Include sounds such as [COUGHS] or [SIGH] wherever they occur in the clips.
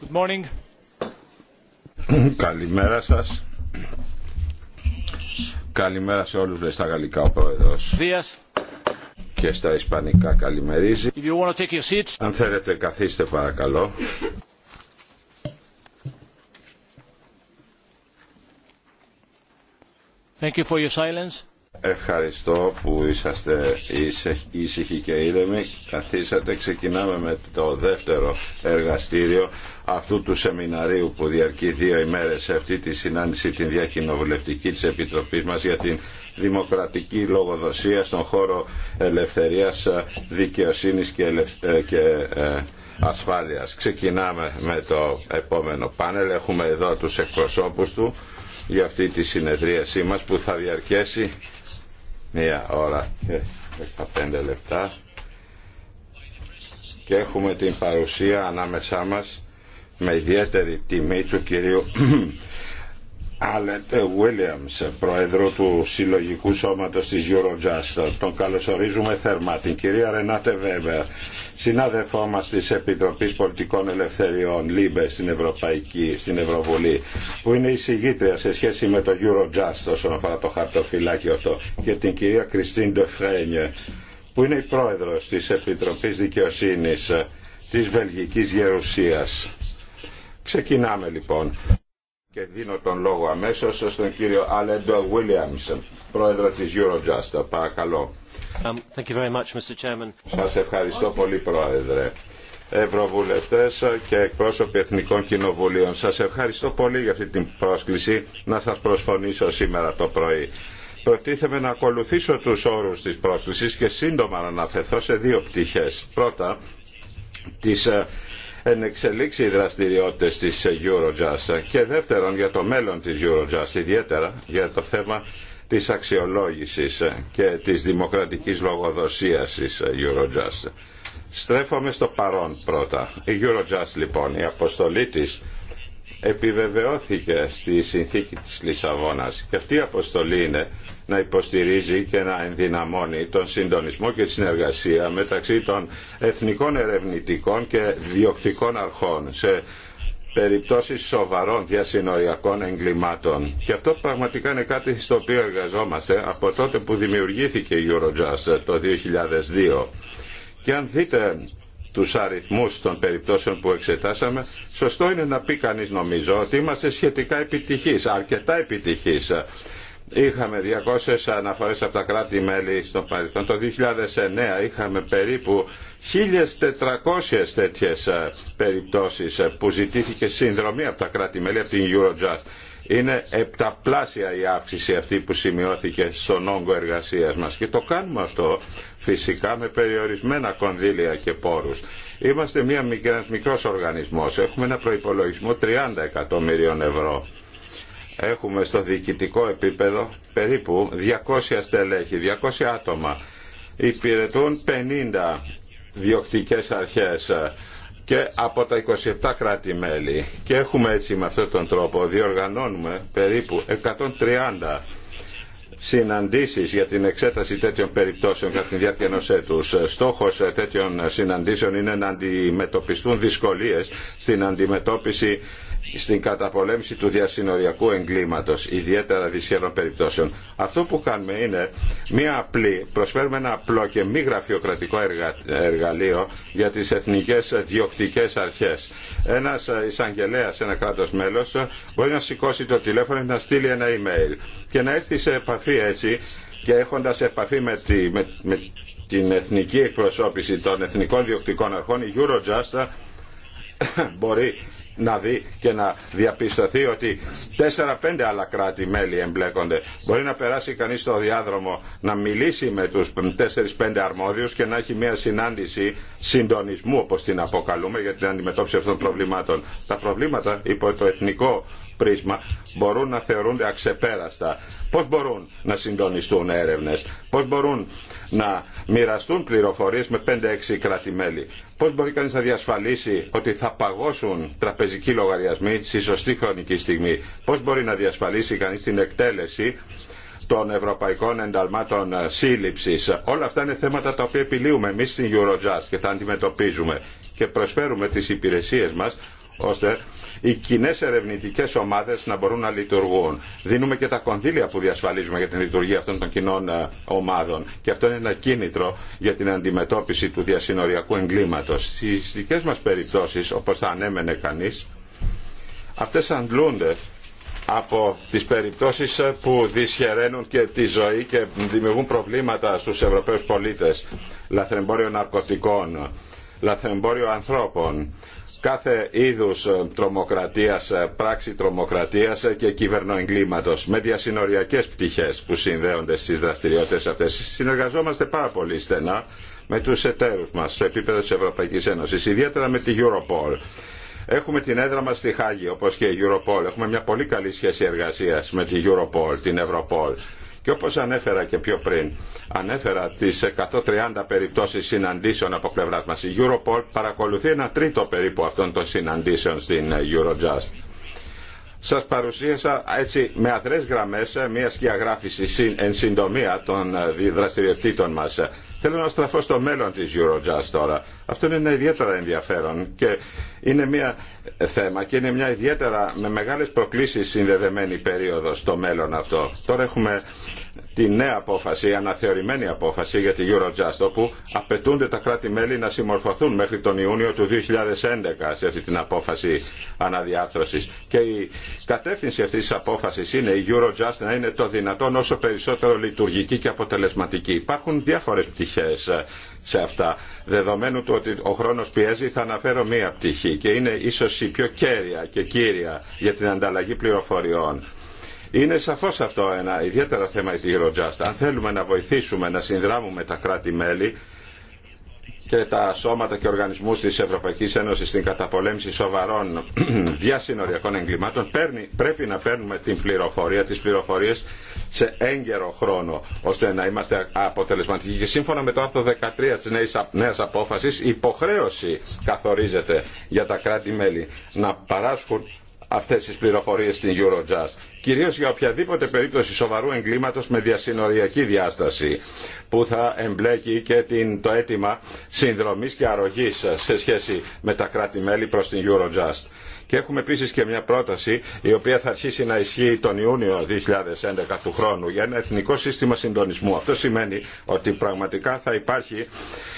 Good morning. Καλημέρα σας. Καλημέρα σε όλους λέει στα γαλλικά ο πρόεδρος. Δίας. Και στα ισπανικά καλημερίζει. If you want to take your seats. Αν θέλετε καθίστε παρακαλώ. Thank you for your silence. Ευχαριστώ που είσαστε ήσυχοι και ήρεμοι. Καθίσατε. Ξεκινάμε με το δεύτερο εργαστήριο αυτού του σεμιναρίου που διαρκεί δύο ημέρες σε αυτή τη συνάντηση την διακοινοβουλευτική της Επιτροπής μας για την δημοκρατική λογοδοσία στον χώρο ελευθερίας, δικαιοσύνης και, ε, ε, ασφάλειας. Ξεκινάμε με το επόμενο πάνελ. Έχουμε εδώ τους εκπροσώπους του για αυτή τη συνεδρίασή μας που θα διαρκέσει μία ώρα και 15 λεπτά και έχουμε την παρουσία ανάμεσά μας με ιδιαίτερη τιμή του κυρίου Άλετ Βίλιαμς, πρόεδρο του Συλλογικού Σώματος της Eurojust. Τον καλωσορίζουμε θερμά. Την κυρία Ρενάτε Βέβερ, συνάδελφό μας της Επιτροπής Πολιτικών Ελευθεριών, ΛΥΜΠΕ, στην, Ευρωπαϊκή, στην Ευρωβουλή, που είναι η συγγήτρια σε σχέση με το Eurojust όσον αφορά το χαρτοφυλάκιο αυτό, και την κυρία Κριστίν Ντεφρένιε, που είναι η πρόεδρος της Επιτροπής Δικαιοσύνης της Βελγικής Γερουσίας. Ξεκινάμε λοιπόν. Και δίνω τον λόγο αμέσως στον κύριο Αλέντο Βίλιαμς, πρόεδρο της Eurojust. Παρακαλώ. Um, very much, Σας ευχαριστώ πολύ, πρόεδρε. Ευρωβουλευτές και εκπρόσωποι Εθνικών Κοινοβουλίων, σας ευχαριστώ πολύ για αυτή την πρόσκληση να σας προσφωνήσω σήμερα το πρωί. Προτίθεμαι να ακολουθήσω τους όρους της πρόσκλησης και σύντομα να αναφερθώ σε δύο πτυχές. Πρώτα, τις ε, ενεξελίξει οι δραστηριότητες τη Eurojust και δεύτερον για το μέλλον τη Eurojust, ιδιαίτερα για το θέμα της αξιολόγησης και τη δημοκρατικής λογοδοσία τη Eurojust. Στρέφομαι στο παρόν πρώτα. Η Eurojust λοιπόν, η αποστολή της επιβεβαιώθηκε στη συνθήκη της Λισαβόνας και αυτή η αποστολή είναι να υποστηρίζει και να ενδυναμώνει τον συντονισμό και τη συνεργασία μεταξύ των εθνικών ερευνητικών και διοκτικών αρχών σε περιπτώσεις σοβαρών διασυνοριακών εγκλημάτων. Και αυτό πραγματικά είναι κάτι στο οποίο εργαζόμαστε από τότε που δημιουργήθηκε η Eurojust το 2002. Και αν δείτε τους αριθμούς των περιπτώσεων που εξετάσαμε, σωστό είναι να πει κανείς νομίζω ότι είμαστε σχετικά επιτυχείς, αρκετά επιτυχείς Είχαμε 200 αναφορές από τα κράτη-μέλη στο παρελθόν. Το 2009 είχαμε περίπου 1.400 τέτοιες ε, περιπτώσεις ε, που ζητήθηκε συνδρομή από τα κράτη-μέλη από την Eurojust. Είναι επταπλάσια η αύξηση αυτή που σημειώθηκε στον όγκο εργασίας μας και το κάνουμε αυτό φυσικά με περιορισμένα κονδύλια και πόρους. Είμαστε μια, ένας μικρός οργανισμός, έχουμε ένα προϋπολογισμό 30 εκατομμυρίων ευρώ έχουμε στο διοικητικό επίπεδο περίπου 200 στελέχη, 200 άτομα. Υπηρετούν 50 διοκτικές αρχές και από τα 27 κράτη-μέλη. Και έχουμε έτσι με αυτόν τον τρόπο διοργανώνουμε περίπου 130 συναντήσεις για την εξέταση τέτοιων περιπτώσεων κατά την διάρκεια ενός έτους. Στόχος τέτοιων συναντήσεων είναι να αντιμετωπιστούν δυσκολίες στην αντιμετώπιση στην καταπολέμηση του διασυνοριακού εγκλήματος, ιδιαίτερα δυσχερών περιπτώσεων. Αυτό που κάνουμε είναι μια απλή, προσφέρουμε ένα απλό και μη γραφειοκρατικό εργαλείο για τις εθνικές διοκτικές αρχές. Ένας εισαγγελέας, ένα κράτος μέλος, μπορεί να σηκώσει το τηλέφωνο και να στείλει ένα email και να έρθει σε επαφή έτσι και έχοντας επαφή με, με, με την εθνική εκπροσώπηση των εθνικών διοκτικών αρχών, η Eurojust [COUGHS] μπορεί να δει και να διαπιστωθεί ότι 4-5 άλλα κράτη-μέλη εμπλέκονται. Μπορεί να περάσει κανεί στο διάδρομο να μιλήσει με του 4-5 αρμόδιους και να έχει μια συνάντηση συντονισμού όπω την αποκαλούμε για την αντιμετώπιση αυτών των προβλημάτων. Τα προβλήματα υπό το εθνικό πρίσμα μπορούν να θεωρούνται αξεπέραστα. Πώς μπορούν να συντονιστούν έρευνες, πώς μπορούν να μοιραστούν πληροφορίες με 5-6 κράτη-μέλη. Πώ μπορεί κανεί να διασφαλίσει ότι θα παγώσουν τραπεζικοί λογαριασμοί στη σωστή χρονική στιγμή. Πώ μπορεί να διασφαλίσει κανεί την εκτέλεση των ευρωπαϊκών ενταλμάτων σύλληψη. Όλα αυτά είναι θέματα τα οποία επιλύουμε εμεί στην Eurojust και τα αντιμετωπίζουμε και προσφέρουμε τι υπηρεσίε μα ώστε οι κοινέ ερευνητικέ ομάδε να μπορούν να λειτουργούν. Δίνουμε και τα κονδύλια που διασφαλίζουμε για την λειτουργία αυτών των κοινών ε, ομάδων. Και αυτό είναι ένα κίνητρο για την αντιμετώπιση του διασυνοριακού εγκλήματο. Στι δικέ μα περιπτώσει, όπω θα ανέμενε κανεί, αυτέ αντλούνται από τις περιπτώσεις που δυσχεραίνουν και τη ζωή και δημιουργούν προβλήματα στους Ευρωπαίους πολίτες. Λαθρεμπόριο ναρκωτικών, λαθρεμπόριο ανθρώπων, κάθε είδους ε, τρομοκρατίας, ε, πράξη τρομοκρατίας ε, και κυβερνοεγκλήματος με διασυνοριακές πτυχές που συνδέονται στις δραστηριότητες αυτές. Συνεργαζόμαστε πάρα πολύ στενά με τους εταίρους μας στο επίπεδο της Ευρωπαϊκής Ένωσης, ιδιαίτερα με τη Europol. Έχουμε την έδρα μας στη Χάγη, όπως και η Europol. Έχουμε μια πολύ καλή σχέση εργασίας με τη Europol, την Europol και όπως ανέφερα και πιο πριν, ανέφερα τις 130 περιπτώσεις συναντήσεων από πλευράς μας. Η Europol παρακολουθεί ένα τρίτο περίπου αυτών των συναντήσεων στην Eurojust. Σας παρουσίασα έτσι με αδρές γραμμές μια σκιαγράφηση εν συντομία των ε, δραστηριοτήτων μας. Θέλω να στραφώ στο μέλλον της Eurojust τώρα. Αυτό είναι ένα ιδιαίτερα ενδιαφέρον και είναι μια θέμα και είναι μια ιδιαίτερα με μεγάλες προκλήσεις συνδεδεμένη περίοδο στο μέλλον αυτό. Τώρα έχουμε τη νέα απόφαση, η αναθεωρημένη απόφαση για τη Eurojust όπου απαιτούνται τα κράτη-μέλη να συμμορφωθούν μέχρι τον Ιούνιο του 2011 σε αυτή την απόφαση αναδιάρθρωσης. Και η κατεύθυνση αυτής της απόφασης είναι η Eurojust να είναι το δυνατόν όσο περισσότερο λειτουργική και αποτελεσματική. Υπάρχουν διάφορες πτυχές πτυχέ σε αυτά. Δεδομένου του ότι ο χρόνος πιέζει θα αναφέρω μία πτυχή και είναι ίσως η πιο κέρια και κύρια για την ανταλλαγή πληροφοριών. Είναι σαφώ αυτό ένα ιδιαίτερα θέμα η Eurojust. Αν θέλουμε να βοηθήσουμε να συνδράμουμε τα κράτη-μέλη και τα σώματα και οργανισμούς της Ευρωπαϊκή Ένωση στην καταπολέμηση σοβαρών [CLEARS THROAT] διασυνοριακών εγκλημάτων πρέπει να παίρνουμε την πληροφορία, τις πληροφορίες σε έγκαιρο χρόνο ώστε να είμαστε αποτελεσματικοί. Και σύμφωνα με το άρθρο 13 τη νέα απόφαση, υποχρέωση καθορίζεται για τα κράτη-μέλη να παράσχουν αυτές τις πληροφορίες στην Eurojust. Κυρίως για οποιαδήποτε περίπτωση σοβαρού εγκλήματος με διασυνοριακή διάσταση που θα εμπλέκει και την, το αίτημα συνδρομής και αρρωγής σε σχέση με τα κράτη-μέλη προς την Eurojust. Και έχουμε επίση και μια πρόταση η οποία θα αρχίσει να ισχύει τον Ιούνιο 2011 του χρόνου για ένα εθνικό σύστημα συντονισμού. Αυτό σημαίνει ότι πραγματικά θα υπάρχει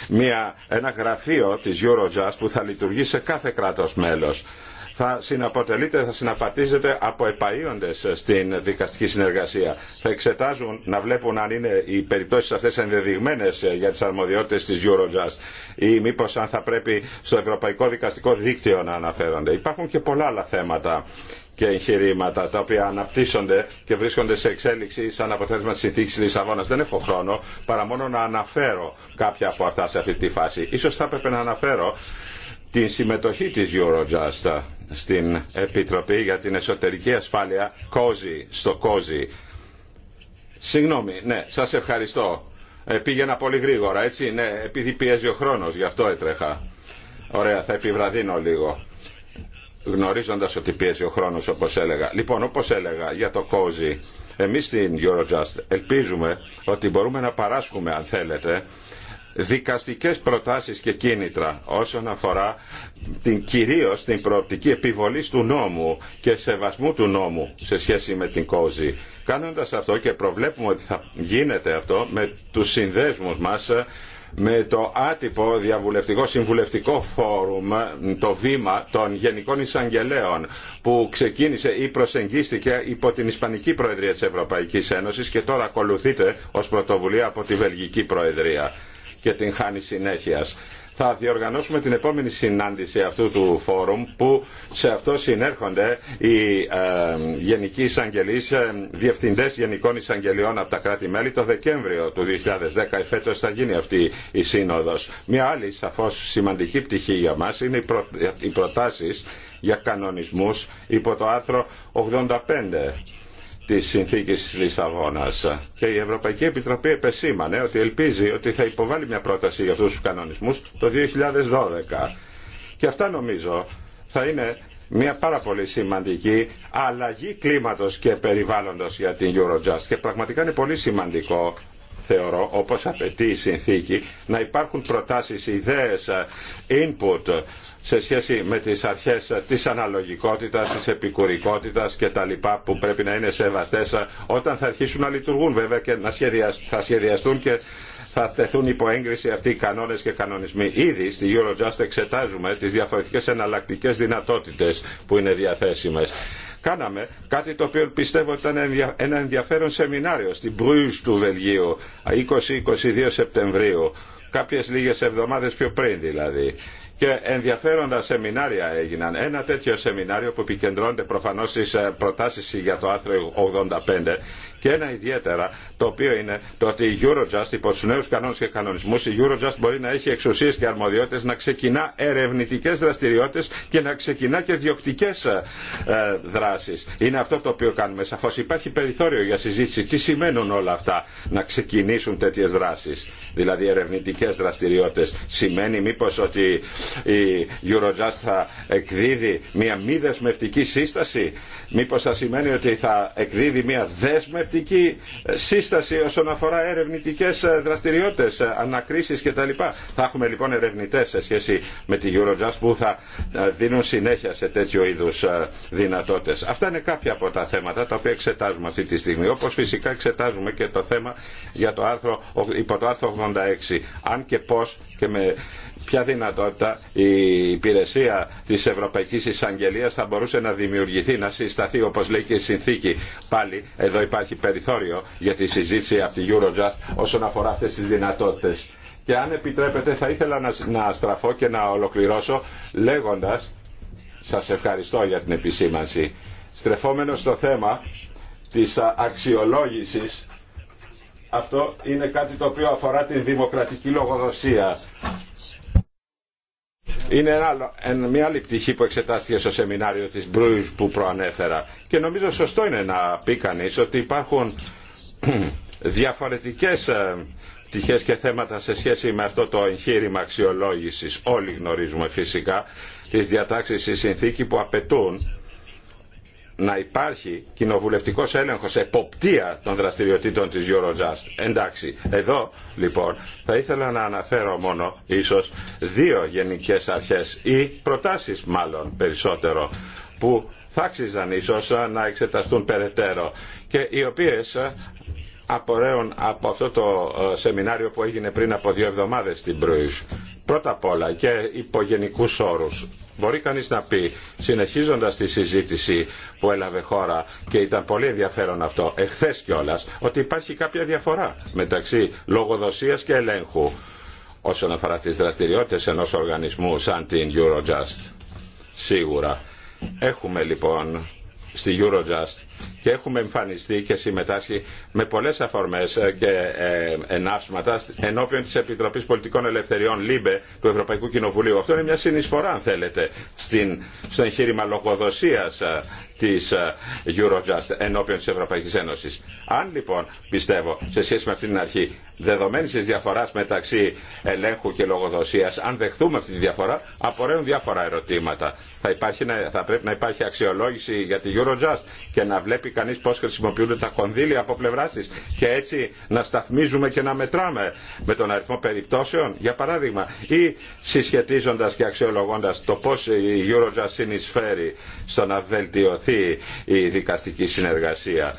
μια, ένα γραφείο της Eurojust που θα λειτουργεί σε κάθε κράτος μέλος θα συναποτελείται, θα συναπατίζεται από επαείοντες στην δικαστική συνεργασία. Θα εξετάζουν να βλέπουν αν είναι οι περιπτώσει αυτέ ενδεδειγμένε για τι αρμοδιότητε τη Eurojust ή μήπω αν θα πρέπει στο Ευρωπαϊκό Δικαστικό Δίκτυο να αναφέρονται. Υπάρχουν και πολλά άλλα θέματα και εγχειρήματα τα οποία αναπτύσσονται και βρίσκονται σε εξέλιξη σαν αποτέλεσμα τη συνθήκη Λισαβόνα. Δεν έχω χρόνο παρά μόνο να αναφέρω κάποια από αυτά σε αυτή τη φάση. Ίσως θα έπρεπε να αναφέρω την συμμετοχή της Eurojust στην Επιτροπή για την Εσωτερική Ασφάλεια COSI, στο COSI. Συγγνώμη, ναι, σας ευχαριστώ. Ε, πήγαινα πολύ γρήγορα, έτσι, ναι, επειδή πιέζει ο χρόνος, γι' αυτό έτρεχα. Ωραία, θα επιβραδύνω λίγο. Γνωρίζοντας ότι πιέζει ο χρόνος, όπως έλεγα. Λοιπόν, όπως έλεγα, για το COSI, εμείς στην Eurojust ελπίζουμε ότι μπορούμε να παράσχουμε, αν θέλετε, δικαστικές προτάσεις και κίνητρα όσον αφορά την, κυρίως την προοπτική επιβολής του νόμου και σεβασμού του νόμου σε σχέση με την κόζη. Κάνοντας αυτό και προβλέπουμε ότι θα γίνεται αυτό με τους συνδέσμους μας με το άτυπο διαβουλευτικό συμβουλευτικό φόρουμ, το βήμα των Γενικών Εισαγγελέων που ξεκίνησε ή προσεγγίστηκε υπό την Ισπανική Προεδρία της Ευρωπαϊκής Ένωσης και τώρα ακολουθείται ως πρωτοβουλία από τη Βελγική Προεδρία και την χάνει συνέχεια. Θα διοργανώσουμε την επόμενη συνάντηση αυτού του φόρουμ που σε αυτό συνέρχονται οι ε, γενικοί εισαγγελείς, ε, διευθυντές γενικών εισαγγελιών από τα κράτη-μέλη το Δεκέμβριο του 2010. Ε, Φέτο θα γίνει αυτή η σύνοδος. Μια άλλη σαφώς σημαντική πτυχή για μας είναι οι, προ... οι προτάσεις για κανονισμούς υπό το άρθρο 85 τη συνθήκη τη Λισαβόνα. Και η Ευρωπαϊκή Επιτροπή επεσήμανε ότι ελπίζει ότι θα υποβάλει μια πρόταση για αυτού τους κανονισμούς το 2012. Και αυτά νομίζω θα είναι μια πάρα πολύ σημαντική αλλαγή κλίματος και περιβάλλοντος για την Eurojust και πραγματικά είναι πολύ σημαντικό θεωρώ όπως απαιτεί η συνθήκη να υπάρχουν προτάσεις, ιδέες, input σε σχέση με τις αρχές της αναλογικότητας, της επικουρικότητας και τα λοιπά που πρέπει να είναι σεβαστές όταν θα αρχίσουν να λειτουργούν βέβαια και να σχεδιαστούν, θα σχεδιαστούν και θα τεθούν υπό έγκριση αυτοί οι κανόνε και κανονισμοί. Ήδη στη Eurojust εξετάζουμε τι διαφορετικέ εναλλακτικέ δυνατότητε που είναι διαθέσιμε. Κάναμε κάτι το οποίο πιστεύω ήταν ένα ενδιαφέρον σεμινάριο στην Bruges του Βελγίου 20-22 Σεπτεμβρίου, κάποιες λίγες εβδομάδε πιο πριν δηλαδή και ενδιαφέροντα σεμινάρια έγιναν. Ένα τέτοιο σεμινάριο που επικεντρώνεται προφανώς στις ε, προτάσεις για το άρθρο 85 και ένα ιδιαίτερα, το οποίο είναι το ότι η Eurojust, υπό του νέου κανόνε και κανονισμού, η Eurojust μπορεί να έχει εξουσίε και αρμοδιότητε να ξεκινά ερευνητικέ δραστηριότητε και να ξεκινά και διοκτικέ ε, δράσει. Είναι αυτό το οποίο κάνουμε. Σαφώ υπάρχει περιθώριο για συζήτηση. Τι σημαίνουν όλα αυτά να ξεκινήσουν τέτοιε δράσει, δηλαδή ερευνητικέ δραστηριότητε. Σημαίνει μήπω ότι η Eurojust θα εκδίδει μια μη δεσμευτική σύσταση, μήπω θα σημαίνει ότι θα εκδίδει μια δέσμευση πρακτική σύσταση όσον αφορά ερευνητικέ δραστηριότητες, ανακρίσεις κτλ. Θα έχουμε λοιπόν ερευνητέ σε σχέση με τη Eurojust που θα ε, δίνουν συνέχεια σε τέτοιο είδους ε, δυνατότητες. Αυτά είναι κάποια από τα θέματα τα οποία εξετάζουμε αυτή τη στιγμή. Όπως φυσικά εξετάζουμε και το θέμα για το άρθρο, υπό το άρθρο 86. Αν και πώς και με ποια δυνατότητα η υπηρεσία της Ευρωπαϊκής Εισαγγελία θα μπορούσε να δημιουργηθεί, να συσταθεί όπως λέει και η συνθήκη. Πάλι εδώ υπάρχει περιθώριο για τη συζήτηση από τη Eurojust όσον αφορά αυτές τις δυνατότητες. Και αν επιτρέπετε θα ήθελα να, να στραφώ και να ολοκληρώσω λέγοντας, σας ευχαριστώ για την επισήμανση, στρεφόμενο στο θέμα της αξιολόγησης αυτό είναι κάτι το οποίο αφορά την δημοκρατική λογοδοσία είναι ένα μια άλλη πτυχή που εξετάστηκε στο σεμινάριο της Μπρούις που προανέφερα. Και νομίζω σωστό είναι να πει κανεί ότι υπάρχουν [CLEARS THROAT] διαφορετικές ε, πτυχές και θέματα σε σχέση με αυτό το εγχείρημα αξιολόγησης. Όλοι γνωρίζουμε φυσικά τις διατάξεις στη συνθήκη που απαιτούν να υπάρχει κοινοβουλευτικό έλεγχο, εποπτεία των δραστηριοτήτων τη Eurojust. Εντάξει, εδώ λοιπόν θα ήθελα να αναφέρω μόνο ίσω δύο γενικέ αρχέ ή προτάσει μάλλον περισσότερο που θα άξιζαν ίσω να εξεταστούν περαιτέρω και οι οποίε απορρέουν από αυτό το ε, σεμινάριο που έγινε πριν από δύο εβδομάδες στην Bruges. Πρώτα απ' όλα και υπό γενικού Μπορεί κανείς να πει, συνεχίζοντας τη συζήτηση που έλαβε χώρα και ήταν πολύ ενδιαφέρον αυτό, εχθές κιόλα, ότι υπάρχει κάποια διαφορά μεταξύ λογοδοσίας και ελέγχου όσον αφορά τις δραστηριότητες ενός οργανισμού σαν την Eurojust. Σίγουρα. Έχουμε λοιπόν στη Eurojust και έχουμε εμφανιστεί και συμμετάσχει με πολλές αφορμές ε, και ε, ενάψματα ενώπιον της Επιτροπής Πολιτικών Ελευθεριών ΛΥΜΠΕ του Ευρωπαϊκού Κοινοβουλίου. Αυτό είναι μια συνεισφορά αν θέλετε στην, στο εγχείρημα λογοδοσίας ε, της Eurojust ενώπιον της Ευρωπαϊκής Ένωσης. Αν λοιπόν πιστεύω σε σχέση με αυτή την αρχή δεδομένη τη διαφορά μεταξύ ελέγχου και λογοδοσία, αν δεχθούμε αυτή τη διαφορά, απορρέουν διάφορα ερωτήματα. Θα, υπάρχει, θα πρέπει να υπάρχει αξιολόγηση για τη Eurojust και να βλέπει κανείς πώς χρησιμοποιούνται τα κονδύλια από πλευρά της και έτσι να σταθμίζουμε και να μετράμε με τον αριθμό περιπτώσεων, για παράδειγμα, ή συσχετίζοντας και αξιολογώντας το πώς η Eurojust συνεισφέρει στο να βελτιωθεί η δικαστική συνεργασία.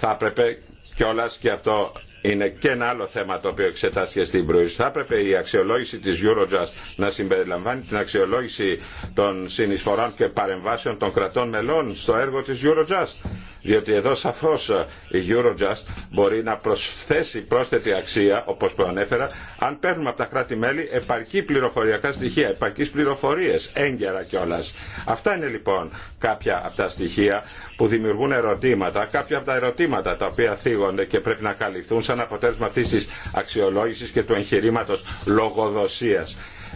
Θα έπρεπε κιόλας και αυτό είναι και ένα άλλο θέμα το οποίο εξετάστηκε στην πρωι. Θα έπρεπε η αξιολόγηση της Eurojust να συμπεριλαμβάνει την αξιολόγηση των συνεισφορών και παρεμβάσεων των κρατών μελών στο έργο της Eurojust. Διότι εδώ σαφώς η Eurojust μπορεί να προσθέσει πρόσθετη αξία, όπως προανέφερα, αν παίρνουμε από τα κράτη-μέλη επαρκή πληροφοριακά στοιχεία, επαρκείς πληροφορίες, έγκαιρα κιόλα. Αυτά είναι λοιπόν κάποια από τα στοιχεία που δημιουργούν ερωτήματα, κάποια από τα ερωτήματα τα οποία θίγονται και πρέπει να καλυφθούν ήταν αποτέλεσμα αυτή τη αξιολόγησης και του εγχειρήματο λογοδοσία.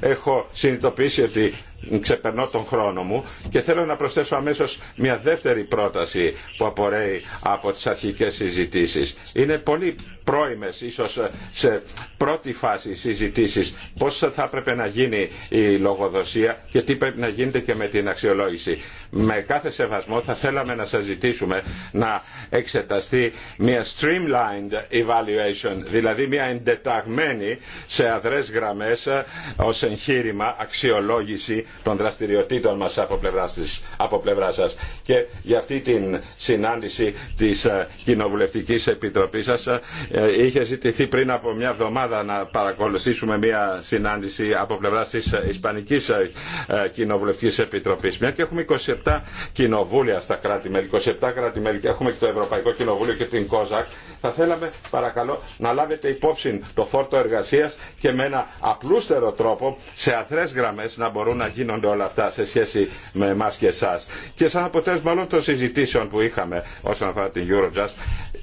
Έχω συνειδητοποιήσει ότι ξεπερνώ τον χρόνο μου και θέλω να προσθέσω αμέσως μια δεύτερη πρόταση που απορρέει από τις αρχικές συζητήσεις. Είναι πολύ πρώιμες ίσως σε πρώτη φάση συζητήσεις πώς θα έπρεπε να γίνει η λογοδοσία και τι πρέπει να γίνεται και με την αξιολόγηση. Με κάθε σεβασμό θα θέλαμε να σας ζητήσουμε να εξεταστεί μια streamlined evaluation, δηλαδή μια εντεταγμένη σε αδρές γραμμές ε, ως εγχείρημα αξιολόγηση των δραστηριοτήτων μας από πλευρά, της, από πλευρά σας και για αυτή την συνάντηση της ε, κοινοβουλευτική Επιτροπής σας ε, είχε ζητηθεί πριν από μια εβδομάδα να παρακολουθήσουμε μια συνάντηση από πλευρά της ε, Ισπανικής κοινοβουλευτική Επιτροπής μια και έχουμε 27 κοινοβούλια στα κράτη-μέλη 27 κράτη-μέλη και έχουμε και το Ευρωπαϊκό Κοινοβούλιο και την ΚΟΖΑΚ θα θέλαμε παρακαλώ να λάβετε υπόψη το φόρτο εργασίας και με ένα απλούστερο τρόπο σε αθρές γραμμές να μπορούν να γίνουν γίνονται όλα αυτά σε σχέση με εμά και εσά. Και σαν αποτέλεσμα όλων των συζητήσεων που είχαμε όσον αφορά την Eurojust,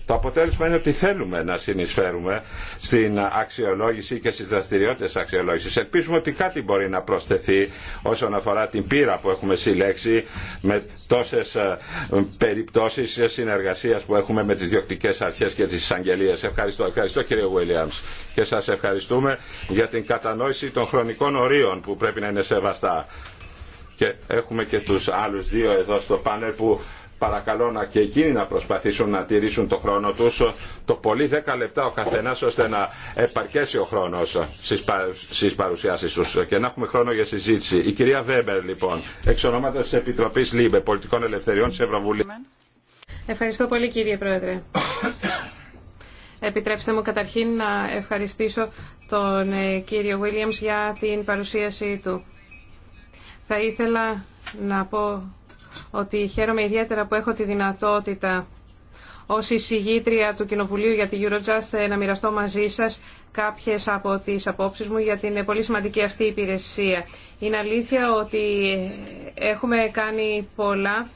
το αποτέλεσμα είναι ότι θέλουμε να συνεισφέρουμε στην αξιολόγηση και στις δραστηριότητες αξιολόγησης. Ελπίζουμε ότι κάτι μπορεί να προσθεθεί όσον αφορά την πείρα που έχουμε συλλέξει με τόσες ε, περιπτώσεις συνεργασίας που έχουμε με τις διοκτικές αρχές και τις εισαγγελίες. Ευχαριστώ, ευχαριστώ κύριε Williams και σας ευχαριστούμε για την κατανόηση των χρονικών ορίων που πρέπει να είναι σεβαστά. Και έχουμε και τους άλλους δύο εδώ στο πάνελ που παρακαλώ να και εκείνοι να προσπαθήσουν να τηρήσουν το χρόνο τους το πολύ 10 λεπτά ο καθένας ώστε να επαρκέσει ο χρόνος στις παρουσιάσεις τους και να έχουμε χρόνο για συζήτηση. Η κυρία Βέμπερ λοιπόν, εξ ονόματος της Επιτροπής ΛΥΜΕ, Πολιτικών Ελευθεριών της Ευρωβουλίας. Ευχαριστώ πολύ κύριε Πρόεδρε. Επιτρέψτε μου καταρχήν να ευχαριστήσω τον ε, κύριο Williams για την παρουσίασή του. Θα ήθελα να πω ότι χαίρομαι ιδιαίτερα που έχω τη δυνατότητα ως εισηγήτρια του Κοινοβουλίου για τη Eurojust να μοιραστώ μαζί σας κάποιες από τις απόψεις μου για την πολύ σημαντική αυτή υπηρεσία. Είναι αλήθεια ότι έχουμε κάνει πολλά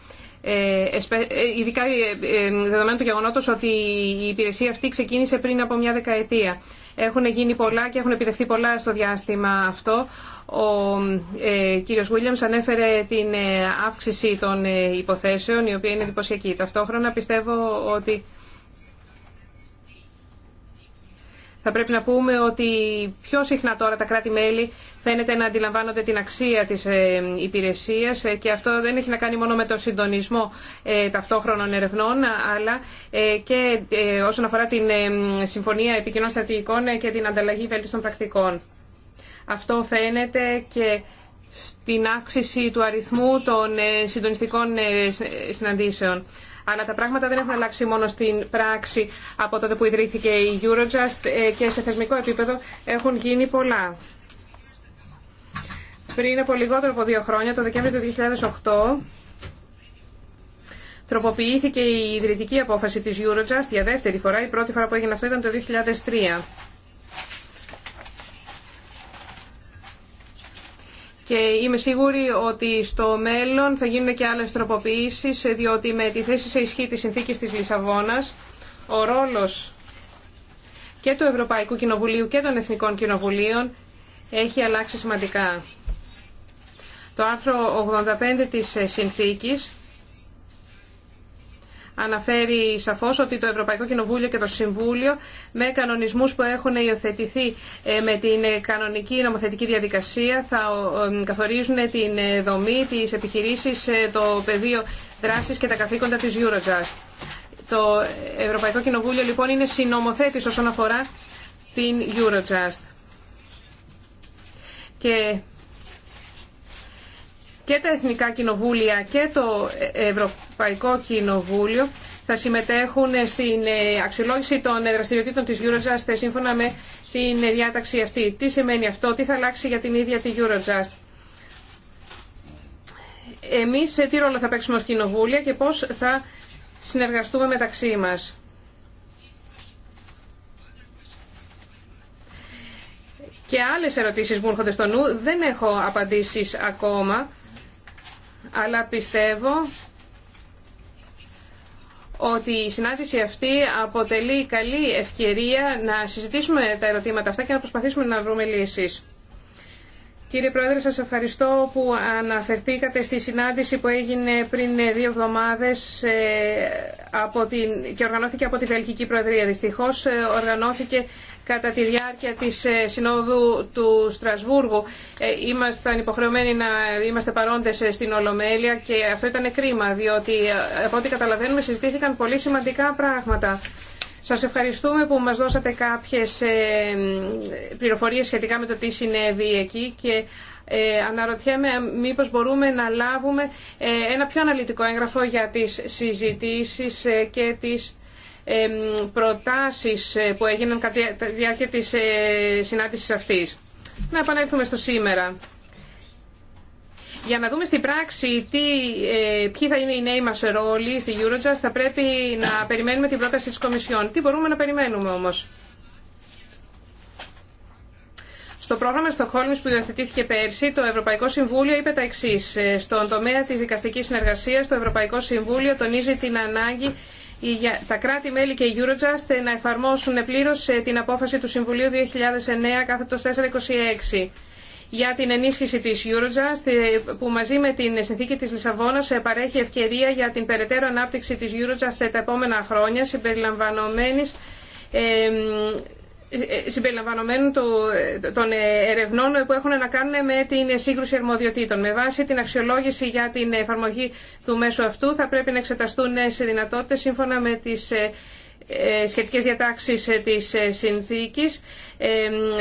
ε, ε, ειδικά ε, δεδομένου του γεγονότος ότι η υπηρεσία αυτή ξεκίνησε πριν από μια δεκαετία. Έχουν γίνει πολλά και έχουν επιτευχθεί πολλά στο διάστημα αυτό, ο ε, κύριος Βίλιαμς ανέφερε την ε, αύξηση των ε, υποθέσεων, η οποία είναι εντυπωσιακή. Ταυτόχρονα πιστεύω ότι θα πρέπει να πούμε ότι πιο συχνά τώρα τα κράτη-μέλη φαίνεται να αντιλαμβάνονται την αξία της ε, υπηρεσίας και αυτό δεν έχει να κάνει μόνο με το συντονισμό ταυτόχρονων ερευνών αλλά και όσον αφορά την Συμφωνία Επικοινών Στρατηγικών και την ανταλλαγή βέλτιστων πρακτικών. Αυτό φαίνεται και στην αύξηση του αριθμού των ε, συντονιστικών ε, ε, συναντήσεων. Αλλά τα πράγματα δεν έχουν αλλάξει μόνο στην πράξη από τότε που ιδρύθηκε η Eurojust και σε θεσμικό επίπεδο έχουν γίνει πολλά. Πριν από λιγότερο από δύο χρόνια, το Δεκέμβριο του 2008, τροποποιήθηκε η ιδρυτική απόφαση της Eurojust για δεύτερη φορά. Η πρώτη φορά που έγινε αυτό ήταν το 2003. και είμαι σίγουρη ότι στο μέλλον θα γίνουν και άλλες τροποποιήσεις διότι με τη θέση σε ισχύ της συνθήκης της Λισαβόνας ο ρόλος και του Ευρωπαϊκού Κοινοβουλίου και των Εθνικών Κοινοβουλίων έχει αλλάξει σημαντικά. Το άρθρο 85 της συνθήκης αναφέρει σαφώς ότι το Ευρωπαϊκό Κοινοβούλιο και το Συμβούλιο με κανονισμούς που έχουν υιοθετηθεί ε, με την κανονική νομοθετική διαδικασία θα ε, καθορίζουν την ε, δομή, τη επιχειρήση το πεδίο δράσης και τα καθήκοντα της Eurojust. Το Ευρωπαϊκό Κοινοβούλιο λοιπόν είναι συνομοθέτης όσον αφορά την Eurojust. Και και τα Εθνικά Κοινοβούλια και το Ευρωπαϊκό Κοινοβούλιο θα συμμετέχουν στην ε, αξιολόγηση των ε, δραστηριοτήτων της Eurojust ε, σύμφωνα με την διάταξη αυτή. Τι σημαίνει αυτό, τι θα αλλάξει για την ίδια τη Eurojust. Εμείς σε τι ρόλο θα παίξουμε ως κοινοβούλια και πώς θα συνεργαστούμε μεταξύ μας. Και άλλες ερωτήσεις μου έρχονται στο νου. Δεν έχω απαντήσεις ακόμα αλλά πιστεύω ότι η συνάντηση αυτή αποτελεί καλή ευκαιρία να συζητήσουμε τα ερωτήματα αυτά και να προσπαθήσουμε να βρούμε λύσεις. Κύριε Πρόεδρε, σας ευχαριστώ που αναφερθήκατε στη συνάντηση που έγινε πριν δύο εβδομάδες ε, από την... και οργανώθηκε από τη Βελγική Προεδρία. Δυστυχώς ε, οργανώθηκε κατά τη διάρκεια της ε, Συνόδου του Στρασβούργου. Ήμασταν υποχρεωμένοι να είμαστε παρόντες στην Ολομέλεια και αυτό ήταν κρίμα, διότι από ό,τι καταλαβαίνουμε συζητήθηκαν πολύ σημαντικά πράγματα. Σας ευχαριστούμε που μας δώσατε κάποιες ε, πληροφορίες σχετικά με το τι συνέβη εκεί και ε, αναρωτιέμαι μήπως μπορούμε να λάβουμε ε, ένα πιο αναλυτικό έγγραφο για τις συζητήσεις και τις προτάσεις που έγιναν κατά τη διάρκεια της συνάντησης αυτής. Να επανέλθουμε στο σήμερα. Για να δούμε στην πράξη τι, ε, ποιοι θα είναι οι νέοι μα ρόλοι στη Eurojust θα πρέπει να περιμένουμε την πρόταση τη Κομισιόν. Τι μπορούμε να περιμένουμε όμω. Στο πρόγραμμα Στοχόλμη που υιοθετήθηκε πέρσι, το Ευρωπαϊκό Συμβούλιο είπε τα εξή. Ε, στον τομέα τη δικαστική συνεργασία, το Ευρωπαϊκό Συμβούλιο τονίζει την ανάγκη τα κράτη-μέλη και η Eurojust να εφαρμόσουν πλήρω ε, την απόφαση του Συμβουλίου 2009 426 για την ενίσχυση της Eurojust που μαζί με την συνθήκη της Λισαβόνας παρέχει ευκαιρία για την περαιτέρω ανάπτυξη της Eurojust τα επόμενα χρόνια συμπεριλαμβανομένης συμπεριλαμβανομένου των ερευνών που έχουν να κάνουν με την σύγκρουση αρμοδιοτήτων. Με βάση την αξιολόγηση για την εφαρμογή του μέσου αυτού θα πρέπει να εξεταστούν σε δυνατότητες σύμφωνα με τις ε, σχετικές διατάξεις ε, της ε, συνθήκης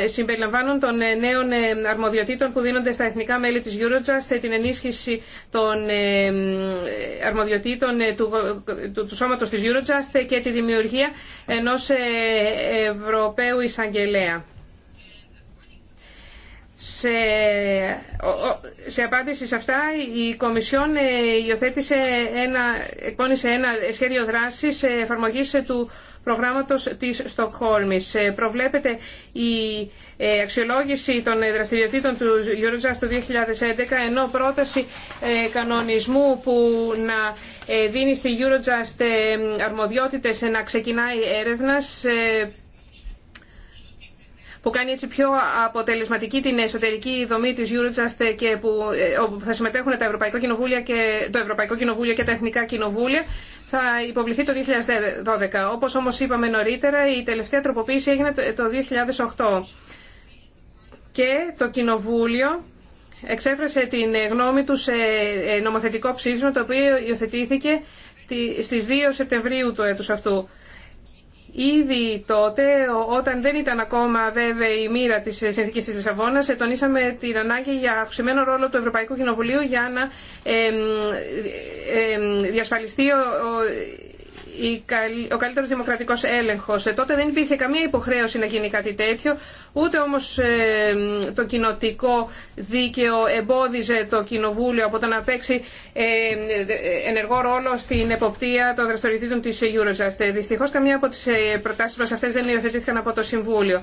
συμπεριλαμβάνουν των νέων αρμοδιοτήτων που δίνονται στα εθνικά μέλη της Eurojust, την ενίσχυση των αρμοδιοτήτων του σώματος της Eurojust και τη δημιουργία ενός Ευρωπαίου εισαγγελέα. Σε, απάντηση σε αυτά η Κομισιόν ε, υιοθέτησε ένα, εκπώνησε ένα σχέδιο δράσης εφαρμογής του προγράμματος της Στοκχόλμης. Ε, προβλέπεται η ε, αξιολόγηση των δραστηριοτήτων του Eurojust το 2011 ενώ πρόταση κανονισμού που να δίνει στη Eurojust αρμοδιότητες να ξεκινάει έρευνας που κάνει έτσι πιο αποτελεσματική την εσωτερική δομή τη Eurojust και που, ε, όπου θα συμμετέχουν τα Ευρωπαϊκό Κοινοβούλια και, το Ευρωπαϊκό Κοινοβούλιο και τα Εθνικά Κοινοβούλια θα υποβληθεί το 2012. Όπως όμως είπαμε νωρίτερα, η τελευταία τροποποίηση έγινε το 2008 ε, και το Κοινοβούλιο εξέφρασε την γνώμη του σε ε, νομοθετικό ψήφισμα το οποίο υιοθετήθηκε στις 2 Σεπτεμβρίου του έτους αυτού. Ήδη τότε, όταν δεν ήταν ακόμα βέβαια η μοίρα της συνθήκης τη Λισαβόνα, ε, τονίσαμε την ανάγκη για αυξημένο ρόλο του Ευρωπαϊκού Κοινοβουλίου για να ε, διασφαλιστεί ο ο καλύτερος δημοκρατικός έλεγχος. Ε, τότε δεν υπήρχε καμία υποχρέωση να γίνει κάτι τέτοιο, ούτε όμως ε, το κοινοτικό δίκαιο εμπόδιζε το κοινοβούλιο από το να παίξει ε, ενεργό ρόλο στην εποπτεία των δραστηριοτήτων της Eurojust. Δυστυχώς καμία από τις προτάσεις μας αυτές δεν υιοθετήθηκαν από το Συμβούλιο.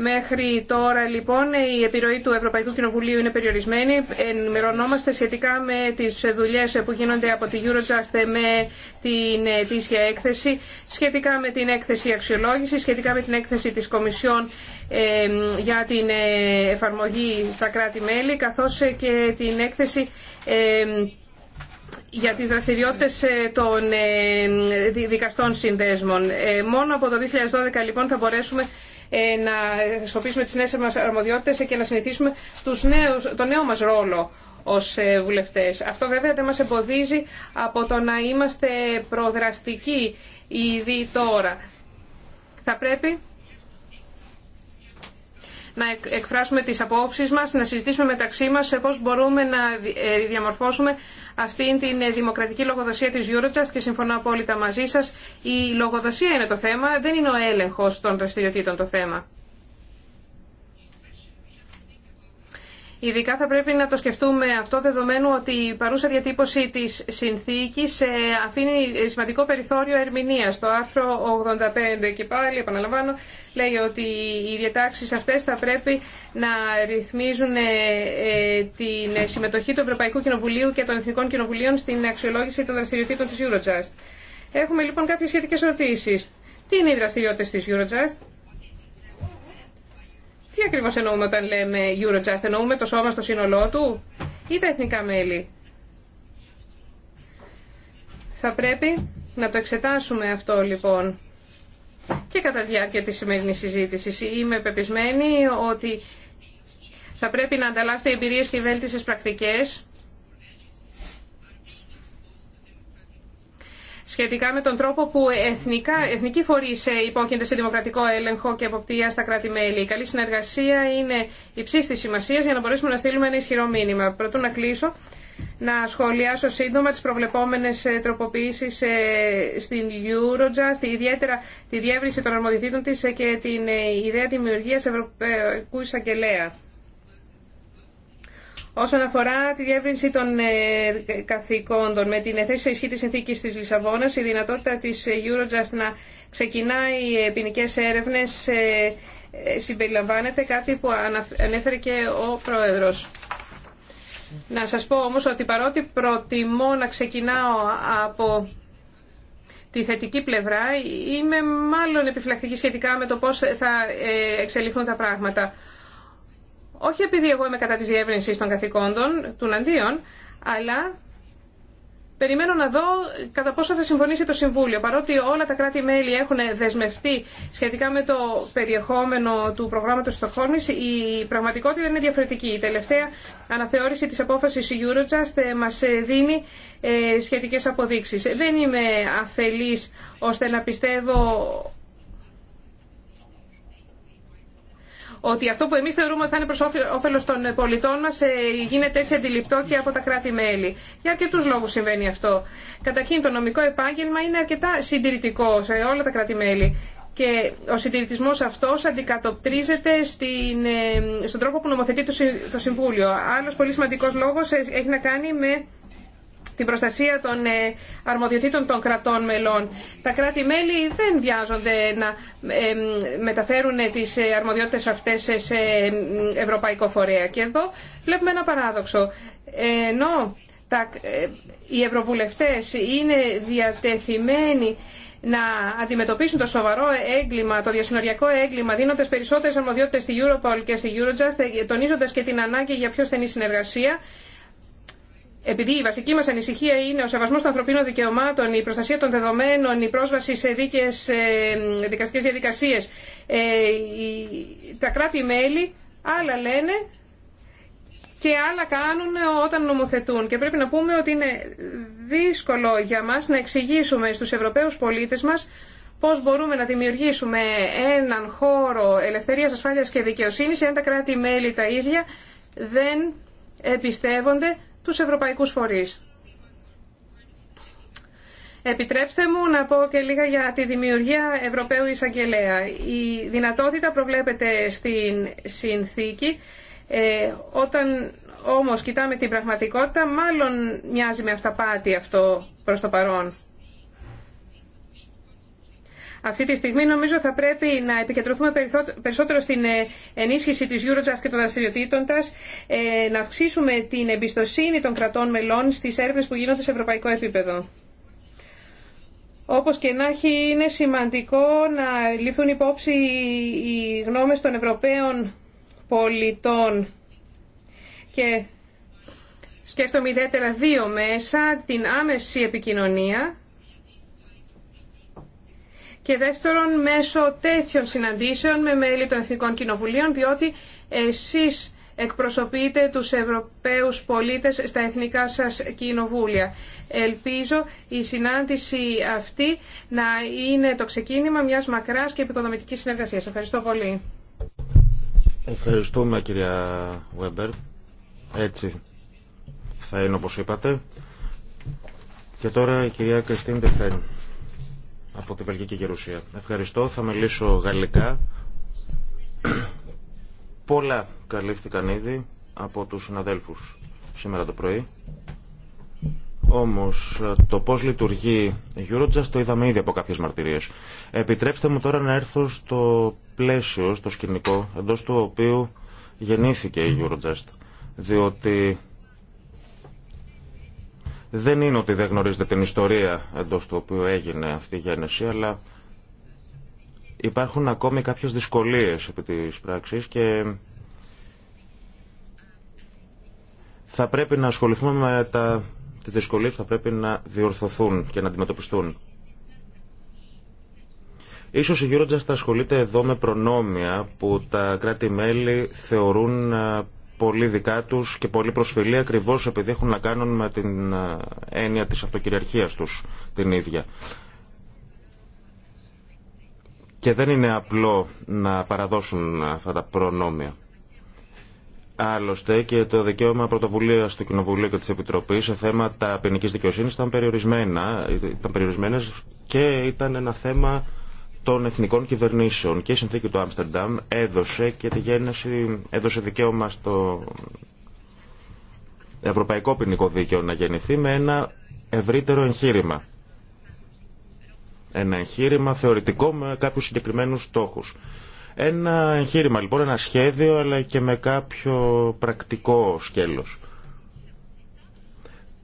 Μέχρι τώρα λοιπόν η επιρροή του Ευρωπαϊκού Κοινοβουλίου είναι περιορισμένη. Ενημερωνόμαστε σχετικά με τις δουλειές που γίνονται από τη Eurojust με την ετήσια έκθεση, σχετικά με την έκθεση αξιολόγηση, σχετικά με την έκθεση της Κομισιόν ε, για την ε, εφαρμογή στα κράτη-μέλη, καθώς ε, και την έκθεση για τις δραστηριότητες των δικαστών συνδέσμων. Μόνο από το 2012 λοιπόν θα μπορέσουμε ε, να χρησιμοποιήσουμε τις νέες μας αρμοδιότητες και να συνηθίσουμε στους νέους, το νέο μας ρόλο ως ε, βουλευτές. Αυτό βέβαια δεν μας εμποδίζει από το να είμαστε προδραστικοί ήδη τώρα. Θα πρέπει να εκφράσουμε τις απόψεις μας, να συζητήσουμε μεταξύ μας σε πώς μπορούμε να ε, διαμορφώσουμε αυτή την ε, δημοκρατική λογοδοσία της Eurojust και συμφωνώ απόλυτα μαζί σας. Η λογοδοσία είναι το θέμα, δεν είναι ο έλεγχος των δραστηριοτήτων το θέμα. Ειδικά θα πρέπει να το σκεφτούμε αυτό δεδομένου ότι η παρούσα διατύπωση της συνθήκης ε, αφήνει σημαντικό περιθώριο ερμηνείας. Το άρθρο 85 και πάλι επαναλαμβάνω λέει ότι οι διατάξει αυτές θα πρέπει να ρυθμίζουν ε, ε, την συμμετοχή του Ευρωπαϊκού Κοινοβουλίου και των Εθνικών Κοινοβουλίων στην αξιολόγηση των δραστηριοτήτων της Eurojust. Έχουμε λοιπόν κάποιες σχετικές ερωτήσεις. Τι είναι οι δραστηριότητες της Eurojust? Τι ακριβώς εννοούμε όταν λέμε Eurojust, εννοούμε το σώμα στο σύνολό του ή τα εθνικά μέλη. Θα πρέπει να το εξετάσουμε αυτό λοιπόν και κατά διάρκεια της σημερινής συζήτησης. Είμαι πεπισμένη ότι θα πρέπει να ανταλλάσσετε εμπειρίες και βέλτισες πρακτικές σχετικά με τον τρόπο που εθνικά, εθνικοί φορείς ε, υπόκεινται σε δημοκρατικό έλεγχο και εποπτεία στα κράτη-μέλη. Η καλή συνεργασία είναι υψή τη σημασία για να μπορέσουμε να στείλουμε ένα ισχυρό μήνυμα. Προτού να κλείσω, να σχολιάσω σύντομα τι προβλεπόμενε ε, τροποποίησει ε, στην Eurojust, ιδιαίτερα τη διεύρυνση των αρμοδιοτήτων τη και την ιδέα δημιουργία Ευρωπαϊκού Εισαγγελέα. Όσον αφορά τη διεύρυνση των ε, καθηκόντων με την σε ισχύ της συνθήκης της Λισαβόνας, η δυνατότητα της Eurojust να ξεκινάει ποινικέ έρευνες ε, ε, συμπεριλαμβάνεται κάτι που ανέφερε και ο Πρόεδρος. Να σας πω όμως ότι παρότι προτιμώ να ξεκινάω από τη θετική πλευρά, είμαι μάλλον επιφυλακτική σχετικά με το πώς θα εξελιχθούν τα πράγματα όχι επειδή εγώ είμαι κατά της διεύρυνση των καθηκόντων, των αντίων, αλλά περιμένω να δω κατά πόσο θα συμφωνήσει το Συμβούλιο. Παρότι όλα τα κράτη-μέλη έχουν δεσμευτεί σχετικά με το περιεχόμενο του προγράμματος Στοχόλμης, η πραγματικότητα είναι διαφορετική. Η τελευταία αναθεώρηση της απόφασης Eurojust ε, μας ε, δίνει ε, σχετικές αποδείξεις. Δεν είμαι αφελής ώστε να πιστεύω ότι αυτό που εμεί θεωρούμε ότι θα είναι προ όφελο των πολιτών μας ε, γίνεται έτσι αντιληπτό και από τα κράτη-μέλη. Για αρκετού λόγου συμβαίνει αυτό. Καταρχήν το νομικό επάγγελμα είναι αρκετά συντηρητικό σε όλα τα κράτη-μέλη και ο συντηρητισμό αυτό αντικατοπτρίζεται ε, στον τρόπο που νομοθετεί το Συμβούλιο. Άλλο πολύ σημαντικό λόγο ε, έχει να κάνει με την προστασία των ε, αρμοδιοτήτων των κρατών μελών. Τα κράτη-μέλη δεν βιάζονται να ε, μεταφέρουν τις ε, αρμοδιότητες αυτές σε ευρωπαϊκό φορέα. Και εδώ βλέπουμε ένα παράδοξο. Ενώ τα, οι ευρωβουλευτές είναι διατεθειμένοι να αντιμετωπίσουν το σοβαρό έγκλημα, το διασυνοριακό έγκλημα, δίνοντα περισσότερε αρμοδιότητε στη Europol και στη Eurojust, τονίζοντα και την ανάγκη για πιο στενή συνεργασία επειδή η βασική μας ανησυχία είναι ο σεβασμός των ανθρωπίνων δικαιωμάτων, η προστασία των δεδομένων, η πρόσβαση σε δίκες ε, δικαστικές διαδικασίες, ε, τα κράτη-μέλη άλλα λένε και άλλα κάνουν όταν νομοθετούν. Και πρέπει να πούμε ότι είναι δύσκολο για μας να εξηγήσουμε στους Ευρωπαίους πολίτες μας πώς μπορούμε να δημιουργήσουμε έναν χώρο ελευθερίας, ασφάλειας και δικαιοσύνης αν τα κράτη-μέλη τα ίδια δεν εμπιστεύονται τους ευρωπαϊκούς φορείς. Επιτρέψτε μου να πω και λίγα για τη δημιουργία Ευρωπαίου Εισαγγελέα. Η δυνατότητα προβλέπεται στην συνθήκη, ε, όταν όμως κοιτάμε την πραγματικότητα, μάλλον μοιάζει με αυταπάτη αυτό προς το παρόν. Αυτή τη στιγμή νομίζω θα πρέπει να επικεντρωθούμε περισσότερο στην ε, ενίσχυση της Eurojust και των δραστηριοτήτων τας, ε, να αυξήσουμε την εμπιστοσύνη των κρατών μελών στις έρευνες που γίνονται σε ευρωπαϊκό επίπεδο. Όπως και να έχει, είναι σημαντικό να ληφθούν υπόψη οι γνώμες των Ευρωπαίων πολιτών και σκέφτομαι ιδιαίτερα δύο μέσα, την άμεση επικοινωνία και δεύτερον μέσω τέτοιων συναντήσεων με μέλη των Εθνικών Κοινοβουλίων, διότι εσείς εκπροσωπείτε τους Ευρωπαίους πολίτες στα εθνικά σας κοινοβούλια. Ελπίζω η συνάντηση αυτή να είναι το ξεκίνημα μιας μακράς και επικοδομητικής συνεργασίας. Ευχαριστώ πολύ. Ευχαριστούμε κυρία Βέμπερ. Έτσι θα είναι όπως είπατε. Και τώρα η κυρία Κριστίν Τεφέν από την Βελγική Γερουσία. Ευχαριστώ. Θα μιλήσω γαλλικά. Πολλά καλύφθηκαν ήδη από τους συναδέλφους σήμερα το πρωί. Όμως το πώς λειτουργεί η Eurojust το είδαμε ήδη από κάποιες μαρτυρίες. Επιτρέψτε μου τώρα να έρθω στο πλαίσιο, στο σκηνικό, εντός του οποίου γεννήθηκε η Eurojust. Διότι δεν είναι ότι δεν γνωρίζετε την ιστορία εντός του οποίου έγινε αυτή η γέννηση, αλλά υπάρχουν ακόμη κάποιες δυσκολίες επί της πράξης και θα πρέπει να ασχοληθούμε με τα, τις δυσκολίες που θα πρέπει να διορθωθούν και να αντιμετωπιστούν. Ίσως η Eurojust ασχολείται εδώ με προνόμια που τα κράτη-μέλη θεωρούν ε, πολύ δικά του και πολύ προσφυλή ακριβώ επειδή έχουν να κάνουν με την ε, έννοια της αυτοκυριαρχίας τους την ίδια. Και δεν είναι απλό να παραδώσουν αυτά τα προνόμια. Άλλωστε και το δικαίωμα πρωτοβουλία του Κοινοβουλίου και τη Επιτροπή σε θέματα ποινική δικαιοσύνη ήταν, περιορισμένα, ήταν περιορισμένες και ήταν ένα θέμα των εθνικών κυβερνήσεων και η συνθήκη του Άμστερνταμ έδωσε και τη γέννηση, έδωσε δικαίωμα στο Ευρωπαϊκό Ποινικό Δίκαιο να γεννηθεί με ένα ευρύτερο εγχείρημα. Ένα εγχείρημα θεωρητικό με κάποιους συγκεκριμένους στόχους. Ένα εγχείρημα λοιπόν, ένα σχέδιο αλλά και με κάποιο πρακτικό σκέλος.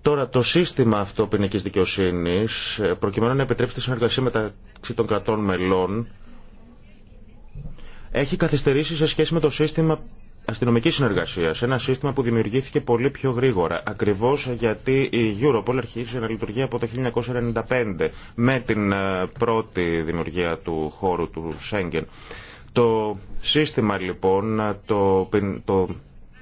Τώρα το σύστημα αυτό ποινική δικαιοσύνη, ε, προκειμένου να επιτρέψει τη συνεργασία μεταξύ των κρατών μελών, έχει καθυστερήσει σε σχέση με το σύστημα αστυνομική συνεργασία. Ένα σύστημα που δημιουργήθηκε πολύ πιο γρήγορα. Ακριβώ γιατί η Europol αρχίζει να λειτουργεί από το 1995 με την ε, πρώτη δημιουργία του χώρου του Σέγγεν. Το σύστημα λοιπόν, το, το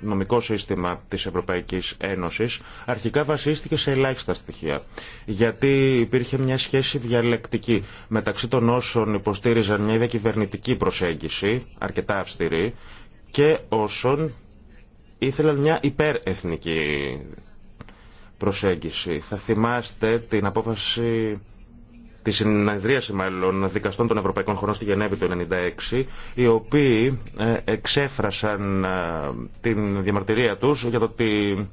νομικό σύστημα της Ευρωπαϊκής Ένωσης αρχικά βασίστηκε σε ελάχιστα στοιχεία. Γιατί υπήρχε μια σχέση διαλεκτική μεταξύ των όσων υποστήριζαν μια διακυβερνητική προσέγγιση, αρκετά αυστηρή, και όσων ήθελαν μια υπερεθνική προσέγγιση. Θα θυμάστε την απόφαση τη συνεδρίαση μάλλον δικαστών των Ευρωπαϊκών χωρών στη Γενέβη το 1996, οι οποίοι ε, εξέφρασαν ε, την διαμαρτυρία τους για το ότι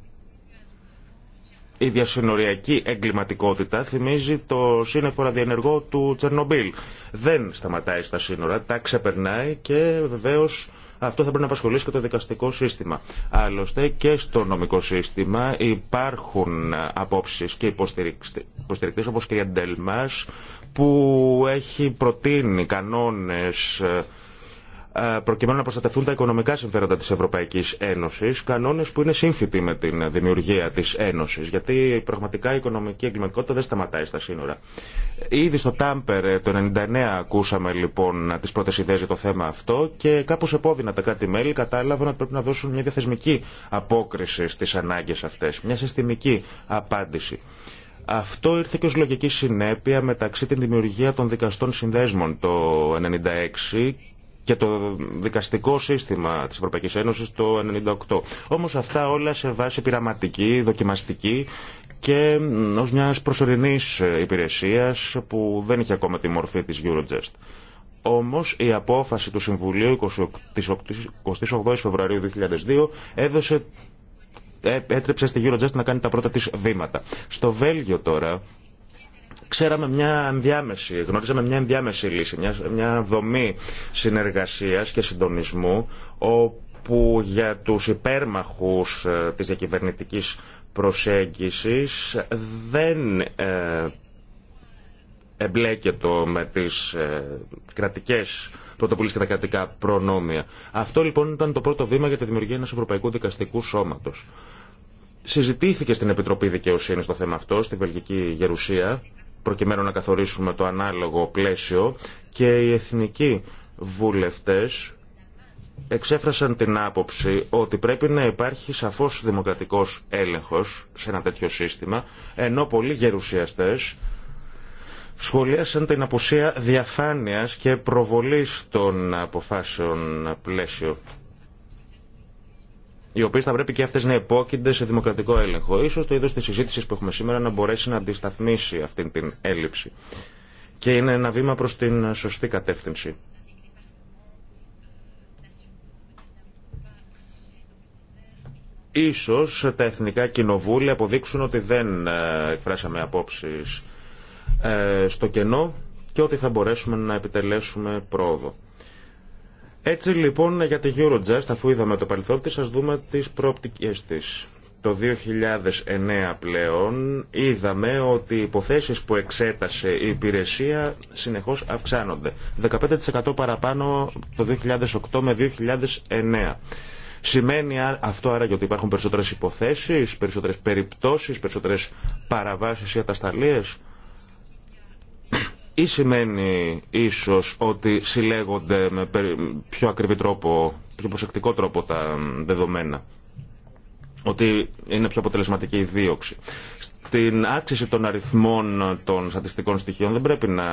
η διασυνοριακή εγκληματικότητα θυμίζει το σύννεφο διενεργό του Τσερνομπίλ. Δεν σταματάει στα σύνορα, τα ξεπερνάει και βεβαίως αυτό θα πρέπει να απασχολήσει και το δικαστικό σύστημα. Άλλωστε και στο νομικό σύστημα υπάρχουν απόψει και υποστηρικτέ όπω κυρία Ντέλμα που έχει προτείνει κανόνε ε, ε, προκειμένου να προστατευτούν τα οικονομικά συμφέροντα τη Ευρωπαϊκή Ένωση, κανόνε που είναι σύμφυτοι με την δημιουργία τη Ένωση. Γιατί πραγματικά η οικονομική εγκληματικότητα δεν σταματάει στα σύνορα. Ήδη στο Τάμπερ ε, το 1999 ακούσαμε λοιπόν τι πρώτε ιδέε για το θέμα αυτό και κάπω επώδυνα τα κράτη-μέλη κατάλαβαν ότι πρέπει να δώσουν μια διαθεσμική απόκριση στι ανάγκε αυτέ, μια συστημική απάντηση. Αυτό ήρθε και ω λογική συνέπεια μεταξύ την δημιουργία των δικαστών συνδέσμων το 1996 και το δικαστικό σύστημα της Ευρωπαϊκής Ένωσης το 1998. Όμως αυτά όλα σε βάση πειραματική, δοκιμαστική και ω μια προσωρινής υπηρεσίας που δεν είχε ακόμα τη μορφή της Eurojust. Όμως η απόφαση του Συμβουλίου τη 28 Φεβρουαρίου 2002 έδωσε, έτρεψε στη Eurojust να κάνει τα πρώτα της βήματα. Στο Βέλγιο τώρα ξέραμε μια ενδιάμεση, γνωρίζαμε μια ενδιάμεση λύση, μια, μια δομή συνεργασίας και συντονισμού όπου για τους υπέρμαχους ε, της διακυβερνητικής προσέγγισης δεν ε, εμπλέκεται με τις ε, κρατικές πρωτοβουλίε και τα κρατικά προνόμια. Αυτό λοιπόν ήταν το πρώτο βήμα για τη δημιουργία ενός Ευρωπαϊκού Δικαστικού Σώματο. Συζητήθηκε στην Επιτροπή Δικαιοσύνη το θέμα αυτό, στη Βελγική Γερουσία, προκειμένου να καθορίσουμε το ανάλογο πλαίσιο και οι εθνικοί βουλευτές εξέφρασαν την άποψη ότι πρέπει να υπάρχει σαφώς δημοκρατικός έλεγχος σε ένα τέτοιο σύστημα, ενώ πολλοί γερουσιαστές σχολίασαν την απουσία διαφάνειας και προβολής των αποφάσεων πλαίσιο οι οποίε θα πρέπει και αυτέ να υπόκεινται σε δημοκρατικό έλεγχο. σω το είδο τη συζήτηση που έχουμε σήμερα να μπορέσει να αντισταθμίσει αυτή την έλλειψη. Και είναι ένα βήμα προ την σωστή κατεύθυνση. Ίσως τα εθνικά κοινοβούλια αποδείξουν ότι δεν ε, εκφράσαμε απόψεις ε, στο κενό και ότι θα μπορέσουμε να επιτελέσουμε πρόοδο. Έτσι λοιπόν για τη Eurojust, αφού είδαμε το παρελθόν της, ας δούμε τις προοπτικές της. Το 2009 πλέον είδαμε ότι οι υποθέσεις που εξέτασε η υπηρεσία συνεχώς αυξάνονται. 15% παραπάνω το 2008 με 2009. Σημαίνει αυτό άραγε ότι υπάρχουν περισσότερες υποθέσεις, περισσότερες περιπτώσεις, περισσότερες παραβάσεις ή ατασταλίες ή σημαίνει ίσως ότι συλλέγονται με πιο ακριβή τρόπο, πιο προσεκτικό τρόπο τα δεδομένα, ότι είναι πιο αποτελεσματική η δίωξη την αύξηση των αριθμών των στατιστικών στοιχείων δεν πρέπει να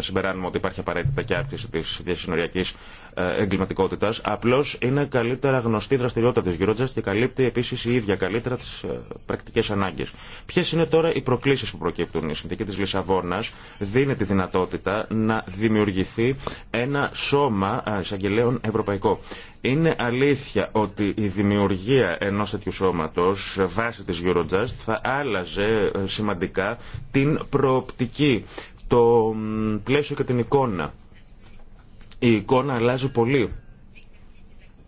συμπεράνουμε ότι υπάρχει απαραίτητα και αύξηση της διασυνοριακής ε, εγκληματικότητας. Απλώς είναι καλύτερα γνωστή η δραστηριότητα της Eurojust και καλύπτει επίσης η ίδια καλύτερα τις ε, πρακτικές ανάγκες. Ποιε είναι τώρα οι προκλήσεις που προκύπτουν. Η συνθήκη της Λισαβόνας δίνει τη δυνατότητα να δημιουργηθεί ένα σώμα ε, εισαγγελέων ευρωπαϊκό. Είναι αλήθεια ότι η δημιουργία ενός τέτοιου σώματος βάσει της Eurojust θα άλλαζε ε, σημαντικά την προοπτική, το πλαίσιο και την εικόνα. Η εικόνα αλλάζει πολύ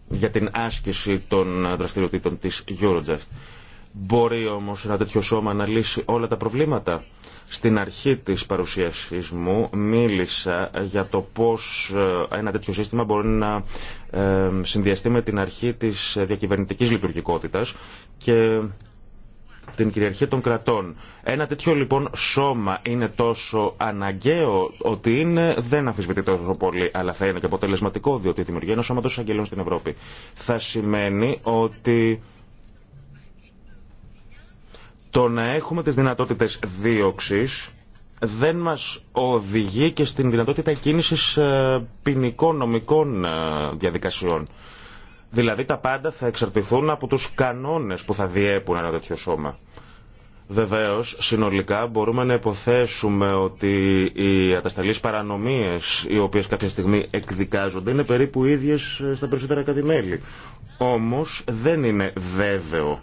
για την άσκηση των δραστηριοτήτων της Eurojust. Μπορεί όμως ένα τέτοιο σώμα να λύσει όλα τα προβλήματα. Στην αρχή της παρουσίασής μου μίλησα για το πώς ε, ένα τέτοιο σύστημα μπορεί να ε, συνδυαστεί με την αρχή της διακυβερνητικής λειτουργικότητας και την κυριαρχία των κρατών. Ένα τέτοιο λοιπόν σώμα είναι τόσο αναγκαίο ότι είναι, δεν αφισβητεί τόσο πολύ, αλλά θα είναι και αποτελεσματικό διότι η δημιουργία ενό σώματο αγγελών στην Ευρώπη θα σημαίνει ότι το να έχουμε τις δυνατότητες δίωξης δεν μας οδηγεί και στην δυνατότητα κίνησης ε, ποινικών νομικών ε, διαδικασιών. Δηλαδή τα πάντα θα εξαρτηθούν από τους κανόνες που θα διέπουν ένα τέτοιο σώμα. Βεβαίως, συνολικά μπορούμε να υποθέσουμε ότι οι ατασταλείς παρανομίες οι οποίες κάποια στιγμή εκδικάζονται, είναι περίπου ίδιε ε, στα περισσότερα κατημέλη. Όμω δεν είναι βέβαιο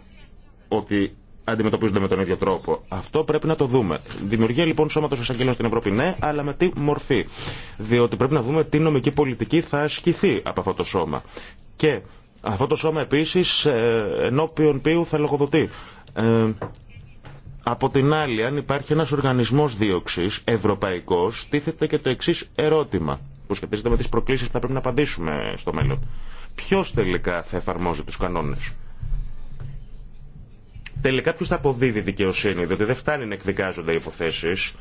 ότι αντιμετωπίζονται με τον ίδιο τρόπο. Αυτό πρέπει να το δούμε. Δημιουργία λοιπόν σώματο εισαγγελέων στην Ευρώπη, ναι, αλλά με τι μορφή. Διότι πρέπει να δούμε τι νομική πολιτική θα ασκηθεί από αυτό το σώμα. Και αυτό το σώμα επίση ε, ενώπιον ποιου θα λογοδοτεί. Ε, από την άλλη, αν υπάρχει ένα οργανισμό δίωξη ευρωπαϊκό, τίθεται και το εξή ερώτημα που σχετίζεται με τι προκλήσει που θα πρέπει να απαντήσουμε στο μέλλον. Ποιο τελικά θα εφαρμόζει του κανόνε. Τελικά ποιο θα αποδίδει δικαιοσύνη, διότι δεν φτάνει να εκδικάζονται οι υποθέσει.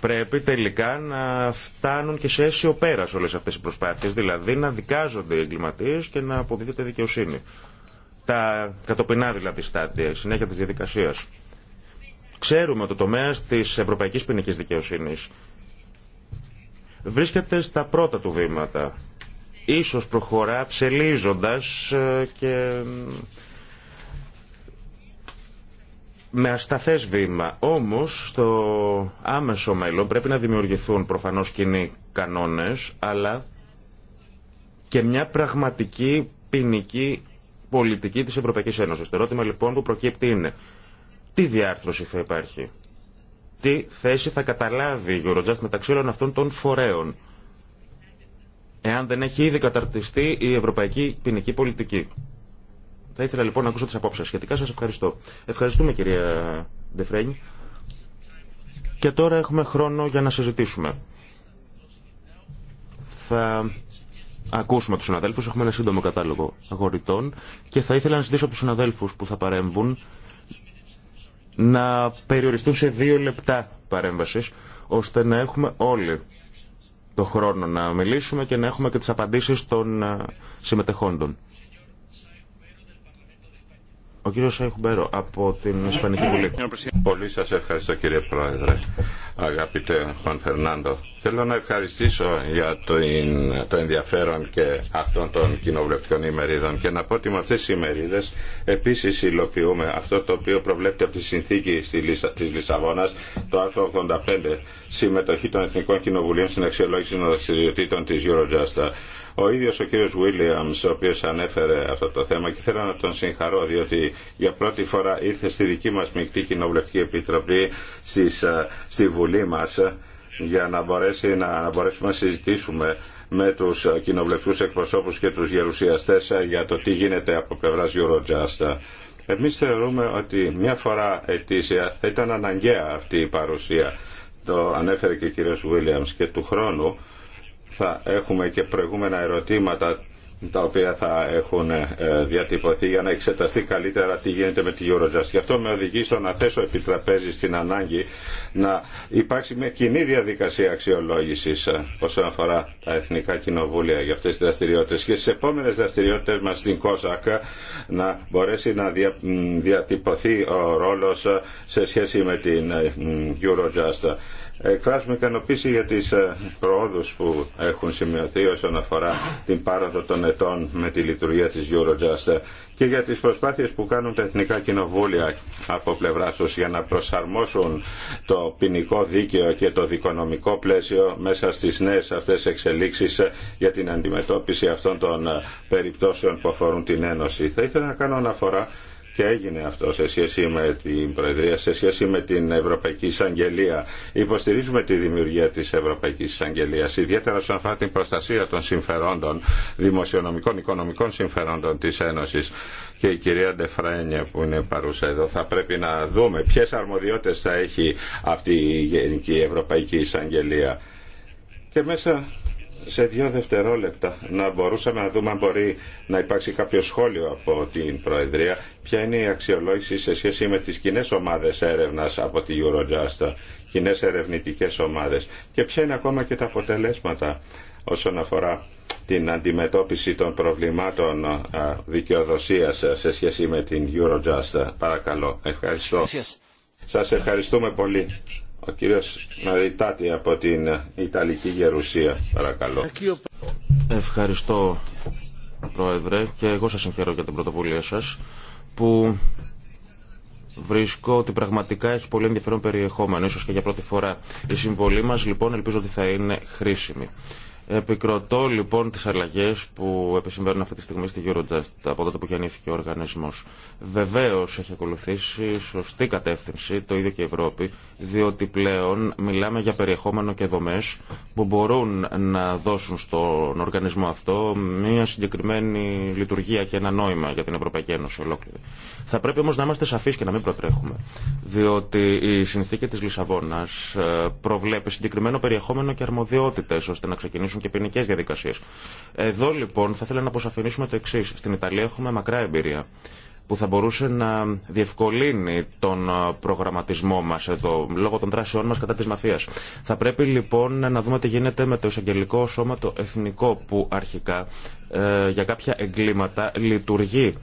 Πρέπει τελικά να φτάνουν και σε αίσιο πέρα όλε αυτέ οι προσπάθειε, δηλαδή να δικάζονται οι εγκληματίε και να αποδίδεται δικαιοσύνη. Τα κατοπινά δηλαδή στάδια, η συνέχεια τη διαδικασία. Ξέρουμε ότι το τομέα τη ευρωπαϊκή ποινική δικαιοσύνη βρίσκεται στα πρώτα του βήματα. Ίσως προχωρά ψελίζοντας ε, και με ασταθές βήμα. Όμως στο άμεσο μέλλον πρέπει να δημιουργηθούν προφανώς κοινοί κανόνες, αλλά και μια πραγματική ποινική πολιτική της Ευρωπαϊκής Ένωσης. Το ερώτημα λοιπόν που προκύπτει είναι τι διάρθρωση θα υπάρχει, τι θέση θα καταλάβει η Eurojust μεταξύ όλων αυτών των φορέων, εάν δεν έχει ήδη καταρτιστεί η Ευρωπαϊκή Ποινική Πολιτική. Θα ήθελα λοιπόν να ακούσω τις απόψεις σχετικά. Σας ευχαριστώ. Ευχαριστούμε κυρία Ντεφρέν. Και τώρα έχουμε χρόνο για να συζητήσουμε. Θα ακούσουμε τους συναδέλφους. Έχουμε ένα σύντομο κατάλογο αγορητών και θα ήθελα να ζητήσω από τους συναδέλφους που θα παρέμβουν να περιοριστούν σε δύο λεπτά παρέμβασης ώστε να έχουμε όλοι το χρόνο να μιλήσουμε και να έχουμε και τις απαντήσεις των ε, συμμετεχόντων. Ο κύριο Σαϊχουμπέρο από την Ισπανική Βουλή. Πολύ σα ευχαριστώ κύριε Πρόεδρε. Αγαπητέ Χων Φερνάντο, θέλω να ευχαριστήσω για το ενδιαφέρον και αυτών των κοινοβουλευτικών ημερίδων και να πω ότι με αυτέ τι ημερίδε επίση υλοποιούμε αυτό το οποίο προβλέπεται από τη συνθήκη τη Λισαβόνα, το άρθρο 85, συμμετοχή των Εθνικών Κοινοβουλίων στην αξιολόγηση των δραστηριοτήτων τη Eurojust ο ίδιο ο κύριο Βίλιαμ, ο οποίο ανέφερε αυτό το θέμα και θέλω να τον συγχαρώ διότι για πρώτη φορά ήρθε στη δική μα μεικτή κοινοβουλευτική επιτροπή στις, στη Βουλή μα για να, μπορέσει, να, να μπορέσουμε να συζητήσουμε με του κοινοβουλευτικού εκπροσώπους και του γερουσιαστέ για το τι γίνεται από πλευρά Eurojust. Εμεί θεωρούμε ότι μια φορά ετήσια θα ήταν αναγκαία αυτή η παρουσία. Το ανέφερε και ο κύριος Βίλιαμ και του χρόνου θα έχουμε και προηγούμενα ερωτήματα τα οποία θα έχουν ε, διατυπωθεί για να εξεταστεί καλύτερα τι γίνεται με τη Eurojust. Γι' αυτό με οδηγεί στο να θέσω επιτραπέζι στην ανάγκη να υπάρξει μια κοινή διαδικασία αξιολόγηση ε, όσον αφορά τα εθνικά κοινοβούλια για αυτέ τι δραστηριότητε και στι επόμενε δραστηριότητε μα στην ΚΟΣΑΚ ε, να μπορέσει να διατυπωθεί ο ρόλο σε σχέση με την Eurojust εκφράζουμε ικανοποίηση για τις ε, προόδους που έχουν σημειωθεί όσον αφορά την πάροδο των ετών με τη λειτουργία της Eurojust και για τις προσπάθειες που κάνουν τα εθνικά κοινοβούλια από πλευρά τους για να προσαρμόσουν το ποινικό δίκαιο και το δικονομικό πλαίσιο μέσα στις νέες αυτές εξελίξεις για την αντιμετώπιση αυτών των ε, περιπτώσεων που αφορούν την Ένωση. Θα ήθελα να κάνω αναφορά και έγινε αυτό σε σχέση με την Προεδρία, σε σχέση με την Ευρωπαϊκή Εισαγγελία. Υποστηρίζουμε τη δημιουργία της Ευρωπαϊκής Εισαγγελίας, ιδιαίτερα όσον αφορά την προστασία των συμφερόντων, δημοσιονομικών, οικονομικών συμφερόντων της Ένωσης και η κυρία Ντεφρένια που είναι παρούσα εδώ θα πρέπει να δούμε ποιες αρμοδιότητες θα έχει αυτή η Γενική Ευρωπαϊκή Εισαγγελία. Και μέσα σε δύο δευτερόλεπτα να μπορούσαμε να δούμε αν μπορεί να υπάρξει κάποιο σχόλιο από την Προεδρία. Ποια είναι η αξιολόγηση σε σχέση με τις κοινέ ομάδες έρευνας από τη Eurojust, κοινέ ερευνητικές ομάδες και ποια είναι ακόμα και τα αποτελέσματα όσον αφορά την αντιμετώπιση των προβλημάτων δικαιοδοσίας σε σχέση με την Eurojust. Παρακαλώ. Ευχαριστώ. Σας ευχαριστούμε πολύ. Ο κύριος Μαριτάτη από την Ιταλική Γερουσία, παρακαλώ. Ευχαριστώ, Πρόεδρε, και εγώ σας συγχαίρω για την πρωτοβουλία σας, που βρίσκω ότι πραγματικά έχει πολύ ενδιαφέρον περιεχόμενο, ίσως και για πρώτη φορά. Η συμβολή μας, λοιπόν, ελπίζω ότι θα είναι χρήσιμη. Επικροτώ λοιπόν τι αλλαγέ που επισυμβαίνουν αυτή τη στιγμή στη Eurojust από τότε που γεννήθηκε ο οργανισμό. Βεβαίω έχει ακολουθήσει σωστή κατεύθυνση το ίδιο και η Ευρώπη διότι πλέον μιλάμε για περιεχόμενο και δομέ που μπορούν να δώσουν στον οργανισμό αυτό μια συγκεκριμένη λειτουργία και ένα νόημα για την Ευρωπαϊκή Ένωση ολόκληρη. Θα πρέπει όμω να είμαστε σαφεί και να μην προτρέχουμε διότι η συνθήκη τη Λισαβόνα ε, προβλέπει συγκεκριμένο περιεχόμενο και αρμοδιότητε ώστε να ξεκινήσουμε και ποινικέ διαδικασίε. Εδώ λοιπόν θα ήθελα να αποσαφηνίσουμε το εξή. Στην Ιταλία έχουμε μακρά εμπειρία που θα μπορούσε να διευκολύνει τον ε, προγραμματισμό μα εδώ, λόγω των δράσεών μα κατά τη μαφία. Θα πρέπει λοιπόν να δούμε τι γίνεται με το εισαγγελικό σώμα το εθνικό, που αρχικά ε, για κάποια εγκλήματα λειτουργεί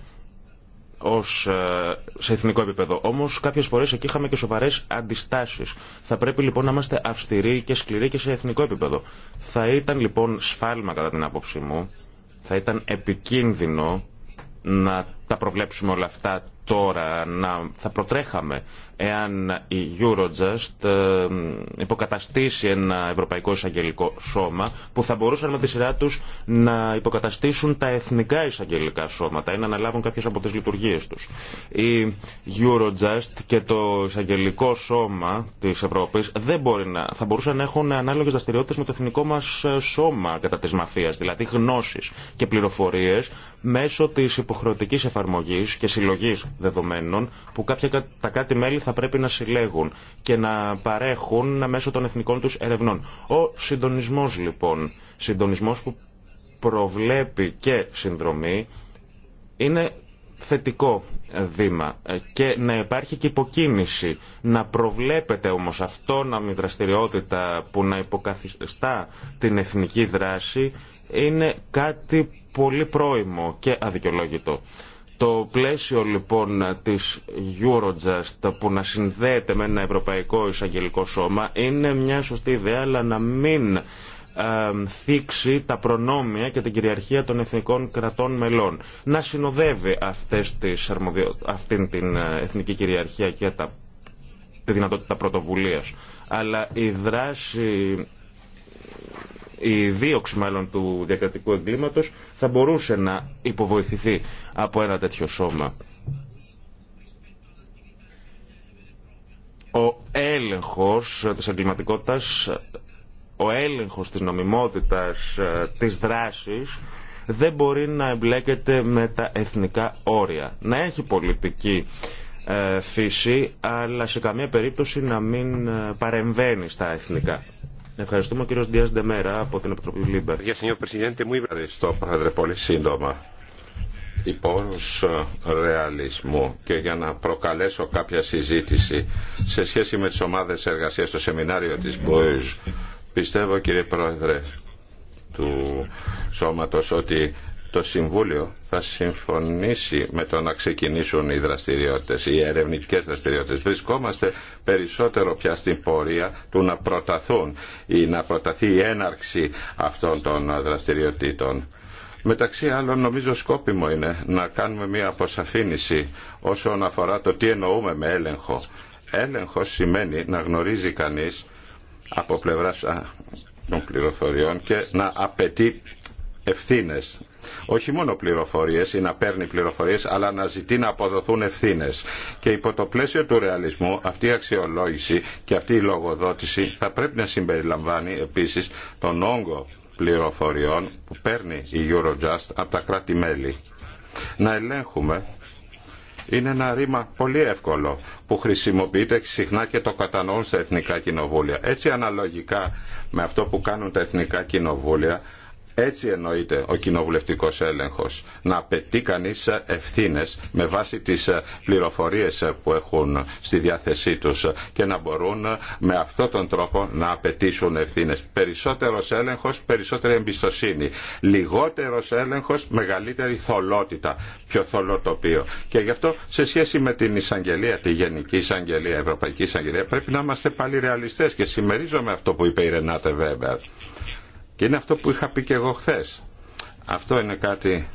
ως, ε, σε εθνικό επίπεδο. Όμως κάποιες φορές εκεί είχαμε και σοβαρέ αντιστάσεις. Θα πρέπει λοιπόν να είμαστε αυστηροί και σκληροί και σε εθνικό επίπεδο. Θα ήταν λοιπόν σφάλμα κατά την άποψή μου, θα ήταν επικίνδυνο να θα προβλέψουμε όλα αυτά τώρα, να, θα προτρέχαμε εάν η Eurojust ε, υποκαταστήσει ένα ευρωπαϊκό εισαγγελικό σώμα που θα μπορούσαν με τη σειρά τους να υποκαταστήσουν τα εθνικά εισαγγελικά σώματα ή να αναλάβουν κάποιες από τις λειτουργίες τους. Η Eurojust και το εισαγγελικό σώμα της Ευρώπης δεν μπορεί να, θα μπορούσαν να έχουν ανάλογες δραστηριότητες με το εθνικό μας ε, σώμα κατά της μαφίας, δηλαδή γνώσεις και πληροφορίες μέσω της υποχρεωτικής εφαρμογής εφαρμογή και συλλογή δεδομένων που κάποια, τα κάτι μέλη θα πρέπει να συλλέγουν και να παρέχουν μέσω των εθνικών του ερευνών. Ο συντονισμό λοιπόν, συντονισμό που προβλέπει και συνδρομή, είναι θετικό βήμα ε, και να υπάρχει και υποκίνηση. Να προβλέπεται όμως μην δραστηριότητα που να υποκαθιστά την εθνική δράση είναι κάτι πολύ πρόημο και αδικαιολόγητο. Το πλαίσιο λοιπόν της Eurojust που να συνδέεται με ένα ευρωπαϊκό εισαγγελικό σώμα είναι μια σωστή ιδέα αλλά να μην θίξει τα προνόμια και την κυριαρχία των εθνικών κρατών μελών. Να συνοδεύει αυτές τις αρμοδιο... αυτήν την ε, εθνική κυριαρχία και τα... τη δυνατότητα πρωτοβουλίας. Αλλά η δράση η δίωξη μάλλον του διακρατικού εγκλήματος θα μπορούσε να υποβοηθηθεί από ένα τέτοιο σώμα. Ο έλεγχος της εγκληματικότητας, ο έλεγχος της νομιμότητας, της δράσης δεν μπορεί να εμπλέκεται με τα εθνικά όρια. Να έχει πολιτική ε, φύση, αλλά σε καμία περίπτωση να μην ε, παρεμβαίνει στα εθνικά. Ευχαριστούμε ο κύριος Ντιάς Ντεμέρα από την Επιτροπή Λίμπερ. Ευχαριστώ πρόεδρε πολύ σύντομα υπόρους ε, ρεαλισμού και για να προκαλέσω κάποια συζήτηση σε σχέση με τις ομάδε εργασίας στο σεμινάριο της Μπούζ. πιστεύω κύριε Πρόεδρε του σώματος ότι το Συμβούλιο θα συμφωνήσει με το να ξεκινήσουν οι δραστηριότητες, οι ερευνητικές δραστηριότητες. Βρισκόμαστε περισσότερο πια στην πορεία του να προταθούν ή να προταθεί η έναρξη αυτών των δραστηριοτήτων. Μεταξύ άλλων νομίζω σκόπιμο είναι να κάνουμε μια αποσαφήνιση όσον αφορά το τι εννοούμε με έλεγχο. Έλεγχος σημαίνει να γνωρίζει κανείς από πλευρά των πληροφοριών και να απαιτεί ευθύνες όχι μόνο πληροφορίες ή να παίρνει πληροφορίες αλλά να ζητεί να αποδοθούν ευθύνες. Και υπό το πλαίσιο του ρεαλισμού αυτή η αξιολόγηση και αυτή η λογοδότηση θα πρέπει να παιρνει πληροφοριες αλλα να ζητει να αποδοθουν ευθυνε και υπο το πλαισιο του επίσης τον όγκο πληροφοριών που παίρνει η Eurojust από τα κράτη-μέλη. Να ελέγχουμε είναι ένα ρήμα πολύ εύκολο που χρησιμοποιείται συχνά και το κατανοούν στα εθνικά κοινοβούλια. Έτσι αναλογικά με αυτό που κάνουν τα εθνικά κοινοβούλια έτσι εννοείται ο κοινοβουλευτικό έλεγχο. Να απαιτεί κανεί ευθύνε με βάση τι πληροφορίε που έχουν στη διάθεσή του και να μπορούν με αυτόν τον τρόπο να απαιτήσουν ευθύνε. Περισσότερο έλεγχο, περισσότερη εμπιστοσύνη. Λιγότερο έλεγχο, μεγαλύτερη θολότητα. Πιο θολό τοπίο. Και γι' αυτό σε σχέση με την εισαγγελία, τη Γενική Εισαγγελία, Ευρωπαϊκή Εισαγγελία, πρέπει να είμαστε πάλι ρεαλιστέ και συμμερίζομαι αυτό που είπε η Ρενάτε Βέμπερ. Και είναι αυτό που είχα πει και εγώ χθε. Αυτό είναι κάτι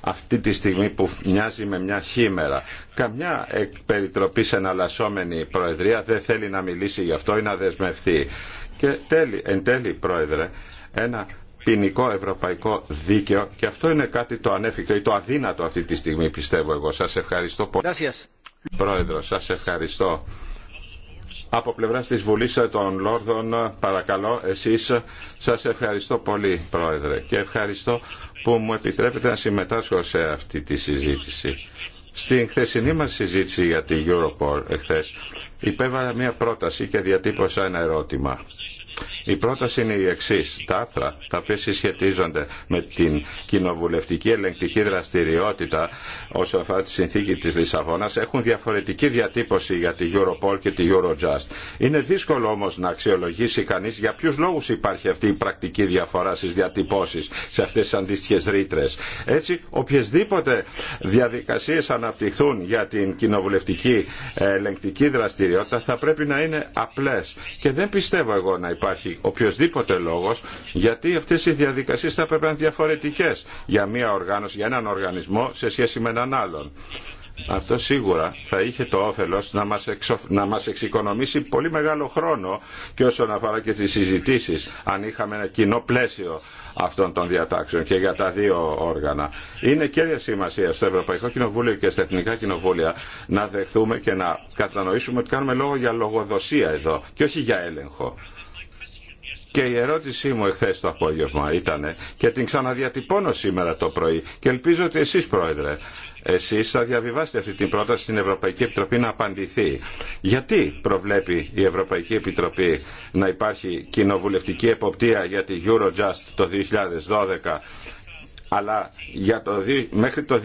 αυτή τη στιγμή που μοιάζει με μια χήμερα. Καμιά περιτροπή σε εναλλασσόμενη προεδρία δεν θέλει να μιλήσει γι' αυτό ή να δεσμευθεί. Και τέλει, εν τέλει, πρόεδρε, ένα ποινικό ευρωπαϊκό δίκαιο και αυτό είναι κάτι το ανέφικτο ή το αδύνατο αυτή τη στιγμή πιστεύω εγώ. Σας ευχαριστώ πολύ. Πρόεδρο, σας ευχαριστώ. Από πλευρά τη Βουλής ε, των Λόρδων, ε, παρακαλώ εσείς, ε, σας ευχαριστώ πολύ Πρόεδρε και ευχαριστώ που μου επιτρέπετε να συμμετάσχω σε αυτή τη συζήτηση. Στην χθεσινή μα συζήτηση για την Europol εχθές υπέβαλα μια πρόταση και διατύπωσα ένα ερώτημα. Η πρόταση είναι η εξή. Τα άρθρα τα οποία συσχετίζονται με την κοινοβουλευτική ελεγκτική δραστηριότητα όσον αφορά τη συνθήκη τη Λισαβόνα έχουν διαφορετική διατύπωση για τη Europol και τη Eurojust. Είναι δύσκολο όμω να αξιολογήσει κανεί για ποιου λόγου υπάρχει αυτή η πρακτική διαφορά στι διατυπώσει σε αυτέ τι αντίστοιχε ρήτρε. Έτσι, οποιασδήποτε διαδικασίε αναπτυχθούν για την κοινοβουλευτική ελεγκτική δραστηριότητα θα πρέπει να είναι απλέ. Και δεν πιστεύω εγώ να υπάρχει οποιοδήποτε λόγο, γιατί αυτέ οι διαδικασίε θα έπρεπε να είναι διαφορετικέ για μια οργάνωση, για έναν οργανισμό σε σχέση με έναν άλλον. Αυτό σίγουρα θα είχε το όφελος να μας, εξοφ... μας εξοικονομήσει πολύ μεγάλο χρόνο και όσον αφορά και τις συζητήσεις αν είχαμε ένα κοινό πλαίσιο αυτών των διατάξεων και για τα δύο όργανα. Είναι κέρια σημασία στο Ευρωπαϊκό Κοινοβούλιο και στα Εθνικά Κοινοβούλια να δεχθούμε και να κατανοήσουμε ότι κάνουμε λόγο για λογοδοσία εδώ και όχι για έλεγχο. Και η ερώτησή μου εχθέ το απόγευμα ήταν και την ξαναδιατυπώνω σήμερα το πρωί και ελπίζω ότι εσεί, Πρόεδρε, εσεί θα διαβιβάσετε αυτή την πρόταση στην Ευρωπαϊκή Επιτροπή να απαντηθεί. Γιατί προβλέπει η Ευρωπαϊκή Επιτροπή να υπάρχει κοινοβουλευτική εποπτεία για τη Eurojust το 2012 αλλά για το, μέχρι το 2013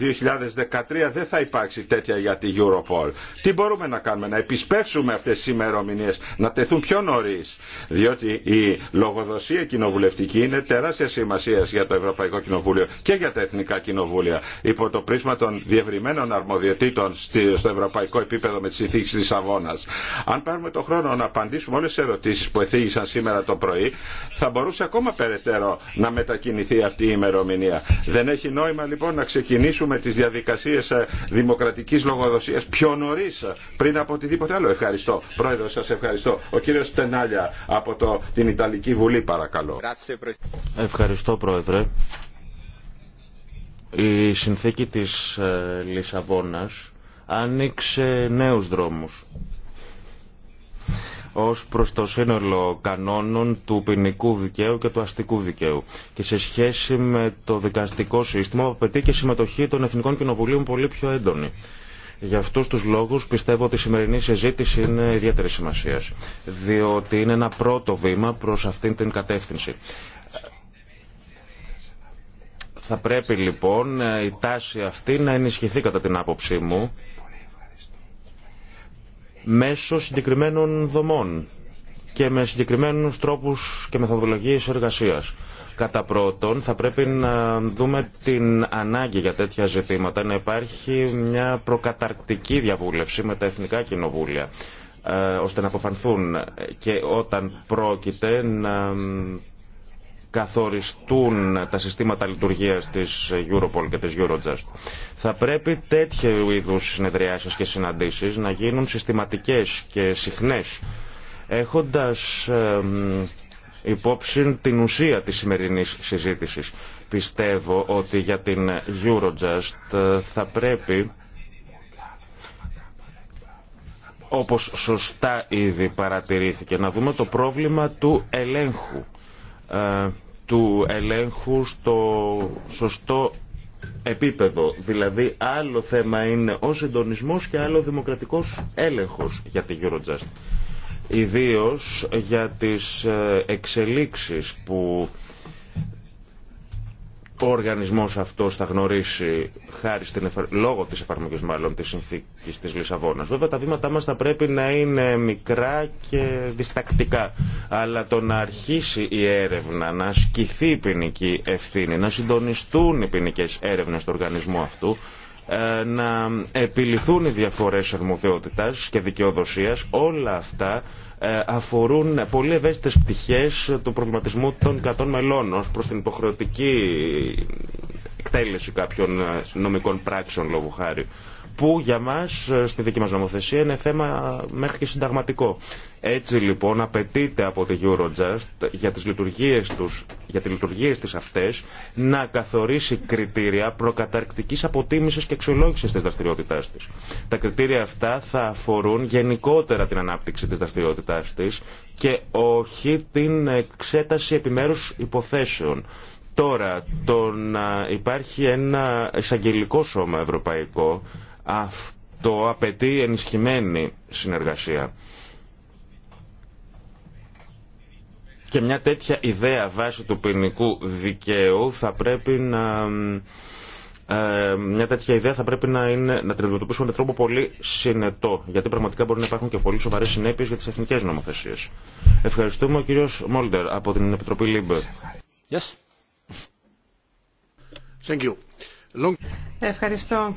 δεν θα υπάρξει τέτοια για τη Europol. Τι μπορούμε να κάνουμε, να επισπεύσουμε αυτές τις ημερομηνίες, να τεθούν πιο νωρίς, διότι η λογοδοσία κοινοβουλευτική είναι τεράστια σημασία για το Ευρωπαϊκό Κοινοβούλιο και για τα Εθνικά Κοινοβούλια υπό το πρίσμα των διευρυμένων αρμοδιοτήτων στο ευρωπαϊκό επίπεδο με τις συνθήκες Λισαβόνα. Λισαβόνας. Αν πάρουμε το χρόνο να απαντήσουμε όλες τις ερωτήσεις που εθίγησαν σήμερα το πρωί, θα μπορούσε ακόμα περαιτέρω να μετακινηθεί αυτή η ημερομηνία. Δεν έχει νόημα λοιπόν να ξεκινήσουμε τις διαδικασίες ε, δημοκρατικής λογοδοσίας πιο νωρίς ε, πριν από οτιδήποτε άλλο. Ευχαριστώ. Πρόεδρο σας ευχαριστώ. Ο κύριος Στενάλια από το, την Ιταλική Βουλή παρακαλώ. Ευχαριστώ πρόεδρε. Η συνθήκη της ε, Λισαβόνας άνοιξε νέους δρόμους ως προς το σύνολο κανόνων του ποινικού δικαίου και του αστικού δικαίου και σε σχέση με το δικαστικό σύστημα απαιτεί και συμμετοχή των Εθνικών Κοινοβουλίων πολύ πιο έντονη. Για αυτούς τους λόγους πιστεύω ότι η σημερινή συζήτηση είναι ιδιαίτερη σημασία, διότι είναι ένα πρώτο βήμα προς αυτήν την κατεύθυνση. Θα πρέπει λοιπόν η τάση αυτή να ενισχυθεί κατά την άποψή μου μέσω συγκεκριμένων δομών και με συγκεκριμένους τρόπους και μεθοδολογίες εργασίας. Κατά πρώτον, θα πρέπει να δούμε την ανάγκη για τέτοια ζητήματα, να υπάρχει μια προκαταρκτική διαβούλευση με τα εθνικά κοινοβούλια, ε, ώστε να αποφανθούν και όταν πρόκειται να καθοριστούν τα συστήματα λειτουργίας της Europol και της Eurojust. Θα πρέπει τέτοιου είδους συνεδριάσεις και συναντήσεις να γίνουν συστηματικές και συχνές, έχοντας υπόψη την ουσία της σημερινής συζήτησης. Πιστεύω ότι για την Eurojust ε, θα πρέπει όπως σωστά ήδη παρατηρήθηκε, να δούμε το πρόβλημα του ελέγχου ε, του ελέγχου στο σωστό επίπεδο. Δηλαδή άλλο θέμα είναι ο συντονισμό και άλλο δημοκρατικός έλεγχος για τη Eurojust. Ιδίως για τις ε, εξελίξεις που ο οργανισμός αυτός θα γνωρίσει χάρη στην εφα... λόγω της εφαρμογής μάλλον της συνθήκης της Λισαβόνας. Βέβαια τα βήματά μας θα πρέπει να είναι μικρά και διστακτικά. Αλλά το να αρχίσει η έρευνα, να ασκηθεί η ποινική ευθύνη, να συντονιστούν οι ποινικέ έρευνες του οργανισμού αυτού, ε, να επιληθούν οι διαφορές αρμοδιότητας και δικαιοδοσίας, όλα αυτά ε, αφορούν πολύ ευαίσθητε πτυχές του προβληματισμού των κρατών μελών ω προς την υποχρεωτική εκτέλεση κάποιων ε, νομικών πράξεων λόγου χάρη που για μας ε, στη δική μας νομοθεσία είναι θέμα μέχρι και συνταγματικό. Έτσι λοιπόν απαιτείται από τη Eurojust για τις λειτουργίες τους, για τις λειτουργίες της αυτές, να καθορίσει κριτήρια προκαταρκτικής αποτίμησης και αξιολόγησης της δραστηριότητάς της. Τα κριτήρια αυτά θα αφορούν γενικότερα την ανάπτυξη της δραστηριότητάς της και όχι την εξέταση επιμέρους υποθέσεων. Τώρα, το να υπάρχει ένα εισαγγελικό σώμα ευρωπαϊκό, αυτό απαιτεί ενισχυμένη συνεργασία. Και μια τέτοια ιδέα βάσει του ποινικού δικαίου θα πρέπει να... Ε, μια τέτοια ιδέα θα πρέπει να, είναι, να την αντιμετωπίσουμε με τρόπο πολύ συνετό. Γιατί πραγματικά μπορεί να υπάρχουν και πολύ σοβαρέ συνέπειε για τι εθνικέ νομοθεσίε. Ευχαριστούμε ο κύριο Μόλτερ από την Επιτροπή Λίμπερ. Yes. Thank you. Ευχαριστώ.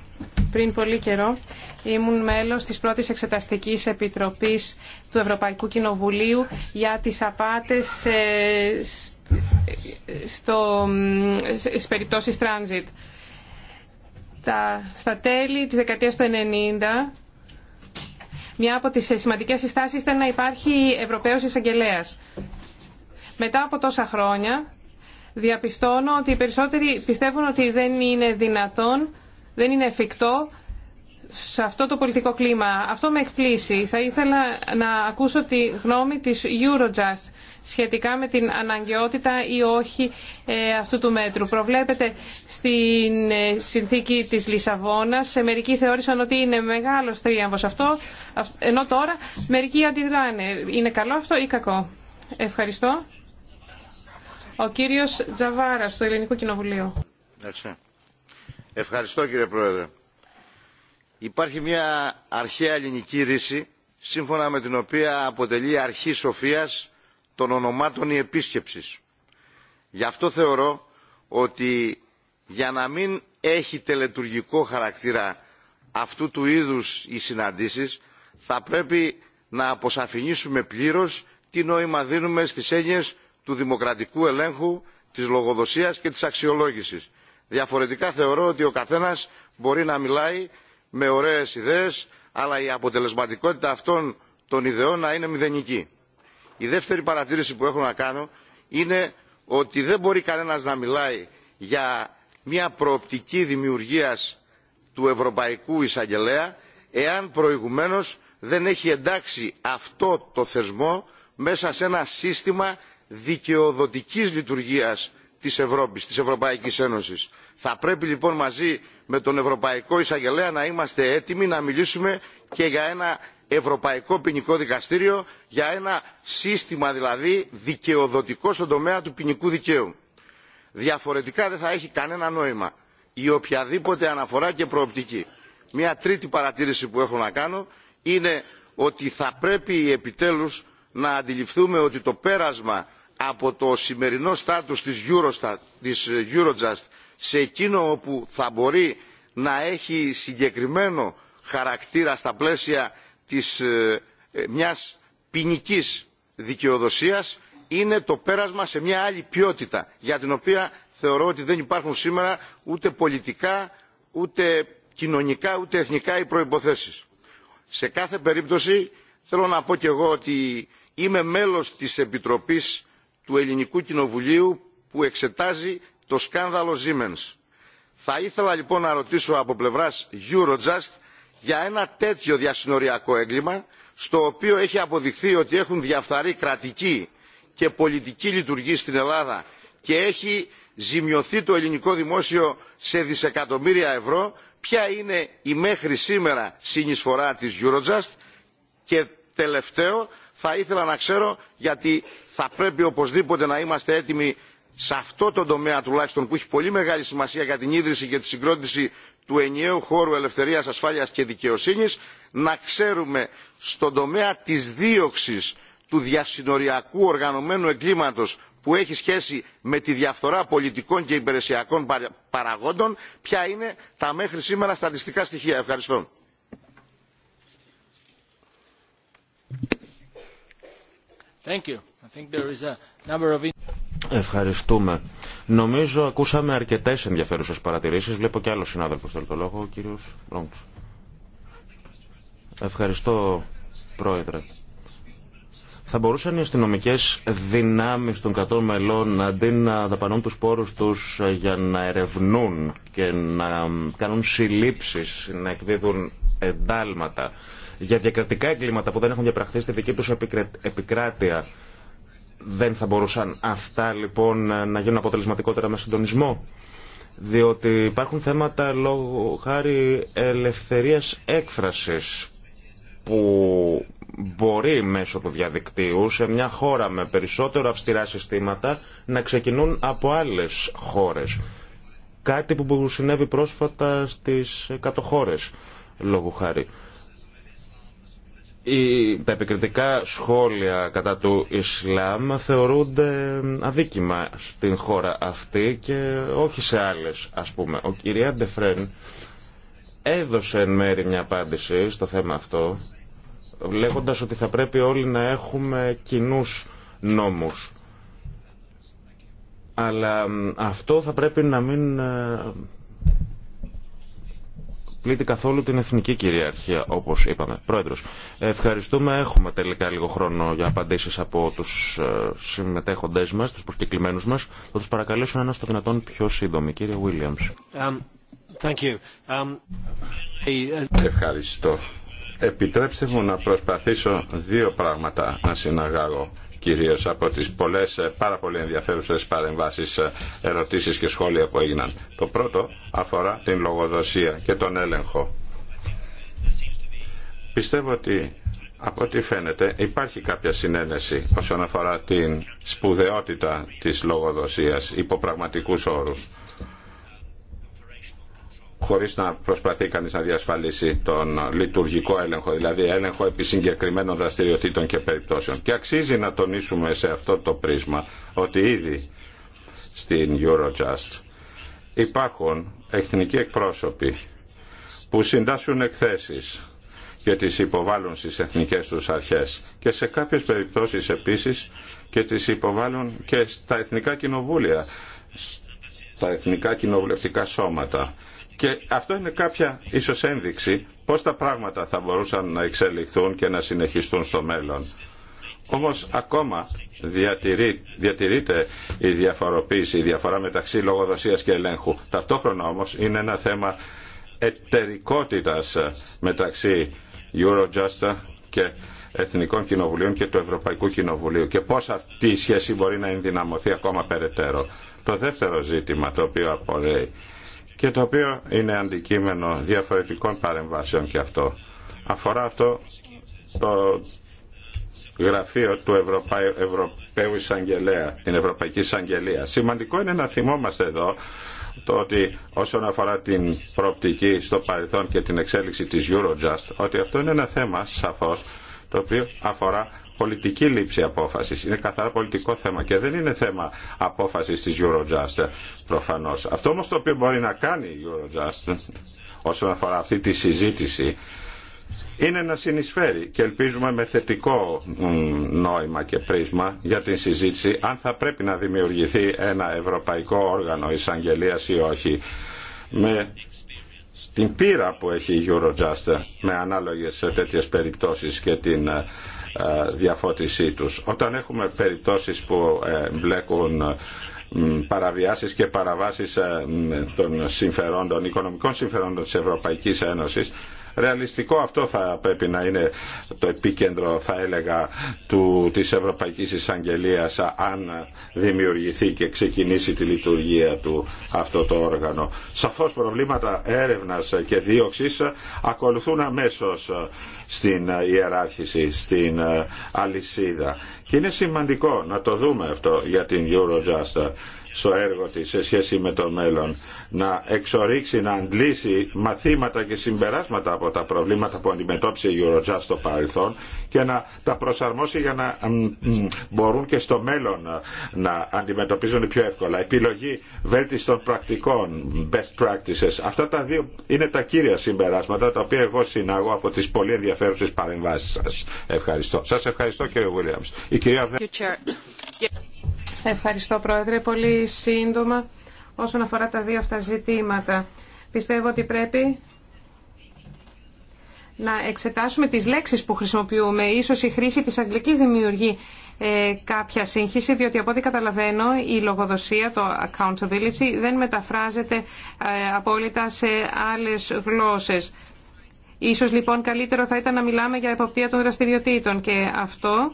Πριν πολύ καιρό ήμουν μέλος της πρώτης εξεταστικής επιτροπής του Ευρωπαϊκού Κοινοβουλίου για τις απάτες ε, στο, στις περιπτώσεις transit. στα τέλη της δεκαετίας του 90, μια από τις σημαντικές συστάσεις ήταν να υπάρχει Ευρωπαίος εισαγγελέα. Μετά από τόσα χρόνια, διαπιστώνω ότι οι περισσότεροι πιστεύουν ότι δεν είναι δυνατόν, δεν είναι εφικτό σε αυτό το πολιτικό κλίμα. Αυτό με εκπλήσει. Θα ήθελα να ακούσω τη γνώμη της Eurojust σχετικά με την αναγκαιότητα ή όχι ε, αυτού του μέτρου. Προβλέπεται στην ε, συνθήκη της Λισαβόνας. Μερικοί θεώρησαν ότι είναι μεγάλος τρίαμβος αυτό, ενώ τώρα μερικοί αντιδράνε. Είναι καλό αυτό ή κακό. Ευχαριστώ. Ο κύριος Τζαβάρα του Ελληνικού Κοινοβουλίου. Ευχαριστώ κύριε Πρόεδρε. Υπάρχει μια αρχαία ελληνική ρίση, σύμφωνα με την οποία αποτελεί αρχή σοφίας των ονομάτων η επίσκεψη. Γι' αυτό θεωρώ ότι για να μην έχει τελετουργικό χαρακτήρα αυτού του είδους οι συναντήσεις, θα πρέπει να αποσαφηνίσουμε πλήρως τι νόημα δίνουμε στις έννοιες του δημοκρατικού ελέγχου, της λογοδοσίας και της αξιολόγησης. Διαφορετικά θεωρώ ότι ο καθένας μπορεί να μιλάει με ωραίες ιδέες, αλλά η αποτελεσματικότητα αυτών των ιδεών να είναι μηδενική. Η δεύτερη παρατήρηση που έχω να κάνω είναι ότι δεν μπορεί κανένας να μιλάει για μια προοπτική δημιουργίας του Ευρωπαϊκού Εισαγγελέα εάν προηγουμένως δεν έχει εντάξει αυτό το θεσμό μέσα σε ένα σύστημα δικαιοδοτικής λειτουργίας της Ευρώπης, της Ευρωπαϊκής Ένωσης. Θα πρέπει λοιπόν μαζί με τον Ευρωπαϊκό Εισαγγελέα να είμαστε έτοιμοι να μιλήσουμε και για ένα Ευρωπαϊκό Ποινικό Δικαστήριο, για ένα σύστημα δηλαδή δικαιοδοτικό στον τομέα του ποινικού δικαίου. Διαφορετικά δεν θα έχει κανένα νόημα η οποιαδήποτε αναφορά και προοπτική. Μια τρίτη παρατήρηση που έχω να κάνω είναι ότι θα πρέπει επιτέλους να αντιληφθούμε ότι το πέρασμα από το σημερινό στάτους της, Eurojust σε εκείνο όπου θα μπορεί να έχει συγκεκριμένο χαρακτήρα στα πλαίσια της ε, ε, μιας ποινική δικαιοδοσίας είναι το πέρασμα σε μια άλλη ποιότητα για την οποία θεωρώ ότι δεν υπάρχουν σήμερα ούτε πολιτικά ούτε κοινωνικά ούτε εθνικά οι προϋποθέσεις. Σε κάθε περίπτωση θέλω να πω και εγώ ότι είμαι μέλος της Επιτροπής του Ελληνικού Κοινοβουλίου που εξετάζει το σκάνδαλο Siemens. Θα ήθελα λοιπόν να ρωτήσω από πλευράς Eurojust για ένα τέτοιο διασυνοριακό έγκλημα στο οποίο έχει αποδειχθεί ότι έχουν διαφθαρεί κρατική και πολιτική λειτουργή στην Ελλάδα και έχει ζημιωθεί το ελληνικό δημόσιο σε δισεκατομμύρια ευρώ, ποια είναι η μέχρι σήμερα συνεισφορά της Eurojust και τελευταίο θα ήθελα να ξέρω γιατί θα πρέπει οπωσδήποτε να είμαστε έτοιμοι σε αυτό το τομέα τουλάχιστον που έχει πολύ μεγάλη σημασία για την ίδρυση και τη συγκρότηση του ενιαίου χώρου ελευθερίας, ασφάλειας και δικαιοσύνης να ξέρουμε στον τομέα της δίωξης του διασυνοριακού οργανωμένου εγκλήματος που έχει σχέση με τη διαφθορά πολιτικών και υπηρεσιακών παραγόντων ποια είναι τα μέχρι σήμερα στατιστικά στοιχεία. Ευχαριστώ. Ευχαριστούμε. Νομίζω ακούσαμε αρκετέ ενδιαφέρουσε παρατηρήσει. Βλέπω και άλλο συνάδελφο θέλει το λόγο, ο κύριο Ρόγκ. Ευχαριστώ, Πρόεδρε. Θα μπορούσαν οι αστυνομικέ δυνάμει των 100 μελών αντί να δαπανούν του πόρου του ε, για να ερευνούν και να κάνουν συλλήψει, να εκδίδουν εντάλματα για διακρατικά εγκλήματα που δεν έχουν διαπραχθεί στη δική τους επικράτεια. Δεν θα μπορούσαν αυτά λοιπόν να γίνουν αποτελεσματικότερα με συντονισμό. Διότι υπάρχουν θέματα λόγω χάρη ελευθερίας έκφρασης που μπορεί μέσω του διαδικτύου σε μια χώρα με περισσότερο αυστηρά συστήματα να ξεκινούν από άλλες χώρες. Κάτι που συνέβη πρόσφατα στις κάτω λόγω χάρη οι, τα επικριτικά σχόλια κατά του Ισλάμ θεωρούνται αδίκημα στην χώρα αυτή και όχι σε άλλες ας πούμε. Ο κυρία Ντεφρέν έδωσε εν μέρη μια απάντηση στο θέμα αυτό λέγοντας ότι θα πρέπει όλοι να έχουμε κοινούς νόμους. Αλλά αυτό θα πρέπει να μην ε, πλήττει καθόλου την εθνική κυριαρχία, όπω είπαμε. Πρόεδρο, ευχαριστούμε. Έχουμε τελικά λίγο χρόνο για απαντήσει από του ε, συμμετέχοντέ μα, του προσκεκλημένου μα. Θα του παρακαλέσω να είναι στο δυνατόν πιο σύντομοι. Κύριε Βίλιαμ. Um, um, uh, Ευχαριστώ. Επιτρέψτε μου να προσπαθήσω δύο πράγματα να συναγάγω κυρίως από τις πολλές, ε, πάρα πολύ ενδιαφέρουσες παρεμβάσεις, ε, ερωτήσεις και σχόλια που έγιναν. Το πρώτο αφορά την λογοδοσία και τον έλεγχο. Πιστεύω ότι από ό,τι φαίνεται υπάρχει κάποια συνένεση όσον αφορά την σπουδαιότητα της λογοδοσίας υπό πραγματικούς όρους χωρίς να προσπαθεί κανείς να διασφαλίσει τον λειτουργικό έλεγχο, δηλαδή έλεγχο επί συγκεκριμένων δραστηριοτήτων και περιπτώσεων. Και αξίζει να τονίσουμε σε αυτό το πρίσμα ότι ήδη στην Eurojust υπάρχουν εθνικοί εκπρόσωποι που συντάσσουν εκθέσεις και τις υποβάλλουν στις εθνικές τους αρχές και σε κάποιες περιπτώσεις επίσης και τις υποβάλλουν και στα εθνικά κοινοβούλια, στα εθνικά κοινοβουλευτικά σώματα και αυτό είναι κάποια ίσως ένδειξη πώς τα πράγματα θα μπορούσαν να εξελιχθούν και να συνεχιστούν στο μέλλον. Όμως ακόμα διατηρείται η διαφοροποίηση, η διαφορά μεταξύ λογοδοσίας και ελέγχου. Ταυτόχρονα όμως είναι ένα θέμα εταιρικότητας μεταξύ Eurojust και Εθνικών Κοινοβουλίων και του Ευρωπαϊκού Κοινοβουλίου και πώς αυτή η σχέση μπορεί να ενδυναμωθεί ακόμα περαιτέρω. Το δεύτερο ζήτημα το οποίο απορρέει και το οποίο είναι αντικείμενο διαφορετικών παρεμβάσεων και αυτό. Αφορά αυτό το γραφείο του Ευρωπα... Ευρωπαίου Εισαγγελέα, την Ευρωπαϊκή Εισαγγελία. Σημαντικό είναι να θυμόμαστε εδώ το ότι όσον αφορά την προοπτική στο παρελθόν και την εξέλιξη της Eurojust, ότι αυτό είναι ένα θέμα σαφώς το οποίο αφορά πολιτική λήψη απόφασης. Είναι καθαρά πολιτικό θέμα και δεν είναι θέμα απόφασης της Eurojust προφανώς. Αυτό όμως το οποίο μπορεί να κάνει η Eurojust όσον αφορά αυτή τη συζήτηση είναι να συνεισφέρει και ελπίζουμε με θετικό νόημα και πρίσμα για την συζήτηση αν θα πρέπει να δημιουργηθεί ένα ευρωπαϊκό όργανο εισαγγελίας ή όχι με την πείρα που έχει η Eurojust με ανάλογες τέτοιες περιπτώσεις και την ε, διαφώτισή τους. Όταν έχουμε περιπτώσεις που ε, μπλέκουν παραβιάσεις και παραβάσεις ε, των συμφερόντων, οικονομικών συμφερόντων της Ευρωπαϊκής Ένωσης, Ρεαλιστικό αυτό θα πρέπει να είναι το επίκεντρο θα έλεγα του, της Ευρωπαϊκής Εισαγγελίας αν δημιουργηθεί και ξεκινήσει τη λειτουργία του αυτό το όργανο. Σαφώς προβλήματα έρευνας και δίωξης ακολουθούν αμέσως στην ιεράρχηση, στην αλυσίδα και είναι σημαντικό να το δούμε αυτό για την Eurojust στο έργο της σε σχέση με το μέλλον, να εξορίξει, να αντλήσει μαθήματα και συμπεράσματα από τα προβλήματα που αντιμετώπισε η Eurojust στο παρελθόν και να τα προσαρμόσει για να μπορούν και στο μέλλον να αντιμετωπίζουν πιο εύκολα. Επιλογή βέλτιστων πρακτικών, best practices. Αυτά τα δύο είναι τα κύρια συμπεράσματα τα οποία εγώ συνάγω από τις πολύ ενδιαφέρουσες παρεμβάσεις σας. Ευχαριστώ. Σας ευχαριστώ κύριε Williams. Ευχαριστώ Πρόεδρε. Πολύ σύντομα όσον αφορά τα δύο αυτά ζητήματα. Πιστεύω ότι πρέπει να εξετάσουμε τις λέξεις που χρησιμοποιούμε. Ίσως η χρήση της αγγλικής δημιουργεί ε, κάποια σύγχυση, διότι από ό,τι καταλαβαίνω η λογοδοσία, το accountability, δεν μεταφράζεται ε, απόλυτα σε άλλες γλώσσες. Ίσως λοιπόν καλύτερο θα ήταν να μιλάμε για εποπτεία των δραστηριοτήτων και αυτό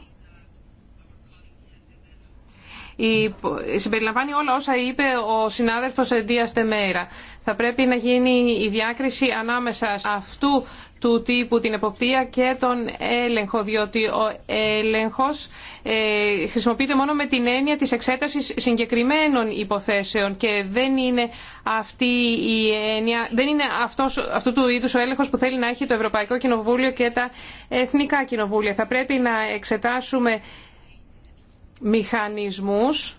συμπεριλαμβάνει όλα όσα είπε ο συνάδελφος Εντία Τεμέρα. Θα πρέπει να γίνει η διάκριση ανάμεσα αυτού του τύπου την εποπτεία και τον έλεγχο, διότι ο έλεγχος ε, χρησιμοποιείται μόνο με την έννοια της εξέτασης συγκεκριμένων υποθέσεων και δεν είναι, αυτή η έννοια, δεν είναι αυτός, αυτού του είδους ο έλεγχος που θέλει να έχει το Ευρωπαϊκό Κοινοβούλιο και τα Εθνικά Κοινοβούλια. Θα πρέπει να εξετάσουμε μηχανισμούς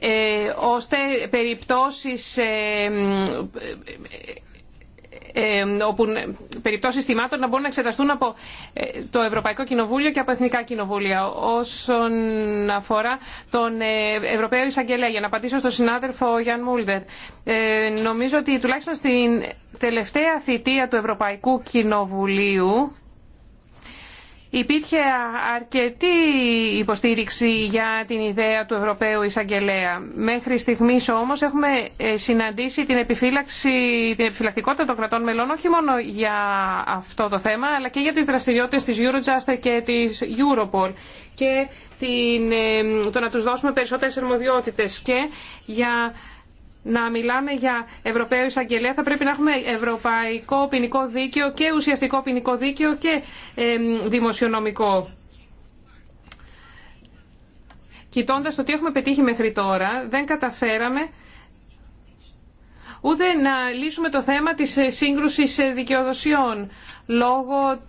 ε, ώστε περιπτώσεις ε, όπου περιπτώσεις θυμάτων να μπορούν να εξεταστούν από ε, το Ευρωπαϊκό Κοινοβούλιο και από Εθνικά Κοινοβούλια. Όσον αφορά τον ε, Ευρωπαίο Εισαγγελέα, για να απαντήσω στον συνάδελφο Γιάν Μούλτερ, ε, νομίζω ότι τουλάχιστον στην τελευταία θητεία του Ευρωπαϊκού Κοινοβουλίου Υπήρχε αρκετή υποστήριξη για την ιδέα του Ευρωπαίου Εισαγγελέα. Μέχρι στιγμής όμως έχουμε ε, συναντήσει την, επιφύλαξη, την επιφυλακτικότητα των κρατών μελών όχι μόνο για αυτό το θέμα αλλά και για τις δραστηριότητες της Eurojust και της Europol και την, ε, το να τους δώσουμε περισσότερες αρμοδιότητες και για να μιλάμε για Ευρωπαίο Εισαγγελέα θα πρέπει να έχουμε ευρωπαϊκό ποινικό δίκαιο και ουσιαστικό ποινικό δίκαιο και δημοσιονομικό. Κοιτώντας το τι έχουμε πετύχει μέχρι τώρα, δεν καταφέραμε ούτε να λύσουμε το θέμα της ε, σύγκρουσης ε, δικαιοδοσιών λόγω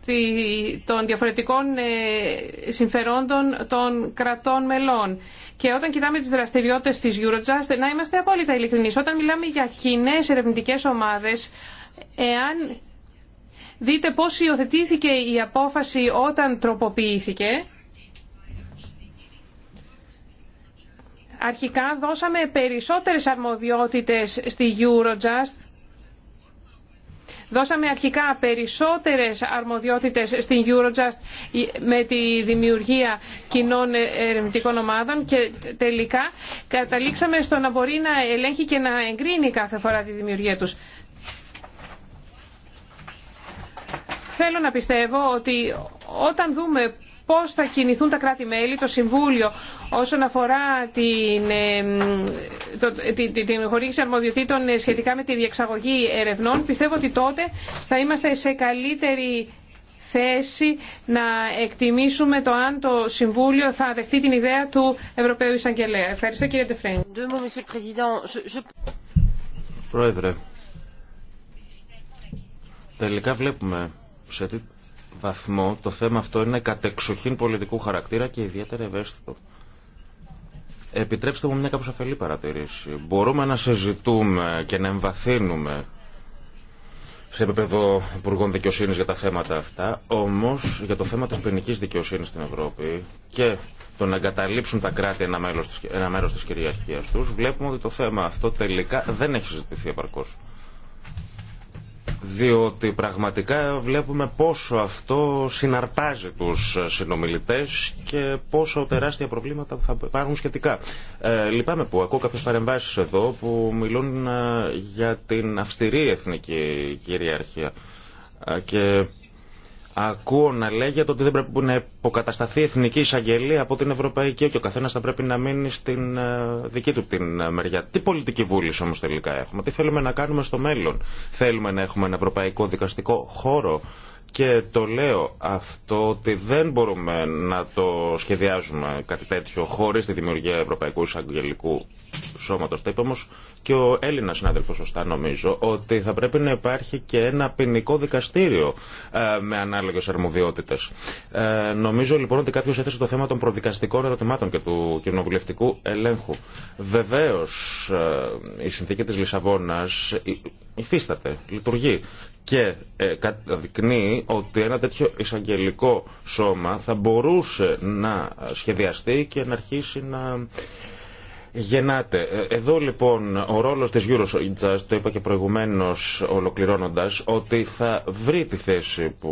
των διαφορετικών ε, συμφερόντων των κρατών μελών. Και όταν κοιτάμε τις δραστηριότητες της Eurojust, να είμαστε απόλυτα ειλικρινείς. Όταν μιλάμε για κοινέ ερευνητικέ ομάδες, εάν δείτε πώς υιοθετήθηκε η απόφαση όταν τροποποιήθηκε, αρχικά δώσαμε περισσότερες αρμοδιότητες στη Eurojust. Δώσαμε αρχικά περισσότερες αρμοδιότητες στην Eurojust με τη δημιουργία κοινών ερευνητικών ομάδων και τελικά καταλήξαμε στο να μπορεί να ελέγχει και να εγκρίνει κάθε φορά τη δημιουργία τους. Θέλω να πιστεύω ότι όταν δούμε πώς θα κινηθούν τα κράτη-μέλη, το Συμβούλιο όσον αφορά την, το, τη, την χορήγηση αρμοδιοτήτων ε, σχετικά με τη διεξαγωγή ερευνών. Πιστεύω ότι τότε θα είμαστε σε καλύτερη θέση να εκτιμήσουμε το αν το Συμβούλιο θα δεχτεί την ιδέα του Ευρωπαίου Εισαγγελέα. Ευχαριστώ κύριε Τεφρέν. Πρόεδρε, τελικά βλέπουμε βαθμό το θέμα αυτό είναι κατεξοχήν πολιτικού χαρακτήρα και ιδιαίτερα ευαίσθητο. Επιτρέψτε μου μια κάπως αφελή παρατηρήση. Μπορούμε να συζητούμε και να εμβαθύνουμε σε επίπεδο Υπουργών Δικαιοσύνη για τα θέματα αυτά. Όμω για το θέμα τη ποινική δικαιοσύνη στην Ευρώπη και το να εγκαταλείψουν τα κράτη ένα μέρο τη κυριαρχία του, βλέπουμε ότι το θέμα αυτό τελικά δεν έχει συζητηθεί επαρκώ διότι πραγματικά βλέπουμε πόσο αυτό συναρπάζει τους συνομιλητές και πόσο τεράστια προβλήματα θα υπάρχουν σχετικά. Ε, λυπάμαι που ακούω κάποιες παρεμβάσεις εδώ που μιλούν ε, για την αυστηρή εθνική κυριαρχία ε, και Ακούω να λέγεται ότι δεν πρέπει να υποκατασταθεί η εθνική εισαγγελία από την ευρωπαϊκή και ο καθένα θα πρέπει να μείνει στην ε, δική του την ε, μεριά. Τι πολιτική βούληση όμω τελικά έχουμε, τι θέλουμε να κάνουμε στο μέλλον. Θέλουμε να έχουμε ένα ευρωπαϊκό δικαστικό χώρο και το λέω αυτό ότι δεν μπορούμε να το σχεδιάζουμε κάτι τέτοιο χωρίς τη δημιουργία Ευρωπαϊκού Εισαγγελικού σώματος. Το είπε όμως και ο Έλληνας συνάδελφος σωστά νομίζω ότι θα πρέπει να υπάρχει και ένα ποινικό δικαστήριο ε, με ανάλογες αρμοδιότητες. Ε, νομίζω λοιπόν ότι κάποιος έθεσε το θέμα των προδικαστικών ερωτημάτων και του κοινοβουλευτικού ελέγχου. Βεβαίως ε, η συνθήκη της Λισαβόνας υφίσταται, λειτουργεί και ε, καταδεικνύει ότι ένα τέτοιο εισαγγελικό σώμα θα μπορούσε να σχεδιαστεί και να αρχίσει να γεννάται. Ε, εδώ λοιπόν ο ρόλος της Eurojust, το είπα και προηγουμένω ολοκληρώνοντα ότι θα βρει τη θέση που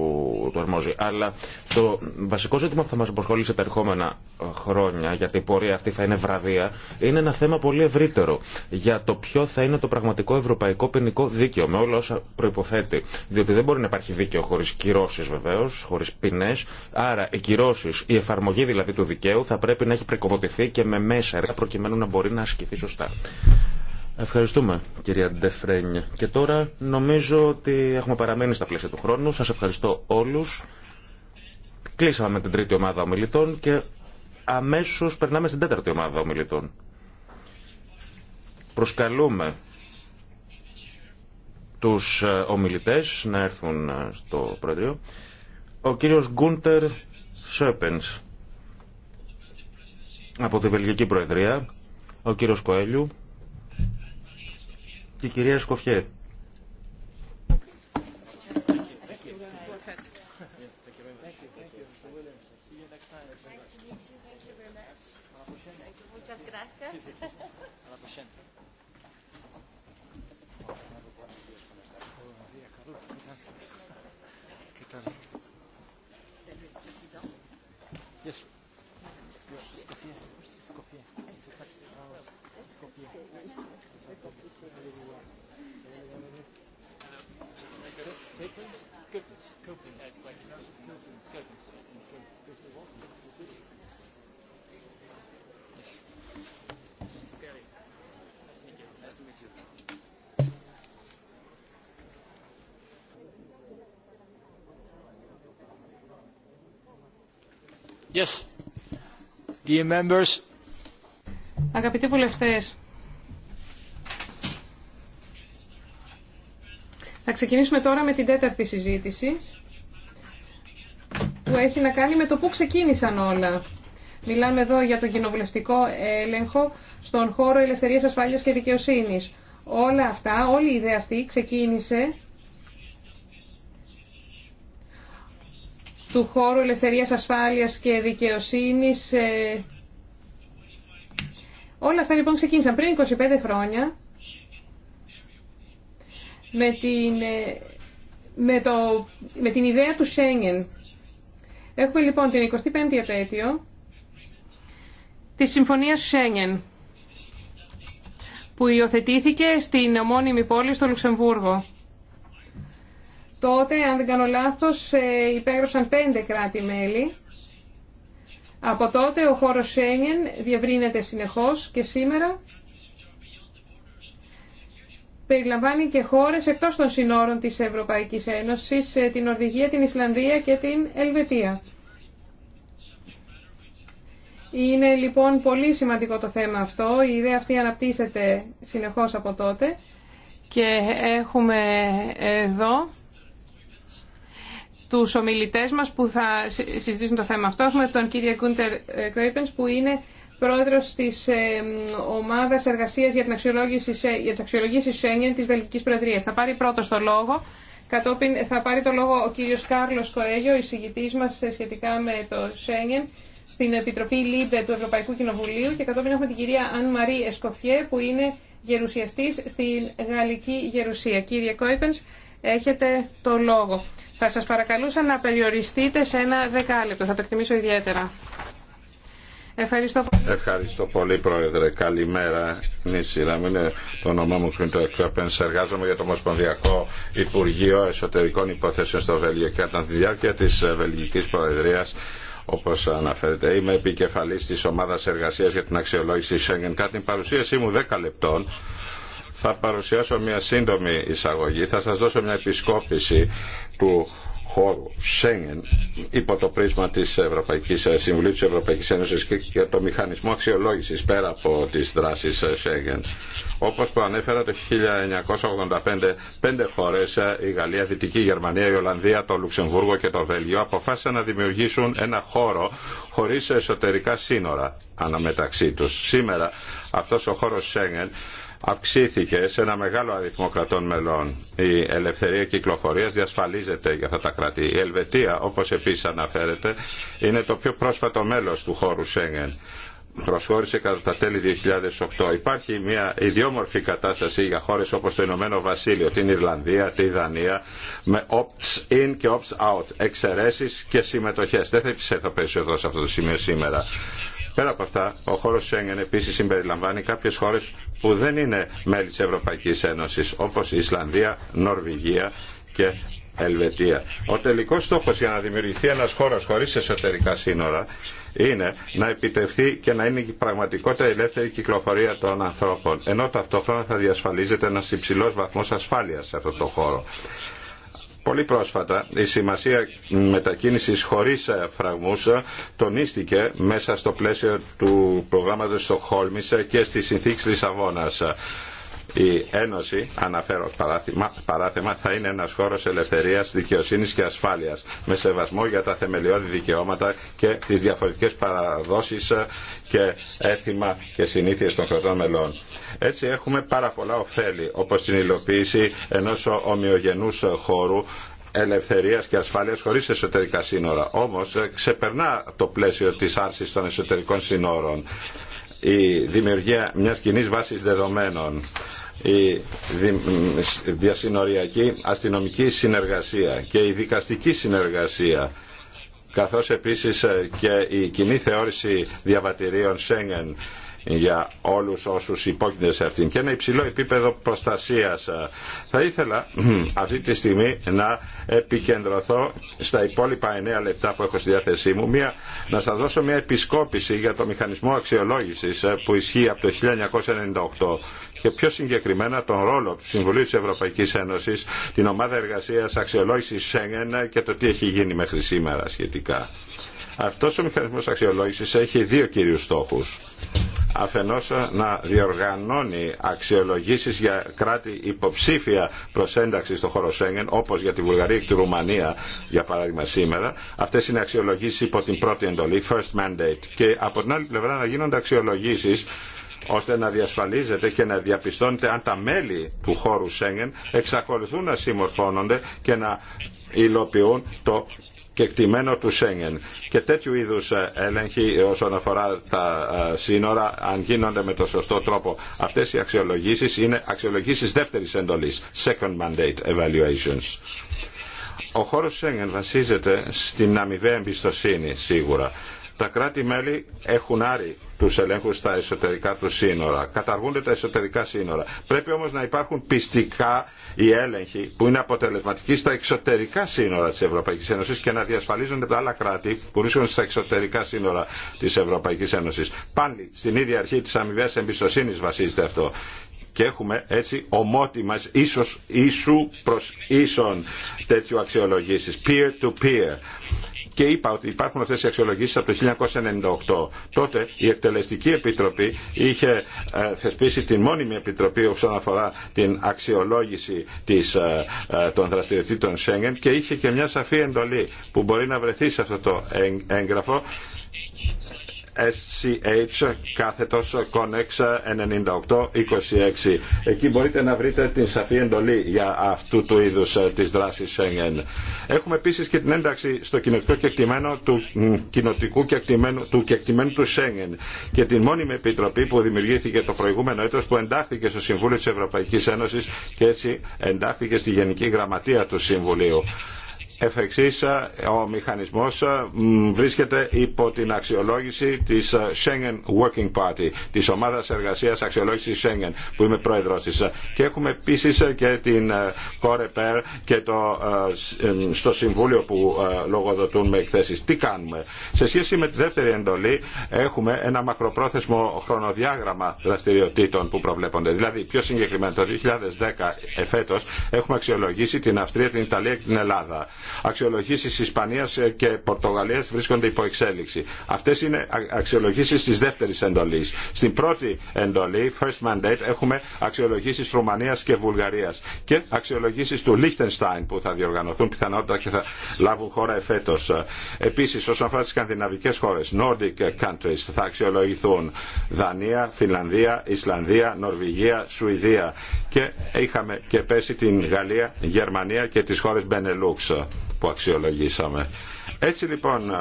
του αρμόζει. Αλλά το βασικό ζήτημα που θα μας αποσχολήσει τα ερχόμενα χρόνια, γιατί η πορεία αυτή θα είναι βραδία, είναι ένα θέμα πολύ ευρύτερο για το ποιο θα είναι το πραγματικό ευρωπαϊκό ποινικό δίκαιο, με όλα όσα προποθέτει. Διότι δεν μπορεί να υπάρχει δίκαιο χωρί κυρώσει βεβαίω, χωρί ποινέ. άρα οι κυρώσει, η εφαρμογή δηλαδή του δικαίου θα πρέπει να έχει πρεκοδοτηθεί και με μέσα προκειμένου να μπορεί να ασκηθεί σωστά. Ευχαριστούμε κυρία Ντεφρένια. Και τώρα νομίζω ότι έχουμε παραμένει στα πλαίσια του χρόνου. Σας ευχαριστώ όλους. Κλείσαμε με την τρίτη ομάδα ομιλητών και αμέσως περνάμε στην τέταρτη ομάδα ομιλητών. Προσκαλούμε τους ε, ομιλητές να έρθουν ε, στο Προεδρείο. Ο κύριος Γκούντερ Σόπενς από τη Βελγική Προεδρία ο κύριος Κοέλιου και η κυρία Σκοφιέ. Αγαπητοί βουλευτές, θα ξεκινήσουμε τώρα με την τέταρτη συζήτηση που έχει να κάνει με το πού ξεκίνησαν όλα. Μιλάμε εδώ για τον κοινοβουλευτικό έλεγχο στον χώρο ελευθερίας, ασφάλειας και δικαιοσύνης. Όλα αυτά, όλη η ιδέα αυτή ξεκίνησε του χώρου ελευθερίας, ασφάλειας και δικαιοσύνης. Ε, όλα αυτά λοιπόν ξεκίνησαν πριν 25 χρόνια με την, ε, με το, με την ιδέα του Σέγγεν. Έχουμε λοιπόν την 25η επέτειο της Συμφωνίας Σέγγεν που υιοθετήθηκε στην ομώνυμη πόλη στο Λουξεμβούργο τότε, αν δεν κάνω λάθος, ε, υπέγραψαν πέντε κράτη-μέλη. Από τότε ο χώρος Σέγγεν διευρύνεται συνεχώς και σήμερα περιλαμβάνει και χώρες εκτός των συνόρων της Ευρωπαϊκής Ένωσης, ε, την Νορβηγία, την Ισλανδία και την Ελβετία. Είναι λοιπόν πολύ σημαντικό το θέμα αυτό. Η ιδέα αυτή αναπτύσσεται συνεχώς από τότε. Και έχουμε εδώ του ομιλητέ μα που θα συζητήσουν το θέμα αυτό. Έχουμε τον κύριο Κούντερ ε, Κρέπεν που είναι πρόεδρος της ε, ομάδα Εργασία για, την αξιολόγηση, για τι αξιολογήσει Σέγγεν τη Βελγική Προεδρία. Θα πάρει πρώτο το λόγο. Κατόπιν θα πάρει το λόγο ο κύριος Κάρλος Κοέγιο, εισηγητής μας ε, σχετικά με το Σέγγεν στην Επιτροπή ΛΥΜΠΕ του Ευρωπαϊκού Κοινοβουλίου και κατόπιν έχουμε την κυρία Αν Μαρή Εσκοφιέ που είναι γερουσιαστής στην Γαλλική Γερουσία. Κύριε Κόιπενς, έχετε το λόγο. Θα σας παρακαλούσα να περιοριστείτε σε ένα δεκάλεπτο. Θα το εκτιμήσω ιδιαίτερα. Ευχαριστώ πολύ. Ευχαριστώ πολύ, Πρόεδρε. Καλημέρα. Είναι το ονομά μου. Είναι το όνομά μου Εργάζομαι για το Ομοσπονδιακό Υπουργείο Εσωτερικών Υποθέσεων στο Βέλγιο. Κατά τη διάρκεια τη ε, Βελγική Προεδρία, όπω αναφέρεται. Είμαι επικεφαλή τη ομάδα εργασία για την αξιολόγηση Σέγγεν. Κατά την παρουσίασή μου 10 λεπτών θα παρουσιάσω μια σύντομη εισαγωγή, θα σας δώσω μια επισκόπηση του χώρου Σέγγεν υπό το πρίσμα της Ευρωπαϊκής Συμβουλή της Ευρωπαϊκής Ένωσης και το μηχανισμό αξιολόγησης πέρα από τις δράσεις ε, Σέγγεν. Όπως προανέφερα το 1985, πέντε χώρες, ε, η Γαλλία, η Δυτική Γερμανία, η Ολλανδία, το Λουξεμβούργο και το Βέλγιο, αποφάσισαν να δημιουργήσουν ένα χώρο χωρίς εσωτερικά σύνορα αναμεταξύ τους. Σήμερα αυτός ο χώρος Σέγγεν αυξήθηκε σε ένα μεγάλο αριθμό κρατών μελών. Η ελευθερία κυκλοφορίας διασφαλίζεται για αυτά τα κράτη. Η Ελβετία, όπως επίσης αναφέρεται, είναι το πιο πρόσφατο μέλος του χώρου Σέγγεν προσχώρησε κατά τα τέλη 2008. Υπάρχει μια ιδιόμορφη κατάσταση για χώρες όπως το Ηνωμένο Βασίλειο, την Ιρλανδία, τη Δανία, με opt in και opt out εξαιρέσεις και συμμετοχές. Δεν θα επισέλθω περισσότερο σε αυτό το σημείο σήμερα. Πέρα από αυτά, ο χώρο Σέγγεν επίση συμπεριλαμβάνει κάποιε χώρε που δεν είναι μέλη τη Ευρωπαϊκή Ένωση, όπω η Ισλανδία, Νορβηγία και Ελβετία. Ο τελικό στόχο για να δημιουργηθεί ένα χώρο χωρί εσωτερικά σύνορα είναι να επιτευχθεί και να είναι η πραγματικότητα ελεύθερη κυκλοφορία των ανθρώπων, ενώ ταυτόχρονα θα διασφαλίζεται ένα υψηλό βαθμό ασφάλεια σε αυτό το χώρο. Πολύ πρόσφατα η σημασία μετακίνησης χωρίς φραγμούς τονίστηκε μέσα στο πλαίσιο του προγράμματος στο Χόλμης και στις συνθήκες Λισαβόνας. Η Ένωση, αναφέρω παράθεμα, θα είναι ένας χώρος ελευθερίας, δικαιοσύνης και ασφάλειας με σεβασμό για τα θεμελιώδη δικαιώματα και τις διαφορετικές παραδόσεις ε, και έθιμα και συνήθειες των κρατών μελών. Έτσι έχουμε πάρα πολλά ωφέλη, όπως την υλοποίηση ενός ομοιογενούς χώρου ελευθερία και ασφάλεια χωρί εσωτερικά σύνορα. Όμω ε, ξεπερνά το πλαίσιο τη άρση των εσωτερικών σύνορων η δημιουργία μια κοινή βάση δεδομένων η διασυνοριακή αστυνομική συνεργασία και η δικαστική συνεργασία καθώς επίσης ε, και η κοινή θεώρηση διαβατηρίων Σέγγεν για όλους όσους υπόκεινται σε αυτήν και ένα υψηλό επίπεδο προστασίας. Θα ήθελα hm, αυτή τη στιγμή να επικεντρωθώ στα υπόλοιπα εννέα λεπτά που έχω στη διάθεσή μου μια, να σας δώσω μια επισκόπηση για το μηχανισμό αξιολόγησης ε, που ισχύει από το 1998 και πιο συγκεκριμένα τον ρόλο του Συμβουλίου της Ευρωπαϊκής Ένωσης, την ομάδα εργασίας αξιολόγησης Σέγγεν και το τι έχει γίνει μέχρι σήμερα σχετικά. Αυτός ο μηχανισμός αξιολόγησης έχει δύο κυρίους στόχους αφενός να διοργανώνει αξιολογήσεις για κράτη υποψήφια προς ένταξη στο χώρο Σέγγεν, όπως για τη Βουλγαρία και τη Ρουμανία, για παράδειγμα σήμερα. Αυτές είναι αξιολογήσεις υπό την πρώτη εντολή, first mandate. Και από την άλλη πλευρά να γίνονται αξιολογήσεις ώστε να διασφαλίζεται και να διαπιστώνεται αν τα μέλη του χώρου Σέγγεν εξακολουθούν να συμμορφώνονται και να υλοποιούν το και εκτιμένο του Σέγγεν. Και τέτοιου είδου ε, έλεγχοι ε, όσον αφορά τα ε, σύνορα, αν γίνονται με το σωστό τρόπο, αυτέ οι αξιολογήσει είναι αξιολογήσει δεύτερη εντολή, second mandate evaluations. Ο χώρο Σέγγεν βασίζεται στην αμοιβαία εμπιστοσύνη σίγουρα τα κράτη-μέλη έχουν άρει του ελέγχου στα εσωτερικά του σύνορα. Καταργούνται τα εσωτερικά σύνορα. Πρέπει όμω να υπάρχουν πιστικά οι έλεγχοι που είναι αποτελεσματικοί στα εξωτερικά σύνορα τη Ευρωπαϊκή Ένωση και να διασφαλίζονται τα άλλα κράτη που βρίσκονται στα εξωτερικά σύνορα τη Ευρωπαϊκή Ένωση. Πάλι στην ίδια αρχή τη αμοιβαία εμπιστοσύνη βασίζεται αυτό και έχουμε έτσι ομότιμα, ίσως ίσου προς ίσον τέτοιου τέτοιου peer to peer και είπα ότι υπάρχουν αυτές οι αξιολογήσεις από το 1998. Τότε η Εκτελεστική Επιτροπή είχε ε, θεσπίσει την μόνιμη επιτροπή όσον αφορά την αξιολόγηση της, ε, ε, των δραστηριοτήτων Σέγγεν και είχε και μια σαφή εντολή που μπορεί να βρεθεί σε αυτό το έγγραφο SCH κάθετος Connex 9826. Εκεί μπορείτε να βρείτε την σαφή εντολή για αυτού του είδους ε, της δράσης Schengen. Έχουμε επίσης και την ένταξη στο κοινοτικό κεκτημένο του κοινοτικού κεκτημένου, του κεκτημένου του Schengen και την μόνιμη επιτροπή που δημιουργήθηκε το προηγούμενο έτος που εντάχθηκε στο Συμβούλιο της Ευρωπαϊκής Ένωσης και έτσι εντάχθηκε στη Γενική Γραμματεία του Συμβουλίου. Εφ' εξής, ε, ο μηχανισμός ε, βρίσκεται υπό την αξιολόγηση της ε, Schengen Working Party, της ομάδας εργασίας αξιολόγησης Schengen, που είμαι πρόεδρος της. Και έχουμε επίση και την Coreper και το, στο Συμβούλιο που λογοδοτούν με εκθέσεις. Τι κάνουμε. Σε σχέση με τη δεύτερη εντολή έχουμε ένα μακροπρόθεσμο χρονοδιάγραμμα δραστηριοτήτων που προβλέπονται. Δηλαδή, πιο συγκεκριμένα, το 2010 εφέτος έχουμε αξιολογήσει την Αυστρία, την Ιταλία και την Ελλάδα αξιολογήσει Ισπανία και Πορτογαλία βρίσκονται υπό εξέλιξη. Αυτέ είναι αξιολογήσει τη δεύτερη εντολή. Στην πρώτη εντολή, first mandate, έχουμε αξιολογήσει Ρουμανία και Βουλγαρία και αξιολογήσει του Λίχτενστάιν που θα διοργανωθούν πιθανότητα και θα λάβουν χώρα εφέτο. Επίση, όσον αφορά τι σκανδιναβικέ χώρε, Nordic countries, θα αξιολογηθούν Δανία, Φιλανδία, Ισλανδία, Νορβηγία, Σουηδία και είχαμε και πέσει την Γαλλία, Γερμανία και τι χώρε Μπενελούξ που αξιολογήσαμε. Έτσι λοιπόν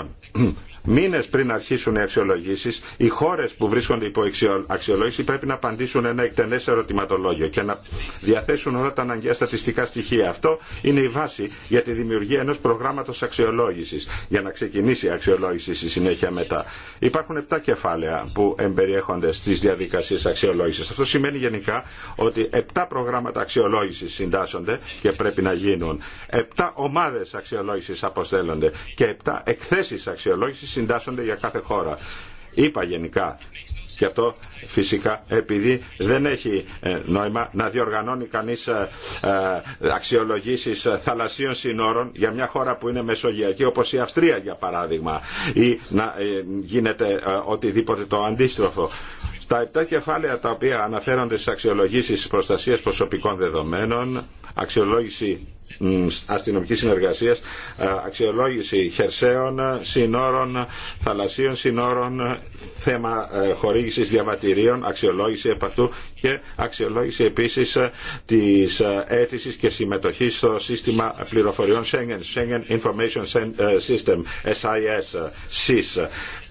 μήνε πριν αρχίσουν οι αξιολογήσει, οι χώρε που βρίσκονται υπό αξιολόγηση πρέπει να απαντήσουν ένα εκτενέ ερωτηματολόγιο και να διαθέσουν όλα τα αναγκαία στατιστικά στοιχεία. Αυτό είναι η βάση για τη δημιουργία ενό προγράμματο αξιολόγηση, για να ξεκινήσει η αξιολόγηση στη συνέχεια μετά. Υπάρχουν 7 κεφάλαια που εμπεριέχονται στι διαδικασίε αξιολόγηση. Αυτό σημαίνει γενικά ότι 7 προγράμματα αξιολόγηση συντάσσονται και πρέπει να γίνουν. 7 ομάδε αξιολόγηση αποστέλλονται και 7 εκθέσει αξιολόγηση συντάσσονται για κάθε χώρα. Είπα γενικά και αυτό φυσικά επειδή δεν έχει ε, νόημα να διοργανώνει κανείς ε, ε, αξιολογήσεις θαλασσίων συνόρων για μια χώρα που είναι μεσογειακή όπως η Αυστρία για παράδειγμα ή να γίνεται οτιδήποτε το αντίστροφο. Στα επτά κεφάλαια τα οποία αναφέρονται στις αξιολογήσεις προστασίας προσωπικών δεδομένων, αξιολόγηση αστυνομικής συνεργασίας, αξιολόγηση χερσαίων συνόρων, θαλασσίων συνόρων, θέμα ε, χορήγησης διαβατηρίων, αξιολόγηση επ' και αξιολόγηση επίσης ε, της ε, αίτηση και συμμετοχής στο σύστημα πληροφοριών Schengen, Schengen Information System, SIS, SIS.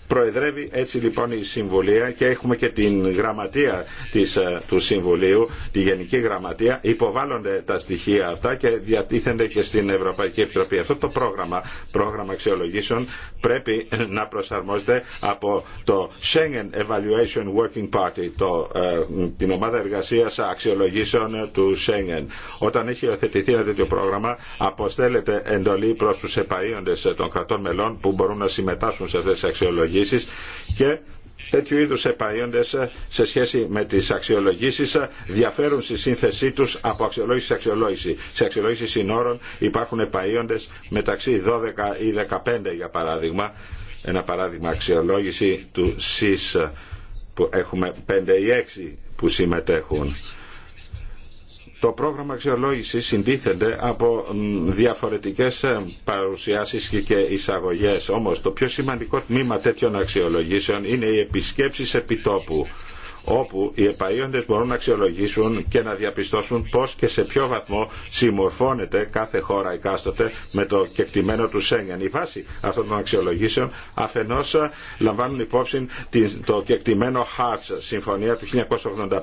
Προεδρεύει έτσι λοιπόν η Συμβουλία και έχουμε και την γραμματεία της, ε, του Συμβουλίου, τη Γενική Γραμματεία. Υποβάλλονται τα στοιχεία αυτά και διατίθενται και στην Ευρωπαϊκή Επιτροπή. Αυτό το πρόγραμμα, πρόγραμμα αξιολογήσεων, πρέπει να προσαρμόζεται από το Schengen Evaluation Working Party, το, ε, την ομάδα εργασίας αξιολογήσεων του Schengen. Όταν έχει υιοθετηθεί ένα τέτοιο πρόγραμμα, αποστέλλεται εντολή προς τους επαείοντες των κρατών μελών που μπορούν να συμμετάσχουν σε αυτέ τι και τέτοιου είδους επαΐοντες σε σχέση με τις αξιολογήσεις διαφέρουν στη σύνθεσή τους από αξιολόγηση σε αξιολόγηση. Σε αξιολόγηση συνόρων υπάρχουν επαΐοντες μεταξύ 12 ή 15 για παράδειγμα. Ένα παράδειγμα αξιολόγηση του ΣΥΣ που έχουμε 5 ή 6 που συμμετέχουν. Το πρόγραμμα αξιολόγηση συντίθεται από διαφορετικέ ε, παρουσιάσει και εισαγωγέ. Όμω το πιο σημαντικό τμήμα τέτοιων αξιολογήσεων είναι οι επισκέψει επιτόπου όπου οι επαΐοντες μπορούν να αξιολογήσουν και να διαπιστώσουν πώς και σε ποιο βαθμό συμμορφώνεται κάθε χώρα εκάστοτε με το κεκτημένο του Σέγγεν. Η βάση αυτών των αξιολογήσεων αφενός ε, λαμβάνουν υπόψη το κεκτημένο Χάρτς, Συμφωνία του 1985,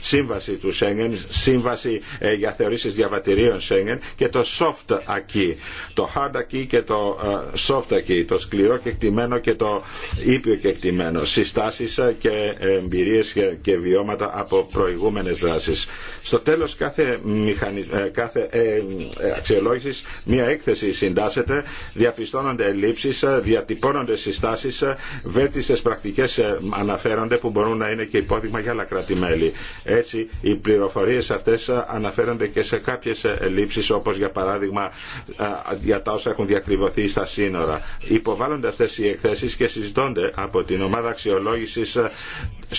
Σύμβαση του Σέγγεν, Σύμβαση ε, για θεωρήσεις διαβατηρίων Σέγγεν και το Soft Acquis. Το Hard Acquis και το ε, Soft Acquis, το σκληρό κεκτημένο και το ήπιο κεκτημένο. και και βιώματα από προηγούμενες δράσεις. Στο τέλος κάθε, μηχανι... Ε, κάθε ε, ε, αξιολόγησης μια έκθεση συντάσσεται, διαπιστώνονται ελλείψεις, διατυπώνονται συστάσεις, βέλτιστες πρακτικές αναφέρονται που μπορούν να είναι και υπόδειγμα για άλλα κράτη-μέλη. Έτσι οι πληροφορίες αυτές αναφέρονται και σε κάποιες ελλείψεις όπως για παράδειγμα για τα όσα έχουν διακριβωθεί στα σύνορα. Υποβάλλονται αυτές οι εκθέσεις και συζητώνται από την ομάδα αξιολόγησης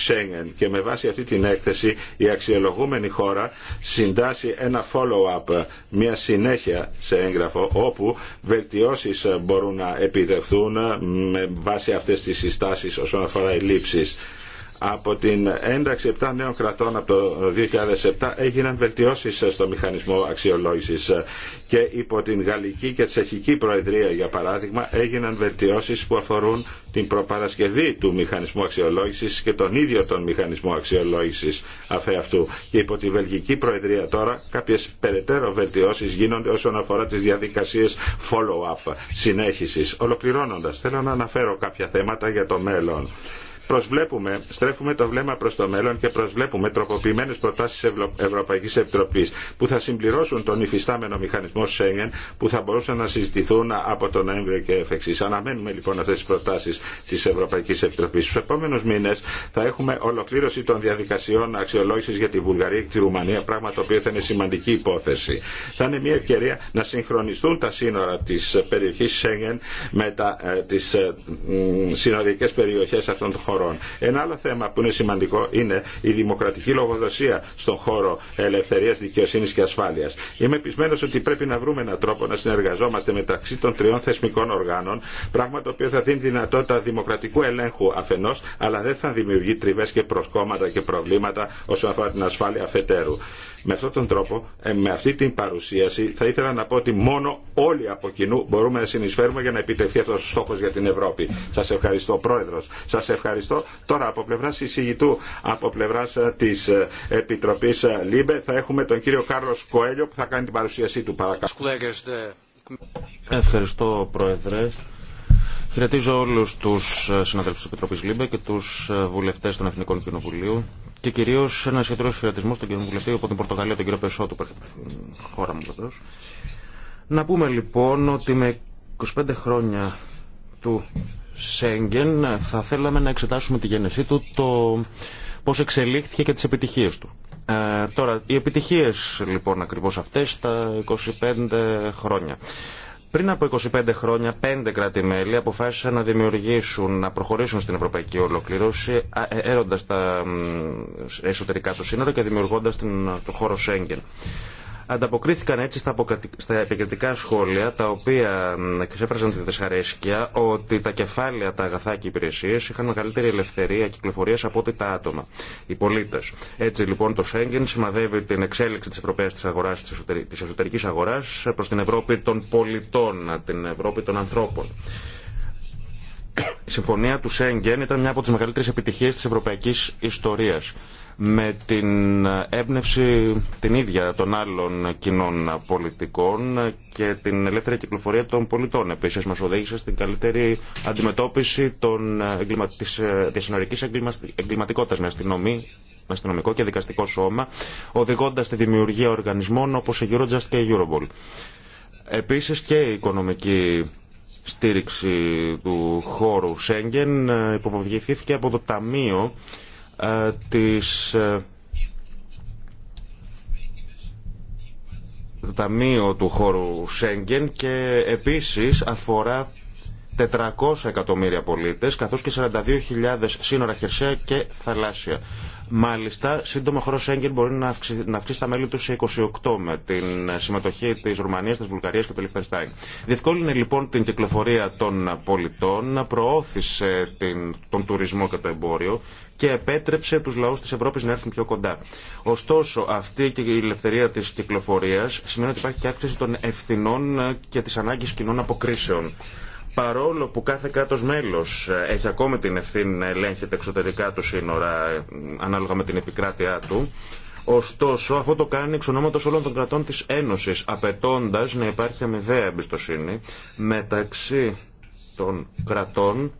Schengen και με βάση αυτή την έκθεση η αξιολογούμενη χώρα συντάσσει ένα follow-up, μια συνέχεια σε έγγραφο όπου βελτιώσεις μπορούν να επιτευχθούν με βάση αυτές τις συστάσεις όσον αφορά οι λήψεις από την ένταξη 7 νέων κρατών από το 2007 έγιναν βελτιώσεις στο μηχανισμό αξιολόγησης και υπό την Γαλλική και Τσεχική Προεδρία για παράδειγμα έγιναν βελτιώσεις που αφορούν την προπαρασκευή του μηχανισμού αξιολόγησης και τον ίδιο τον μηχανισμό αξιολόγησης αφέ αυτού. Και υπό τη Βελγική Προεδρία τώρα κάποιες περαιτέρω βελτιώσεις γίνονται όσον αφορά τις διαδικασίες follow-up συνέχισης. Ολοκληρώνοντας θέλω να αναφέρω κάποια θέματα για το μέλλον προσβλέπουμε, στρέφουμε το βλέμμα προς το μέλλον και προσβλέπουμε τροποποιημένες προτάσεις Ευρω... Ευρωπαϊκής Επιτροπής που θα συμπληρώσουν τον υφιστάμενο μηχανισμό Σέγγεν που θα μπορούσαν να συζητηθούν από τον Νοέμβριο και εφ' Αναμένουμε λοιπόν αυτές τις προτάσεις της Ευρωπαϊκής Επιτροπής. Στους επόμενους μήνες θα έχουμε ολοκλήρωση των διαδικασιών αξιολόγησης για τη Βουλγαρία και τη Ρουμανία, πράγμα το οποίο θα είναι σημαντική υπόθεση. Θα είναι μια ευκαιρία να συγχρονιστούν τα σύνορα της περιοχής Σέγγεν με τα, ε, τις ε, συνοδικές περιοχές αυτών των χωρών χωρών. Ένα άλλο θέμα που είναι σημαντικό είναι η δημοκρατική λογοδοσία στον χώρο ελευθερία, δικαιοσύνη και ασφάλεια. Είμαι πεισμένο ότι πρέπει να βρούμε έναν τρόπο να συνεργαζόμαστε μεταξύ των τριών θεσμικών οργάνων, πράγμα το οποίο θα δίνει δυνατότητα δημοκρατικού ελέγχου αφενό, αλλά δεν θα δημιουργεί τριβέ και προσκόμματα και προβλήματα όσον αφορά την ασφάλεια αφετέρου. Με αυτόν τον τρόπο, ε, με αυτή την παρουσίαση, θα ήθελα να πω ότι μόνο όλοι από κοινού μπορούμε να συνεισφέρουμε για να επιτευχθεί αυτό ο στόχο για την Ευρώπη. Σα ευχαριστώ, Πρόεδρο. Σα ευχαριστώ. Τώρα, από πλευρά εισηγητού, από πλευρά ε, τη ε, Επιτροπή ΛΥΜΠΕ, θα έχουμε τον κύριο Κάρλο Κοέλιο που θα κάνει την παρουσίασή του, παρακαλώ. Ευχαριστώ, Πρόεδρε. Χαιρετίζω όλου του ε, συναδέλφου τη Επιτροπή ΛΥΜΠΕ και του ε, βουλευτέ των Εθνικών Κοινοβουλίων και κυρίω ένα ιδιαίτερο χαιρετισμό στον κύριο Βουλευτή από την Πορτογαλία, τον κύριο Πεσότου, χώρα μου βεβαίω. Να πούμε λοιπόν ότι με 25 χρόνια του Σέγγεν θα θέλαμε να εξετάσουμε τη γέννησή του, το πώς εξελίχθηκε και τι επιτυχίε του. Ε, τώρα, οι επιτυχίε, λοιπόν ακριβώ αυτέ, τα 25 χρόνια. Πριν από 25 χρόνια, πέντε κράτη-μέλη αποφάσισαν να δημιουργήσουν, να προχωρήσουν στην ευρωπαϊκή ολοκλήρωση, ε, έροντα τα εσωτερικά του σύνορα και δημιουργώντα το χώρο Σέγγεν ανταποκρίθηκαν έτσι στα επικριτικά σχόλια τα οποία εξέφραζαν τη δυσαρέσκεια ότι τα κεφάλαια, τα αγαθά και οι υπηρεσίε είχαν μεγαλύτερη ελευθερία κυκλοφορία από ό,τι τα άτομα, οι πολίτε. Έτσι λοιπόν το Σέγγεν σημαδεύει την εξέλιξη τη ευρωπαϊκή αγορά, τη εσωτερική αγορά ε, προ την Ευρώπη των πολιτών, ε, την Ευρώπη των ανθρώπων. Η συμφωνία του Σέγγεν ήταν μια από τι μεγαλύτερε επιτυχίε τη ευρωπαϊκή ιστορία με την έμπνευση την ίδια των άλλων κοινών πολιτικών και την ελεύθερη κυκλοφορία των πολιτών. Επίσης μας οδήγησε στην καλύτερη αντιμετώπιση των εγκλημα... της διασυνορικής ε, εγκληματικότητας με αστυνομή αστυνομικό και δικαστικό σώμα, οδηγώντας τη δημιουργία οργανισμών όπως η Eurojust και η Europol. Επίσης και η οικονομική στήριξη του χώρου Σέγγεν ε, υποβληθήθηκε από το Ταμείο ε, της ε, το Ταμείο του χώρου Σέγγεν και επίσης αφορά 400 εκατομμύρια πολίτες καθώς και 42.000 σύνορα χερσαία και θαλάσσια. Μάλιστα, σύντομα χώρο Σέγγεν μπορεί να αυξήσει, να τα μέλη του σε 28 με την συμμετοχή της Ρουμανίας, της Βουλγαρίας και του Λιχτενστάιν. Διευκόλυνε λοιπόν την κυκλοφορία των πολιτών, προώθησε την, τον τουρισμό και το εμπόριο και επέτρεψε του λαού της Ευρώπη να έρθουν πιο κοντά. Ωστόσο, αυτή και η ελευθερία της κυκλοφορία σημαίνει ότι υπάρχει και αύξηση των ευθυνών και τη ανάγκη κοινών αποκρίσεων παρόλο που κάθε κράτο μέλο έχει ακόμη την ευθύνη να ελέγχεται εξωτερικά του σύνορα ανάλογα με την επικράτειά του, ωστόσο αυτό το κάνει εξ ονόματο όλων των κρατών τη Ένωση, απαιτώντα να υπάρχει αμοιβαία εμπιστοσύνη μεταξύ των κρατών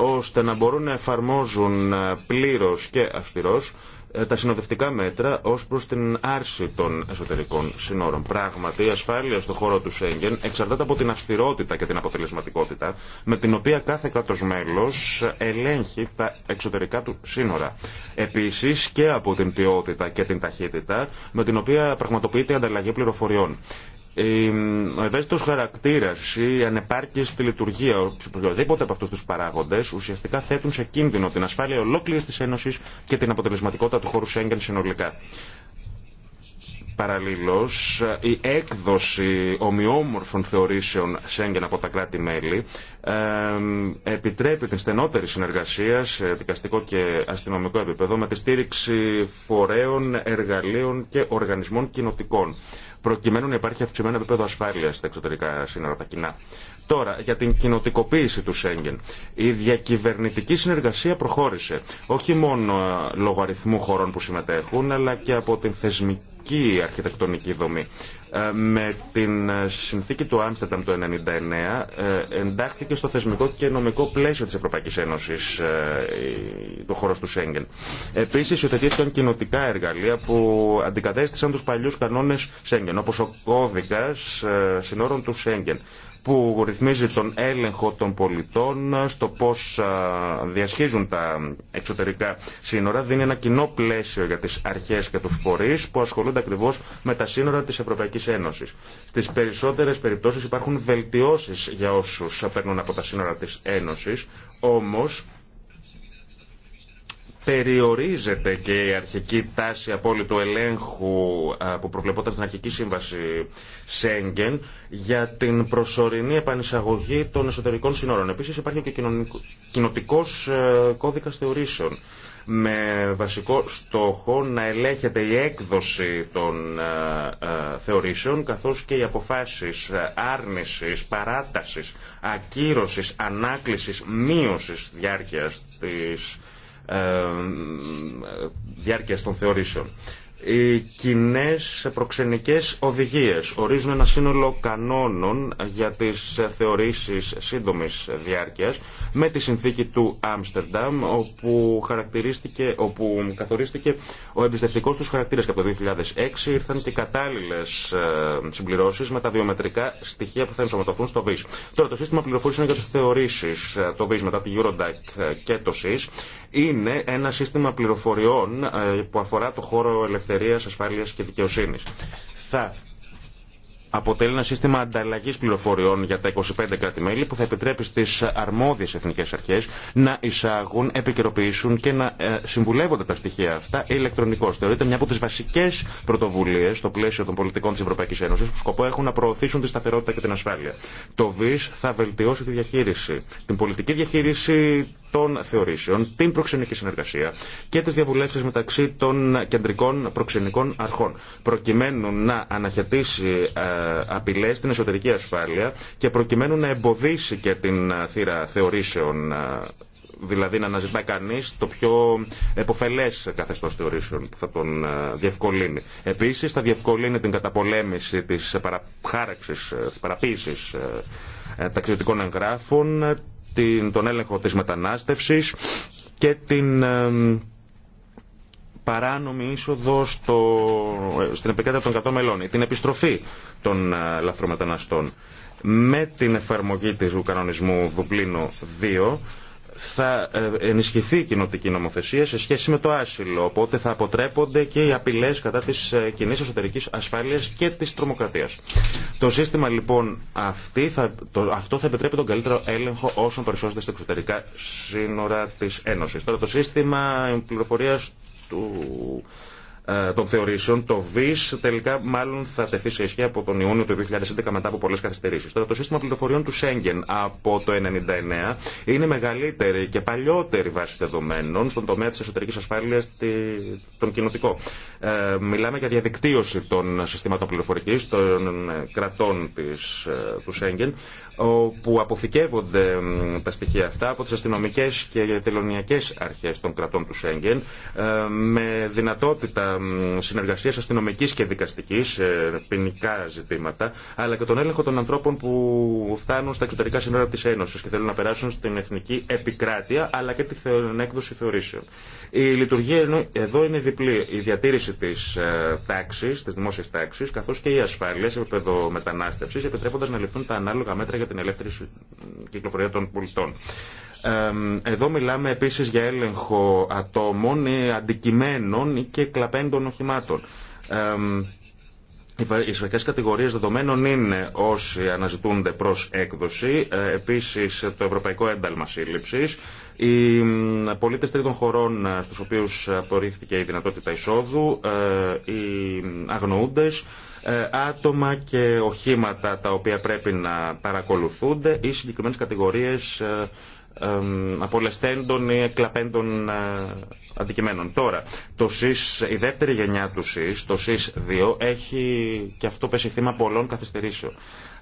ώστε να μπορούν να εφαρμόζουν ε, πλήρως και αυστηρός ε, τα συνοδευτικά μέτρα ως προς την άρση των εσωτερικών συνόρων. Πράγματι, η ασφάλεια στον χώρο του Σέγγεν εξαρτάται από την αυστηρότητα και την αποτελεσματικότητα με την οποία κάθε κράτος μέλος ελέγχει τα εξωτερικά του σύνορα. Επίσης και από την ποιότητα και την ταχύτητα με την οποία πραγματοποιείται η ανταλλαγή πληροφοριών. Ε, ο ευαίσθητο χαρακτήρα, η ανεπάρκεια στη λειτουργία, οποιοδήποτε από αυτού του παράγοντε ουσιαστικά θέτουν σε κίνδυνο την ασφάλεια ολόκληρη τη Ένωση και την αποτελεσματικότητα του χώρου Σέγγεν συνολικά. Παραλλήλω, η έκδοση ομοιόμορφων θεωρήσεων Σέγγεν από τα κράτη-μέλη επιτρέπει την στενότερη συνεργασία σε δικαστικό και αστυνομικό επίπεδο με τη στήριξη φορέων, εργαλείων και οργανισμών κοινοτικών προκειμένου να υπάρχει αυξημένο επίπεδο ασφάλεια στα εξωτερικά σύνορα, τα κοινά. Τώρα, για την κοινοτικοποίηση του Σέγγεν. Η διακυβερνητική συνεργασία προχώρησε. Όχι μόνο ε, λόγω αριθμού χωρών που συμμετέχουν, αλλά και από την θεσμική αρχιτεκτονική δομή. Ε, με την ε, συνθήκη του Άμστερνταμ το 1999 ε, εντάχθηκε στο θεσμικό και νομικό πλαίσιο της Ευρωπαϊκής Ένωσης το χώρο του Σέγγεν. Επίσης υιοθετήθηκαν κοινοτικά εργαλεία που αντικατέστησαν τους παλιούς κανόνες Σέγγεν όπως ο κώδικας συνόρων του Σέγγεν που ρυθμίζει τον έλεγχο των πολιτών στο πώς διασχίζουν τα εξωτερικά σύνορα, δίνει ένα κοινό πλαίσιο για τις αρχές και τους φορείς που ασχολούνται ακριβώς με τα σύνορα της Ευρωπαϊκής Ένωσης. Στις περισσότερες περιπτώσεις υπάρχουν βελτιώσεις για όσους παίρνουν από τα σύνορα της Ένωσης, όμως περιορίζεται και η αρχική τάση απόλυτου ελέγχου που προβλεπόταν στην αρχική σύμβαση Σέγγεν για την προσωρινή επανεισαγωγή των εσωτερικών σύνορων. Επίσης υπάρχει και ο κοινοτικός ε, κώδικας θεωρήσεων με βασικό στόχο να ελέγχεται η έκδοση των ε, ε, θεωρήσεων καθώς και οι αποφάσεις άρνησης, παράτασης, ακύρωσης, ανάκλησης, μείωσης διάρκειας της ε, διάρκεια των θεωρήσεων. Οι κοινέ προξενικέ οδηγίε ορίζουν ένα σύνολο κανόνων για τι θεωρήσει σύντομη διάρκεια με τη συνθήκη του Άμστερνταμ όπου, χαρακτηρίστηκε, όπου καθορίστηκε ο εμπιστευτικό του χαρακτήρα. και από το 2006 ήρθαν και κατάλληλε συμπληρώσει με τα βιομετρικά στοιχεία που θα ενσωματωθούν στο ΒΙΣ. Τώρα το σύστημα πληροφορήσεων για τι θεωρήσει, ε, το ΒΙΣ μετά τη Eurodac ε, και το ΣΥΣ είναι ένα σύστημα πληροφοριών ε, που αφορά το χώρο ελευθερίας, ασφάλειας και δικαιοσύνης. Θα αποτελεί ένα σύστημα ανταλλαγή πληροφοριών για τα 25 κράτη-μέλη που θα επιτρέπει στις αρμόδιε εθνικέ αρχέ να εισάγουν, επικαιροποιήσουν και να ε, συμβουλεύονται τα στοιχεία αυτά ηλεκτρονικώ. Θεωρείται μια από τι βασικέ πρωτοβουλίε στο πλαίσιο των πολιτικών τη Ευρωπαϊκή Ένωση, που σκοπό έχουν να προωθήσουν τη σταθερότητα και την ασφάλεια. Το ΒΙΣ θα βελτιώσει τη διαχείριση, την πολιτική διαχείριση των θεωρήσεων, την προξενική συνεργασία και τις διαβουλεύσεις μεταξύ των κεντρικών προξενικών αρχών, προκειμένου να αναχαιτήσει ε, ε, απειλές στην εσωτερική ασφάλεια και προκειμένου να εμποδίσει και την ε, θύρα θεωρήσεων ε, δηλαδή να αναζητά κανεί το πιο εποφελέ καθεστώ θεωρήσεων που θα τον διευκολύνει. Επίση, θα διευκολύνει την καταπολέμηση τη παραχάραξη, παραποίηση ταξιδιωτικών εγγράφων, τον έλεγχο της μετανάστευσης και την παράνομη είσοδο στο, στην επικράτεια των 100 μελών, την επιστροφή των ε, λαθρομεταναστών. Με την εφαρμογή του κανονισμού Δουπλίνο 2 θα ε, ενισχυθεί η κοινοτική νομοθεσία σε σχέση με το άσυλο, οπότε θα αποτρέπονται και οι απειλές κατά της ε, κοινή εσωτερικής ασφάλειας και της τρομοκρατίας. Το σύστημα λοιπόν αυτή θα, αυτό θα επιτρέπει τον καλύτερο έλεγχο όσων περισσότερο στα εξωτερικά σύνορα της Ένωσης. Τώρα το σύστημα πληροφορίας του, ε, των θεωρήσεων, το ΒΙΣ τελικά μάλλον θα τεθεί σε ισχύ από τον Ιούνιο του 2011 μετά από πολλέ καθυστερήσει. Τώρα το σύστημα πληροφοριών του Σέγγεν από το 1999 είναι μεγαλύτερη και παλιότερη βάση δεδομένων στον τομέα τη εσωτερική ασφάλεια, των κοινωτικών. Ε, μιλάμε για διαδικτύωση των συστημάτων πληροφορική των ε, κρατών της, ε, του Σέγγεν όπου αποθηκεύονται τα στοιχεία αυτά από τις αστυνομικές και τελωνιακές αρχές των κρατών του Σέγγεν ε, με δυνατότητα συνεργασίας αστυνομικής και δικαστικής ε, ποινικά ζητήματα αλλά και τον έλεγχο των ανθρώπων που φτάνουν στα εξωτερικά σύνορα της Ένωσης και θέλουν να περάσουν στην εθνική επικράτεια αλλά και την έκδοση θεωρήσεων. Η λειτουργία εδώ είναι διπλή. Η διατήρηση της ε, τάξης, της δημόσιας τάξης καθώς και η ασφάλεια σε επίπεδο μετανάστευσης να ληφθούν τα ανάλογα μέτρα για την ελεύθερη κυκλοφορία των πολιτών. Εδώ μιλάμε επίσης για έλεγχο ατόμων, ε, αντικειμένων και κλαπέντων οχημάτων. Οι σφαιρικέ κατηγορίε δεδομένων είναι όσοι αναζητούνται προ έκδοση, ε, επίση το Ευρωπαϊκό Ένταλμα Σύλληψη, οι πολίτε τρίτων χωρών ε, στου οποίου απορρίφθηκε η δυνατότητα εισόδου, οι αγνοουντες ε, άτομα και οχήματα τα οποία πρέπει να παρακολουθούνται ή συγκεκριμένες κατηγορίες ε, ε, απολεσθέντων ή εκλαπέντων αντικειμένων. Τώρα, το ΣΥΣ, η δεύτερη γενιά του ΣΥΣ, το ΣΥΣ 2, έχει και αυτό πέσει θύμα πολλών καθυστερήσεων.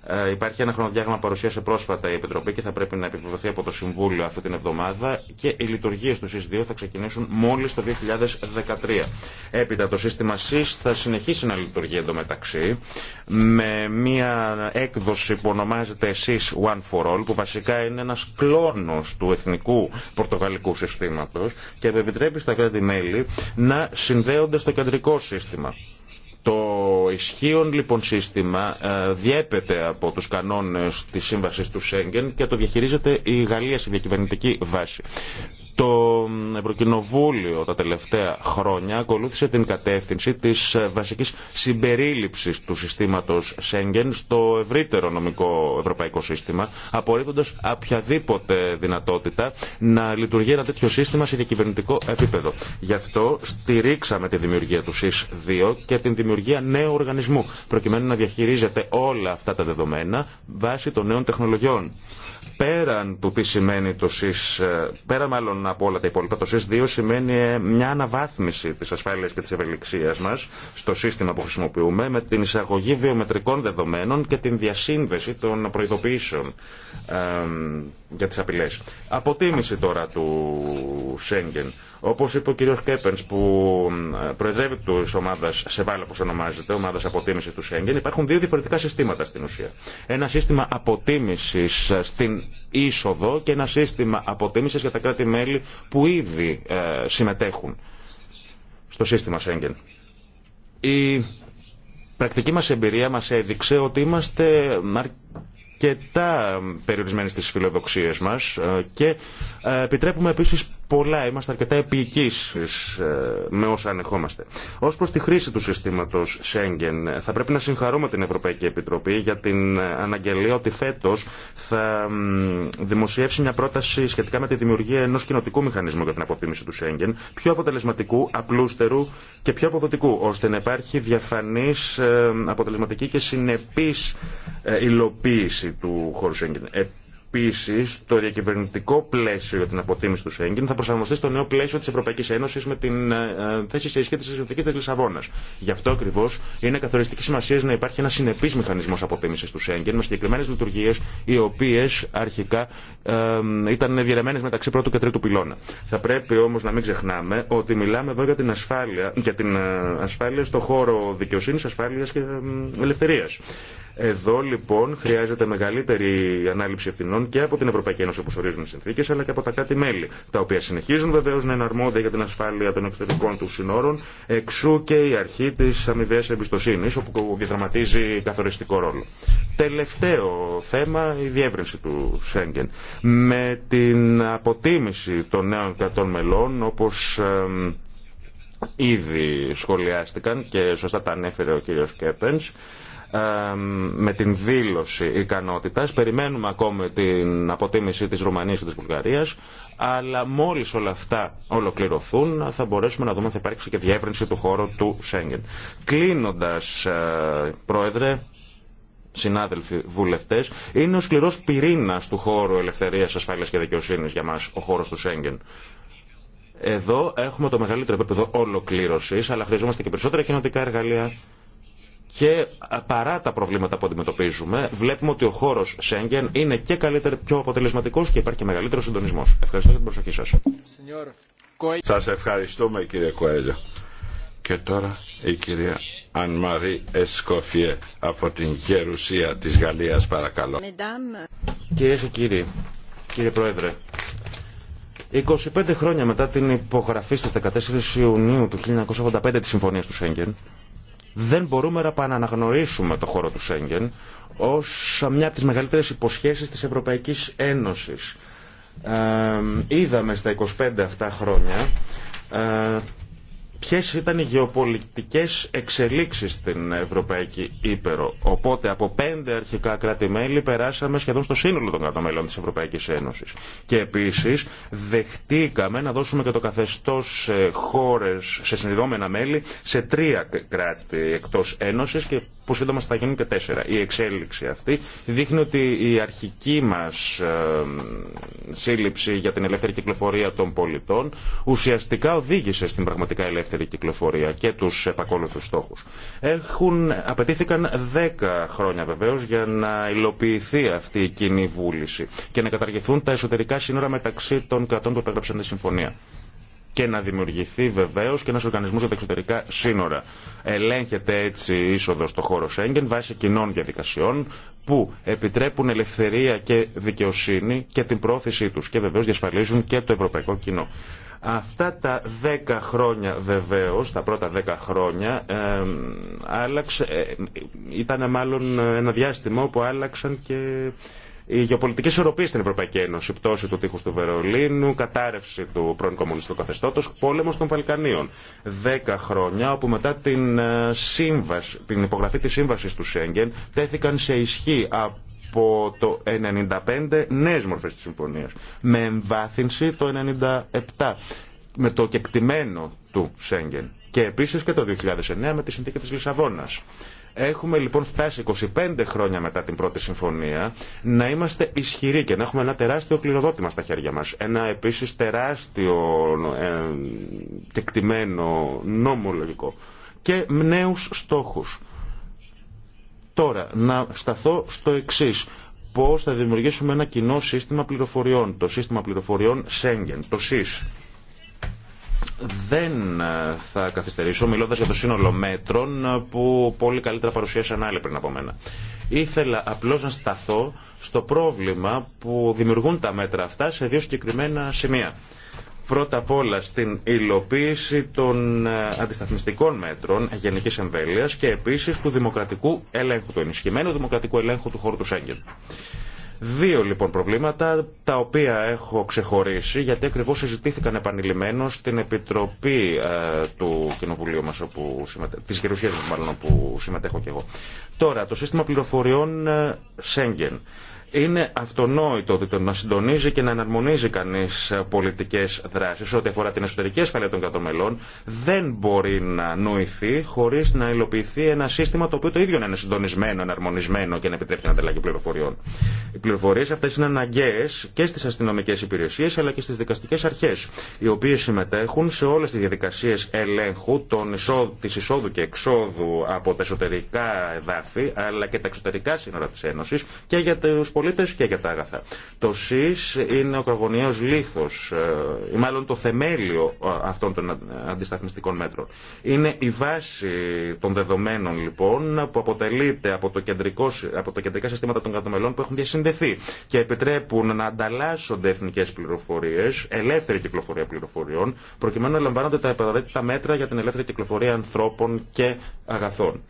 Ε, υπάρχει ένα χρονοδιάγραμμα παρουσίασε πρόσφατα η Επιτροπή και θα πρέπει να επιβεβαιωθεί από το Συμβούλιο αυτή την εβδομάδα και οι λειτουργίε του ΣΥΣ2 θα ξεκινήσουν μόλι το 2013. Έπειτα το σύστημα ΣΥΣ θα συνεχίσει να λειτουργεί εντωμεταξύ με μια έκδοση που ονομάζεται ΣΥΣ One for All που βασικά είναι ένα κλόνο του εθνικού πορτογαλικού συστήματο και επιτρέπει στα κράτη-μέλη να συνδέονται στο κεντρικό σύστημα. Το ισχύον λοιπόν σύστημα ε, διέπεται από τους κανόνες της σύμβασης του Σέγγεν και το διαχειρίζεται η Γαλλία σε διακυβερνητική βάση. Το Ευρωκοινοβούλιο τα τελευταία χρόνια ακολούθησε την κατεύθυνση της βασικής συμπερίληψης του συστήματος Σέγγεν στο ευρύτερο νομικό ευρωπαϊκό σύστημα, απορρίπτοντας οποιαδήποτε δυνατότητα να λειτουργεί ένα τέτοιο σύστημα σε διακυβερνητικό επίπεδο. Γι' αυτό στηρίξαμε τη δημιουργία του ΣΥΣ 2 και την δημιουργία νέου οργανισμού, προκειμένου να διαχειρίζεται όλα αυτά τα δεδομένα βάσει των νέων τεχνολογιών. Πέραν του τι σημαίνει το ΣΥΣ, ε, πέραν μάλλον από όλα τα υπόλοιπα. Το ΣΥΣ2 σημαίνει ε, μια αναβάθμιση τη ασφάλεια και τη ευελιξία μα στο σύστημα που χρησιμοποιούμε με την εισαγωγή βιομετρικών δεδομένων και την διασύνδεση των προειδοποιήσεων για τις απειλές. Αποτίμηση τώρα του Σέγγεν. Όπως είπε ο κ. Κέπενς που ε, προεδρεύει του ομάδα Σεβάλα όπως ονομάζεται, ομάδας αποτίμησης του Σέγγεν, υπάρχουν δύο διαφορετικά συστήματα στην ουσία. Ένα σύστημα αποτίμησης ε, στην είσοδο και ένα σύστημα αποτίμησης για τα κράτη-μέλη που ήδη ε, συμμετέχουν στο σύστημα Σέγγεν. Η πρακτική μας εμπειρία μας έδειξε ότι είμαστε και τα περιορισμένοι στις φιλοδοξίες μας ε, και ε, επιτρέπουμε επίσης πολλά, είμαστε αρκετά επίοικείς ε, με όσα ανεχόμαστε. Ως προς τη χρήση του συστήματος Schengen, θα πρέπει να συγχαρούμε την Ευρωπαϊκή Επιτροπή για την αναγγελία ότι φέτος θα δημοσιεύσει μια πρόταση σχετικά με τη δημιουργία ενός κοινοτικού μηχανισμού για την αποτίμηση του Schengen, πιο αποτελεσματικού, απλούστερου και πιο αποδοτικού, ώστε να υπάρχει διαφανής, ε, αποτελεσματική και συνεπής ε, υλοποίηση του χώρου Schengen. Επίση, το διακυβερνητικό πλαίσιο για την αποτίμηση του Σέγγεν θα προσαρμοστεί στο νέο πλαίσιο τη Ευρωπαϊκή Ένωση με την ε, θέση σε ισχύ τη συνθήκη τη Λισαβόνα. Γι' αυτό ακριβώ είναι καθοριστική σημασία να υπάρχει ένα συνεπή μηχανισμό αποτίμηση του Σέγγεν με συγκεκριμένε λειτουργίε οι οποίε αρχικά ε, ήταν διαιρεμένε μεταξύ πρώτου και τρίτου πυλώνα. Θα πρέπει όμω να μην ξεχνάμε ότι μιλάμε εδώ για την ασφάλεια, για την ε, ασφάλεια στο χώρο δικαιοσύνη, ασφάλεια και ελευθερία. Εδώ λοιπόν χρειάζεται μεγαλύτερη ανάληψη ευθυνών και από την Ευρωπαϊκή Ένωση όπω ορίζουν οι συνθήκε, αλλά και από τα κράτη-μέλη, τα οποία συνεχίζουν βεβαίω να είναι αρμόδια για την ασφάλεια των εξωτερικών του συνόρων, εξού και η αρχή τη αμοιβαία εμπιστοσύνη, όπου διαδραματίζει καθοριστικό ρόλο. Τελευταίο θέμα, η διεύρυνση του Σέγγεν. Με την αποτίμηση των νέων κρατών μελών, όπω ήδη σχολιάστηκαν και σωστά τα ανέφερε ο κ. Κέπενς, με την δήλωση ικανότητας. Περιμένουμε ακόμη την αποτίμηση της Ρουμανίας και της Βουλγαρίας, αλλά μόλις όλα αυτά ολοκληρωθούν θα μπορέσουμε να δούμε αν θα υπάρξει και διεύρυνση του χώρου του Σέγγεν. Κλείνοντας, ε, Πρόεδρε, συνάδελφοι βουλευτέ, είναι ο σκληρό πυρήνα του χώρου ελευθερία, ασφάλεια και δικαιοσύνη για μα, ο χώρο του Σέγγεν. Εδώ έχουμε το μεγαλύτερο επίπεδο ολοκλήρωση, αλλά χρειαζόμαστε και περισσότερα κοινωτικά εργαλεία, και παρά τα προβλήματα που αντιμετωπίζουμε, βλέπουμε ότι ο χώρο Σέγγεν είναι και καλύτερο, πιο αποτελεσματικό και υπάρχει και μεγαλύτερο συντονισμό. Ευχαριστώ για την προσοχή σα. Σα ευχαριστούμε κύριε Κοέλιο. Και τώρα η κυρία Ανμαρή Εσκοφιέ από την Γερουσία τη Γαλλία, παρακαλώ. Κυρίε και κύριοι, κύριε Πρόεδρε, 25 χρόνια μετά την υπογραφή στις 14 Ιουνίου του 1985 της Συμφωνίας του Σέγγεν, δεν μπορούμε να αναγνωρίσουμε το χώρο του Σέγγεν ως μια από τις μεγαλύτερες υποσχέσεις της Ευρωπαϊκής Ένωσης. Ε, είδαμε στα 25 αυτά χρόνια ε, ποιες ήταν οι γεωπολιτικές εξελίξεις στην Ευρωπαϊκή Ήπειρο. Οπότε από πέντε αρχικά κράτη-μέλη περάσαμε σχεδόν στο σύνολο των κρατομέλων της Ευρωπαϊκής Ένωσης. Και επίσης δεχτήκαμε να δώσουμε και το καθεστώς σε χώρες, σε συνειδόμενα μέλη, σε τρία κράτη εκτός Ένωσης και που σύντομα θα γίνουν και τέσσερα. Η εξέλιξη αυτή δείχνει ότι η αρχική μας ε, σύλληψη για την ελεύθερη κυκλοφορία των πολιτών ουσιαστικά οδήγησε στην πραγματικά ελεύθερη κυκλοφορία και τους επακόλουθους στόχους. Έχουν, απαιτήθηκαν δέκα χρόνια βεβαίως για να υλοποιηθεί αυτή η κοινή βούληση και να καταργηθούν τα εσωτερικά σύνορα μεταξύ των κρατών που επέγραψαν τη συμφωνία και να δημιουργηθεί βεβαίω και ένα οργανισμό για τα εξωτερικά σύνορα. Ελέγχεται έτσι η είσοδο στο χώρο Σέγγεν βάσει κοινών διαδικασιών που επιτρέπουν ελευθερία και δικαιοσύνη και την πρόθεσή του και βεβαίω διασφαλίζουν και το ευρωπαϊκό κοινό. Αυτά τα δέκα χρόνια βεβαίω, τα πρώτα δέκα χρόνια, ε, άλλαξε, ήταν μάλλον ένα διάστημα όπου άλλαξαν και η γεωπολιτική ισορροπία στην Ευρωπαϊκή Ένωση, πτώση του τείχου του Βερολίνου, κατάρρευση του πρώην κομμουνιστικού καθεστώτο, πόλεμο των Βαλκανίων. Δέκα χρόνια όπου μετά την, ε, σύμβαση, την υπογραφή τη σύμβαση του Σέγγεν τέθηκαν σε ισχύ από το 1995 νέες μορφές τη συμφωνίας με εμβάθυνση το 1997 με το κεκτημένο του Σέγγεν και επίσης και το 2009 με τη συνθήκη της Λισαβόνας. Έχουμε λοιπόν φτάσει 25 χρόνια μετά την πρώτη συμφωνία να είμαστε ισχυροί και να έχουμε ένα τεράστιο κληροδότημα στα χέρια μας. Ένα επίσης τεράστιο ε, τεκτημένο και νέους στόχους. Τώρα, να σταθώ στο εξής Πώς θα δημιουργήσουμε ένα κοινό σύστημα πληροφοριών, το σύστημα πληροφοριών Schengen, το SIS. Δεν ε, θα καθυστερήσω μιλώντα για το σύνολο μέτρων ε, που πολύ καλύτερα παρουσίασαν άλλοι πριν από μένα. Ήθελα απλώ να σταθώ στο πρόβλημα που δημιουργούν τα μέτρα αυτά σε δύο συγκεκριμένα σημεία. Πρώτα απ' όλα στην υλοποίηση των ε, αντισταθμιστικών μέτρων γενική εμβέλεια και επίση του δημοκρατικού ελέγχου, του ενισχυμένου δημοκρατικού ελέγχου του χώρου του Σέγγεν. Δύο λοιπόν προβλήματα τα οποία έχω ξεχωρίσει γιατί ακριβώς συζητήθηκαν επανειλημμένως στην Επιτροπή ε, του Κοινοβουλίου μας, όπου συμμετέ... της μάλλον, όπου συμμετέχω και εγώ. Τώρα, το σύστημα πληροφοριών ε, Σέγγεν. Είναι αυτονόητο ότι το να συντονίζει και να εναρμονίζει κανεί πολιτικέ δράσει ό,τι αφορά την εσωτερική ασφαλεία των κρατομελών δεν μπορεί να νοηθεί χωρί να υλοποιηθεί ένα σύστημα το οποίο το ίδιο να είναι συντονισμένο, εναρμονισμένο και να επιτρέπει την ανταλλαγή πληροφοριών. Οι πληροφορίε αυτέ είναι αναγκαίε και στι αστυνομικέ υπηρεσίε αλλά και στι δικαστικέ αρχέ, οι οποίε συμμετέχουν σε όλε τι διαδικασίε ελέγχου τη εισόδου και εξόδου από τα εσωτερικά εδάφη αλλά και τα εξωτερικά σύνορα τη Ένωση και για του πολίτες και για τα άγαθα. Το ΣΥΣ είναι ο καγωνιαίο λίθο, ε, ή μάλλον το θεμέλιο ε, αυτών των αντισταθμιστικών μέτρων. Είναι η βάση των δεδομένων λοιπόν που αποτελείται από, το κεντρικό, από τα κεντρικά συστήματα των κατομελών που έχουν διασυνδεθεί και επιτρέπουν να ανταλλάσσονται εθνικές πληροφορίες, ελεύθερη κυκλοφορία πληροφοριών, προκειμένου να λαμβάνονται τα επαραίτητα εθνικέ πληροφορίε, ελευθερη κυκλοφορια πληροφοριων προκειμενου να λαμβανονται τα επαραιτητα μετρα για την ελεύθερη κυκλοφορία ανθρώπων και αγαθών.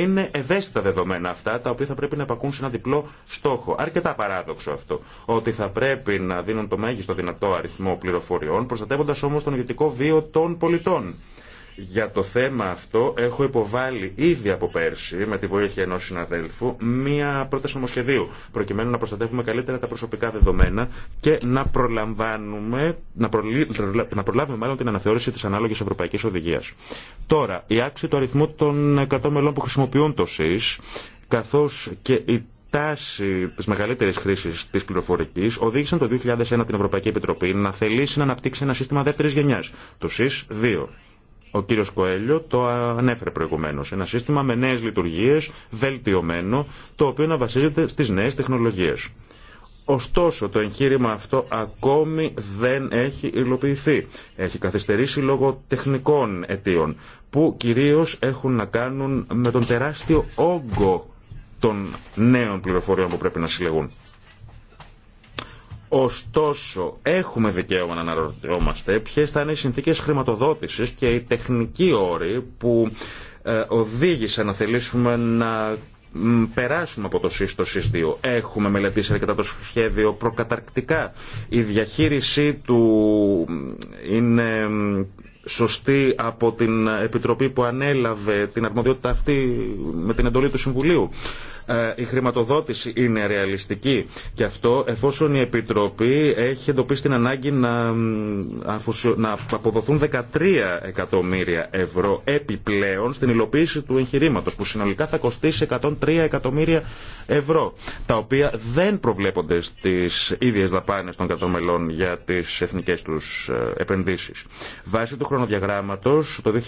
Είναι ευαίσθητα δεδομένα αυτά τα οποία θα πρέπει να επακούν σε ένα διπλό στόχο. Αρκετά παράδοξο αυτό. Ότι θα πρέπει να δίνουν το μέγιστο δυνατό αριθμό πληροφοριών, προστατεύοντα όμω τον ιδιωτικό βίο των πολιτών. Για το θέμα αυτό έχω υποβάλει ήδη από πέρσι, με τη βοήθεια ενό συναδέλφου, μία πρόταση νομοσχεδίου, προκειμένου να προστατεύουμε καλύτερα τα προσωπικά δεδομένα και να προλαμβάνουμε, να, προλάβουμε μάλλον την αναθεώρηση τη ανάλογη Ευρωπαϊκή Οδηγία. Τώρα, η αύξηση του αριθμού των 100 μελών που χρησιμοποιούν το ΣΥΣ, καθώ και η τάση τη μεγαλύτερη χρήση τη πληροφορική οδήγησαν το 2001 την Ευρωπαϊκή Επιτροπή να θελήσει να αναπτύξει ένα σύστημα δεύτερη γενιά, το ΣΥΣ 2. Ο κύριος Κοέλιο το ανέφερε προηγουμένως. Ένα σύστημα με νέες λειτουργίες, βελτιωμένο, το οποίο να βασίζεται στις νέες τεχνολογίες. Ωστόσο, το εγχείρημα αυτό ακόμη δεν έχει υλοποιηθεί. Έχει καθυστερήσει λόγω τεχνικών αιτίων, που κυρίως έχουν να κάνουν με τον τεράστιο όγκο των νέων πληροφοριών που πρέπει να συλλεγούν. Ωστόσο, έχουμε δικαίωμα να αναρωτιόμαστε ποιε θα είναι οι συνθήκε χρηματοδότηση και οι τεχνικοί όροι που ε, οδήγησαν να θελήσουμε να περάσουμε από το ΣΥΣ στο Έχουμε μελετήσει αρκετά το σχέδιο προκαταρκτικά. Η διαχείρισή του είναι σωστή από την Επιτροπή που ανέλαβε την αρμοδιότητα αυτή με την εντολή του Συμβουλίου. Ε, η χρηματοδότηση είναι ρεαλιστική. Και αυτό εφόσον η Επιτροπή έχει εντοπίσει την ανάγκη να, να αποδοθούν 13 εκατομμύρια ευρώ επιπλέον στην υλοποίηση του εγχειρήματο, που συνολικά θα κοστίσει 103 εκατομμύρια ευρώ, τα οποία δεν προβλέπονται στι ίδιε δαπάνε των κατομελών για τι εθνικέ του ε, επενδύσει. Βάσει του χρονοδιαγράμματο, το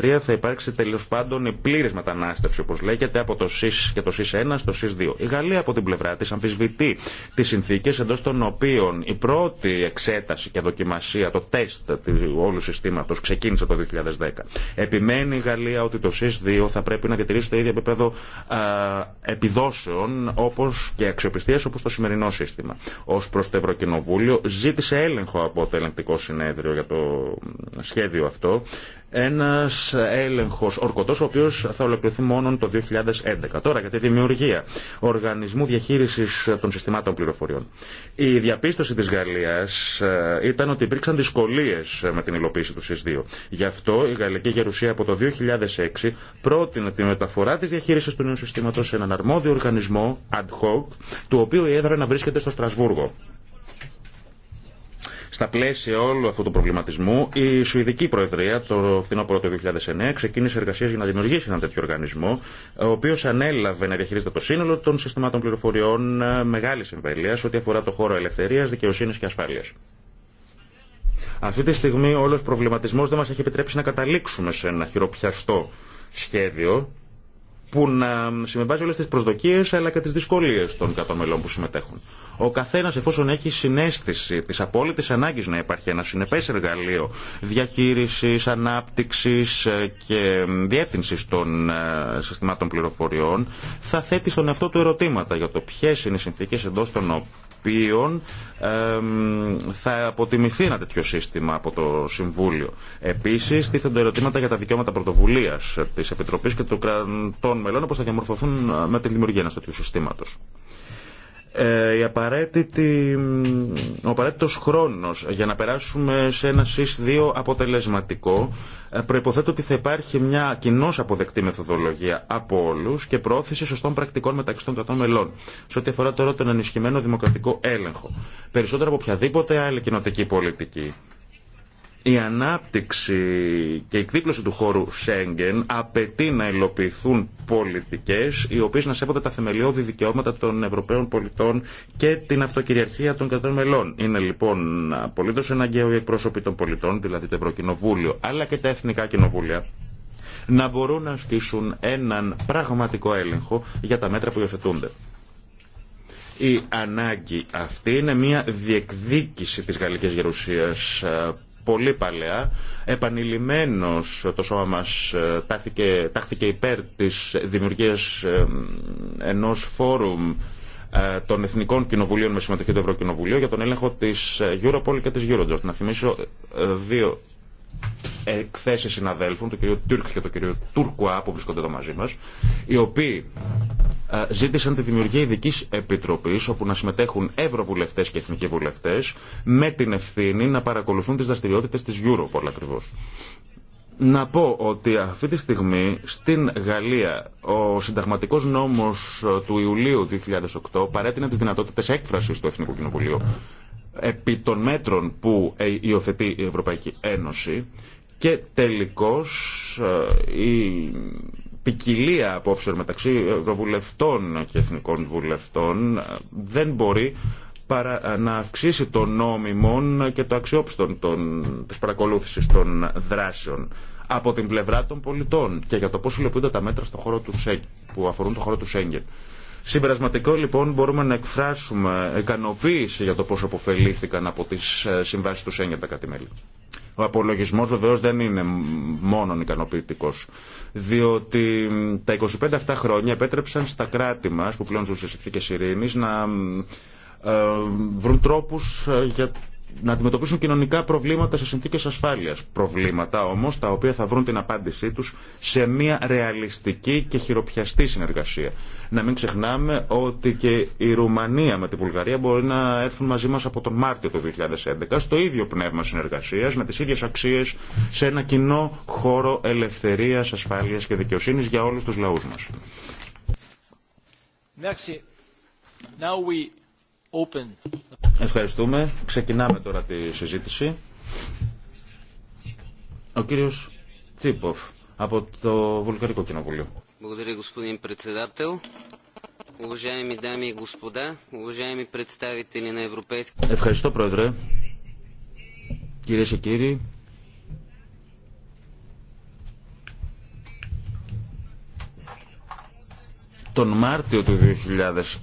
2013 θα υπάρξει τέλο πάντων πλήρη μετανάστευση, όπω λέγεται, από το ΣΥΣ και το ΣΥΣ στο ΣΥΣ 2. Η Γαλλία από την πλευρά τη αμφισβητεί τι συνθήκε εντό των οποίων η πρώτη εξέταση και δοκιμασία, το τεστ του όλου συστήματο ξεκίνησε το 2010. Επιμένει η Γαλλία ότι το ΣΥΣ 2 θα πρέπει να διατηρήσει το ίδιο επίπεδο επιδόσεων όπως και αξιοπιστία όπω το σημερινό σύστημα. Ω προ το Ευρωκοινοβούλιο ζήτησε έλεγχο από το ελεγκτικό συνέδριο για το σχέδιο αυτό ένας έλεγχος ορκωτός ο οποίο θα ολοκληρωθεί μόνο το 2011. Τώρα για τη δημιουργία οργανισμού διαχείρισης των συστημάτων πληροφοριών. Η διαπίστωση της Γαλλίας ε, ήταν ότι υπήρξαν δυσκολίε ε, με την υλοποίηση του ΣΥΣΔΙΟ Γι' αυτό η Γαλλική Γερουσία από το 2006 πρότεινε τη μεταφορά της διαχείριση του νέου συστήματο σε έναν αρμόδιο οργανισμό ad hoc του οποίου η έδρα να βρίσκεται στο Στρασβούργο. Στα πλαίσια όλου αυτού του προβληματισμού, η Σουηδική Προεδρία το φθινόπωρο του 2009 ξεκίνησε εργασίε για να δημιουργήσει ένα τέτοιο οργανισμό, ο οποίο ανέλαβε να διαχειρίζεται το σύνολο των συστημάτων πληροφοριών ε, μεγάλη εμβέλεια ό,τι αφορά το χώρο ελευθερία, δικαιοσύνη και ασφάλεια. Αυτή τη στιγμή όλο ο προβληματισμό δεν μα έχει επιτρέψει να καταλήξουμε σε ένα χειροπιαστό σχέδιο που να ε, συμβάζει όλε τι προσδοκίε αλλά και τι δυσκολίε των κατομελών που συμμετέχουν. Ο καθένα, εφόσον έχει συνέστηση τη απόλυτη ανάγκη να υπάρχει ένα συνεπέ εργαλείο διαχείριση, ανάπτυξη ε, και διεύθυνση των ε, συστημάτων πληροφοριών, θα θέτει στον εαυτό του ερωτήματα για το ποιε είναι οι συνθήκε εντό των οποίων ε, θα αποτιμηθεί ένα τέτοιο σύστημα από το Συμβούλιο. Επίση, τίθενται ερωτήματα για τα δικαιώματα πρωτοβουλία τη Επιτροπή και των κρατών μελών, όπω θα διαμορφωθούν με τη δημιουργία ενό τέτοιου συστήματο. Ε, η απαραίτητη, ο απαραίτητος χρόνος για να περάσουμε σε ένα ΣΥΣ 2 αποτελεσματικό ε, προϋποθέτω ότι θα υπάρχει μια κοινώ αποδεκτή μεθοδολογία από όλου και προώθηση σωστών πρακτικών μεταξύ των κρατών μελών. Σε ό,τι αφορά τώρα τον ενισχυμένο δημοκρατικό έλεγχο. Περισσότερο από οποιαδήποτε άλλη κοινοτική πολιτική. Η ανάπτυξη και η εκδίπλωση του χώρου Σέγγεν απαιτεί να υλοποιηθούν πολιτικές οι οποίες να σέβονται τα θεμελιώδη δικαιώματα των Ευρωπαίων πολιτών και την αυτοκυριαρχία των κρατών μελών. Είναι λοιπόν απολύτως αναγκαίο οι εκπρόσωποι των πολιτών, δηλαδή το Ευρωκοινοβούλιο αλλά και τα Εθνικά Κοινοβούλια, να μπορούν να ασκήσουν έναν πραγματικό έλεγχο για τα μέτρα που υιοθετούνται. Η ανάγκη αυτή είναι μια διεκδίκηση της Γαλλικής Γερουσίας πολύ παλαιά. Επανειλημμένος το σώμα μας ε, τάχθηκε, υπέρ της δημιουργίας ε, ενός φόρουμ ε, των Εθνικών Κοινοβουλίων με συμμετοχή του Ευρωκοινοβουλίου για τον έλεγχο της Europol και της Eurojust. Να θυμίσω δύο εκθέσει συναδέλφων, του κ. Τούρκ και του κ. Τουρκουά που βρίσκονται εδώ μαζί μας, οι οποίοι ε, ζήτησαν τη δημιουργία ειδική επιτροπή όπου να συμμετέχουν ευρωβουλευτέ και εθνικοί βουλευτέ με την ευθύνη να παρακολουθούν τι δραστηριότητε τη Europol ακριβώ. Να πω ότι αυτή τη στιγμή στην Γαλλία ο συνταγματικό νόμο ε, του Ιουλίου 2008 παρέτεινε τι δυνατότητε έκφραση του Εθνικού Κοινοβουλίου επί των μέτρων που ε, υιοθετεί η Ευρωπαϊκή Ένωση και τελικώς ποικιλία απόψεων μεταξύ ευρωβουλευτών και εθνικών βουλευτών δεν μπορεί παρά να αυξήσει το νόμιμον και το αξιόπιστο των, της παρακολούθησης των δράσεων από την πλευρά των πολιτών και για το πόσο υλοποιούνται τα μέτρα στο χώρο του Σέγγεν, που αφορούν το χώρο του Σέγγεν. Συμπερασματικό λοιπόν μπορούμε να εκφράσουμε ικανοποίηση για το πόσο αποφελήθηκαν από τις ε, συμβάσεις του 90 τα κατημέλη. Ο απολογισμός βεβαίως δεν είναι μόνον ικανοποιητικός, διότι τα 25 αυτά χρόνια επέτρεψαν στα κράτη μας που πλέον ζουν σε συνθήκες ειρήνης να ε, βρουν τρόπους ε, για να αντιμετωπίσουν κοινωνικά προβλήματα σε συνθήκε ασφάλειας. Προβλήματα όμως τα οποία θα βρουν την απάντησή τους σε μια ρεαλιστική και χειροπιαστή συνεργασία. Να μην ξεχνάμε ότι και η Ρουμανία με τη Βουλγαρία μπορεί να έρθουν μαζί μας από τον Μάρτιο του 2011 στο ίδιο πνεύμα συνεργασίας, με τις ίδιε αξίε, σε ένα κοινό χώρο ελευθερία, ασφάλεια και δικαιοσύνη για όλους τους λαούς μας. Now we open Ευχαριστούμε. Ξεκινάμε τώρα τη συζήτηση. Ο κύριος Τσίποφ από το Βουλγαρικό Κοινοβούλιο. Ευχαριστώ, Πρόεδρε. Κυρίε και κύριοι, Τον Μάρτιο του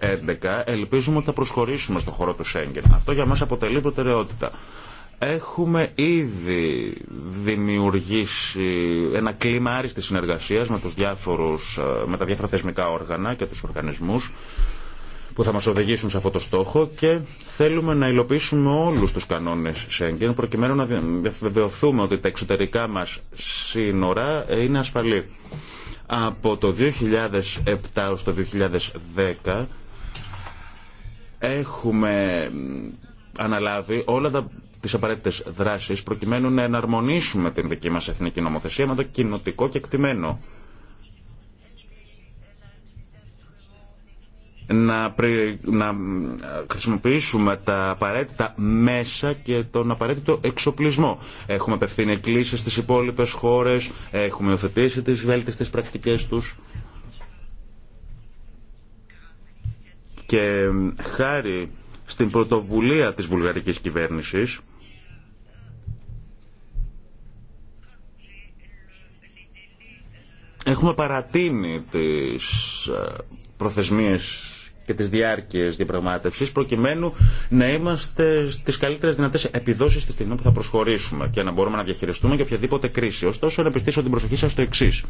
2011 ελπίζουμε ότι θα προσχωρήσουμε στον χώρο του Σέγγεν. Αυτό για μας αποτελεί προτεραιότητα. Έχουμε ήδη δημιουργήσει ένα κλίμα άριστης συνεργασίας με, τους διάφορους, ε, με τα διάφορα θεσμικά όργανα και τους οργανισμούς που θα μας οδηγήσουν σε αυτό το στόχο και θέλουμε να υλοποιήσουμε όλους τους κανόνες Σέγγεν προκειμένου να βεβαιωθούμε ότι τα εξωτερικά μας σύνορα είναι ασφαλή από το 2007 ως το 2010 έχουμε αναλάβει όλα τα τις απαραίτητες δράσεις προκειμένου να εναρμονίσουμε την δική μας εθνική νομοθεσία με το κοινοτικό κεκτημένο. να, να χρησιμοποιήσουμε τα απαραίτητα μέσα και τον απαραίτητο εξοπλισμό. Έχουμε απευθύνει κλήσει στις υπόλοιπε χώρες, έχουμε υιοθετήσει τις βέλτιστες πρακτικές τους. Και χάρη στην πρωτοβουλία της βουλγαρικής κυβέρνησης, έχουμε παρατείνει τις ε, προθεσμίες και τις διάρκειες διαπραγμάτευσης προκειμένου να είμαστε στις καλύτερες δυνατές επιδόσεις τη στιγμή που θα προσχωρήσουμε και να μπορούμε να διαχειριστούμε και οποιαδήποτε κρίση. Ωστόσο, να πιστήσω την προσοχή σας στο εξή.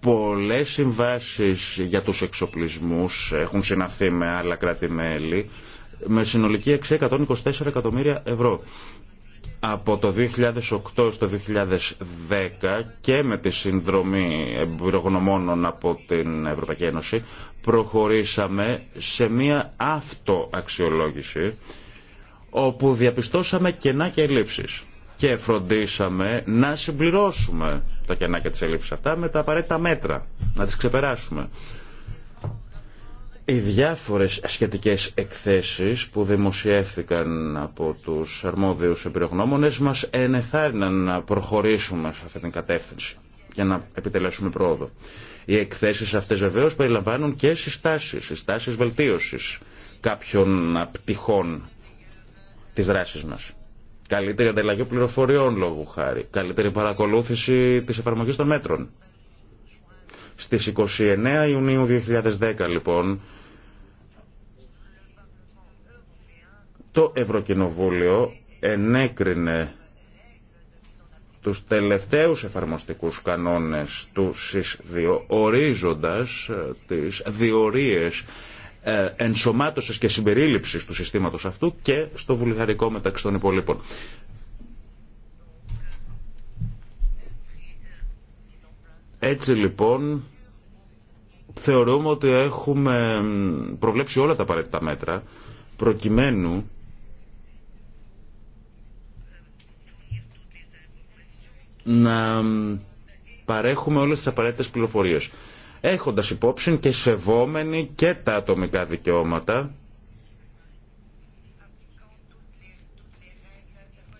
Πολλές συμβάσεις για τους εξοπλισμούς έχουν συναυθεί με άλλα κράτη-μέλη με συνολική αξία εκατομμύρια ευρώ από το 2008 στο 2010 και με τη συνδρομή εμπειρογνωμόνων από την Ευρωπαϊκή Ένωση προχωρήσαμε σε μία αυτοαξιολόγηση όπου διαπιστώσαμε κενά και ελλείψεις και φροντίσαμε να συμπληρώσουμε τα κενά και τις ελλείψεις αυτά με τα απαραίτητα μέτρα, να τις ξεπεράσουμε. Οι διάφορες σχετικές εκθέσεις που δημοσιεύθηκαν από τους αρμόδιους εμπειρογνώμονες μας ενεθάρρυναν να προχωρήσουμε σε αυτή την κατεύθυνση για να επιτελέσουμε πρόοδο. Οι εκθέσεις αυτές βεβαίως περιλαμβάνουν και συστάσεις, συστάσεις βελτίωσης κάποιων πτυχών της δράσης μας. Καλύτερη ανταλλαγή πληροφοριών λόγου χάρη, καλύτερη παρακολούθηση της εφαρμογής των μέτρων. Στις 29 Ιουνίου 2010 λοιπόν Το Ευρωκοινοβούλιο ενέκρινε τους τελευταίους εφαρμοστικούς κανόνες του ΣΥΣ 2 ορίζοντας ε, τις διορίες ε, ενσωμάτωσης και συμπερίληψης του συστήματος αυτού και στο βουλγαρικό μεταξύ των υπολείπων. Έτσι λοιπόν θεωρούμε ότι έχουμε προβλέψει όλα τα απαραίτητα μέτρα προκειμένου να παρέχουμε όλες τις απαραίτητες πληροφορίες. Έχοντας υπόψη και σεβόμενοι και τα ατομικά δικαιώματα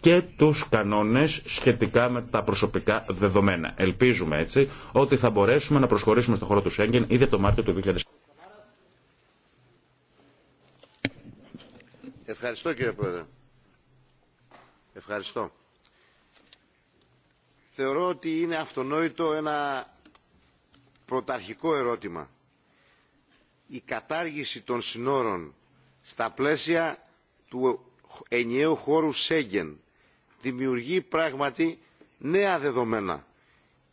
και τους κανόνες σχετικά με τα προσωπικά δεδομένα. Ελπίζουμε έτσι ότι θα μπορέσουμε να προσχωρήσουμε στο χώρο του Σέγγεν ήδη το Μάρτιο του 2020. Ευχαριστώ κύριε Πρόεδρε. Ευχαριστώ θεωρώ ότι είναι αυτονόητο ένα πρωταρχικό ερώτημα. Η κατάργηση των συνόρων στα πλαίσια του ενιαίου χώρου Σέγγεν δημιουργεί πράγματι νέα δεδομένα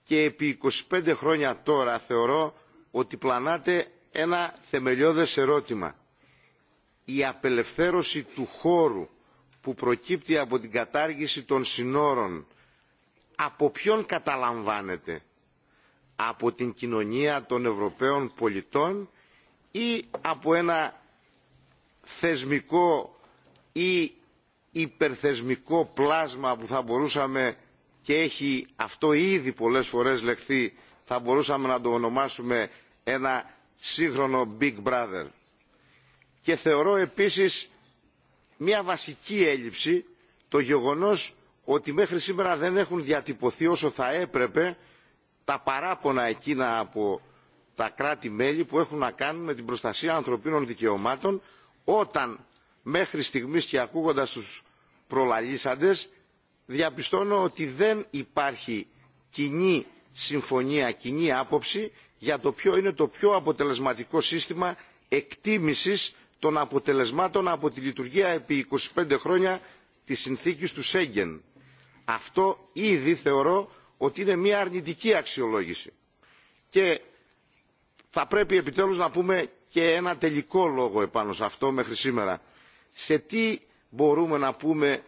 και επί 25 χρόνια τώρα θεωρώ ότι πλανάται ένα θεμελιώδες ερώτημα. Η απελευθέρωση του χώρου που προκύπτει από την κατάργηση των συνόρων από ποιον καταλαμβάνεται από την κοινωνία των Ευρωπαίων πολιτών ή από ένα θεσμικό ή υπερθεσμικό πλάσμα που θα μπορούσαμε και έχει αυτό ήδη πολλές φορές λεχθεί θα μπορούσαμε να το ονομάσουμε ένα σύγχρονο Big Brother. Και θεωρώ επίσης μια βασική έλλειψη το γεγονός ότι μέχρι σήμερα δεν έχουν διατυπωθεί όσο θα έπρεπε τα παράπονα εκείνα από τα κράτη-μέλη που έχουν να κάνουν με την προστασία ανθρωπίνων δικαιωμάτων όταν μέχρι στιγμής και ακούγοντας τους προλαλήσαντες διαπιστώνω ότι δεν υπάρχει κοινή συμφωνία, κοινή άποψη για το ποιο είναι το πιο αποτελεσματικό σύστημα εκτίμησης των αποτελεσμάτων από τη λειτουργία επί 25 χρόνια της συνθήκης του Σέγγεν. Αυτό ήδη θεωρώ ότι είναι μια αρνητική αξιολόγηση. Και θα πρέπει επιτέλους να πούμε και ένα τελικό λόγο επάνω σε αυτό μέχρι σήμερα. Σε τι μπορούμε να πούμε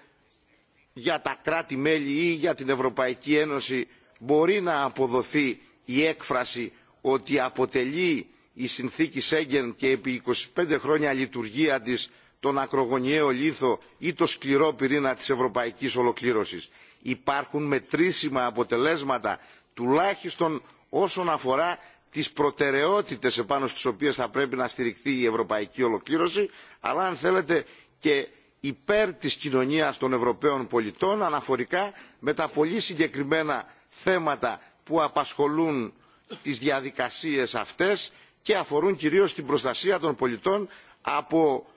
για τα κράτη-μέλη ή για την Ευρωπαϊκή Ένωση μπορεί να αποδοθεί η έκφραση ότι αποτελεί η συνθήκη Σέγγεν και επί 25 χρόνια λειτουργία της τον ακρογωνιαίο λίθο ή το σκληρό πυρήνα της ευρωπαϊκής ολοκλήρωσης υπάρχουν μετρήσιμα αποτελέσματα τουλάχιστον όσον αφορά τις προτεραιότητες επάνω στις οποίες θα πρέπει να στηριχθεί η ευρωπαϊκή ολοκλήρωση αλλά αν θέλετε και υπέρ της κοινωνίας των Ευρωπαίων πολιτών αναφορικά με τα πολύ συγκεκριμένα θέματα που απασχολούν τις διαδικασίες αυτές και αφορούν κυρίως την προστασία των πολιτών από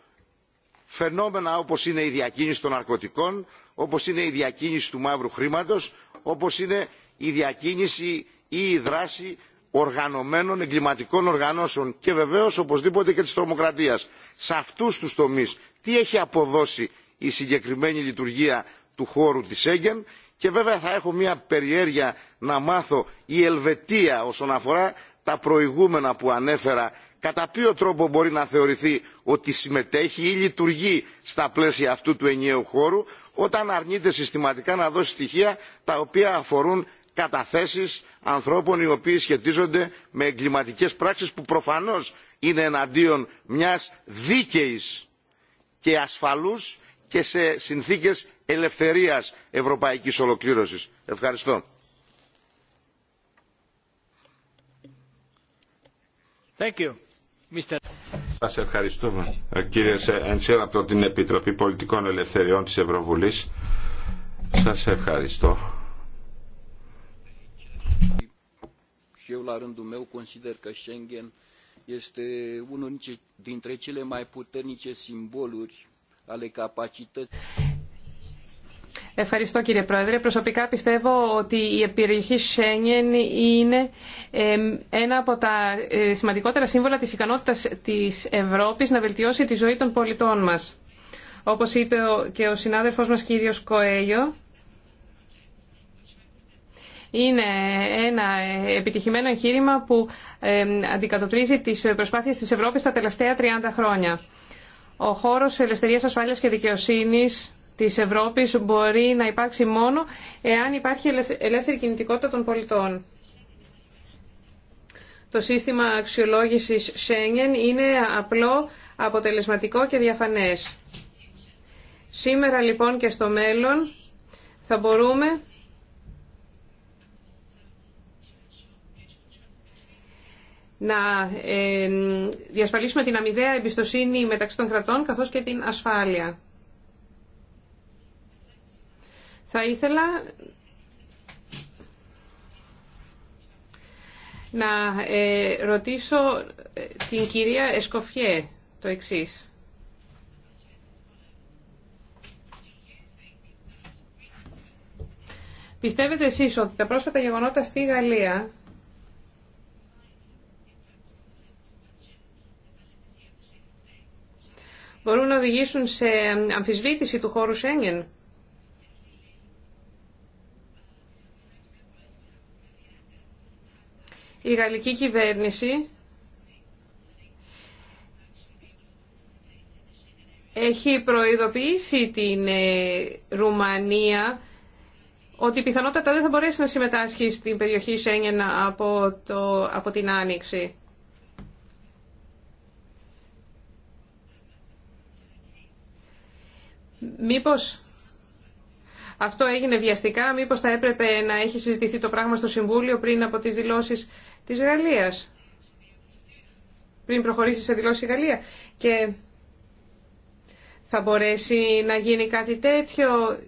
φαινόμενα όπως είναι η διακίνηση των ναρκωτικών, όπως είναι η διακίνηση του μαύρου χρήματος, όπως είναι η διακίνηση ή η δράση οργανωμένων εγκληματικών οργανώσεων και βεβαίως οπωσδήποτε και της τρομοκρατίας. Σε αυτούς τους τομείς τι έχει αποδώσει η συγκεκριμένη λειτουργία του χώρου της Έγκεν και βέβαια θα έχω μια περιέργεια να μάθω η Ελβετία όσον αφορά τα προηγούμενα που ανέφερα κατά ποιο τρόπο μπορεί να θεωρηθεί ότι συμμετέχει ή λειτουργεί στα πλαίσια αυτού του ενιαίου χώρου όταν αρνείται συστηματικά να δώσει στοιχεία τα οποία αφορούν καταθέσεις ανθρώπων οι οποίοι σχετίζονται με εγκληματικές πράξεις που προφανώς είναι εναντίον μιας δίκαιης και ασφαλούς και σε συνθήκες ελευθερίας ευρωπαϊκής ολοκλήρωσης. Ευχαριστώ. Σας ευχαριστούμε. κύριε κύριος από την Επιτροπή Πολιτικών Ελευθεριών της Ευρωβουλής. Σας ευχαριστώ. Și eu, la rândul meu, consider că Schengen este unul dintre cele mai puternice simboluri ale capacității. Ευχαριστώ κύριε Πρόεδρε. Προσωπικά πιστεύω ότι η περιοχή Σένιεν είναι ένα από τα ε, σημαντικότερα σύμβολα της ικανότητας της Ευρώπης να βελτιώσει τη ζωή των πολιτών μας. Όπως είπε και ο συνάδελφός μας κύριος Κοέλιο, είναι ένα ε, επιτυχημένο εγχείρημα που αντικατοπτρίζει τις προσπάθειες της Ευρώπης τα τελευταία 30 χρόνια. Ο χώρος ελευθερίας, ασφάλειας και δικαιοσύνης της Ευρώπης μπορεί να υπάρξει μόνο εάν υπάρχει ελεύθερη κινητικότητα των πολιτών. Το σύστημα αξιολόγησης Schengen είναι απλό, αποτελεσματικό και διαφανές. Σήμερα λοιπόν και στο μέλλον θα μπορούμε να ε, διασφαλίσουμε την αμοιβαία εμπιστοσύνη μεταξύ των κρατών καθώς και την ασφάλεια. Θα ήθελα να ε, ρωτήσω ε, την κυρία Εσκοφιέ το εξής. Πιστεύετε εσείς ότι τα πρόσφατα γεγονότα στη Γαλλία μπορούν να οδηγήσουν σε αμφισβήτηση του χώρου Σέγγεν. η γαλλική κυβέρνηση έχει προειδοποιήσει την ε, Ρουμανία ότι πιθανότατα δεν θα μπορέσει να συμμετάσχει στην περιοχή Σέγγεν από, το, από την Άνοιξη. Μήπως αυτό έγινε βιαστικά, μήπως θα έπρεπε να έχει συζητηθεί το πράγμα στο Συμβούλιο πριν από τις δηλώσεις Τη Γαλλία. πριν προχωρήσει σε δηλώσει η Γαλλία και θα μπορέσει να γίνει κάτι τέτοιο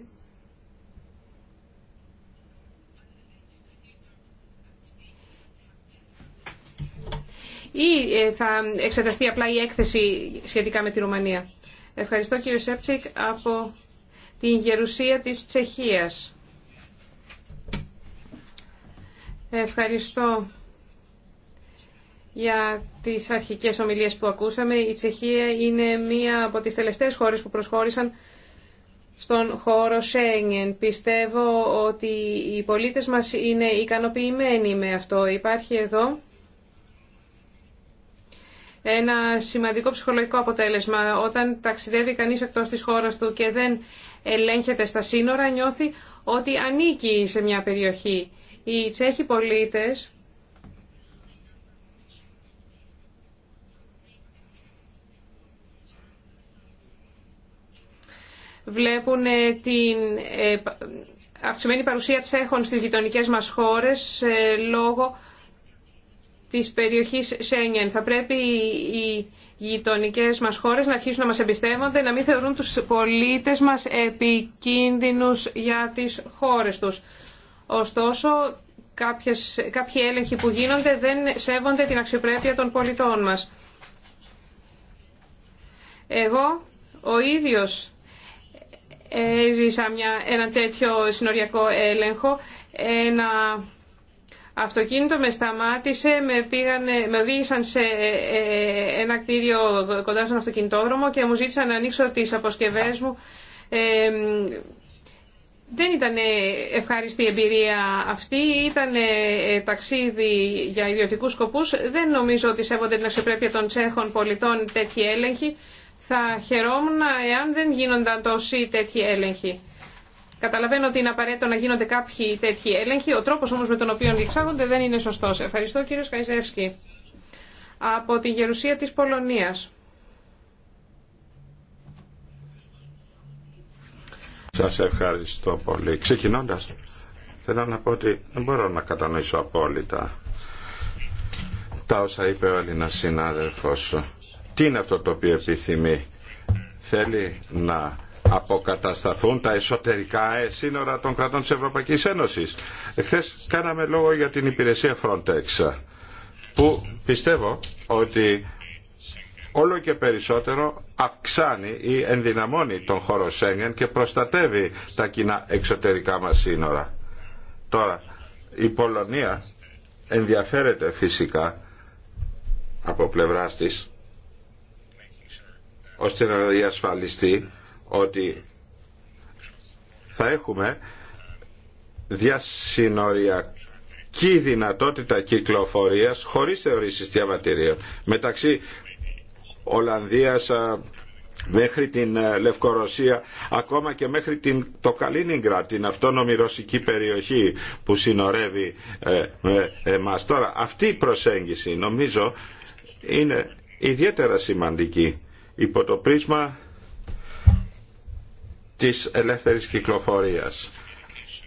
ή ε, θα εξεταστεί απλά η έκθεση σχετικά με τη Ρουμανία. Ευχαριστώ κύριε Σέπτσικ από την γερουσία της Τσεχίας. Ευχαριστώ για τις αρχικές ομιλίες που ακούσαμε. Η Τσεχία είναι μία από τις τελευταίες χώρες που προσχώρησαν στον χώρο Σέγγεν. Πιστεύω ότι οι πολίτες μας είναι ικανοποιημένοι με αυτό. Υπάρχει εδώ ένα σημαντικό ψυχολογικό αποτέλεσμα. Όταν ταξιδεύει κανείς εκτός της χώρας του και δεν ελέγχεται στα σύνορα, νιώθει ότι ανήκει σε μια περιοχή. Οι Τσέχοι πολίτες βλέπουν ε, την ε, αυξημένη παρουσία τσέχων στις γειτονικές μας χώρες ε, λόγω της περιοχής Σένιεν. Θα πρέπει οι γειτονικές μας χώρες να αρχίσουν να μας εμπιστεύονται, να μην θεωρούν τους πολίτες μας επικίνδυνους για τις χώρες τους. Ωστόσο, κάποιες, κάποιοι έλεγχοι που γίνονται δεν σέβονται την αξιοπρέπεια των πολιτών μας. Εγώ ο ίδιος ε, ζήσα μια, ένα τέτοιο συνοριακό έλεγχο. Ένα αυτοκίνητο με σταμάτησε, με, πήγανε, με οδήγησαν σε ε, ε, ένα κτίριο κοντά στον αυτοκινητόδρομο και μου ζήτησαν να ανοίξω τις αποσκευές μου. δεν ήταν ευχάριστη η εμπειρία αυτή, ήταν ταξίδι για ιδιωτικούς σκοπούς. Δεν νομίζω ότι σέβονται την αξιοπρέπεια των Τσέχων πολιτών τέτοιοι έλεγχοι θα χαιρόμουν εάν δεν γίνονταν τόσοι τέτοιοι έλεγχοι. Καταλαβαίνω ότι είναι απαραίτητο να γίνονται κάποιοι τέτοιοι έλεγχοι. Ο τρόπο όμω με τον οποίο διεξάγονται δεν είναι σωστό. Ευχαριστώ κύριο Καϊσεύσκη. Από τη γερουσία τη Πολωνία. Σας ευχαριστώ πολύ. Ξεκινώντας, θέλω να πω ότι δεν μπορώ να κατανοήσω απόλυτα τα όσα είπε ο Έλληνα συνάδελφο. Τι είναι αυτό το οποίο επιθυμεί. Θέλει να αποκατασταθούν τα εσωτερικά ε, σύνορα των κρατών της Ευρωπαϊκής Ένωσης. Εχθές κάναμε λόγο για την υπηρεσία Frontex που πιστεύω ότι όλο και περισσότερο αυξάνει ή ενδυναμώνει τον χώρο Σέγγεν και προστατεύει τα κοινά εξωτερικά μας σύνορα. Τώρα, η Πολωνία ενδιαφέρεται φυσικά από πλευράς της ώστε να διασφαλιστεί ότι θα έχουμε διασυνοριακή δυνατότητα κυκλοφορίας χωρίς θεωρήσεις διαβατηρίων μεταξύ Ολλανδίας μέχρι την ε, Λευκορωσία, ακόμα και μέχρι την, το Καλίνιγκρα, την αυτόνομη ρωσική περιοχή που συνορεύει ε, Τώρα αυτή η προσέγγιση νομίζω είναι ιδιαίτερα σημαντική υπό το πρίσμα της ελεύθερης κυκλοφορίας,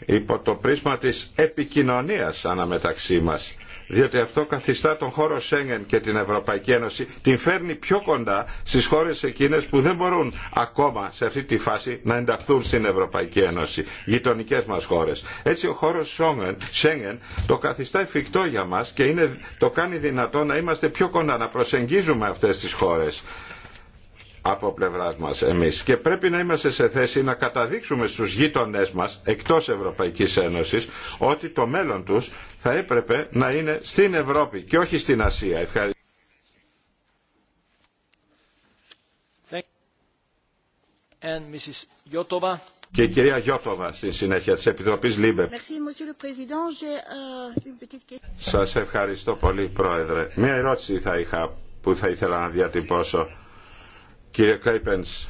υπό το πρίσμα της επικοινωνίας αναμεταξύ μας, διότι αυτό καθιστά τον χώρο Σέγγεν και την Ευρωπαϊκή Ένωση, την φέρνει πιο κοντά στις χώρες εκείνες που δεν μπορούν ακόμα σε αυτή τη φάση να ενταχθούν στην Ευρωπαϊκή Ένωση, γειτονικέ μας χώρες. Έτσι ο χώρος Σέγγεν το καθιστά εφικτό για μας και είναι, το κάνει δυνατό να είμαστε πιο κοντά, να προσεγγίζουμε αυτές τις χώρες από πλευρά μα εμεί. Και πρέπει να είμαστε σε θέση να καταδείξουμε στου γείτονέ μα εκτό Ευρωπαϊκή Ένωση ότι το μέλλον του θα έπρεπε να είναι στην Ευρώπη και όχι στην Ασία. Ευχαριστώ. Και η κυρία Γιώτοβα στη συνέχεια της Επιτροπής Λίμπε. Euh, Σας ευχαριστώ πολύ Πρόεδρε. Μία ερώτηση θα είχα που θα ήθελα να διατυπώσω Κύριε Καϊπενς,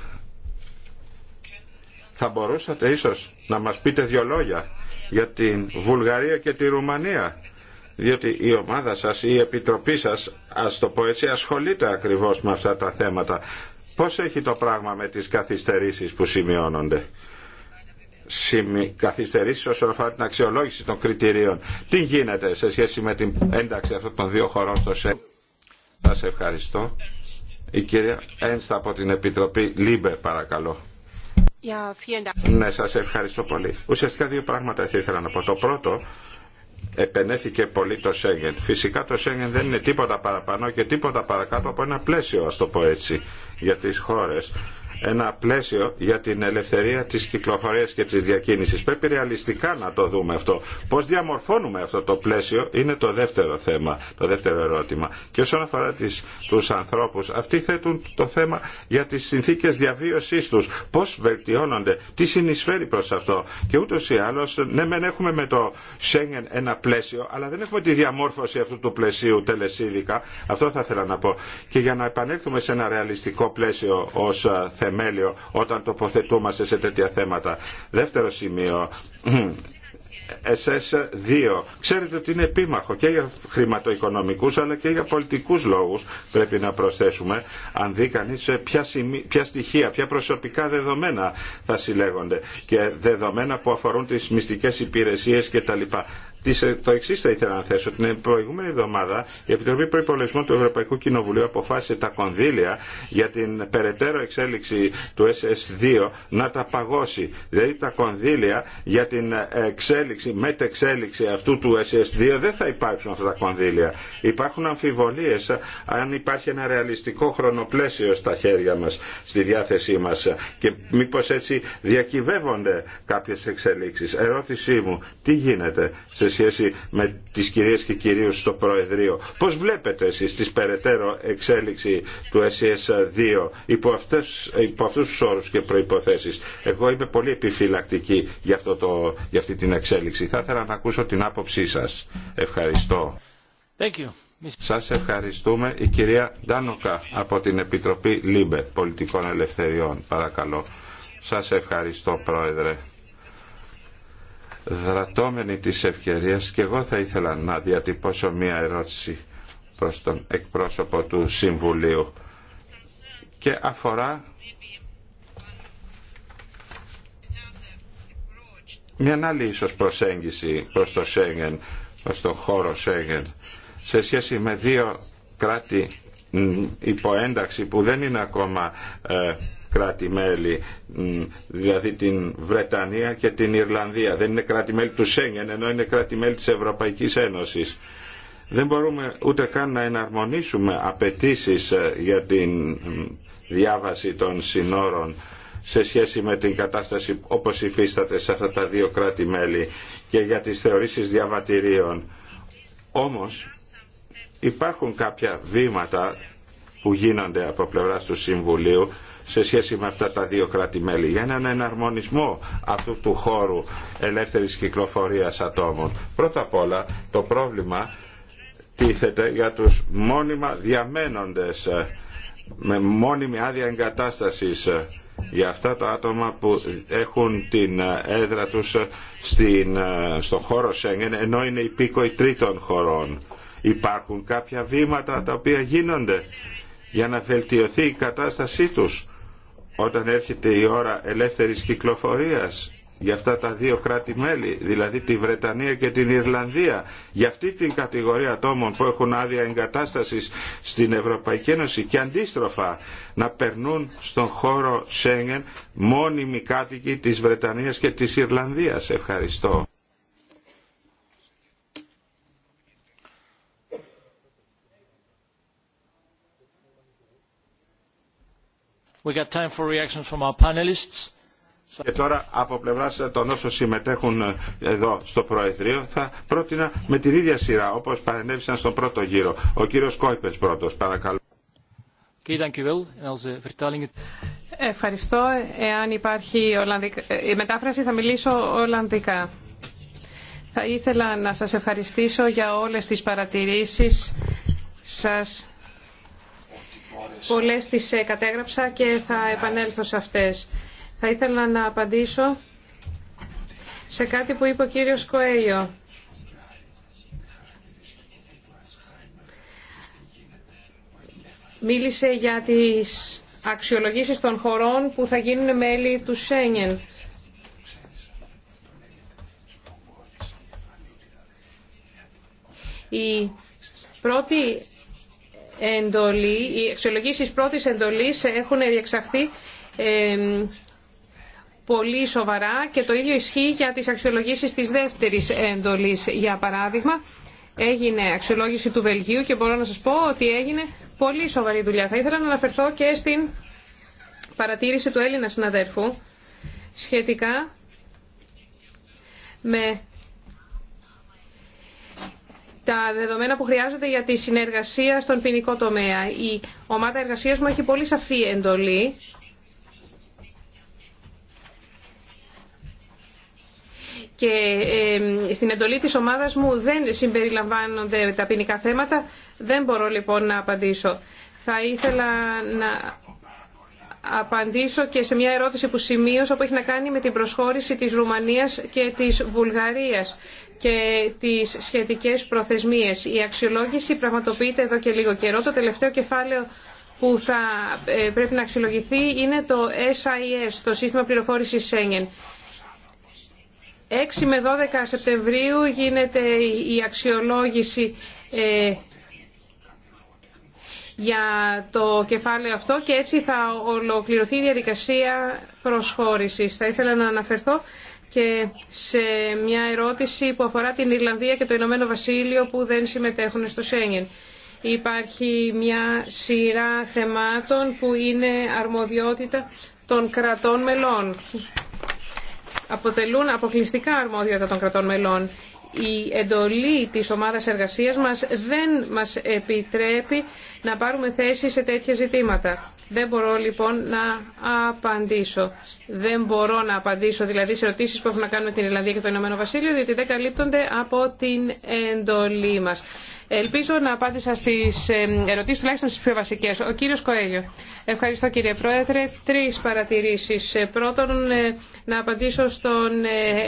θα μπορούσατε ίσως να μας πείτε δύο λόγια για την Βουλγαρία και τη Ρουμανία διότι η ομάδα σας, η επιτροπή σας, ας το πω έτσι, ασχολείται ακριβώς με αυτά τα θέματα. Πώς έχει το πράγμα με τις καθυστερήσεις που σημειώνονται. Καθυστερήσεις όσον αφορά την αξιολόγηση των κριτηρίων. Τι γίνεται σε σχέση με την ένταξη αυτών των δύο χωρών στο Σας ευχαριστώ. Η κυρία Ένστα από την Επιτροπή Λίμπε, παρακαλώ. ναι, σας ευχαριστώ πολύ. Ουσιαστικά δύο πράγματα θα ήθελα να πω. Το πρώτο, επενέθηκε πολύ το Σέγγεν. Φυσικά το Σέγγεν δεν είναι τίποτα παραπάνω και τίποτα παρακάτω από ένα πλαίσιο, ας το πω έτσι, για τις χώρες ένα πλαίσιο για την ελευθερία της κυκλοφορίας και της διακίνησης. Πρέπει ρεαλιστικά να το δούμε αυτό. Πώς διαμορφώνουμε αυτό το πλαίσιο είναι το δεύτερο θέμα, το δεύτερο ερώτημα. Και όσον αφορά τις, τους ανθρώπους, αυτοί θέτουν το θέμα για τις συνθήκες διαβίωσής τους. Πώς βελτιώνονται, τι συνεισφέρει προς αυτό. Και ούτως ή άλλως, ναι μεν έχουμε με το Schengen ένα πλαίσιο, αλλά δεν έχουμε τη διαμόρφωση αυτού του πλαισίου τελεσίδικα. Αυτό θα ήθελα να πω. Και για να επανέλθουμε σε ένα ρεαλιστικό πλαίσιο ως ε, θέμα όταν τοποθετούμαστε σε τέτοια θέματα. Δεύτερο σημείο, SS2. Ξέρετε ότι είναι επίμαχο και για χρηματοοικονομικούς αλλά και για πολιτικούς λόγους πρέπει να προσθέσουμε αν δει κανεί ποια, ποια στοιχεία, ποια προσωπικά δεδομένα θα συλλέγονται και δεδομένα που αφορούν τις μυστικές υπηρεσίες κτλ. Ε, το εξή θα ήθελα να θέσω. Την προηγούμενη εβδομάδα η Επιτροπή Προπολογισμού του Ευρωπαϊκού Κοινοβουλίου αποφάσισε τα κονδύλια για την περαιτέρω εξέλιξη του SS2 να τα παγώσει. Δηλαδή τα κονδύλια για την εξέλιξη, μετεξέλιξη αυτού του SS2 δεν θα υπάρξουν αυτά τα κονδύλια. Υπάρχουν αμφιβολίες αν υπάρχει ένα ρεαλιστικό χρονοπλαίσιο στα χέρια μα στη διάθεσή μα. και μήπω έτσι διακυβεύονται κάποιε εξέλιξει. Ερώτησή μου, τι γίνεται σε σχέση με τις κυρίες και κυρίους στο Προεδρείο. Πώς βλέπετε εσείς τις περαιτέρω εξέλιξη του SES2 υπό, αυτές, υπό αυτούς τους όρους και προϋποθέσεις. Εγώ είμαι πολύ επιφυλακτική για, αυτό το, για αυτή την εξέλιξη. Θα ήθελα να ακούσω την άποψή σας. Ευχαριστώ. Thank you. Σας ευχαριστούμε. Η κυρία Ντάνοκα από την Επιτροπή ΛΥΜΠΕ Πολιτικών Ελευθεριών. Παρακαλώ. Σας ευχαριστώ Πρόεδρε δρατώμενη της ευκαιρίας και εγώ θα ήθελα να διατυπώσω μία ερώτηση προς τον εκπρόσωπο του Συμβουλίου και αφορά μια άλλη ίσως προσέγγιση προς το Σέγγεν, προς τον χώρο Σέγγεν σε σχέση με δύο κράτη υποένταξη που δεν είναι ακόμα ε, κράτη-μέλη, δηλαδή την Βρετανία και την Ιρλανδία. Δεν είναι κράτη-μέλη του Σέγγεν, ενώ είναι κράτη-μέλη της Ευρωπαϊκής Ένωσης. Δεν μπορούμε ούτε καν να εναρμονίσουμε απαιτήσει ε, για την διάβαση των συνόρων σε σχέση με την κατάσταση όπως υφίσταται σε αυτά τα δύο κράτη-μέλη και για τις θεωρήσεις διαβατηρίων. Όμως υπάρχουν κάποια βήματα που γίνονται από πλευρά του Συμβουλίου σε σχέση με αυτά τα δύο κράτη-μέλη για έναν εναρμονισμό αυτού του χώρου ελεύθερης κυκλοφορίας ατόμων. Πρώτα απ' όλα το πρόβλημα τίθεται για τους μόνιμα διαμένοντες με μόνιμη άδεια εγκατάστασης για αυτά τα άτομα που έχουν την έδρα τους στην, στο χώρο Σέγγεν ενώ είναι υπήκοοι τρίτων χωρών. Υπάρχουν κάποια βήματα τα οποία γίνονται για να βελτιωθεί η κατάστασή τους όταν έρχεται η ώρα ελεύθερης κυκλοφορίας για αυτά τα δύο κράτη-μέλη, δηλαδή τη Βρετανία και την Ιρλανδία, για αυτή την κατηγορία ατόμων που έχουν άδεια εγκατάστασης στην Ευρωπαϊκή Ένωση και αντίστροφα να περνούν στον χώρο Σέγγεν μόνιμοι κάτοικοι της Βρετανίας και της Ιρλανδίας. Ευχαριστώ. Και τώρα από πλευρά των όσων συμμετέχουν εδώ στο Προεδρείο θα πρότεινα με την ίδια σειρά όπως παρενέβησαν στον πρώτο γύρο. Ο κύριος Κόιπες πρώτος, παρακαλώ. Ευχαριστώ. Εάν υπάρχει Ολλανδικ... Ε, η μετάφραση θα μιλήσω Ολλανδικά. Θα ήθελα να σας ευχαριστήσω για όλες τις παρατηρήσεις σας Πολλές τις ε, κατέγραψα και θα επανέλθω σε αυτές. Θα ήθελα να απαντήσω σε κάτι που είπε ο κύριος Κοέλιο. Μίλησε για τις αξιολογήσεις των χωρών που θα γίνουν μέλη του Σένιεν. Η πρώτη εντολή, οι αξιολογήσεις πρώτης εντολής έχουν διεξαχθεί πολύ σοβαρά και το ίδιο ισχύει για τις αξιολογήσεις της δεύτερης εντολής. Για παράδειγμα, έγινε αξιολόγηση του Βελγίου και μπορώ να σας πω ότι έγινε πολύ σοβαρή δουλειά. Θα ήθελα να αναφερθώ και στην παρατήρηση του Έλληνα συναδέρφου σχετικά με τα δεδομένα που χρειάζονται για τη συνεργασία στον ποινικό τομέα. Η ομάδα εργασίας μου έχει πολύ σαφή εντολή. Και στην εντολή της ομάδας μου δεν συμπεριλαμβάνονται τα ποινικά θέματα. Δεν μπορώ λοιπόν να απαντήσω. Θα ήθελα να απαντήσω και σε μια ερώτηση που σημείωσα που έχει να κάνει με την προσχώρηση της Ρουμανίας και της Βουλγαρίας και τις σχετικές προθεσμίες. Η αξιολόγηση πραγματοποιείται εδώ και λίγο καιρό. Το τελευταίο κεφάλαιο που θα ε, πρέπει να αξιολογηθεί είναι το SIS, το Σύστημα Πληροφόρησης Σέγγεν. 6 με 12 Σεπτεμβρίου γίνεται η αξιολόγηση ε, για το κεφάλαιο αυτό και έτσι θα ολοκληρωθεί η διαδικασία προσχώρησης. Θα ήθελα να αναφερθώ και σε μια ερώτηση που αφορά την Ιρλανδία και το Ηνωμένο Βασίλειο που δεν συμμετέχουν στο Σέγγεν. Υπάρχει μια σειρά θεμάτων που είναι αρμοδιότητα των κρατών μελών. Αποτελούν αποκλειστικά αρμοδιότητα των κρατών μελών. Η εντολή της ομάδας εργασίας μας δεν μας επιτρέπει να πάρουμε θέση σε τέτοια ζητήματα. Δεν μπορώ λοιπόν να απαντήσω. Δεν μπορώ να απαντήσω δηλαδή σε ερωτήσει που έχουν να κάνουν με την Ιρλανδία και το Ηνωμένο Βασίλειο, διότι δεν καλύπτονται από την εντολή μα. Ελπίζω να απάντησα στι ε, ερωτήσει, τουλάχιστον στι πιο βασικέ. Ο κύριο Κοέλιο. Ευχαριστώ κύριε Πρόεδρε. Τρει παρατηρήσει. Ε, πρώτον, ε, να απαντήσω στον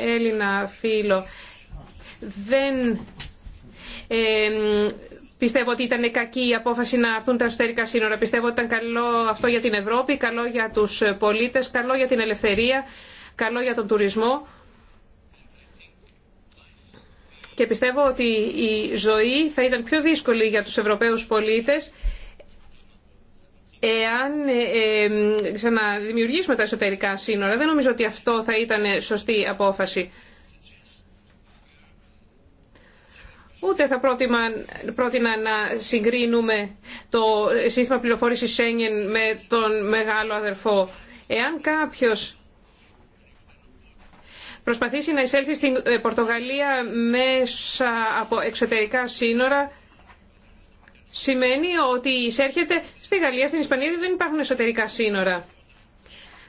Έλληνα φίλο. Δεν Πιστεύω ότι ήταν κακή η απόφαση να έρθουν τα εσωτερικά σύνορα. Πιστεύω ότι ήταν καλό αυτό για την Ευρώπη, καλό για τους πολίτες, καλό για την ελευθερία, καλό για τον τουρισμό. Και πιστεύω ότι η ζωή θα ήταν πιο δύσκολη για τους Ευρωπαίους πολίτες εάν ε, ε, ξαναδημιουργήσουμε τα εσωτερικά σύνορα. Δεν νομίζω ότι αυτό θα ήταν σωστή απόφαση. Ούτε θα πρότεινα να συγκρίνουμε το σύστημα πληροφόρησης Schengen με τον μεγάλο αδερφό. Εάν κάποιος προσπαθήσει να εισέλθει στην ε, Πορτογαλία μέσα από εξωτερικά σύνορα, σημαίνει ότι εισέρχεται στη Γαλλία, στην Ισπανία, δεν υπάρχουν εσωτερικά σύνορα.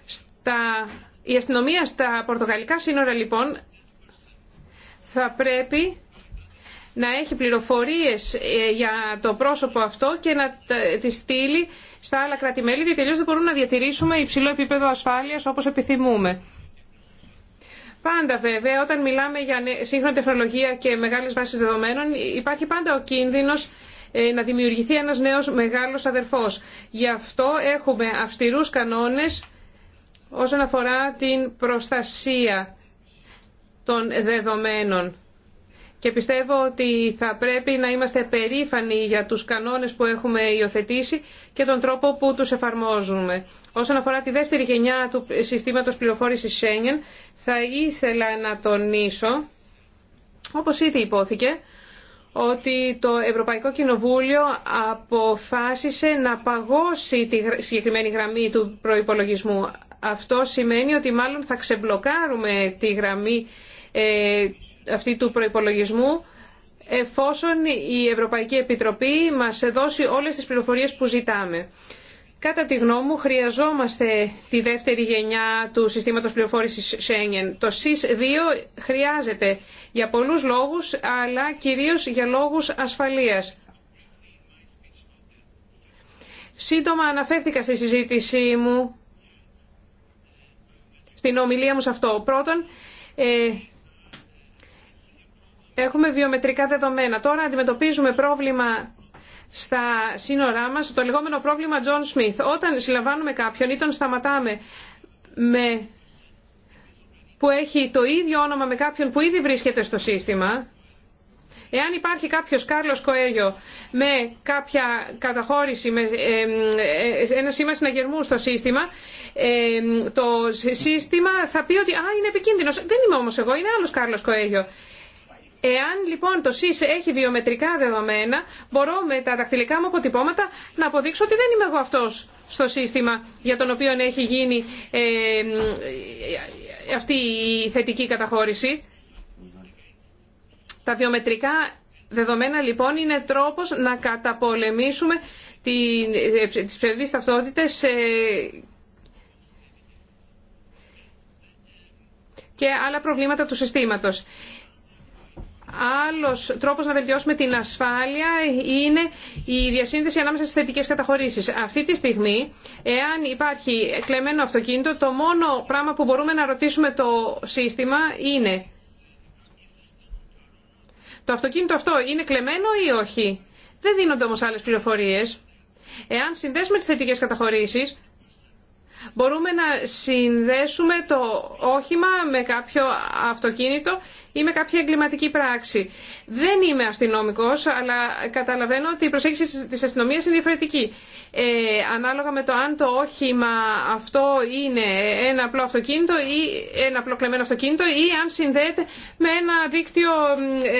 Στα... Η αστυνομία στα πορτογαλικά σύνορα, λοιπόν, θα πρέπει να έχει πληροφορίες ε, για το πρόσωπο αυτό και να τι στείλει στα άλλα κράτη-μέλη, διότι τελείως δεν μπορούμε να διατηρήσουμε υψηλό επίπεδο ασφάλειας όπως επιθυμούμε. Πάντα βέβαια, όταν μιλάμε για σύγχρονη τεχνολογία και μεγάλες βάσεις δεδομένων, υπάρχει πάντα ο κίνδυνος ε, να δημιουργηθεί ένας νέος μεγάλος αδερφός. Γι' αυτό έχουμε αυστηρούς κανόνες όσον αφορά την προστασία των δεδομένων και πιστεύω ότι θα πρέπει να είμαστε περήφανοι για τους κανόνες που έχουμε υιοθετήσει και τον τρόπο που τους εφαρμόζουμε. Όσον αφορά τη δεύτερη γενιά του συστήματος πληροφόρησης Schengen, θα ήθελα να τονίσω, όπως ήδη υπόθηκε, ότι το Ευρωπαϊκό Κοινοβούλιο αποφάσισε να παγώσει τη συγκεκριμένη γραμμή του προϋπολογισμού. Αυτό σημαίνει ότι μάλλον θα ξεμπλοκάρουμε τη γραμμή ε, αυτή του προϋπολογισμού εφόσον η Ευρωπαϊκή Επιτροπή μας δώσει όλες τις πληροφορίες που ζητάμε. Κατά τη γνώμη μου χρειαζόμαστε τη δεύτερη γενιά του συστήματος πληροφόρησης Schengen. Το SIS-2 χρειάζεται για πολλούς λόγους, αλλά κυρίως για λόγους ασφαλείας. Σύντομα αναφέρθηκα στη συζήτησή μου, στην ομιλία μου σε αυτό. Πρώτον, ε, έχουμε βιομετρικά δεδομένα. Τώρα αντιμετωπίζουμε πρόβλημα στα σύνορά μα το λεγόμενο πρόβλημα John Smith. Όταν συλλαμβάνουμε κάποιον ή τον σταματάμε με... που έχει το ίδιο όνομα με κάποιον που ήδη βρίσκεται στο σύστημα, Εάν υπάρχει κάποιος Κάρλος Κοέγιο με κάποια καταχώρηση, με ε, ε, ένα σήμα συναγερμού στο σύστημα, ε, το σύστημα θα πει ότι «Α, είναι επικίνδυνος». Δεν είμαι όμως εγώ, είναι άλλος Κάρλος Κοέγιο. Εάν λοιπόν το ΣΥΣ έχει βιομετρικά δεδομένα, μπορώ με τα δακτυλικά μου αποτυπώματα να αποδείξω ότι δεν είμαι εγώ αυτός στο σύστημα για τον οποίο έχει γίνει ε, ε, αυτή η θετική καταχώρηση. Τα βιομετρικά δεδομένα λοιπόν είναι τρόπος να καταπολεμήσουμε ε, τις ψευδείς ταυτότητες και άλλα προβλήματα του συστήματος άλλος τρόπος να βελτιώσουμε την ασφάλεια είναι η διασύνδεση ανάμεσα στις θετικές καταχωρήσεις. Αυτή τη στιγμή, εάν υπάρχει κλεμμένο αυτοκίνητο, το μόνο πράγμα που μπορούμε να ρωτήσουμε το σύστημα είναι το αυτοκίνητο αυτό είναι κλεμμένο ή όχι. Δεν δίνονται όμως άλλες πληροφορίες. Εάν συνδέσουμε τις θετικές καταχωρήσεις, μπορούμε να συνδέσουμε το όχημα με κάποιο αυτοκίνητο ή με κάποια εγκληματική πράξη. Δεν είμαι αστυνόμικος, αλλά καταλαβαίνω ότι η με καποια εγκληματικη πραξη δεν ειμαι αστυνομικο αλλα καταλαβαινω οτι η προσεγγιση τη αστυνομία είναι διαφορετική. Ε, ανάλογα με το αν το όχημα αυτό είναι ένα απλό αυτοκίνητο ή ένα απλό κλεμμένο αυτοκίνητο ή αν συνδέεται με ένα δίκτυο ε,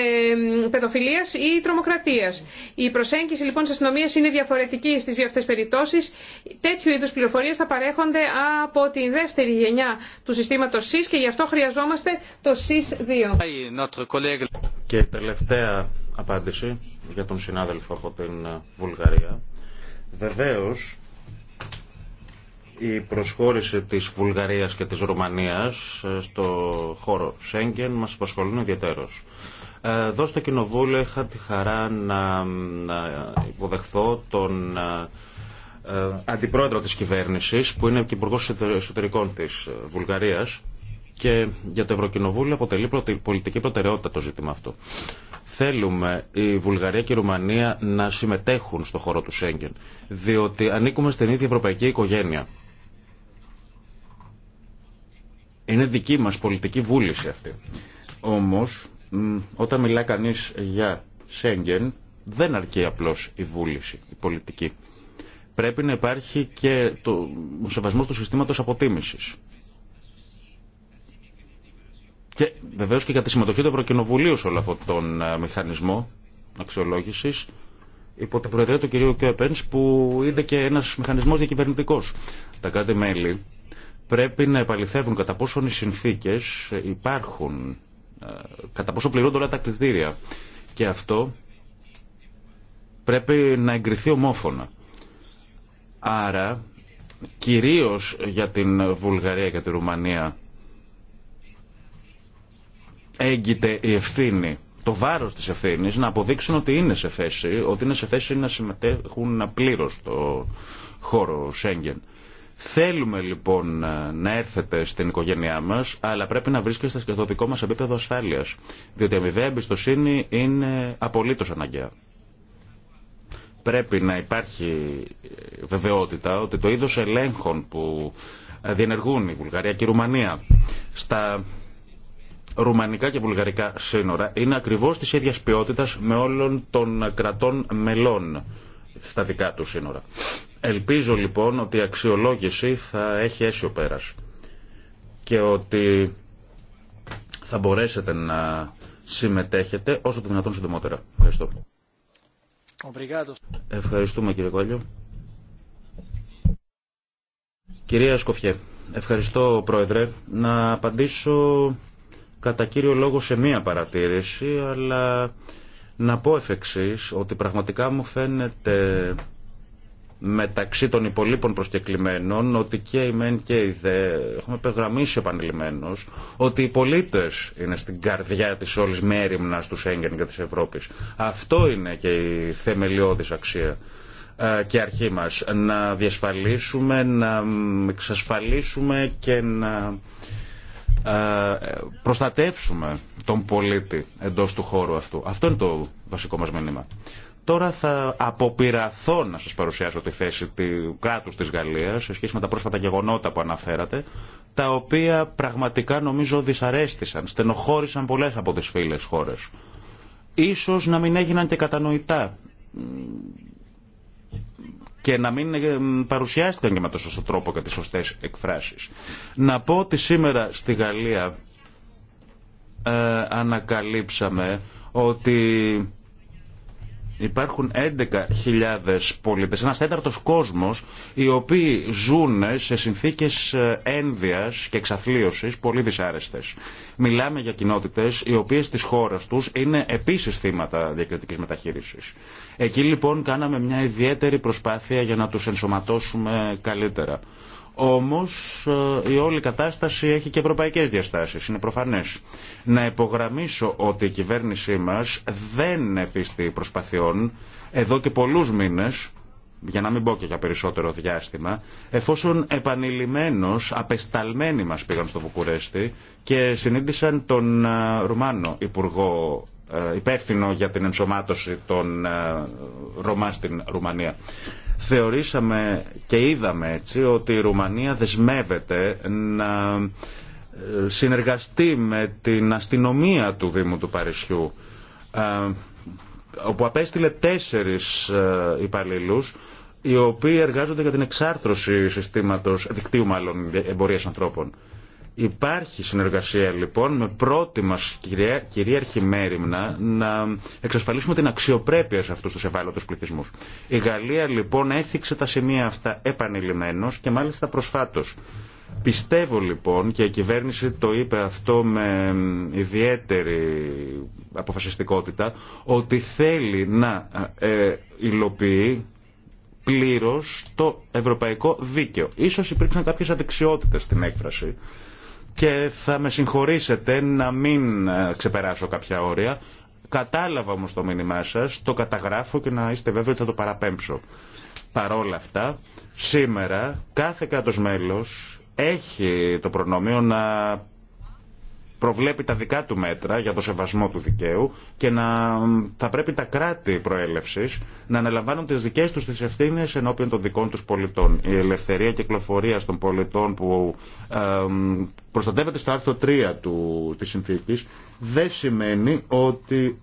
παιδοφιλίας ή τρομοκρατίας. Η προσέγγιση λοιπόν τη αστυνομία είναι διαφορετική στι δύο αυτέ περιπτώσεις. Τέτοιου είδου πληροφορίε θα παρέχονται από τη δεύτερη γενιά του συστήματο ΣΥΣ και γι' αυτό χρειαζόμαστε το ΣΥΣ 2. Και τελευταία απάντηση για τον συνάδελφο από την ε, Βουλγαρία. Βεβαίως, η προσχώρηση της Βουλγαρίας και της Ρουμανίας ε, στο χώρο Σέγγεν μας απασχολούν ιδιαίτερως. Εδώ στο Κοινοβούλιο είχα τη χαρά να υποδεχθώ τον ε, αντιπρόεδρο της κυβέρνησης που είναι και υπουργός εσωτερικών της Βουλγαρίας και για το Ευρωκοινοβούλιο αποτελεί πολιτική προτεραιότητα το ζήτημα αυτό. Θέλουμε η Βουλγαρία και η Ρουμανία να συμμετέχουν στο χώρο του Σέγγεν, διότι ανήκουμε στην ίδια ευρωπαϊκή οικογένεια. Είναι δική μας πολιτική βούληση αυτή. Όμως, όταν μιλά κανείς για Σέγγεν, δεν αρκεί απλώς η βούληση, η πολιτική. Πρέπει να υπάρχει και το σεβασμό του συστήματος αποτίμησης. Και βεβαίω και για τη συμμετοχή του Ευρωκοινοβουλίου σε όλο αυτόν τον ε, μηχανισμό αξιολόγηση υπό την προεδρία του κυρίου Κιόπεν, που είδε και ένα μηχανισμό διακυβερνητικό. Τα κράτη-μέλη πρέπει να επαληθεύουν κατά πόσον οι συνθήκε υπάρχουν, ε, κατά πόσο πληρούνται όλα τα κριτήρια. Και αυτό πρέπει να εγκριθεί ομόφωνα. Άρα, κυρίως για την Βουλγαρία και την Ρουμανία έγκυται η ευθύνη, το βάρος της ευθύνης, να αποδείξουν ότι είναι σε θέση, ότι είναι σε θέση να συμμετέχουν πλήρω στο χώρο Σέγγεν. Θέλουμε λοιπόν να έρθετε στην οικογένειά μα, αλλά πρέπει να βρίσκεστε στο δικό μα επίπεδο ασφάλεια. Διότι η αμοιβαία εμπιστοσύνη είναι απολύτω αναγκαία. Πρέπει να υπάρχει ε, βεβαιότητα ότι το είδο ελέγχων που διενεργούν η Βουλγαρία και η Ρουμανία στα ρουμανικά και βουλγαρικά σύνορα είναι ακριβώς της ίδια ποιότητα με όλων των κρατών μελών στα δικά του σύνορα. Ελπίζω λοιπόν ότι η αξιολόγηση θα έχει αίσιο πέρας και ότι θα μπορέσετε να συμμετέχετε όσο το δυνατόν συντομότερα. Ευχαριστώ. Ευχαριστούμε κύριε Κόλλιο. Κυρία Σκοφιέ, ευχαριστώ πρόεδρε. Να απαντήσω κατά κύριο λόγο σε μία παρατήρηση, αλλά να πω εφ' ότι πραγματικά μου φαίνεται μεταξύ των υπολείπων προσκεκλημένων ότι και η ΜΕΝ και η ΔΕ έχουμε πεγραμμίσει επανειλημμένω ότι οι πολίτε είναι στην καρδιά τη όλη μέρημνα τους Σέγγεν και τη Ευρώπη. Αυτό είναι και η θεμελιώδη αξία ε, και αρχή μας να διασφαλίσουμε, να εξασφαλίσουμε και να ε, προστατεύσουμε τον πολίτη εντός του χώρου αυτού. Αυτό είναι το βασικό μας μήνυμα. Τώρα θα αποπειραθώ να σας παρουσιάσω τη θέση του κράτους της Γαλλίας σε σχέση με τα πρόσφατα γεγονότα που αναφέρατε, τα οποία πραγματικά νομίζω δυσαρέστησαν, στενοχώρησαν πολλές από τις φίλες χώρες. Ίσως να μην έγιναν και κατανοητά και να μην ε, παρουσιάστηκαν και με το σωστό τρόπο και τις σωστές εκφράσεις. Να πω ότι σήμερα στη Γαλλία ε, ανακαλύψαμε ότι Υπάρχουν 11.000 πολίτες, ένας τέταρτος κόσμος, οι οποίοι ζουν σε συνθήκες ε, ένδυας και εξαθλίωσης πολύ δυσάρεστες. Μιλάμε για κοινότητες οι οποίες στις χώρες τους είναι επίσης θύματα διακριτικής μεταχείρισης. Εκεί λοιπόν κάναμε μια ιδιαίτερη προσπάθεια για να τους ενσωματώσουμε καλύτερα. Όμως ε, η όλη κατάσταση έχει και ευρωπαϊκές διαστάσεις, είναι προφανές. Να υπογραμμίσω ότι η κυβέρνησή μας δεν εφίστη προσπαθειών εδώ και πολλούς μήνες, για να μην πω και για περισσότερο διάστημα, εφόσον επανειλημμένως απεσταλμένοι μας πήγαν στο Βουκουρέστι και συνήντησαν τον ε, Ρουμάνο Υπουργό ε, υπεύθυνο για την ενσωμάτωση των Ρωμά στην Ρουμανία. Θεωρήσαμε και είδαμε έτσι ότι η Ρουμανία δεσμεύεται να ε, συνεργαστεί με την αστυνομία του Δήμου του Παρισιού ε, όπου απέστειλε τέσσερις ε, υπαλλήλους οι οποίοι εργάζονται για την εξάρθρωση συστήματος, δικτύου μάλλον εμπορίας ανθρώπων. Υπάρχει συνεργασία λοιπόν με πρώτη μας κυρία, κυρίαρχη μέρημνα να εξασφαλίσουμε την αξιοπρέπεια σε αυτούς τους ευάλωτους πληθυσμούς. Η Γαλλία λοιπόν έθιξε τα σημεία αυτά επανειλημμένος και μάλιστα προσφάτως. Πιστεύω λοιπόν και η κυβέρνηση το είπε αυτό με ιδιαίτερη αποφασιστικότητα ότι θέλει να ε, υλοποιεί πλήρως το ευρωπαϊκό δίκαιο. Ίσως υπήρξαν κάποιες αδεξιότητες στην έκφραση και θα με συγχωρήσετε να μην ε, ξεπεράσω κάποια όρια. Κατάλαβα όμως το μήνυμά σας, το καταγράφω και να είστε βέβαιοι ότι θα το παραπέμψω. Παρόλα αυτά, σήμερα κάθε κράτος μέλος έχει το προνόμιο να προβλέπει τα δικά του μέτρα για το σεβασμό του δικαίου και να, θα πρέπει τα κράτη προέλευση να αναλαμβάνουν τι δικέ του τι ευθύνε ενώπιον των δικών του πολιτών. Η ελευθερία κυκλοφορία των πολιτών που ε, προστατεύεται στο άρθρο 3 του, της συνθήκης δεν σημαίνει ότι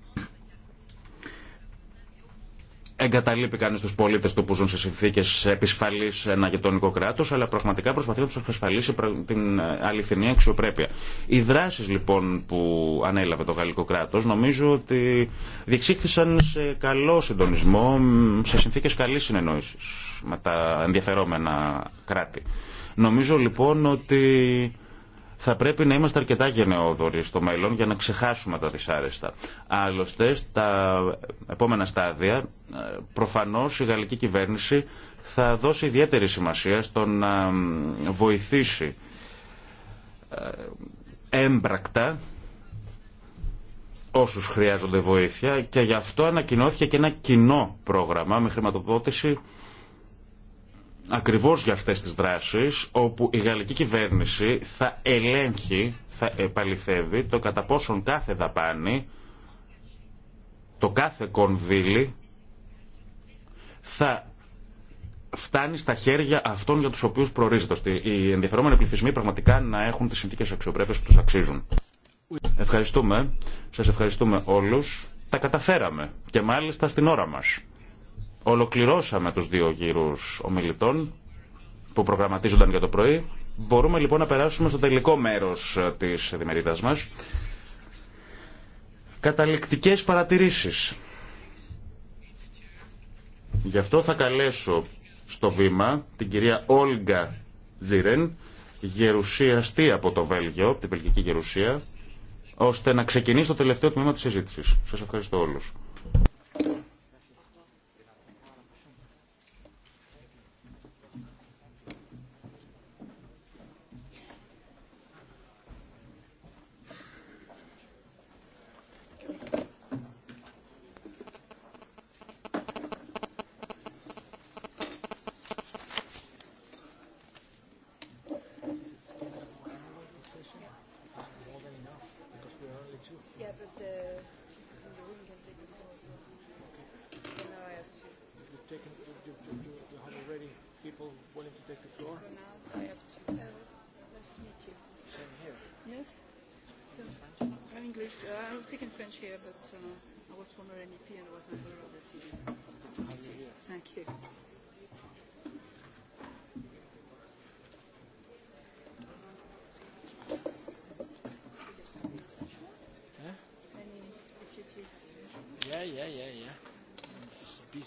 εγκαταλείπει κανεί του πολίτε του που ζουν σε συνθήκε επισφαλή σε ένα γειτονικό κράτο, αλλά πραγματικά προσπαθεί να του εξασφαλίσει την ε, αληθινή αξιοπρέπεια. Οι δράσει λοιπόν που ανέλαβε το γαλλικό κράτο νομίζω ότι διεξήχθησαν σε καλό συντονισμό, σε συνθήκε καλή συνεννόηση με τα ενδιαφερόμενα κράτη. Νομίζω λοιπόν ότι θα πρέπει να είμαστε αρκετά γενναιόδοροι στο μέλλον για να ξεχάσουμε τα δυσάρεστα. Άλλωστε, στα επόμενα στάδια, ε, προφανώς η γαλλική κυβέρνηση θα δώσει ιδιαίτερη σημασία στο να βοηθήσει ε, έμπρακτα όσους χρειάζονται βοήθεια και γι' αυτό ανακοινώθηκε και ένα κοινό πρόγραμμα με χρηματοδότηση ακριβώς για αυτές τις δράσεις όπου η γαλλική κυβέρνηση θα ελέγχει, θα επαληθεύει το κατά πόσον κάθε δαπάνη, το κάθε κονδύλι θα φτάνει στα χέρια αυτών για τους οποίους προορίζεται οι ενδιαφερόμενοι πληθυσμοί πραγματικά να έχουν τις συνθήκες αξιοπρέπειας που τους αξίζουν. Ευχαριστούμε. Σας ευχαριστούμε όλους. Τα καταφέραμε και μάλιστα στην ώρα μας. Ολοκληρώσαμε τους δύο γύρους ομιλητών που προγραμματίζονταν για το πρωί. Μπορούμε λοιπόν να περάσουμε στο τελικό μέρος της δημερίδας μας. Καταληκτικές παρατηρήσεις. Γι' αυτό θα καλέσω στο βήμα την κυρία Όλγα Δίρεν, γερουσιαστή από το Βέλγιο, την Βελγική Γερουσία, ώστε να ξεκινήσει το τελευταίο τμήμα της συζήτησης. Σας ευχαριστώ όλους.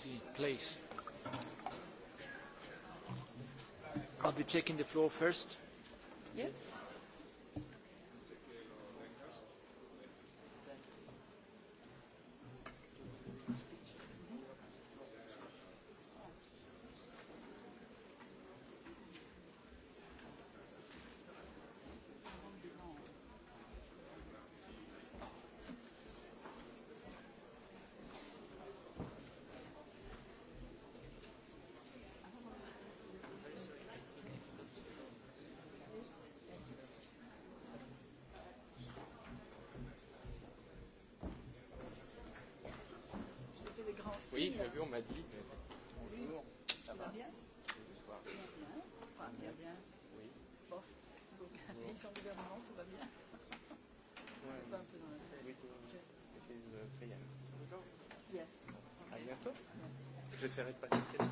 see, please. I'll be taking the floor first. Yes. plus, on m'a dit. Bonjour, ça va bien Bonsoir. Bien, bien. Oui. Bon, est-ce que vous un pays sans gouvernement, tout va bien ouais, pas un peu dans la This is Priyan. Yes. À bientôt. J'essaierai de passer cette.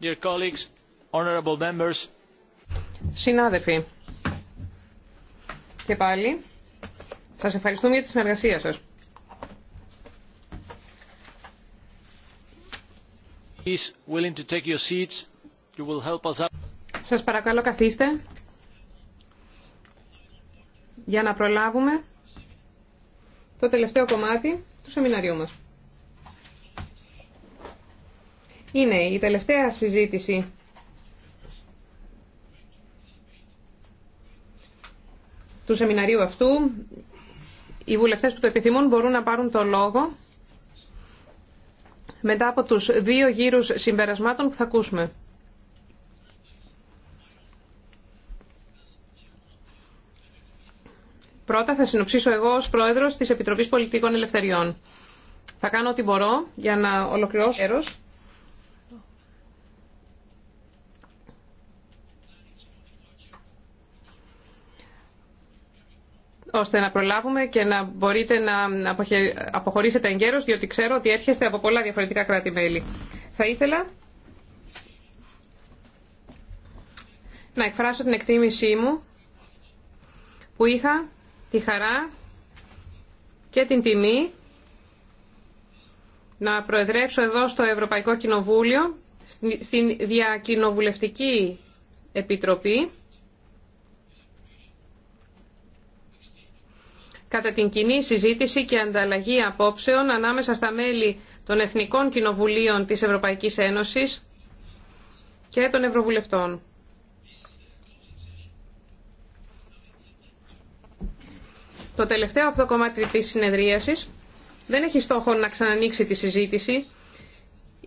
Dear colleagues, honorable members. Συνάδελφοι, και πάλι, σας ευχαριστούμε για τη συνεργασία σας. To σας παρακαλώ καθίστε για να προλάβουμε το τελευταίο κομμάτι του σεμιναριού μας. Είναι η τελευταία συζήτηση του σεμιναρίου αυτού. Οι βουλευτές που το επιθυμούν μπορούν να πάρουν το λόγο μετά από τους δύο γύρους συμπερασμάτων που θα ακούσουμε. Πρώτα θα συνοψίσω εγώ ως πρόεδρος της Επιτροπής Πολιτικών Ελευθεριών. Θα κάνω ό,τι μπορώ για να ολοκληρώσω ώστε να προλάβουμε και να μπορείτε να αποχωρησετε γερος εγκαίρως, διότι ξέρω ότι έρχεστε από πολλά διαφορετικά κράτη-μέλη. Θα ήθελα να εκφράσω την εκτίμησή μου που είχα τη χαρά και την τιμή να προεδρεύσω εδώ στο Ευρωπαϊκό Κοινοβούλιο στην Διακοινοβουλευτική Επιτροπή κατά την κοινή συζήτηση και ανταλλαγή απόψεων ανάμεσα στα μέλη των Εθνικών Κοινοβουλίων της Ευρωπαϊκής Ένωσης και των Ευρωβουλευτών. Το τελευταίο αυτό κομμάτι της συνεδρίασης δεν έχει στόχο να ξανανοίξει τη συζήτηση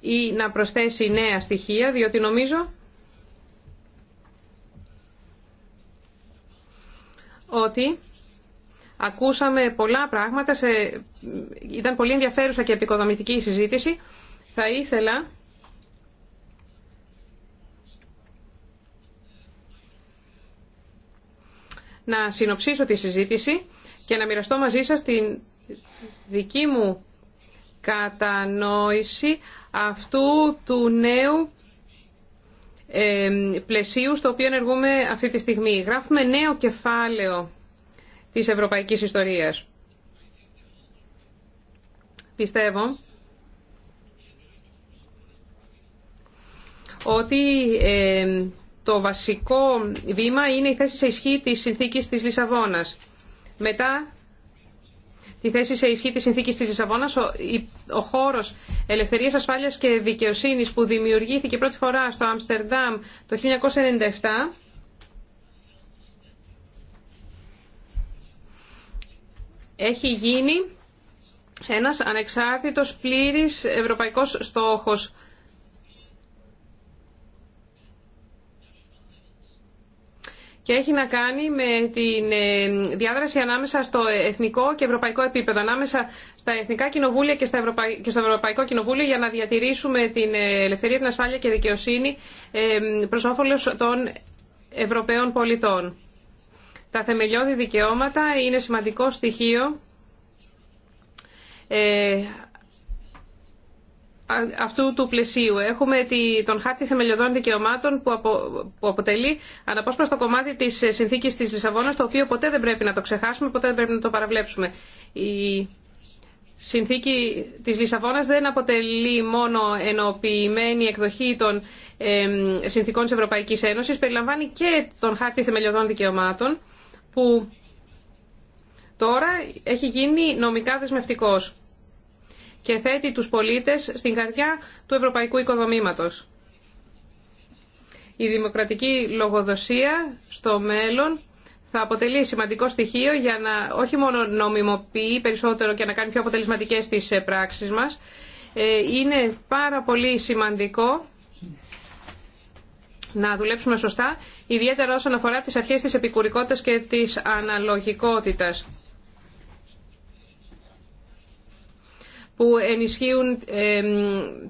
ή να προσθέσει νέα στοιχεία, διότι νομίζω ότι Ακούσαμε πολλά πράγματα, σε... ήταν πολύ ενδιαφέρουσα και επικοδομητική η συζήτηση. Θα ήθελα να συνοψίσω τη συζήτηση και να μοιραστώ μαζί σας την δική μου κατανόηση αυτού του νέου ε, πλαισίου στο οποίο ενεργούμε αυτή τη στιγμή. Γράφουμε νέο κεφάλαιο της ευρωπαϊκής ιστορίας. Πιστεύω ότι ε, το βασικό βήμα είναι η θέση σε ισχύ της συνθήκης της Λισαβόνας. Μετά τη θέση σε ισχύ της συνθήκης της Λισαβόνας, ο, ο χώρος ελευθερίας, ασφάλειας και δικαιοσύνης που δημιουργήθηκε πρώτη φορά στο Αμστερντάμ το 1997 έχει γίνει ένας ανεξάρτητος πλήρης ευρωπαϊκός στόχος. και έχει να κάνει με τη ε, διάδραση ανάμεσα στο εθνικό και ευρωπαϊκό επίπεδο, ανάμεσα στα εθνικά κοινοβούλια και, στα και στο Ευρωπαϊκό Κοινοβούλιο για να διατηρήσουμε την ε, ελευθερία, την ασφάλεια και δικαιοσύνη ε, προς όφελος των Ευρωπαίων πολιτών. Τα θεμελιώδη δικαιώματα είναι σημαντικό στοιχείο ε, αυτού του πλαισίου. Έχουμε τον χάρτη θεμελιωδών δικαιωμάτων που, απο, που αποτελεί αναπόσπαστο κομμάτι της συνθήκης της Λισαβόνας το οποίο ποτέ δεν πρέπει να το ξεχάσουμε, ποτέ δεν πρέπει να το παραβλέψουμε. Η συνθήκη της Λισαβόνας δεν αποτελεί μόνο ενοποιημένη εκδοχή των συνθήκων της Ευρωπαϊκής Ένωσης, περιλαμβάνει και τον χάρτη θεμελιωδών δικαιωμάτων που τώρα έχει γίνει νομικά δεσμευτικός και θέτει τους πολίτες στην καρδιά του ευρωπαϊκού οικοδομήματος. Η δημοκρατική λογοδοσία στο μέλλον θα αποτελεί σημαντικό στοιχείο για να όχι μόνο νομιμοποιεί περισσότερο και να κάνει πιο αποτελεσματικές τις ε, πράξεις μας. Ε, είναι πάρα πολύ σημαντικό να δουλέψουμε σωστά, ιδιαίτερα όσον αφορά τις αρχές της επικουρικότητας και της αναλογικότητας που ενισχύουν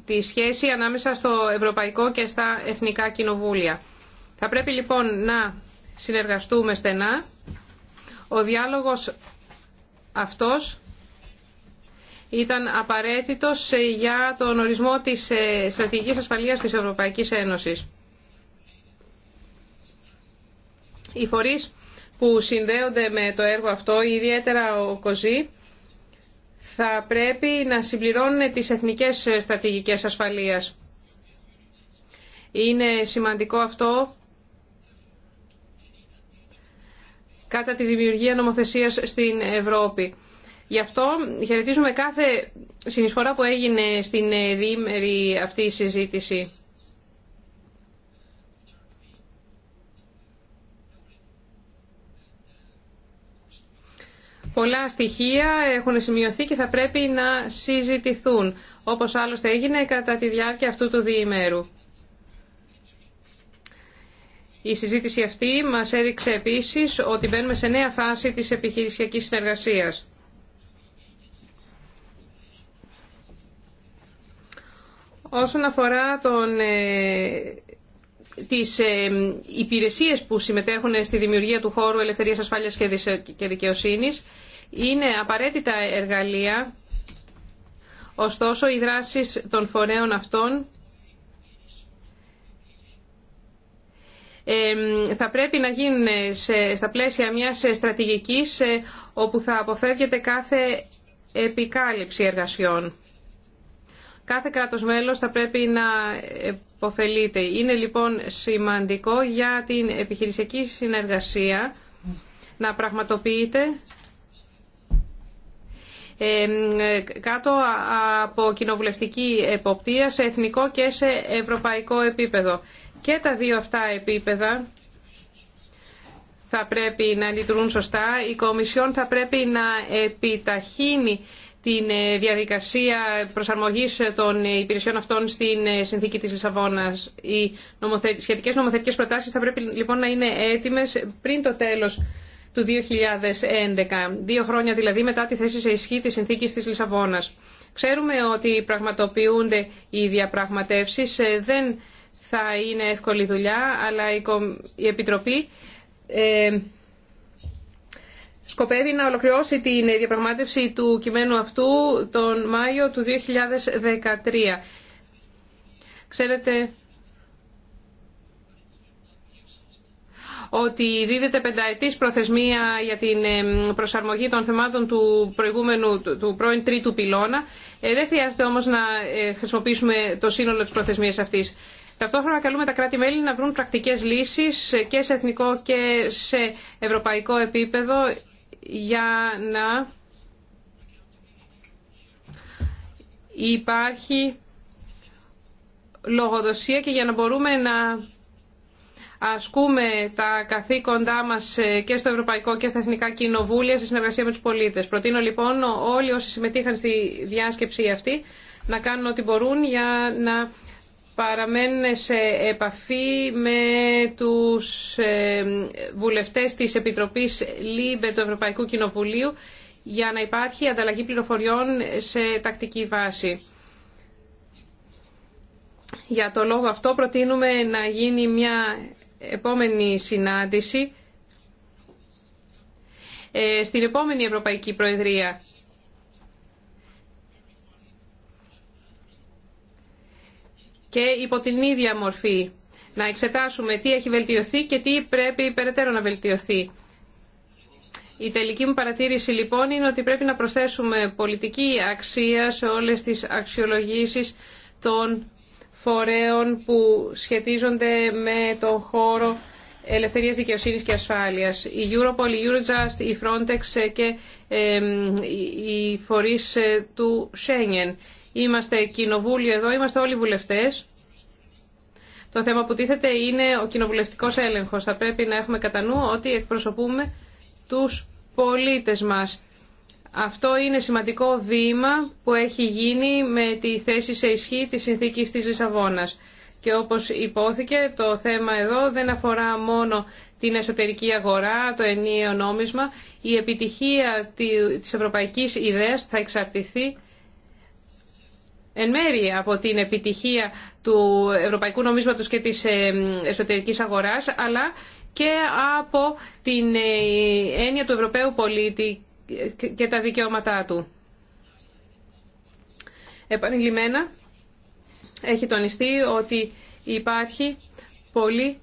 τη σχέση ανάμεσα στο Ευρωπαϊκό και στα Εθνικά Κοινοβούλια. Θα πρέπει λοιπόν να συνεργαστούμε στενά. Ο διάλογος αυτός ήταν απαραίτητος για τον ορισμό της ε, στρατηγικής ασφαλείας της Ευρωπαϊκής Ένωσης. Οι φορείς που συνδέονται με το έργο αυτό, ιδιαίτερα ο ΚΟΖΗ, θα πρέπει να συμπληρώνουν τις εθνικές στρατηγικές ασφαλείας. Είναι σημαντικό αυτό κατά τη δημιουργία νομοθεσίας στην Ευρώπη. Γι' αυτό χαιρετίζουμε κάθε συνεισφορά που έγινε στην διήμερη αυτή η συζήτηση. Πολλά στοιχεία έχουν σημειωθεί και θα πρέπει να συζητηθούν, όπως άλλωστε έγινε κατά τη διάρκεια αυτού του διημέρου. Η συζήτηση αυτή μας έδειξε επίσης ότι μπαίνουμε σε νέα φάση της επιχειρησιακής συνεργασίας. Όσον αφορά τον ε, τις ε, υπηρεσίες που συμμετέχουν στη δημιουργία του χώρου ελευθερίας, ασφάλειας και δικαιοσύνης. Είναι απαραίτητα εργαλεία, ωστόσο οι δράσει των φορέων αυτών θα πρέπει να γίνουν στα πλαίσια μιας στρατηγικής ε, όπου θα αποφεύγεται κάθε επικάλυψη εργασιών. Κάθε κράτος μέλος θα πρέπει να υποφελείται. Είναι λοιπόν σημαντικό για την επιχειρησιακή συνεργασία να πραγματοποιείται κάτω από κοινοβουλευτική εποπτεία σε εθνικό και σε ευρωπαϊκό επίπεδο. Και τα δύο αυτά επίπεδα θα πρέπει να λειτουργούν σωστά. Η Κομισιόν θα πρέπει να επιταχύνει την ε, διαδικασία προσαρμογής ε, των υπηρεσιών αυτών στην ε, συνθήκη της Λισαβόνας. Οι νομοθε... σχετικές νομοθετικές προτάσεις θα πρέπει λοιπόν να είναι έτοιμες πριν το τέλος του 2011, δύο χρόνια δηλαδή μετά τη θέση σε ισχύ της συνθήκης της Λισαβόνας. Ξέρουμε ότι πραγματοποιούνται οι διαπραγματεύσεις, δεν θα είναι εύκολη δουλειά, αλλά η Επιτροπή σκοπεύει να ολοκληρώσει την διαπραγμάτευση του κειμένου αυτού τον Μάιο του 2013. Ξέρετε ότι δίδεται πενταετής προθεσμία για την προσαρμογή των θεμάτων του προηγούμενου, του πρώην τρίτου πυλώνα. Ε, δεν χρειάζεται όμως να ε, χρησιμοποιήσουμε το σύνολο της προθεσμίας αυτής. Ταυτόχρονα καλούμε τα κράτη-μέλη να βρουν πρακτικές λύσεις ε, και σε εθνικό και σε ευρωπαϊκό επίπεδο για να υπάρχει λογοδοσία και για να μπορούμε να ασκούμε τα καθήκοντά μας και στο Ευρωπαϊκό και στα Εθνικά Κοινοβούλια σε συνεργασία με τους πολίτες. Προτείνω λοιπόν όλοι όσοι συμμετείχαν στη διάσκεψη αυτή να κάνουν ό,τι μπορούν για να παραμένουν σε επαφή με τους ε, βουλευτές της Επιτροπής ΛΥΜΠΕ του Ευρωπαϊκού Κοινοβουλίου για να υπάρχει ανταλλαγή πληροφοριών σε τακτική βάση. Για το λόγο αυτό προτείνουμε να γίνει μια επόμενη συνάντηση ε, στην επόμενη Ευρωπαϊκή Προεδρία και υπό την ίδια μορφή να εξετάσουμε τι έχει βελτιωθεί και τι πρέπει περαιτέρω να βελτιωθεί. Η τελική μου παρατήρηση λοιπόν είναι ότι πρέπει να προσθέσουμε πολιτική αξία σε όλες τις αξιολογήσεις των φορέων που σχετίζονται με τον χώρο ελευθερίας δικαιοσύνης και ασφάλειας. Η Europol, η Eurojust, η Frontex και οι φορείς ε, του Schengen. Είμαστε κοινοβούλιο εδώ, είμαστε όλοι βουλευτές. Το θέμα που τίθεται είναι ο κοινοβουλευτικός έλεγχος. Θα πρέπει να έχουμε κατά νου ότι εκπροσωπούμε τους πολίτες μας. Αυτό είναι σημαντικό βήμα που έχει γίνει με τη θέση σε ισχύ της συνθήκης της Λισαβόνας. Και όπως υπόθηκε, το θέμα εδώ δεν αφορά μόνο την εσωτερική αγορά, το ενιαίο νόμισμα. Η επιτυχία της ευρωπαϊκής ιδέας θα εξαρτηθεί εν μέρη από την επιτυχία του Ευρωπαϊκού Νομίσματος και της ε, εσωτερικής αγοράς, αλλά και από την ε, έννοια του Ευρωπαίου πολίτη και τα δικαιώματά του. Επανειλημμένα, έχει τονιστεί ότι υπάρχει πολύ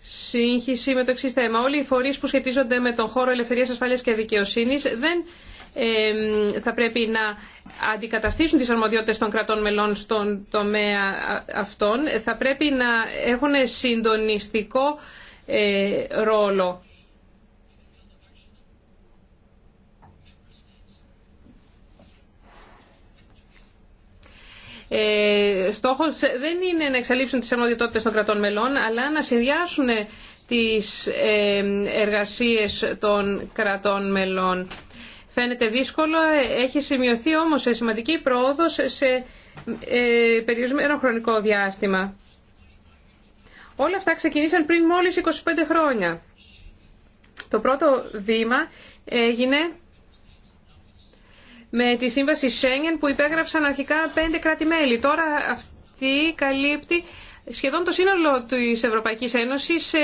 σύγχυση με το εξή θέμα. Όλοι οι φορεί που σχετίζονται με τον χώρο ελευθερία, ασφάλεια και δικαιοσύνη δεν θα πρέπει να αντικαταστήσουν τις αρμοδιότητες των κρατών μελών στον τομέα αυτών, θα πρέπει να έχουν συντονιστικό ε, ρόλο. Ε, στόχος δεν είναι να εξαλείψουν τις αρμοδιότητες των κρατών μελών, αλλά να συνδυάσουν τις ε, εργασίες των κρατών μελών φαίνεται δύσκολο, έχει σημειωθεί όμως σημαντική πρόοδος σε ε, περιορισμένο χρονικό διάστημα. Όλα αυτά ξεκινήσαν πριν μόλις 25 χρόνια. Το πρώτο βήμα έγινε με τη σύμβαση Schengen που υπέγραψαν αρχικά πέντε κράτη-μέλη. Τώρα αυτή καλύπτει σχεδόν το σύνολο της Ευρωπαϊκής Ένωσης ε,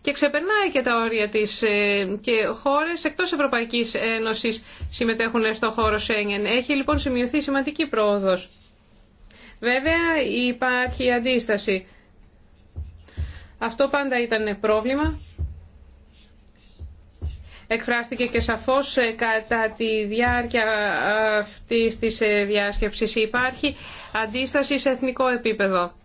και ξεπερνάει και τα όρια της ε, και χώρες εκτός Ευρωπαϊκής Ένωσης συμμετέχουν στο χώρο Σέγγεν. Έχει λοιπόν σημειωθεί σημαντική πρόοδος. Βέβαια υπάρχει αντίσταση. Αυτό πάντα ήταν πρόβλημα. Εκφράστηκε και σαφώς ε, κατά τη διάρκεια αυτής της διάσκεψης υπάρχει αντίσταση σε εθνικό επίπεδο.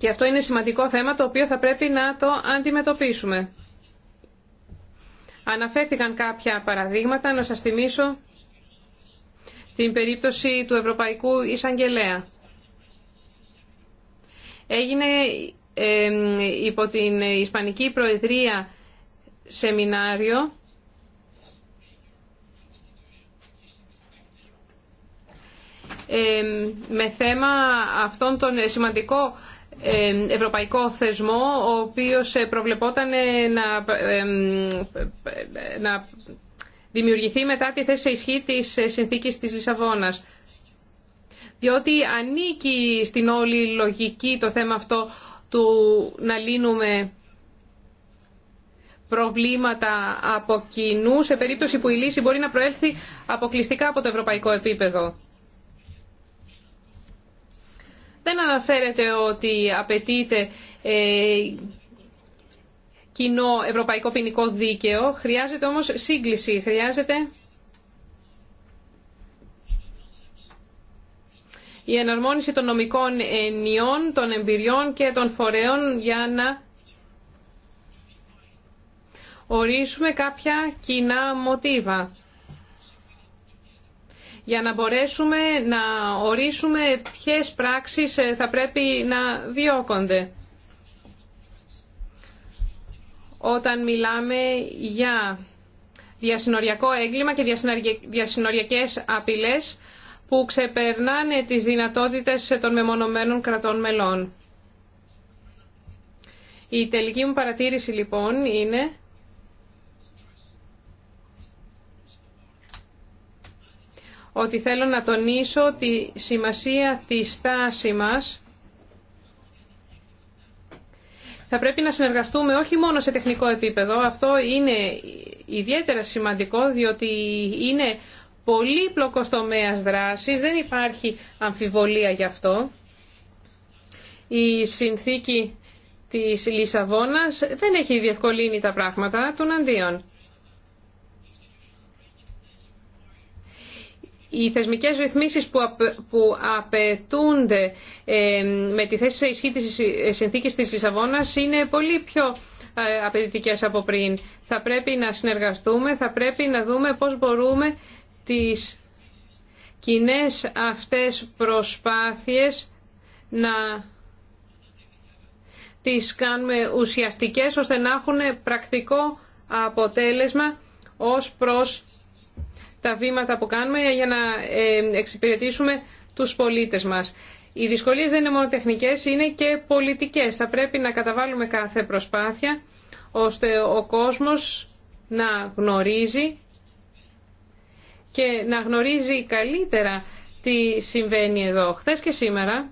Και αυτό είναι σημαντικό θέμα το οποίο θα πρέπει να το αντιμετωπίσουμε. Αναφέρθηκαν κάποια παραδείγματα, να σας θυμίσω την περίπτωση του Ευρωπαϊκού Ισαγγελέα. Έγινε υπό την Ισπανική Προεδρία σεμινάριο με θέμα αυτόν τον σημαντικό ευρωπαϊκό θεσμό ο οποίος ε, προβλεπόταν ε, να, να δημιουργηθεί μετά τη θέση ισχύ της ε, συνθήκης της Λισαβόνας. Διότι ανήκει στην όλη λογική το θέμα αυτό του να λύνουμε προβλήματα από κοινού σε περίπτωση που η λύση μπορεί να προέλθει αποκλειστικά από το ευρωπαϊκό επίπεδο. Δεν αναφέρεται ότι απαιτείται ε, κοινό ευρωπαϊκό ποινικό δίκαιο. Χρειάζεται όμως σύγκληση. Χρειάζεται η εναρμόνιση των νομικών ενιών, των εμπειριών και των φορέων για να ορίσουμε κάποια κοινά μοτίβα για να μπορέσουμε να ορίσουμε ποιες πράξεις ε, θα πρέπει να διώκονται. Όταν μιλάμε για διασυνοριακό έγκλημα και διασυνοριακές απειλές που ξεπερνάνε τις δυνατότητες των μεμονωμένων κρατών μελών. Η τελική μου παρατήρηση λοιπόν είναι ότι θέλω να τονίσω τη σημασία της στάση μας. Θα πρέπει να συνεργαστούμε όχι μόνο σε τεχνικό επίπεδο, αυτό είναι ιδιαίτερα σημαντικό διότι είναι πολύ τομέας δράσης, δεν υπάρχει αμφιβολία γι' αυτό. Η συνθήκη της Λισαβόνας δεν έχει διευκολύνει τα πράγματα των αντίων. Οι θεσμικές ρυθμίσεις που απαιτούνται ε, με τη θέση σε ισχύ της συνθήκης της Λισαβόνας είναι πολύ πιο ε, απαιτητικές από πριν. Θα πρέπει να συνεργαστούμε, θα πρέπει να δούμε πώς μπορούμε τις κοινέ αυτές προσπάθειες να τις κάνουμε ουσιαστικές ώστε να έχουν πρακτικό αποτέλεσμα ως προς τα βήματα που κάνουμε για να ε, εξυπηρετήσουμε τους πολίτες μας. Οι δυσκολίες δεν είναι μόνο τεχνικές, είναι και πολιτικές. Θα πρέπει να καταβάλουμε κάθε προσπάθεια ώστε ο κόσμος να γνωρίζει και να γνωρίζει καλύτερα τι συμβαίνει εδώ. Χθες και σήμερα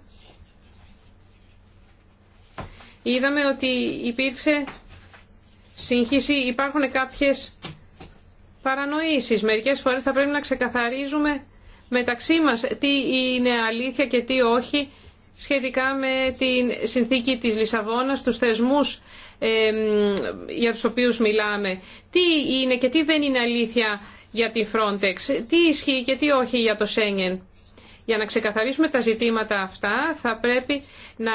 είδαμε ότι υπήρξε σύγχυση, υπάρχουν κάποιες παρανοήσεις. Μερικές φορές θα πρέπει να ξεκαθαρίζουμε μεταξύ μας τι είναι αλήθεια και τι όχι σχετικά με τη συνθήκη της Λισαβόνας, τους θεσμούς ε, για τους οποίους μιλάμε. Τι είναι και τι δεν είναι αλήθεια για τη Frontex, τι ισχύει και τι όχι για το Σέγγεν. Για να ξεκαθαρίσουμε τα ζητήματα αυτά θα πρέπει να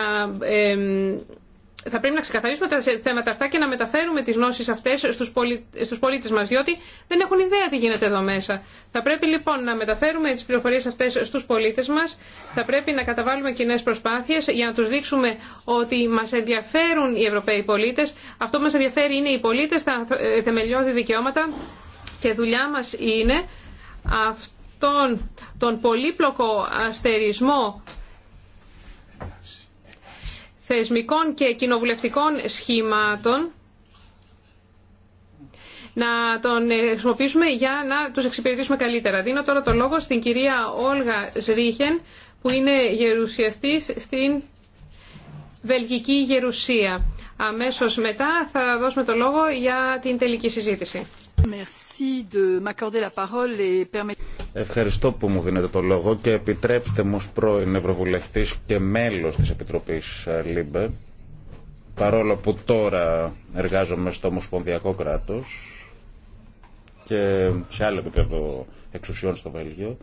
θα πρέπει να ξεκαθαρίσουμε τα θέματα αυτά και να μεταφέρουμε τι γνώσει αυτέ στου πολίτε μα, πολίτες μας, διότι δεν έχουν ιδέα τι γίνεται εδώ μέσα. Θα πρέπει λοιπόν να μεταφέρουμε τι πληροφορίε αυτέ στου πολίτε μα. θα πρέπει να καταβάλουμε κοινέ προσπάθειε για να του δείξουμε ότι μα ενδιαφέρουν οι Ευρωπαίοι πολίτε. Αυτό που μα ενδιαφέρει είναι οι πολίτε τα ε, θεμελιώδη δικαιώματα και δουλειά μα είναι αυτόν τον πολύπλοκο αστερισμό θεσμικών και κοινοβουλευτικών σχήματων να τον χρησιμοποιήσουμε για να τους εξυπηρετήσουμε καλύτερα. Δίνω τώρα το λόγο στην κυρία Όλγα Ζρίχεν που είναι γερουσιαστής στην Βελγική Γερουσία. Αμέσως μετά θα δώσουμε το λόγο για την τελική συζήτηση. Ευχαριστώ που μου δίνετε το λόγο και επιτρέψτε μου ως πρώην Ευρωβουλευτής και μέλος της Επιτροπής ε, ΛΥΜΠΕ παρόλο που τώρα εργάζομαι στο Ομοσπονδιακό κράτος και σε άλλο επίπεδο εξουσιών στο Βέλγιο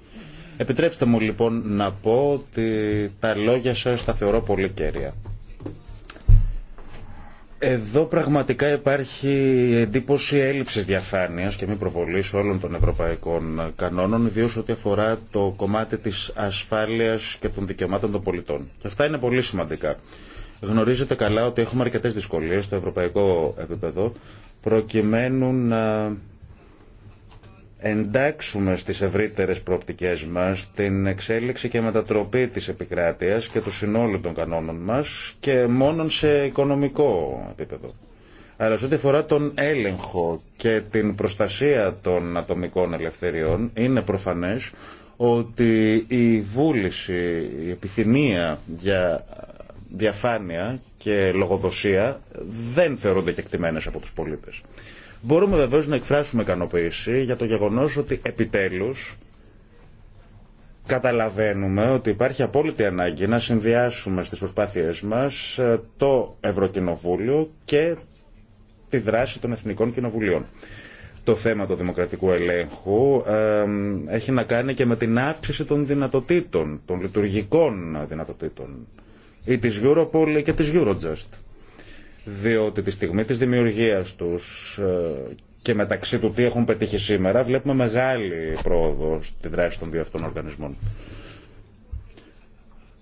επιτρέψτε μου λοιπόν να πω ότι τα λόγια σας τα θεωρώ πολύ κέρια εδώ πραγματικά υπάρχει εντύπωση έλλειψης διαφάνειας και μη προβολής όλων των ευρωπαϊκών κανόνων, ιδίω ό,τι αφορά το κομμάτι της ασφάλειας και των δικαιωμάτων των πολιτών. Και αυτά είναι πολύ σημαντικά. Γνωρίζετε καλά ότι έχουμε αρκετές δυσκολίες στο ευρωπαϊκό επίπεδο προκειμένου να εντάξουμε στις ευρύτερες προοπτικές μας την εξέλιξη και μετατροπή της επικράτειας και του συνόλου των κανόνων μας και μόνον σε οικονομικό επίπεδο. Αλλά σε ό,τι αφορά τον έλεγχο και την προστασία των ατομικών ελευθεριών είναι προφανές ότι η βούληση, η επιθυμία για διαφάνεια και λογοδοσία δεν θεωρούνται κεκτημένες από τους πολίτες. Μπορούμε βεβαίω να εκφράσουμε ικανοποίηση για το γεγονός ότι επιτέλους καταλαβαίνουμε ότι υπάρχει απόλυτη ανάγκη να συνδυάσουμε στις προσπάθειές μας ε, το Ευρωκοινοβούλιο και τη δράση των Εθνικών Κοινοβουλίων. Το θέμα του δημοκρατικού ελέγχου ε, έχει να κάνει και με την αύξηση των δυνατοτήτων, των λειτουργικών δυνατοτήτων ή της Europol και της Eurojust διότι τη στιγμή της δημιουργίας τους ε, και μεταξύ του τι έχουν πετύχει σήμερα βλέπουμε μεγάλη πρόοδο στη δράση των δύο αυτών οργανισμών.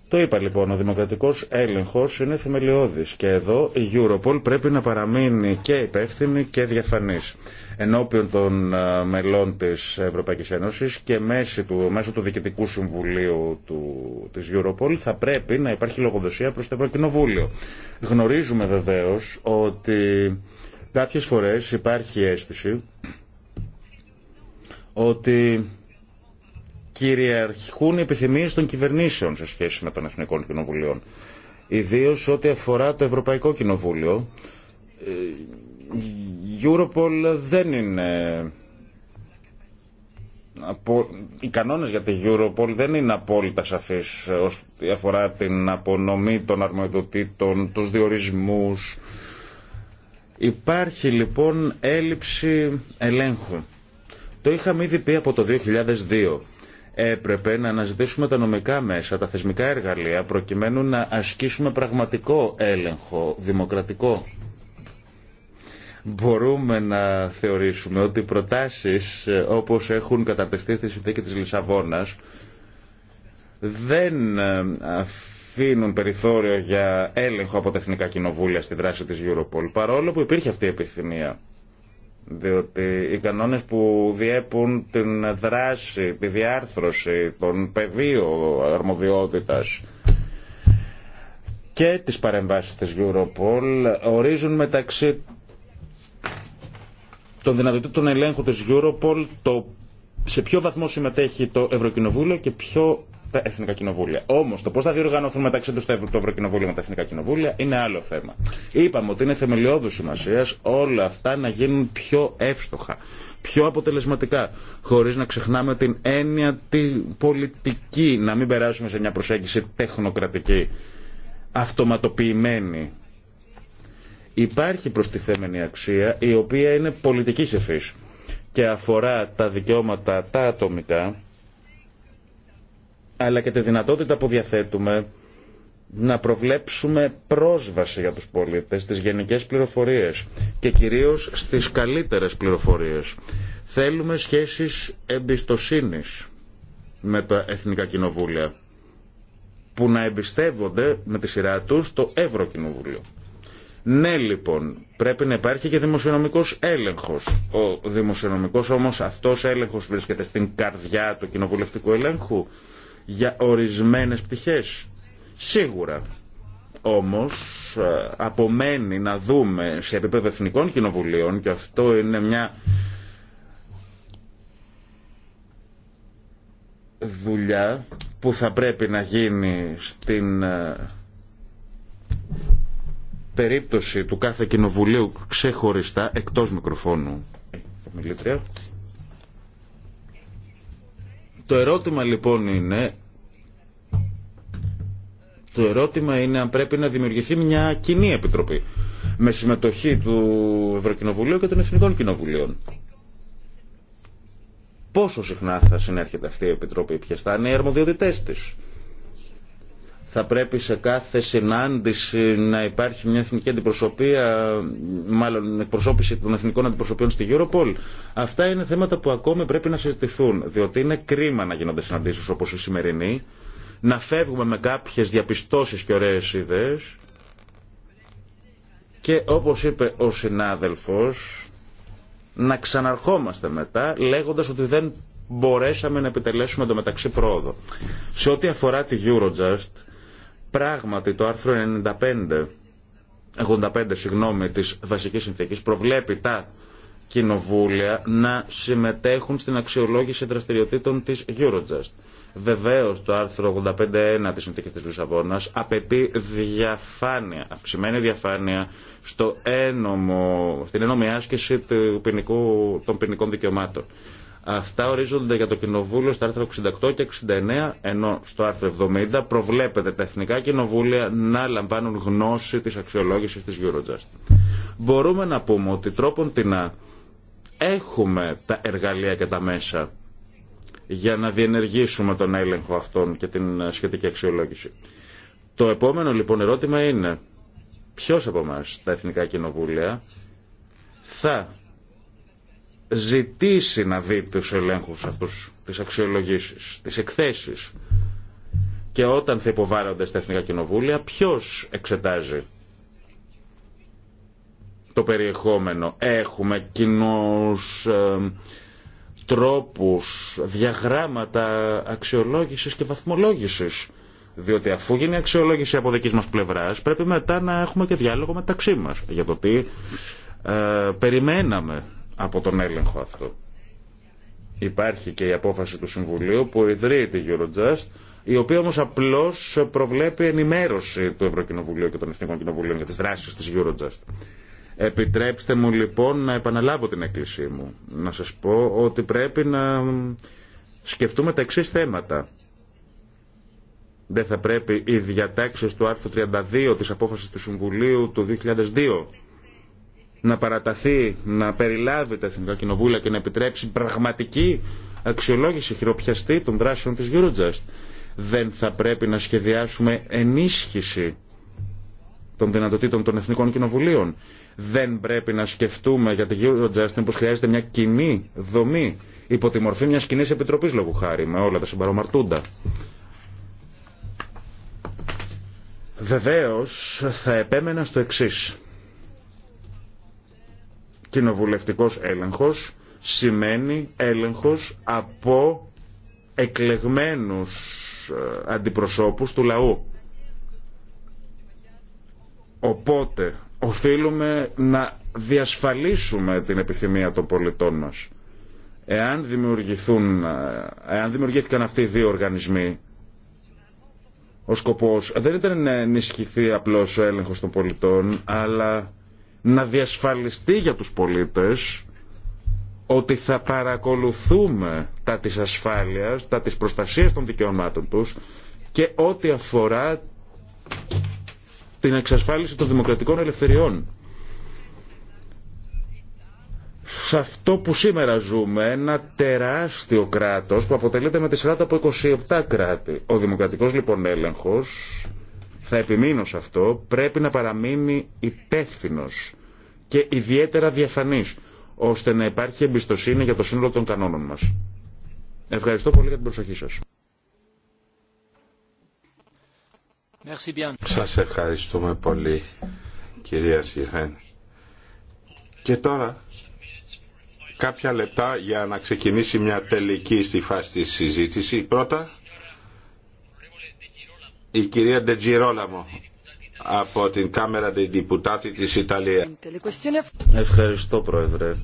Το είπα λοιπόν, ο δημοκρατικός έλεγχος είναι θεμελιώδης και εδώ η Europol πρέπει να παραμείνει και υπεύθυνη και διαφανής ενώπιον των ε, μελών της Ευρωπαϊκής Ένωσης και μέσω του, μέσω του Διοικητικού Συμβουλίου του, της Europol θα πρέπει να υπάρχει λογοδοσία προς το Ευρωκοινοβούλιο. Γνωρίζουμε βεβαίως ότι κάποιες φορές υπάρχει αίσθηση ότι κυριαρχούν οι επιθυμίες των κυβερνήσεων σε σχέση με των Εθνικών Κοινοβουλίων. Ιδίω ό,τι αφορά το Ευρωπαϊκό Κοινοβούλιο, η ε, Europol δεν είναι... Οι κανόνες για τη Europol δεν είναι απόλυτα σαφείς ως αφορά την απονομή των αρμοδοτήτων, τους διορισμούς. Υπάρχει λοιπόν έλλειψη ελέγχου. Το είχαμε ήδη πει από το 2002 έπρεπε να αναζητήσουμε τα νομικά μέσα, τα θεσμικά εργαλεία, προκειμένου να ασκήσουμε πραγματικό έλεγχο, δημοκρατικό. Μπορούμε να θεωρήσουμε ότι οι προτάσεις ε, όπως έχουν καταρτιστεί στη συνθήκη της Λισαβόνας δεν ε, αφήνουν περιθώριο για έλεγχο από τα εθνικά κοινοβούλια στη δράση της Europol, παρόλο που υπήρχε αυτή η επιθυμία διότι οι κανόνες που διέπουν την δράση, τη διάρθρωση, τον πεδίο αρμοδιότητας και τις παρεμβάσεις της Europol ορίζουν μεταξύ των δυνατοτήτων ελέγχου της Europol το σε ποιο βαθμό συμμετέχει το Ευρωκοινοβούλιο και ποιο τα εθνικά κοινοβούλια. Όμω το πώ θα διοργανωθούν μεταξύ του τα Ευρωκοινοβούλια με τα εθνικά κοινοβούλια είναι άλλο θέμα. Είπαμε ότι είναι θεμελιώδου σημασία όλα αυτά να γίνουν πιο εύστοχα, πιο αποτελεσματικά, χωρί να ξεχνάμε την έννοια τη πολιτική, να μην περάσουμε σε μια προσέγγιση τεχνοκρατική, αυτοματοποιημένη. Υπάρχει προστιθέμενη αξία η οποία είναι πολιτική εφής και αφορά τα δικαιώματα τα ατομικά αλλά και τη δυνατότητα που διαθέτουμε να προβλέψουμε πρόσβαση για τους πολίτες στις γενικές πληροφορίες και κυρίως στις καλύτερες πληροφορίες. Θέλουμε σχέσεις εμπιστοσύνης με τα Εθνικά Κοινοβούλια που να εμπιστεύονται με τη σειρά τους το Ευρωκοινοβούλιο. Ναι λοιπόν, πρέπει να υπάρχει και δημοσιονομικός έλεγχος. Ο δημοσιονομικός όμως αυτός έλεγχος βρίσκεται στην καρδιά του κοινοβουλευτικού ελέγχου για ορισμένες πτυχές. Σίγουρα όμως ε, απομένει να δούμε σε επίπεδο εθνικών κοινοβουλίων και αυτό είναι μια δουλειά που θα πρέπει να γίνει στην ε, περίπτωση του κάθε κοινοβουλίου ξεχωριστά εκτός μικροφώνου. Ε, το ερώτημα λοιπόν είναι το ερώτημα είναι αν πρέπει να δημιουργηθεί μια κοινή επιτροπή με συμμετοχή του Ευρωκοινοβουλίου και των Εθνικών Κοινοβουλίων. Πόσο συχνά θα συνέρχεται αυτή η επιτροπή, ποιε θα είναι οι αρμοδιότητέ τη θα πρέπει σε κάθε συνάντηση να υπάρχει μια εθνική αντιπροσωπεία, μάλλον εκπροσώπηση των εθνικών αντιπροσωπείων στη Europol. Αυτά είναι θέματα που ακόμη πρέπει να συζητηθούν, διότι είναι κρίμα να γίνονται συναντήσει όπω η σημερινή, να φεύγουμε με κάποιε διαπιστώσει και ωραίε ιδέε. και όπω είπε ο συνάδελφο, να ξαναρχόμαστε μετά λέγοντας ότι δεν μπορέσαμε να επιτελέσουμε το μεταξύ πρόοδο. Σε ό,τι αφορά τη Eurojust, Πράγματι το άρθρο 95, 85 συγγνώμη, της βασικής συνθήκης προβλέπει τα κοινοβούλια να συμμετέχουν στην αξιολόγηση δραστηριοτήτων της Eurojust. Βεβαίω το άρθρο 85.1 της Συνθήκης της Λισαβόνας απαιτεί διαφάνεια, αυξημένη διαφάνεια στο ένομο, στην ένομη άσκηση του ποινικού, των ποινικών δικαιωμάτων. Αυτά ορίζονται για το Κοινοβούλιο στα άρθρα 68 και 69, ενώ στο άρθρο 70 προβλέπεται τα εθνικά κοινοβούλια να λαμβάνουν γνώση της αξιολόγησης της Eurojust. Μπορούμε να πούμε ότι τρόπον την έχουμε τα εργαλεία και τα μέσα για να διενεργήσουμε τον έλεγχο αυτών και την σχετική αξιολόγηση. Το επόμενο λοιπόν ερώτημα είναι ποιος από εμά τα Εθνικά Κοινοβούλια θα ζητήσει να δει τους ελέγχους αυτούς, τις αξιολογήσεις, τις εκθέσεις και όταν θα υποβάλλονται στα Εθνικά Κοινοβούλια ποιος εξετάζει το περιεχόμενο. Έχουμε κοινούς ε, τρόπους, διαγράμματα αξιολόγησης και βαθμολόγησης. Διότι αφού γίνει αξιολόγηση από δική μας πλευράς πρέπει μετά να έχουμε και διάλογο μεταξύ μας για το τι ε, περιμέναμε από τον έλεγχο αυτό. Υπάρχει και η απόφαση του Συμβουλίου που ιδρύει τη Eurojust, η οποία όμω απλώ προβλέπει ενημέρωση του Ευρωκοινοβουλίου και των Εθνικών Κοινοβουλίων για τι δράσει τη Eurojust. Επιτρέψτε μου λοιπόν να επαναλάβω την έκκλησή μου. Να σας πω ότι πρέπει να σκεφτούμε τα εξή θέματα. Δεν θα πρέπει οι διατάξεις του άρθρου 32 της απόφασης του Συμβουλίου του 2002 να παραταθεί, να περιλάβει τα Εθνικά Κοινοβούλια και να επιτρέψει πραγματική αξιολόγηση χειροπιαστή των δράσεων της Eurojust. Δεν θα πρέπει να σχεδιάσουμε ενίσχυση των δυνατοτήτων των Εθνικών Κοινοβουλίων. Δεν πρέπει να σκεφτούμε για τη Eurojust πως χρειάζεται μια κοινή δομή υπό τη μορφή μιας κοινή επιτροπής λόγου χάρη με όλα τα συμπαρομαρτούντα. Βεβαίως θα επέμενα στο εξής κοινοβουλευτικός έλεγχος σημαίνει έλεγχος από εκλεγμένους ε, αντιπροσώπους του λαού. Οπότε οφείλουμε να διασφαλίσουμε την επιθυμία των πολιτών μας. Εάν, δημιουργηθούν, ε, εάν δημιουργήθηκαν αυτοί οι δύο οργανισμοί, ο σκοπός δεν ήταν να ενισχυθεί απλώς ο έλεγχος των πολιτών, αλλά να διασφαλιστεί για τους πολίτες ότι θα παρακολουθούμε τα της ασφάλειας, τα της προστασίας των δικαιωμάτων τους και ό,τι αφορά την εξασφάλιση των δημοκρατικών ελευθεριών. Σε αυτό που σήμερα ζούμε, ένα τεράστιο κράτος που αποτελείται με τη σειρά από 27 κράτη. Ο δημοκρατικός λοιπόν έλεγχος θα επιμείνω σε αυτό, πρέπει να παραμείνει υπεύθυνο και ιδιαίτερα διαφανής, ώστε να υπάρχει εμπιστοσύνη για το σύνολο των κανόνων μας. Ευχαριστώ πολύ για την προσοχή σας. Σας ευχαριστούμε πολύ, κυρία Σιχέν. Και τώρα κάποια λεπτά για να ξεκινήσει μια τελική στη φάση της συζήτηση. Πρώτα, η κυρία Ντετζιρόλαμο από την Κάμερα Διντιπουτάτη της Ιταλίας. Ευχαριστώ Πρόεδρε.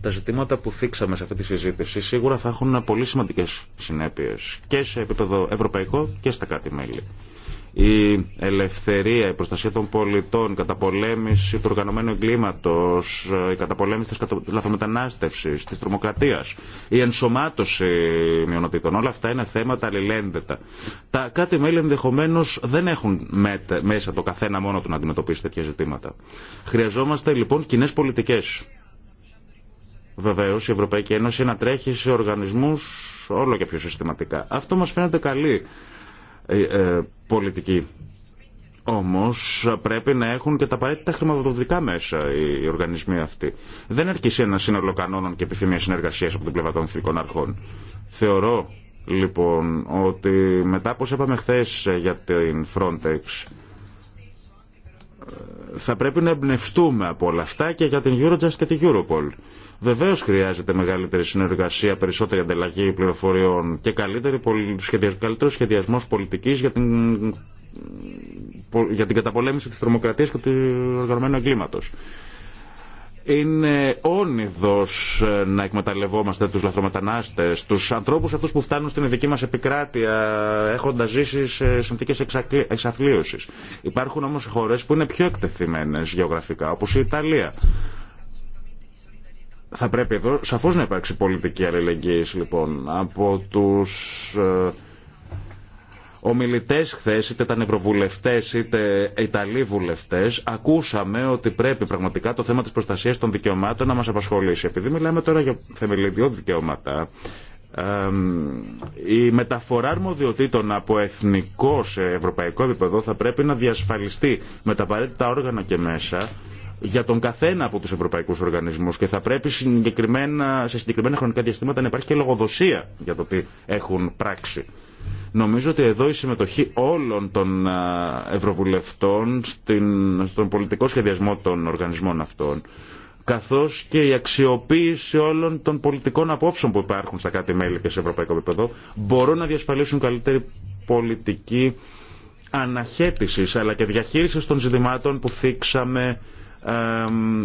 Τα ζητήματα που θίξαμε σε αυτή τη συζήτηση σίγουρα θα έχουν πολύ σημαντικές συνέπειες και σε επίπεδο ευρωπαϊκό και στα κάτι μέλη η ελευθερία, η προστασία των πολιτών, η καταπολέμηση του οργανωμένου εγκλήματος, η καταπολέμηση της λαθομετανάστευσης, της τρομοκρατίας, η ενσωμάτωση μειονοτήτων, όλα αυτά είναι θέματα αλληλένδετα. Τα κάτι μέλη ενδεχομένω δεν έχουν μέσα το καθένα μόνο του να αντιμετωπίσει τέτοια ζητήματα. Χρειαζόμαστε λοιπόν κοινέ πολιτικέ. Βεβαίω, η Ευρωπαϊκή Ένωση να τρέχει σε οργανισμού όλο και πιο συστηματικά. Αυτό μα φαίνεται καλή ε, ε, πολιτική. Όμω πρέπει να έχουν και τα απαραίτητα χρηματοδοτικά μέσα οι οργανισμοί αυτοί. Δεν αρκεί ένα σύνολο κανόνων και επιθυμία συνεργασία από την πλευρά των εθνικών αρχών. Θεωρώ λοιπόν ότι μετά όπω είπαμε χθε ε, για την Frontex θα πρέπει να εμπνευστούμε από όλα αυτά και για την Eurojust και την Europol. Βεβαίω χρειάζεται μεγαλύτερη συνεργασία, περισσότερη ανταλλαγή πληροφοριών και καλύτερη, καλύτερο σχεδιασμό πολιτική για την, για την καταπολέμηση της τρομοκρατίας και του οργανωμένου εγκλήματος. Είναι όνειδος ε, να εκμεταλλευόμαστε τους λαθρομετανάστες, τους ανθρώπους αυτούς που φτάνουν στην ειδική μας επικράτεια έχοντας ζήσει σε συνθήκες εξαθλίωσης. Υπάρχουν όμως χώρες που είναι πιο εκτεθειμένες γεωγραφικά, όπως η Ιταλία, θα πρέπει εδώ σαφώς να υπάρξει πολιτική αλληλεγγύη, λοιπόν από τους ε, ομιλητέ χθε, είτε τα ευρωβουλευτέ είτε Ιταλοί βουλευτέ, ακούσαμε ότι πρέπει πραγματικά το θέμα τη προστασία των δικαιωμάτων να μα απασχολήσει. Επειδή μιλάμε τώρα για θεμελιδιώδη δικαιώματα, η μεταφορά αρμοδιοτήτων από εθνικό σε ευρωπαϊκό επίπεδο θα πρέπει να διασφαλιστεί με τα απαραίτητα όργανα και μέσα για τον καθένα από τους ευρωπαϊκούς οργανισμούς και θα πρέπει συγκεκριμένα, σε συγκεκριμένα χρονικά διαστήματα να υπάρχει και λογοδοσία για το τι έχουν πράξει. Νομίζω ότι εδώ η συμμετοχή όλων των ευρωβουλευτών στην, στον πολιτικό σχεδιασμό των οργανισμών αυτών καθώς και η αξιοποίηση όλων των πολιτικών απόψεων που υπάρχουν στα κράτη-μέλη και σε ευρωπαϊκό επίπεδο μπορούν να διασφαλίσουν καλύτερη πολιτική αναχέτηση αλλά και διαχείριση των ζητημάτων που θίξαμε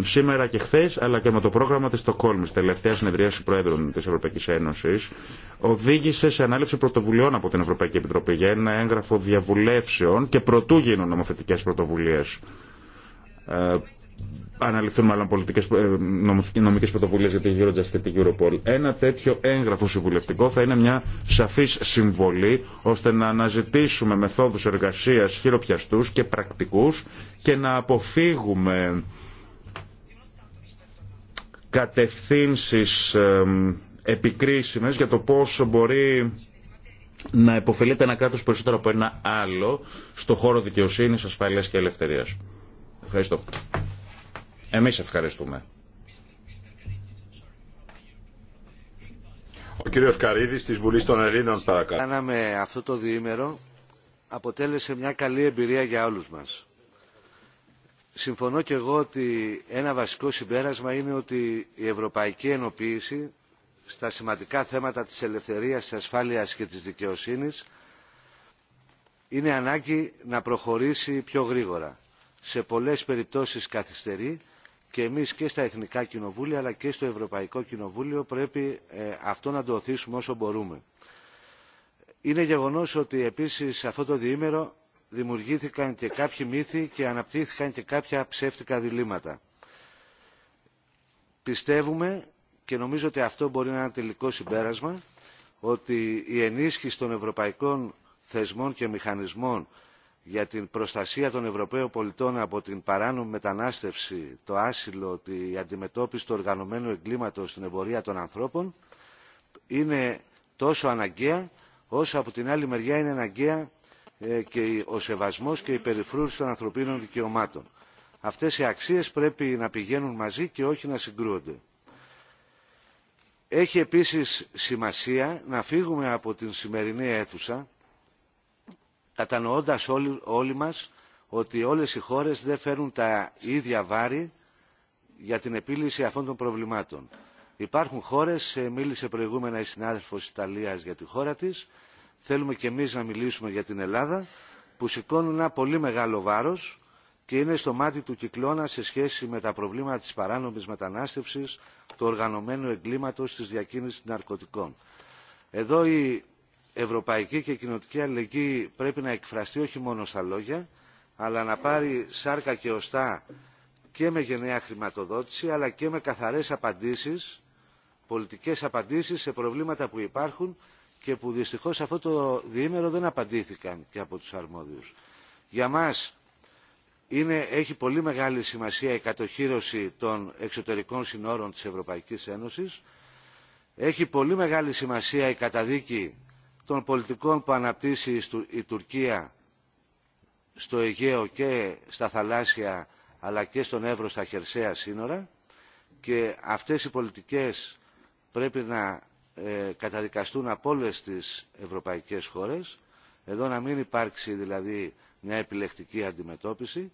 σήμερα και χθε, αλλά και με το πρόγραμμα τη Στοκόλμη, τελευταία συνεδρίαση Προέδρων τη Ευρωπαϊκή Ένωση, οδήγησε σε ανάληψη πρωτοβουλειών από την Ευρωπαϊκή Επιτροπή για ένα έγγραφο διαβουλεύσεων και προτού γίνουν νομοθετικέ πρωτοβουλίε ε, αναλυθούν μάλλον πολιτικές, ε, νομικές πρωτοβουλίε για τη Eurojust και τη Europol. Ένα τέτοιο έγγραφο συμβουλευτικό θα είναι μια σαφής συμβολή ώστε να αναζητήσουμε μεθόδους εργασία, χειροπιαστούς και πρακτικούς και να αποφύγουμε κατευθύνσεις επικρίσιμες για το πόσο μπορεί να υποφελείται ένα κράτος περισσότερο από ένα άλλο στο χώρο δικαιοσύνης, ασφαλεια και ελευθερίας. Ευχαριστώ. Εμείς ευχαριστούμε. Ο κύριος Καρίδης της Βουλής των Ελλήνων παρακαλώ. Κάναμε αυτό το διήμερο, αποτέλεσε μια καλή εμπειρία για όλους μας. Συμφωνώ και εγώ ότι ένα βασικό συμπέρασμα είναι ότι η ευρωπαϊκή ενοποίηση στα σημαντικά θέματα της ελευθερίας, της ασφάλειας και της δικαιοσύνης είναι ανάγκη να προχωρήσει πιο γρήγορα. Σε πολλές περιπτώσεις καθυστερεί και εμείς και στα Εθνικά Κοινοβούλια αλλά και στο Ευρωπαϊκό Κοινοβούλιο πρέπει ε, αυτό να το οθήσουμε όσο μπορούμε. Είναι γεγονός ότι επίσης αυτό το διήμερο δημιουργήθηκαν και κάποιοι μύθοι και αναπτύχθηκαν και κάποια ψεύτικα διλήμματα. Πιστεύουμε και νομίζω ότι αυτό μπορεί να είναι τελικό συμπέρασμα ότι η ενίσχυση των ευρωπαϊκών θεσμών και μηχανισμών για την προστασία των Ευρωπαίων πολιτών από την παράνομη μετανάστευση, το άσυλο, τη αντιμετώπιση του οργανωμένου εγκλήματος στην εμπορία των ανθρώπων είναι τόσο αναγκαία όσο από την άλλη μεριά είναι αναγκαία ε, και ο σεβασμός και η περιφρούρηση των ανθρωπίνων δικαιωμάτων. Αυτές οι αξίες πρέπει να πηγαίνουν μαζί και όχι να συγκρούονται. Έχει επίσης σημασία να φύγουμε από την σημερινή αίθουσα κατανοώντας όλοι, μας ότι όλες οι χώρες δεν φέρουν τα ίδια βάρη για την επίλυση αυτών των προβλημάτων. Υπάρχουν χώρες, ε, μίλησε προηγούμενα η συνάδελφος Ιταλίας για τη χώρα της, θέλουμε και εμείς να μιλήσουμε για την Ελλάδα, που σηκώνουν ένα πολύ μεγάλο βάρος και είναι στο μάτι του κυκλώνα σε σχέση με τα προβλήματα της παράνομης μετανάστευσης, του οργανωμένου εγκλήματος, της διακίνησης ναρκωτικών. Εδώ η ευρωπαϊκή και κοινοτική αλληλεγγύη πρέπει να εκφραστεί όχι μόνο στα λόγια, αλλά να πάρει σάρκα και οστά και με γενναία χρηματοδότηση, αλλά και με καθαρές απαντήσεις, πολιτικές απαντήσεις σε προβλήματα που υπάρχουν και που δυστυχώς αυτό το διήμερο δεν απαντήθηκαν και από τους αρμόδιους. Για μας είναι, έχει πολύ μεγάλη σημασία η κατοχήρωση των εξωτερικών συνόρων της Ευρωπαϊκής Ένωσης. Έχει πολύ μεγάλη σημασία η καταδίκη των πολιτικών που αναπτύσσει η Τουρκία στο Αιγαίο και στα θαλάσσια αλλά και στον Εύρο στα χερσαία σύνορα και αυτές οι πολιτικές πρέπει να ε, καταδικαστούν από όλες τις ευρωπαϊκές χώρες εδώ να μην υπάρξει δηλαδή μια επιλεκτική αντιμετώπιση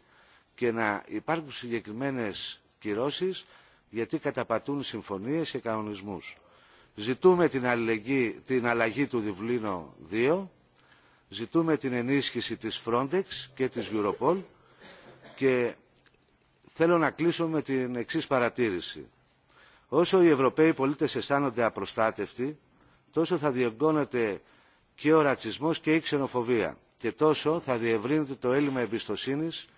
και να υπάρχουν συγκεκριμένες κυρώσεις γιατί καταπατούν συμφωνίες και κανονισμούς. Ζητούμε την, την αλλαγή του Διβλίνο 2, ζητούμε την ενίσχυση της Frontex και της Europol και θέλω να κλείσω με την εξής παρατήρηση. Όσο οι Ευρωπαίοι πολίτες αισθάνονται απροστάτευτοι, τόσο θα διεγκώνεται και ο ρατσισμός και η ξενοφοβία και τόσο θα διευρύνεται το έλλειμμα εμπιστοσύνης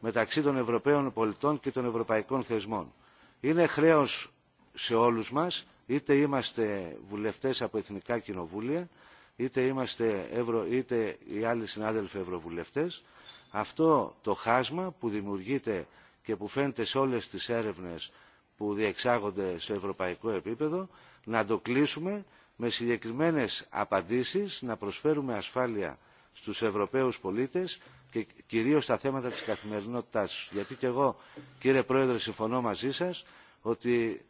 μεταξύ των Ευρωπαίων πολιτών και των ευρωπαϊκών θεσμών. Είναι χρέος σε όλους μας είτε είμαστε βουλευτές από εθνικά κοινοβούλια, είτε, είμαστε ευρω... είτε οι άλλοι συνάδελφοι ευρωβουλευτές, αυτό το χάσμα που δημιουργείται και που φαίνεται σε όλες τις έρευνες που διεξάγονται σε ευρωπαϊκό επίπεδο, να το κλείσουμε με συγκεκριμένες απαντήσεις, να προσφέρουμε ασφάλεια στους Ευρωπαίους πολίτες και κυρίως στα θέματα της καθημερινότητάς Γιατί και εγώ, κύριε Πρόεδρε, συμφωνώ μαζί σας ότι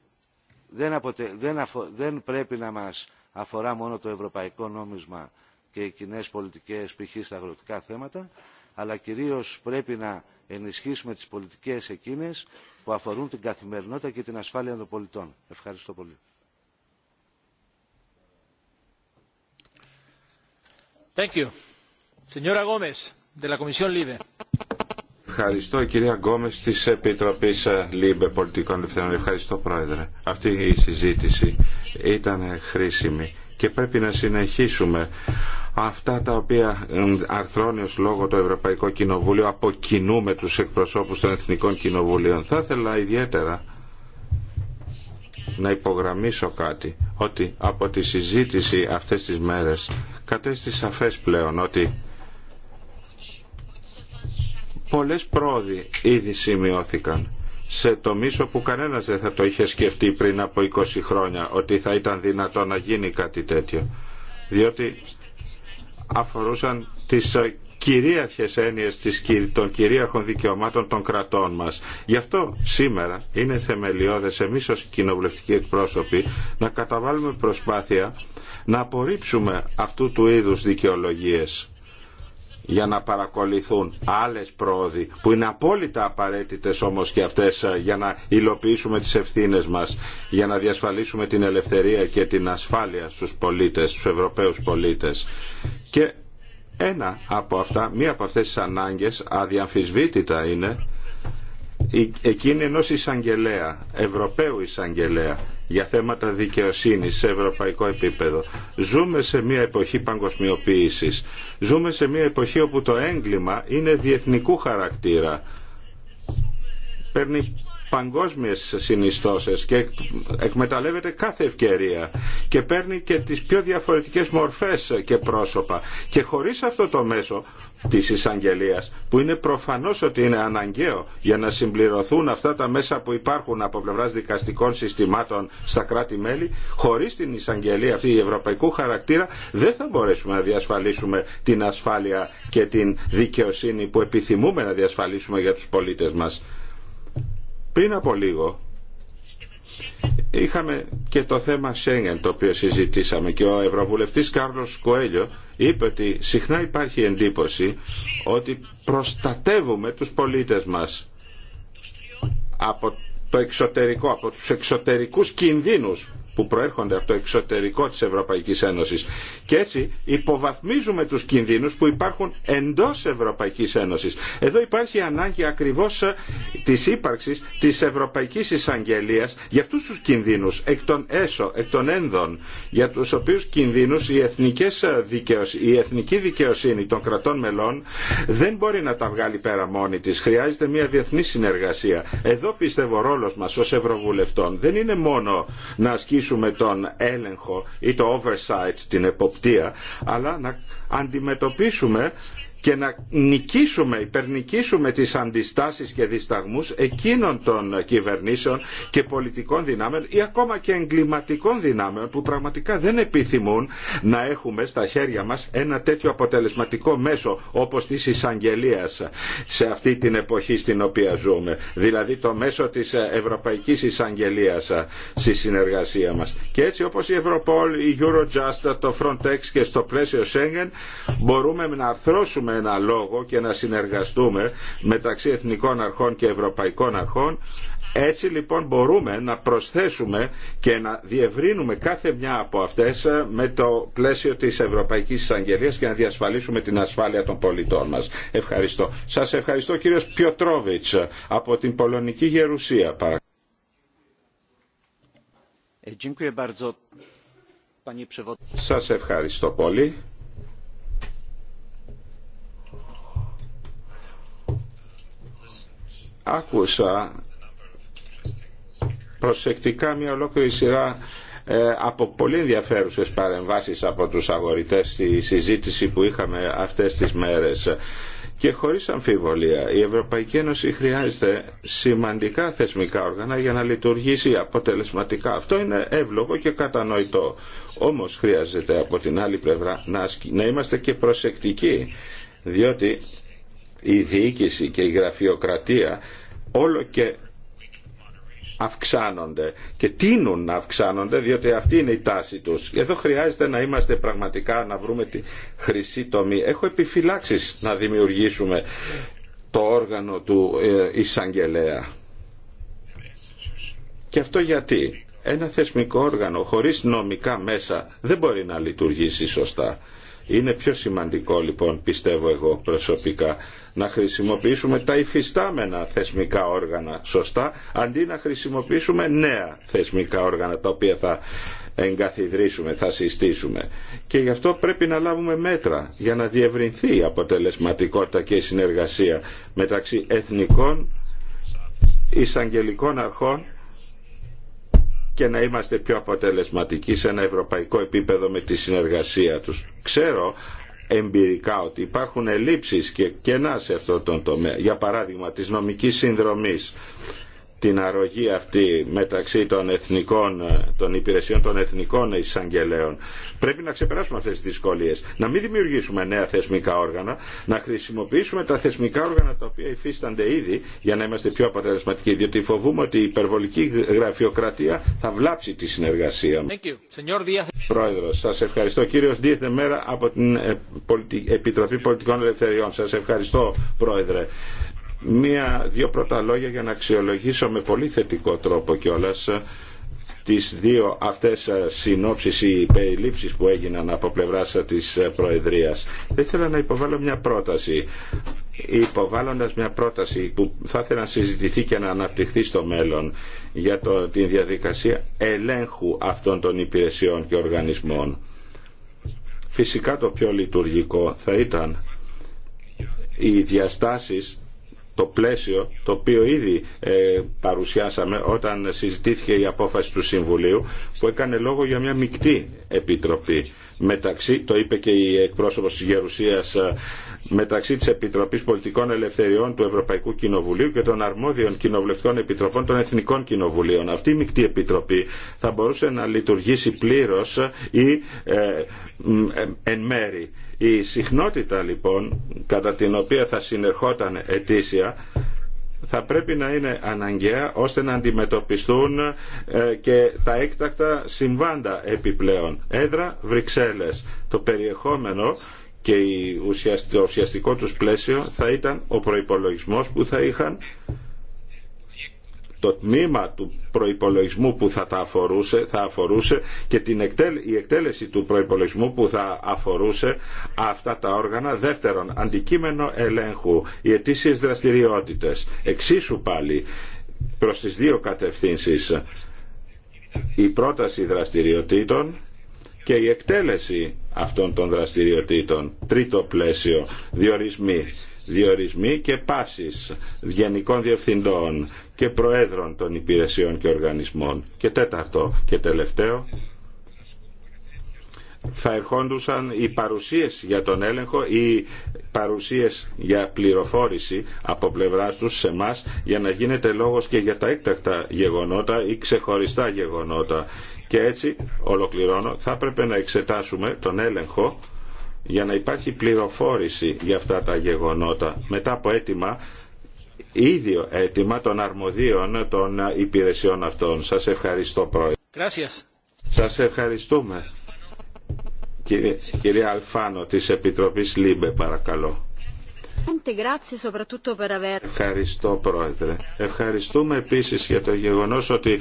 δεν, πρέπει να μας αφορά μόνο το ευρωπαϊκό νόμισμα και οι κοινέ πολιτικές π.χ. στα αγροτικά θέματα, αλλά κυρίως πρέπει να ενισχύσουμε τις πολιτικές εκείνες που αφορούν την καθημερινότητα και την ασφάλεια των πολιτών. Ευχαριστώ πολύ. Thank you. Señora de ευχαριστώ κυρία Γκόμες της Επιτροπής ε, ΛΥΜΠΕ Πολιτικών Ελευθερών. Ευχαριστώ Πρόεδρε. Αυτή η συζήτηση ήταν χρήσιμη και πρέπει να συνεχίσουμε αυτά τα οποία ε, αρθρώνει ως λόγο το Ευρωπαϊκό Κοινοβούλιο από κοινού με τους εκπροσώπους των Εθνικών Κοινοβουλίων. Θα ήθελα ιδιαίτερα να υπογραμμίσω κάτι, ότι από τη συζήτηση αυτές τις μέρες κατέστη σαφές πλέον ότι Πολλές πρόοδοι ήδη σημειώθηκαν σε τομείς που κανένας δεν θα το είχε σκεφτεί πριν από 20 χρόνια ότι θα ήταν δυνατό να γίνει κάτι τέτοιο. Διότι αφορούσαν τις ε, κυρίαρχες έννοιες των κυρίαρχων δικαιωμάτων των κρατών μας. Γι' αυτό σήμερα είναι θεμελιώδες εμείς ως κοινοβουλευτικοί εκπρόσωποι να καταβάλουμε προσπάθεια να απορρίψουμε αυτού του είδους δικαιολογίες για να παρακολουθούν άλλες πρόοδοι που είναι απόλυτα απαραίτητες όμως και αυτές ε, για να υλοποιήσουμε τις ευθύνες μας για να διασφαλίσουμε την ελευθερία και την ασφάλεια στους πολίτες, στους Ευρωπαίους πολίτες και ένα από αυτά, μία από αυτές τις ανάγκες αδιαμφισβήτητα είναι εκείνη ενός εισαγγελέα, Ευρωπαίου εισαγγελέα για θέματα δικαιοσύνης σε ευρωπαϊκό επίπεδο. Ζούμε σε μια εποχή παγκοσμιοποίησης. Ζούμε σε μια εποχή όπου το έγκλημα είναι διεθνικού χαρακτήρα. Παίρνει παγκόσμιες συνιστώσεις και εκμεταλλεύεται κάθε ευκαιρία και παίρνει και τις πιο διαφορετικές μορφές και πρόσωπα και χωρίς αυτό το μέσο της εισαγγελίας που είναι προφανώς ότι είναι αναγκαίο για να συμπληρωθούν αυτά τα μέσα που υπάρχουν από πλευρά δικαστικών συστημάτων στα κράτη-μέλη χωρίς την εισαγγελία αυτή η ευρωπαϊκού χαρακτήρα δεν θα μπορέσουμε να διασφαλίσουμε την ασφάλεια και την δικαιοσύνη που επιθυμούμε να διασφαλίσουμε για τους πολίτες μας. Πριν από λίγο Είχαμε και το θέμα Σέγγεν το οποίο συζητήσαμε και ο Ευρωβουλευτής Κάρλος Κοέλιο είπε ότι συχνά υπάρχει εντύπωση ότι προστατεύουμε τους πολίτες μας από το εξωτερικό, από τους εξωτερικούς κινδύνους που προέρχονται από το εξωτερικό της Ευρωπαϊκής Ένωσης. Και έτσι υποβαθμίζουμε τους κινδύνους που υπάρχουν εντός Ευρωπαϊκής Ένωσης. Εδώ υπάρχει ανάγκη ακριβώς ε, της ύπαρξης της Ευρωπαϊκής Εισαγγελίας για αυτούς τους κινδύνους εκ των έσω, εκ των ένδων, για τους οποίους κινδύνους η, εθνικές ε, η εθνική δικαιοσύνη των κρατών μελών δεν μπορεί να τα βγάλει πέρα μόνη της. Χρειάζεται μια διεθνή συνεργασία. Εδώ πιστεύω ο ρόλος μας ως Ευρωβουλευτών δεν είναι μόνο να ασκήσουμε αντιμετωπίσουμε τον έλεγχο ή το oversight, την εποπτεία, αλλά να αντιμετωπίσουμε και να νικήσουμε, υπερνικήσουμε τις αντιστάσεις και δισταγμούς εκείνων των κυβερνήσεων και πολιτικών δυνάμεων ή ακόμα και εγκληματικών δυνάμεων που πραγματικά δεν επιθυμούν να έχουμε στα χέρια μας ένα τέτοιο αποτελεσματικό μέσο όπως της εισαγγελία σε αυτή την εποχή στην οποία ζούμε. Δηλαδή το μέσο της Ευρωπαϊκής εισαγγελία στη συνεργασία μας. Και έτσι όπως η Ευρωπόλ, η Eurojust, το Frontex και στο πλαίσιο Schengen μπορούμε να αρθρώσουμε ένα λόγο και να συνεργαστούμε μεταξύ εθνικών αρχών και ευρωπαϊκών αρχών έτσι λοιπόν μπορούμε να προσθέσουμε και να διευρύνουμε κάθε μια από αυτές ε, με το πλαίσιο της Ευρωπαϊκής Εισαγγελίας και να διασφαλίσουμε την ασφάλεια των πολιτών μας. Ευχαριστώ. Σας ευχαριστώ κύριος Πιοτρόβιτς από την Πολωνική Γερουσία. Ε, Σας ευχαριστώ πολύ. άκουσα προσεκτικά μια ολόκληρη σειρά ε, από πολύ ενδιαφέρουσες παρεμβάσεις από τους αγορητές στη συζήτηση που είχαμε αυτές τις μέρες. Και χωρίς αμφιβολία, η Ευρωπαϊκή Ένωση χρειάζεται σημαντικά θεσμικά όργανα για να λειτουργήσει αποτελεσματικά. Αυτό είναι εύλογο και κατανοητό. Όμως χρειάζεται από την άλλη πλευρά να είμαστε και προσεκτικοί, διότι η διοίκηση και η γραφειοκρατία όλο και αυξάνονται και τείνουν να αυξάνονται διότι αυτή είναι η τάση τους. Εδώ χρειάζεται να είμαστε πραγματικά, να βρούμε τη χρυσή τομή. Έχω επιφυλάξεις να δημιουργήσουμε το όργανο του ε, εισαγγελέα. Και αυτό γιατί ένα θεσμικό όργανο χωρίς νομικά μέσα δεν μπορεί να λειτουργήσει σωστά. Είναι πιο σημαντικό λοιπόν πιστεύω εγώ προσωπικά να χρησιμοποιήσουμε τα υφιστάμενα θεσμικά όργανα σωστά, αντί να χρησιμοποιήσουμε νέα θεσμικά όργανα τα οποία θα εγκαθιδρύσουμε, θα συστήσουμε. Και γι' αυτό πρέπει να λάβουμε μέτρα για να διευρυνθεί η αποτελεσματικότητα και η συνεργασία μεταξύ εθνικών εισαγγελικών αρχών και να είμαστε πιο αποτελεσματικοί σε ένα ευρωπαϊκό επίπεδο με τη συνεργασία τους. Ξέρω εμπειρικά ότι υπάρχουν ελλείψεις και κενά σε αυτό τον τομέα. Για παράδειγμα, της νομικής συνδρομής την αρρωγή αυτή μεταξύ των εθνικών, των υπηρεσιών των εθνικών εισαγγελέων. Πρέπει να ξεπεράσουμε αυτές τις δυσκολίες, να μην δημιουργήσουμε νέα θεσμικά όργανα, να χρησιμοποιήσουμε τα θεσμικά όργανα τα οποία υφίστανται ήδη για να είμαστε πιο αποτελεσματικοί, διότι φοβούμε ότι η υπερβολική γραφειοκρατία θα βλάψει τη συνεργασία μας. Πρόεδρος, σας ευχαριστώ. Κύριο Ντίθε Μέρα από την ε, Επιτροπή Πολιτικών Ελευθεριών. Σας ευχαριστώ, Πρόεδρε μία-δύο πρώτα λόγια για να αξιολογήσω με πολύ θετικό τρόπο κιόλα ε, τις δύο αυτές ε, συνόψεις ή περιλήψεις που έγιναν από πλευράς ε, της Προεδρίας. Θα ήθελα να υποβάλω μια πρόταση υποβάλλοντας μια πρόταση που θα ήθελα να συζητηθεί και να αναπτυχθεί στο μέλλον για το, την διαδικασία ελέγχου αυτών των υπηρεσιών και οργανισμών. Φυσικά το πιο λειτουργικό θα ήταν οι διαστάσεις το πλαίσιο το οποίο ήδη ε, παρουσιάσαμε όταν συζητήθηκε η απόφαση του Συμβουλίου που έκανε λόγο για μια μεικτή επιτροπή μεταξύ, το είπε και η εκπρόσωπος της Γερουσίας μεταξύ της Επιτροπής Πολιτικών Ελευθεριών του Ευρωπαϊκού Κοινοβουλίου και των αρμόδιων κοινοβουλευτικών επιτροπών των Εθνικών Κοινοβουλίων. Αυτή η μεικτή επιτροπή θα μπορούσε να λειτουργήσει πλήρως ή ε, ε εν μέρη. Η συχνότητα λοιπόν κατά την οποία θα συνερχόταν ετήσια θα πρέπει να είναι αναγκαία ώστε να αντιμετωπιστούν ε, και τα έκτακτα συμβάντα επιπλέον. Έδρα Βρυξέλλες. Το περιεχόμενο και το ουσιαστικό τους πλαίσιο θα ήταν ο προϋπολογισμός που θα είχαν το τμήμα του προϋπολογισμού που θα τα αφορούσε, θα αφορούσε και την η εκτέλεση του προϋπολογισμού που θα αφορούσε αυτά τα όργανα. Δεύτερον, αντικείμενο ελέγχου, οι αιτήσεις δραστηριότητες, εξίσου πάλι προς τις δύο κατευθύνσεις. Η πρόταση δραστηριοτήτων και η εκτέλεση αυτών των δραστηριοτήτων. Τρίτο πλαίσιο, διορισμοί. Διορισμοί και πάσεις γενικών διευθυντών και προέδρων των υπηρεσιών και οργανισμών. Και τέταρτο και τελευταίο, θα ερχόντουσαν οι παρουσίες για τον έλεγχο ή παρουσίες για πληροφόρηση από πλευράς τους σε εμά για να γίνεται λόγος και για τα έκτακτα γεγονότα ή ξεχωριστά γεγονότα και έτσι, ολοκληρώνω, θα έπρεπε να εξετάσουμε τον έλεγχο για να υπάρχει πληροφόρηση για αυτά τα γεγονότα μετά από έτοιμα, ίδιο έτοιμα των αρμοδίων των υπηρεσιών αυτών. Σας ευχαριστώ πρόεδρε. Gracias. Σας ευχαριστούμε. Κύριε, κυρία Αλφάνο της Επιτροπής ΛΥΜΠΕ παρακαλώ. Ευχαριστώ Πρόεδρε. Ευχαριστούμε επίσης για το γεγονός ότι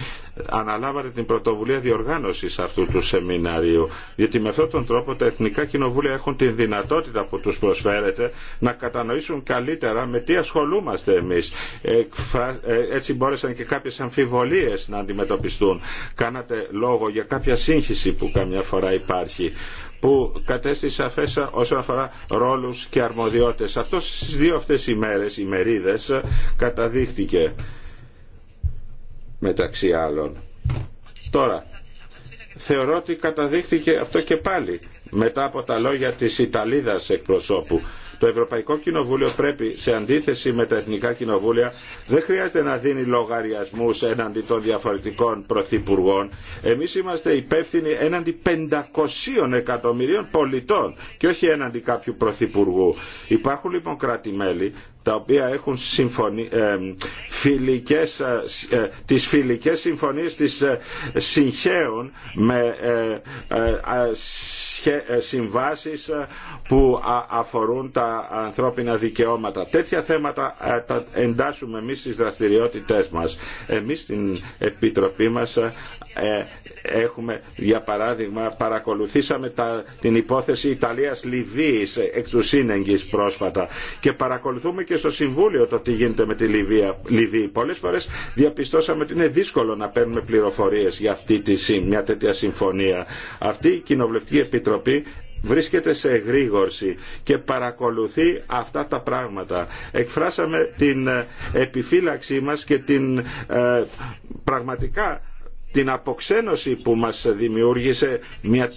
αναλάβατε την πρωτοβουλία διοργάνωσης αυτού του σεμιναρίου. Γιατί με αυτόν τον τρόπο τα Εθνικά Κοινοβούλια έχουν την δυνατότητα που τους προσφέρεται να κατανοήσουν καλύτερα με τι ασχολούμαστε εμείς. Ε, έτσι μπόρεσαν και κάποιες αμφιβολίες να αντιμετωπιστούν. Κάνατε λόγο για κάποια σύγχυση που καμιά φορά υπάρχει που κατέστησε σαφές όσον αφορά ρόλους και αρμοδιότητες. Αυτό στις δύο αυτές οι ημερίδες, καταδείχτηκε μεταξύ άλλων. Τώρα, θεωρώ ότι καταδείχθηκε αυτό και πάλι μετά από τα λόγια της Ιταλίδας εκπροσώπου το Ευρωπαϊκό Κοινοβούλιο πρέπει, σε αντίθεση με τα εθνικά κοινοβούλια, δεν χρειάζεται να δίνει λογαριασμού έναντι των διαφορετικών πρωθυπουργών. Εμεί είμαστε υπεύθυνοι έναντι 500 εκατομμυρίων πολιτών και όχι έναντι κάποιου πρωθυπουργού. Υπάρχουν λοιπόν κράτη-μέλη τα οποία έχουν συμφωνι... Ε, φιλικές, ε, ε, τις φιλικές συμφωνίες τις συγχαίων με συμβάσεις που αφορούν τα ανθρώπινα δικαιώματα. Τέτοια θέματα τα εντάσσουμε εμείς στις δραστηριότητές μας. Εμείς στην Επιτροπή μας έχουμε για παράδειγμα παρακολουθήσαμε τα, την υπόθεση Ιταλίας-Λιβύης εκ του πρόσφατα και παρακολουθούμε και στο Συμβούλιο το τι γίνεται με τη Λιβύη. Πολλέ φορέ διαπιστώσαμε ότι είναι δύσκολο να παίρνουμε πληροφορίε για αυτή τη, μια τέτοια συμφωνία. Αυτή η Κοινοβουλευτική Επιτροπή βρίσκεται σε εγρήγορση και παρακολουθεί αυτά τα πράγματα. Εκφράσαμε την ε, επιφύλαξή μας και την ε, πραγματικά την αποξένωση που μας δημιούργησε μια,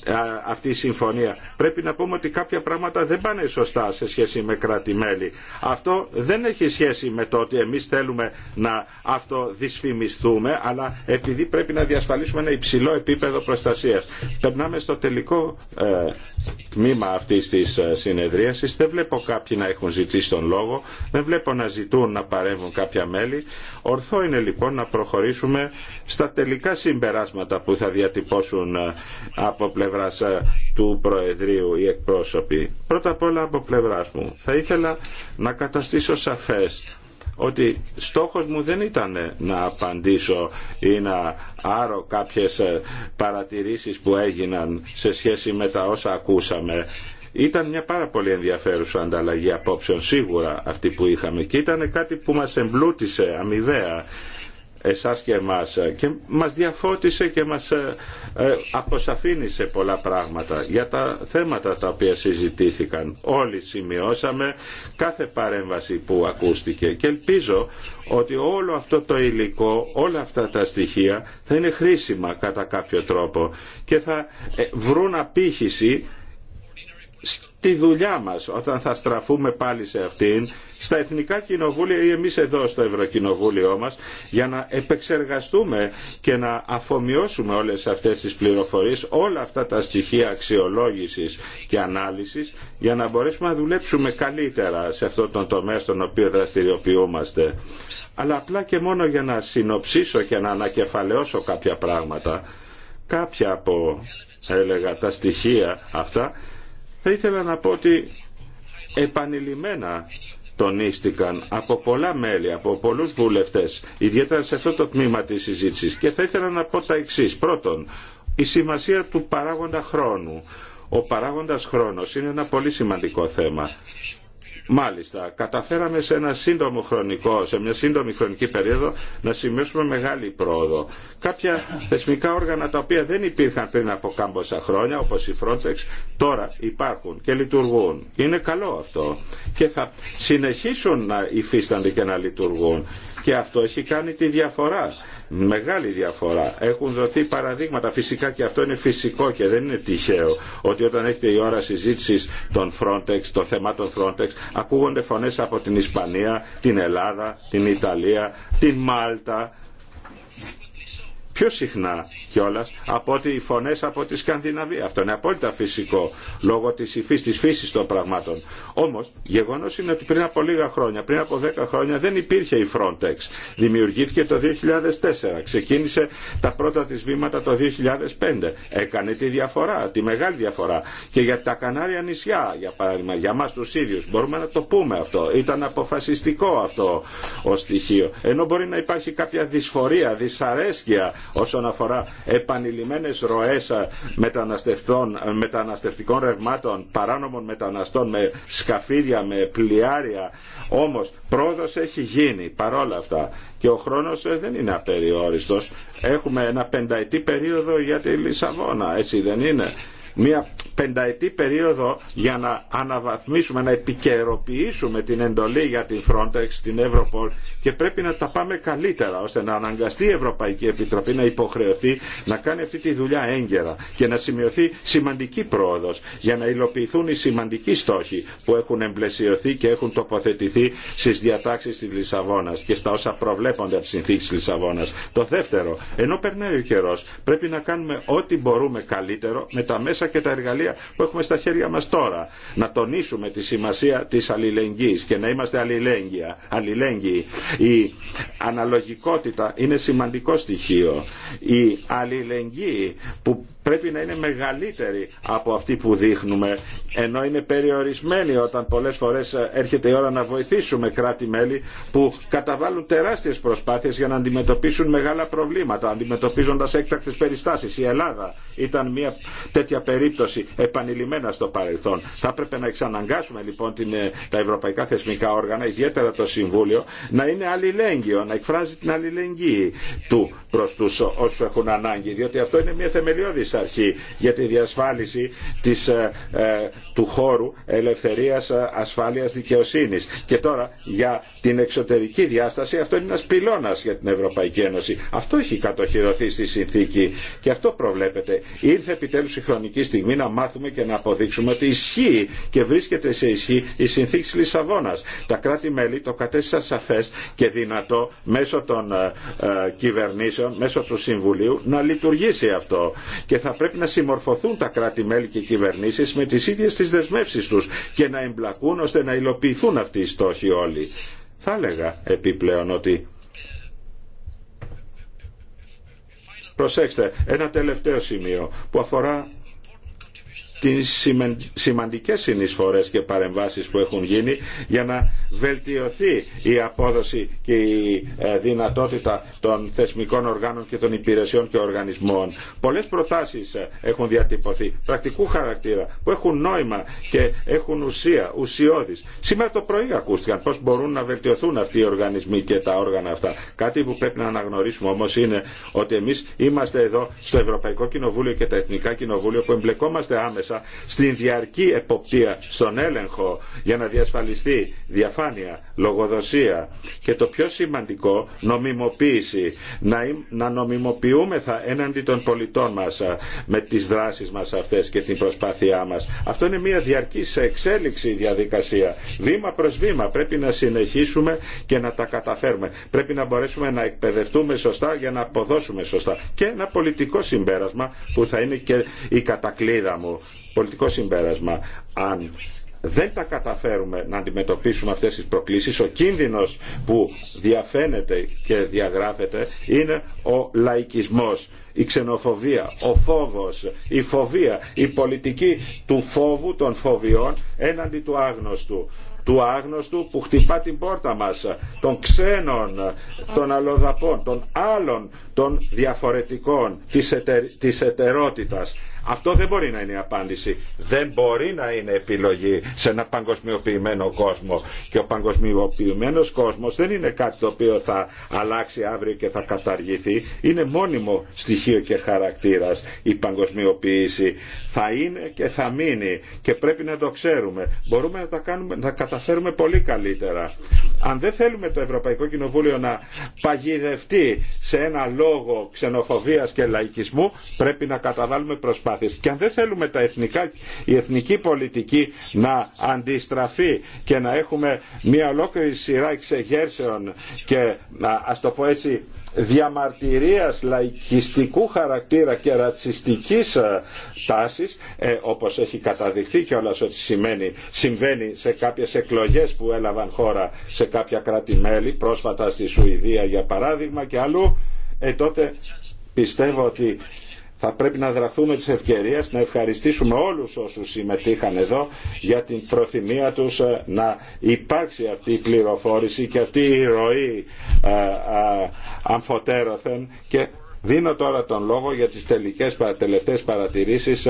αυτή η συμφωνία. Πρέπει να πούμε ότι κάποια πράγματα δεν πάνε σωστά σε σχέση με κράτη-μέλη. Αυτό δεν έχει σχέση με το ότι εμείς θέλουμε να αυτοδυσφημιστούμε, αλλά επειδή πρέπει να διασφαλίσουμε ένα υψηλό επίπεδο προστασίας. Περνάμε στο τελικό ε, τμήμα αυτής της ε, συνεδρίασης. Δεν βλέπω κάποιοι να έχουν ζητήσει τον λόγο, δεν βλέπω να ζητούν να παρέμβουν κάποια μέλη. Ορθό είναι λοιπόν να προχωρήσουμε στα τελικά συμπεράσματα που θα διατυπώσουν ε, από πλευράς ε, του Προεδρείου οι εκπρόσωποι. Πρώτα απ' όλα από πλευράς μου. Θα ήθελα να καταστήσω σαφές ότι στόχος μου δεν ήταν να απαντήσω ή να άρω κάποιες ε, παρατηρήσεις που έγιναν σε σχέση με τα όσα ακούσαμε. Ήταν μια πάρα πολύ ενδιαφέρουσα ανταλλαγή απόψεων σίγουρα αυτή που είχαμε και ήταν κάτι που μας εμπλούτησε αμοιβαία εσάς και εμάς και μας διαφώτισε και μας ε, ε, αποσαφήνισε πολλά πράγματα για τα θέματα τα οποία συζητήθηκαν. Όλοι σημειώσαμε κάθε παρέμβαση που ακούστηκε και ελπίζω ότι όλο αυτό το υλικό, όλα αυτά τα στοιχεία θα είναι χρήσιμα κατά κάποιο τρόπο και θα ε, βρουν απήχηση στη δουλειά μας όταν θα στραφούμε πάλι σε αυτήν στα εθνικά κοινοβούλια ή εμείς εδώ στο Ευρωκοινοβούλιο μας για να επεξεργαστούμε και να αφομοιώσουμε όλες αυτές τις πληροφορίες όλα αυτά τα στοιχεία αξιολόγησης και ανάλυσης για να μπορέσουμε να δουλέψουμε καλύτερα σε αυτό τον τομέα στον οποίο δραστηριοποιούμαστε αλλά απλά και μόνο για να συνοψίσω και να ανακεφαλαιώσω κάποια πράγματα κάποια από έλεγα τα στοιχεία αυτά θα ήθελα να πω ότι επανειλημμένα τονίστηκαν από πολλά μέλη, από πολλούς βουλευτές, ιδιαίτερα σε αυτό το τμήμα της συζήτησης. Και θα ήθελα να πω τα εξής. Πρώτον, η σημασία του παράγοντα χρόνου. Ο παράγοντας χρόνος είναι ένα πολύ σημαντικό θέμα Μάλιστα, καταφέραμε σε ένα σύντομο χρονικό, σε μια σύντομη χρονική περίοδο να σημειώσουμε μεγάλη πρόοδο. Κάποια θεσμικά όργανα τα οποία δεν υπήρχαν πριν από κάμποσα χρόνια, όπως η Frontex, τώρα υπάρχουν και λειτουργούν. Είναι καλό αυτό και θα συνεχίσουν να υφίστανται και να λειτουργούν. Και αυτό έχει κάνει τη διαφορά μεγάλη διαφορά. Έχουν δοθεί παραδείγματα φυσικά και αυτό είναι φυσικό και δεν είναι τυχαίο ότι όταν έχετε η ώρα συζήτηση των Frontex, των θεμάτων Frontex, ακούγονται φωνές από την Ισπανία, την Ελλάδα, την Ιταλία, την Μάλτα. Πιο συχνά κιόλα από ότι οι φωνέ από τη Σκανδιναβία. Αυτό είναι απόλυτα φυσικό λόγω τη υφή τη φύση των πραγμάτων. Όμω, γεγονό είναι ότι πριν από λίγα χρόνια, πριν από 10 χρόνια δεν υπήρχε η Frontex. Δημιουργήθηκε το 2004. Ξεκίνησε τα πρώτα τη βήματα το 2005. Έκανε τη διαφορά, τη μεγάλη διαφορά. Και για τα Κανάρια νησιά, για παράδειγμα, για εμά του ίδιου, μπορούμε να το πούμε αυτό. Ήταν αποφασιστικό αυτό ω στοιχείο. Ενώ μπορεί να υπάρχει κάποια δυσφορία, δυσαρέσκεια όσον αφορά επανειλημμένες ροές ε, ε, μεταναστευτικών ρευμάτων, παράνομων μεταναστών με σκαφίδια, με πλοιάρια. Όμως πρόοδος έχει γίνει παρόλα αυτά και ο χρόνος ε, δεν είναι απεριόριστος. Έχουμε ένα πενταετή περίοδο για τη Λισαβόνα, έτσι δεν είναι μια πενταετή περίοδο για να αναβαθμίσουμε, να επικαιροποιήσουμε την εντολή για την Frontex, την Europol και πρέπει να τα πάμε καλύτερα ώστε να αναγκαστεί η Ευρωπαϊκή Επιτροπή να υποχρεωθεί να κάνει αυτή τη δουλειά έγκαιρα και να σημειωθεί σημαντική πρόοδος για να υλοποιηθούν οι σημαντικοί στόχοι που έχουν εμπλαισιωθεί και έχουν τοποθετηθεί στις διατάξεις της Λισαβόνας και στα όσα προβλέπονται από τις συνθήκες της Λισαβόνας. Το δεύτερο, ενώ περνάει ο καιρός, πρέπει να κάνουμε ό,τι μπορούμε καλύτερο με τα μέσα και τα εργαλεία που έχουμε στα χέρια μας τώρα. Να τονίσουμε τη σημασία της αλληλεγγύης και να είμαστε αλληλέγγυοι. Η αναλογικότητα είναι σημαντικό στοιχείο. Η αλληλεγγύη που πρέπει να είναι μεγαλύτερη από αυτή που δείχνουμε ενώ είναι περιορισμένη όταν πολλές φορές ε, έρχεται η ώρα να βοηθήσουμε κράτη-μέλη που καταβάλουν τεράστιες προσπάθειες για να αντιμετωπίσουν μεγάλα προβλήματα αντιμετωπίζοντας έκτακτες περιστάσεις. Η Ελλάδα ήταν μια τέτοια περίπτωση επανειλημμένα στο παρελθόν. Θα πρέπει να εξαναγκάσουμε λοιπόν την, ε, τα ευρωπαϊκά θεσμικά όργανα, ιδιαίτερα το Συμβούλιο, να είναι αλληλέγγυο, να εκφράζει την αλληλεγγύη του προς τους όσους έχουν ανάγκη, διότι αυτό είναι μια θεμελιώδη αρχή για τη διασφάλιση της ε, ε, του χώρου ελευθερίας, ε, ασφάλειας, δικαιοσύνης. Και τώρα για την εξωτερική διάσταση αυτό είναι ένας πυλώνας για την Ευρωπαϊκή Ένωση. Αυτό έχει κατοχυρωθεί στη συνθήκη και αυτό προβλέπεται. Ήρθε επιτέλους η χρονική στιγμή να μάθουμε και να αποδείξουμε ότι ισχύει και βρίσκεται σε ισχύ η συνθήκη της Λισαβόνας. Τα κράτη-μέλη το κατέστησαν σαφές και δυνατό μέσω των ε, ε κυβερνήσεων, μέσω του Συμβουλίου να λειτουργήσει αυτό. Και θα πρέπει να συμμορφωθούν τα κράτη-μέλη και οι κυβερνήσεις με τις ίδιες τις τις δεσμεύσεις τους και να εμπλακούν ώστε να υλοποιηθούν αυτοί οι στόχοι όλοι. Θα έλεγα επιπλέον ότι Προσέξτε, ένα τελευταίο σημείο που αφορά τις σημαντικές συνεισφορές και παρεμβάσεις που έχουν γίνει για να βελτιωθεί η απόδοση και η ε, δυνατότητα των θεσμικών οργάνων και των υπηρεσιών και οργανισμών. Πολλές προτάσεις ε, έχουν διατυπωθεί πρακτικού χαρακτήρα που έχουν νόημα και έχουν ουσία, ουσιώδης. Σήμερα το πρωί ακούστηκαν πώς μπορούν να βελτιωθούν αυτοί οι οργανισμοί και τα όργανα αυτά. Κάτι που πρέπει να αναγνωρίσουμε όμως είναι ότι εμεί είμαστε εδώ στο Ευρωπαϊκό Κοινοβούλιο και τα Εθνικά Κοινοβούλια που εμπλεκόμαστε άμεσα στην διαρκή εποπτεία, στον έλεγχο για να διασφαλιστεί διαφάνεια, λογοδοσία και το πιο σημαντικό νομιμοποίηση, να νομιμοποιούμεθα έναντι των πολιτών μας με τις δράσεις μας αυτές και την προσπάθειά μας. Αυτό είναι μια διαρκή σε εξέλιξη διαδικασία. Βήμα προς βήμα πρέπει να συνεχίσουμε και να τα καταφέρουμε. Πρέπει να μπορέσουμε να εκπαιδευτούμε σωστά για να αποδώσουμε σωστά. Και ένα πολιτικό συμπέρασμα που θα είναι και η κατακλίδα μου πολιτικό συμπέρασμα. Αν δεν τα καταφέρουμε να αντιμετωπίσουμε αυτές τις προκλήσεις, ο κίνδυνος που διαφαίνεται και διαγράφεται είναι ο λαϊκισμός, η ξενοφοβία, ο φόβος, η φοβία, η πολιτική του φόβου των φοβιών έναντι του άγνωστου του άγνωστου που χτυπά την πόρτα μας, των ξένων, των αλλοδαπών, των άλλων, των διαφορετικών, της, της αυτό δεν μπορεί να είναι η απάντηση. Δεν μπορεί να είναι επιλογή σε ένα παγκοσμιοποιημένο κόσμο. Και ο παγκοσμιοποιημένο κόσμο δεν είναι κάτι το οποίο θα αλλάξει αύριο και θα καταργηθεί. Είναι μόνιμο στοιχείο και χαρακτήρα η παγκοσμιοποίηση. Θα είναι και θα μείνει και πρέπει να το ξέρουμε. Μπορούμε να τα, κάνουμε, να καταφέρουμε πολύ καλύτερα. Αν δεν θέλουμε το Ευρωπαϊκό Κοινοβούλιο να παγιδευτεί σε ένα λόγο ξενοφοβίας και λαϊκισμού, πρέπει να καταβάλουμε προσπάθειες και αν δεν θέλουμε τα εθνικά, η εθνική πολιτική να αντιστραφεί και να έχουμε μια ολόκληρη σειρά εξεγέρσεων και ας το πω έτσι διαμαρτυρίας λαϊκιστικού χαρακτήρα και ρατσιστικής ε, τάσης ε, όπως έχει καταδειχθεί κιόλας ότι σημαίνει, συμβαίνει σε κάποιες εκλογές που έλαβαν χώρα σε κάποια κράτη-μέλη πρόσφατα στη Σουηδία για παράδειγμα και αλλού ε, τότε πιστεύω ότι θα πρέπει να δραθούμε της ευκαιρίας να ευχαριστήσουμε όλους όσους συμμετείχαν εδώ για την προθυμία τους ε, να υπάρξει αυτή η πληροφόρηση και αυτή η ροή ε, ε, αμφωτέρωθεν και δίνω τώρα τον λόγο για τις τελικές τελευταίες παρατηρήσεις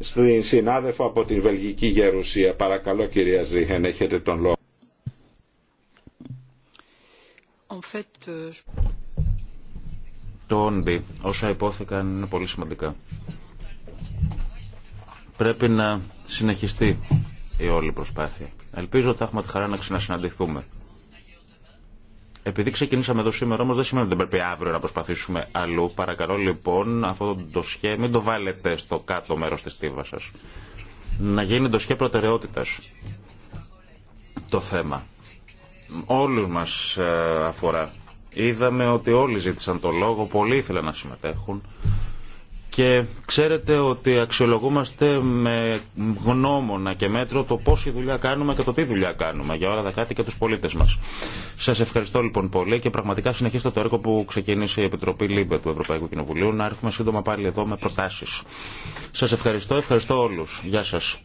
στην συνάδελφο από την Βελγική Γερουσία. Παρακαλώ κυρία Ζήχεν, έχετε τον λόγο. Euh, το όντι, όσα υπόθηκαν είναι πολύ σημαντικά. Πρέπει να συνεχιστεί η όλη προσπάθεια. Ελπίζω ότι θα έχουμε τη χαρά να ξανασυναντηθούμε. Επειδή ξεκινήσαμε εδώ σήμερα, όμω δεν σημαίνει ότι δεν πρέπει αύριο να προσπαθήσουμε αλλού. Παρακαλώ λοιπόν αυτό το ντοσιέ μην το βάλετε στο κάτω μέρο τη στίβα σα. Να γίνει ντοσιέ προτεραιότητα το θέμα. Όλους μας ε, αφορά Είδαμε ότι όλοι ζήτησαν το λόγο, πολλοί ήθελαν να συμμετέχουν και ξέρετε ότι αξιολογούμαστε με γνώμονα και μέτρο το πόση δουλειά κάνουμε και το τι δουλειά κάνουμε για όλα τα κράτη και τους πολίτες μας. Σας ευχαριστώ λοιπόν πολύ και πραγματικά συνεχίστε το έργο που ξεκίνησε η Επιτροπή ΛΥΜΠΕ του Ευρωπαϊκού Κοινοβουλίου να έρθουμε σύντομα πάλι εδώ με προτάσεις. Σας ευχαριστώ, ευχαριστώ όλους. Γεια σας.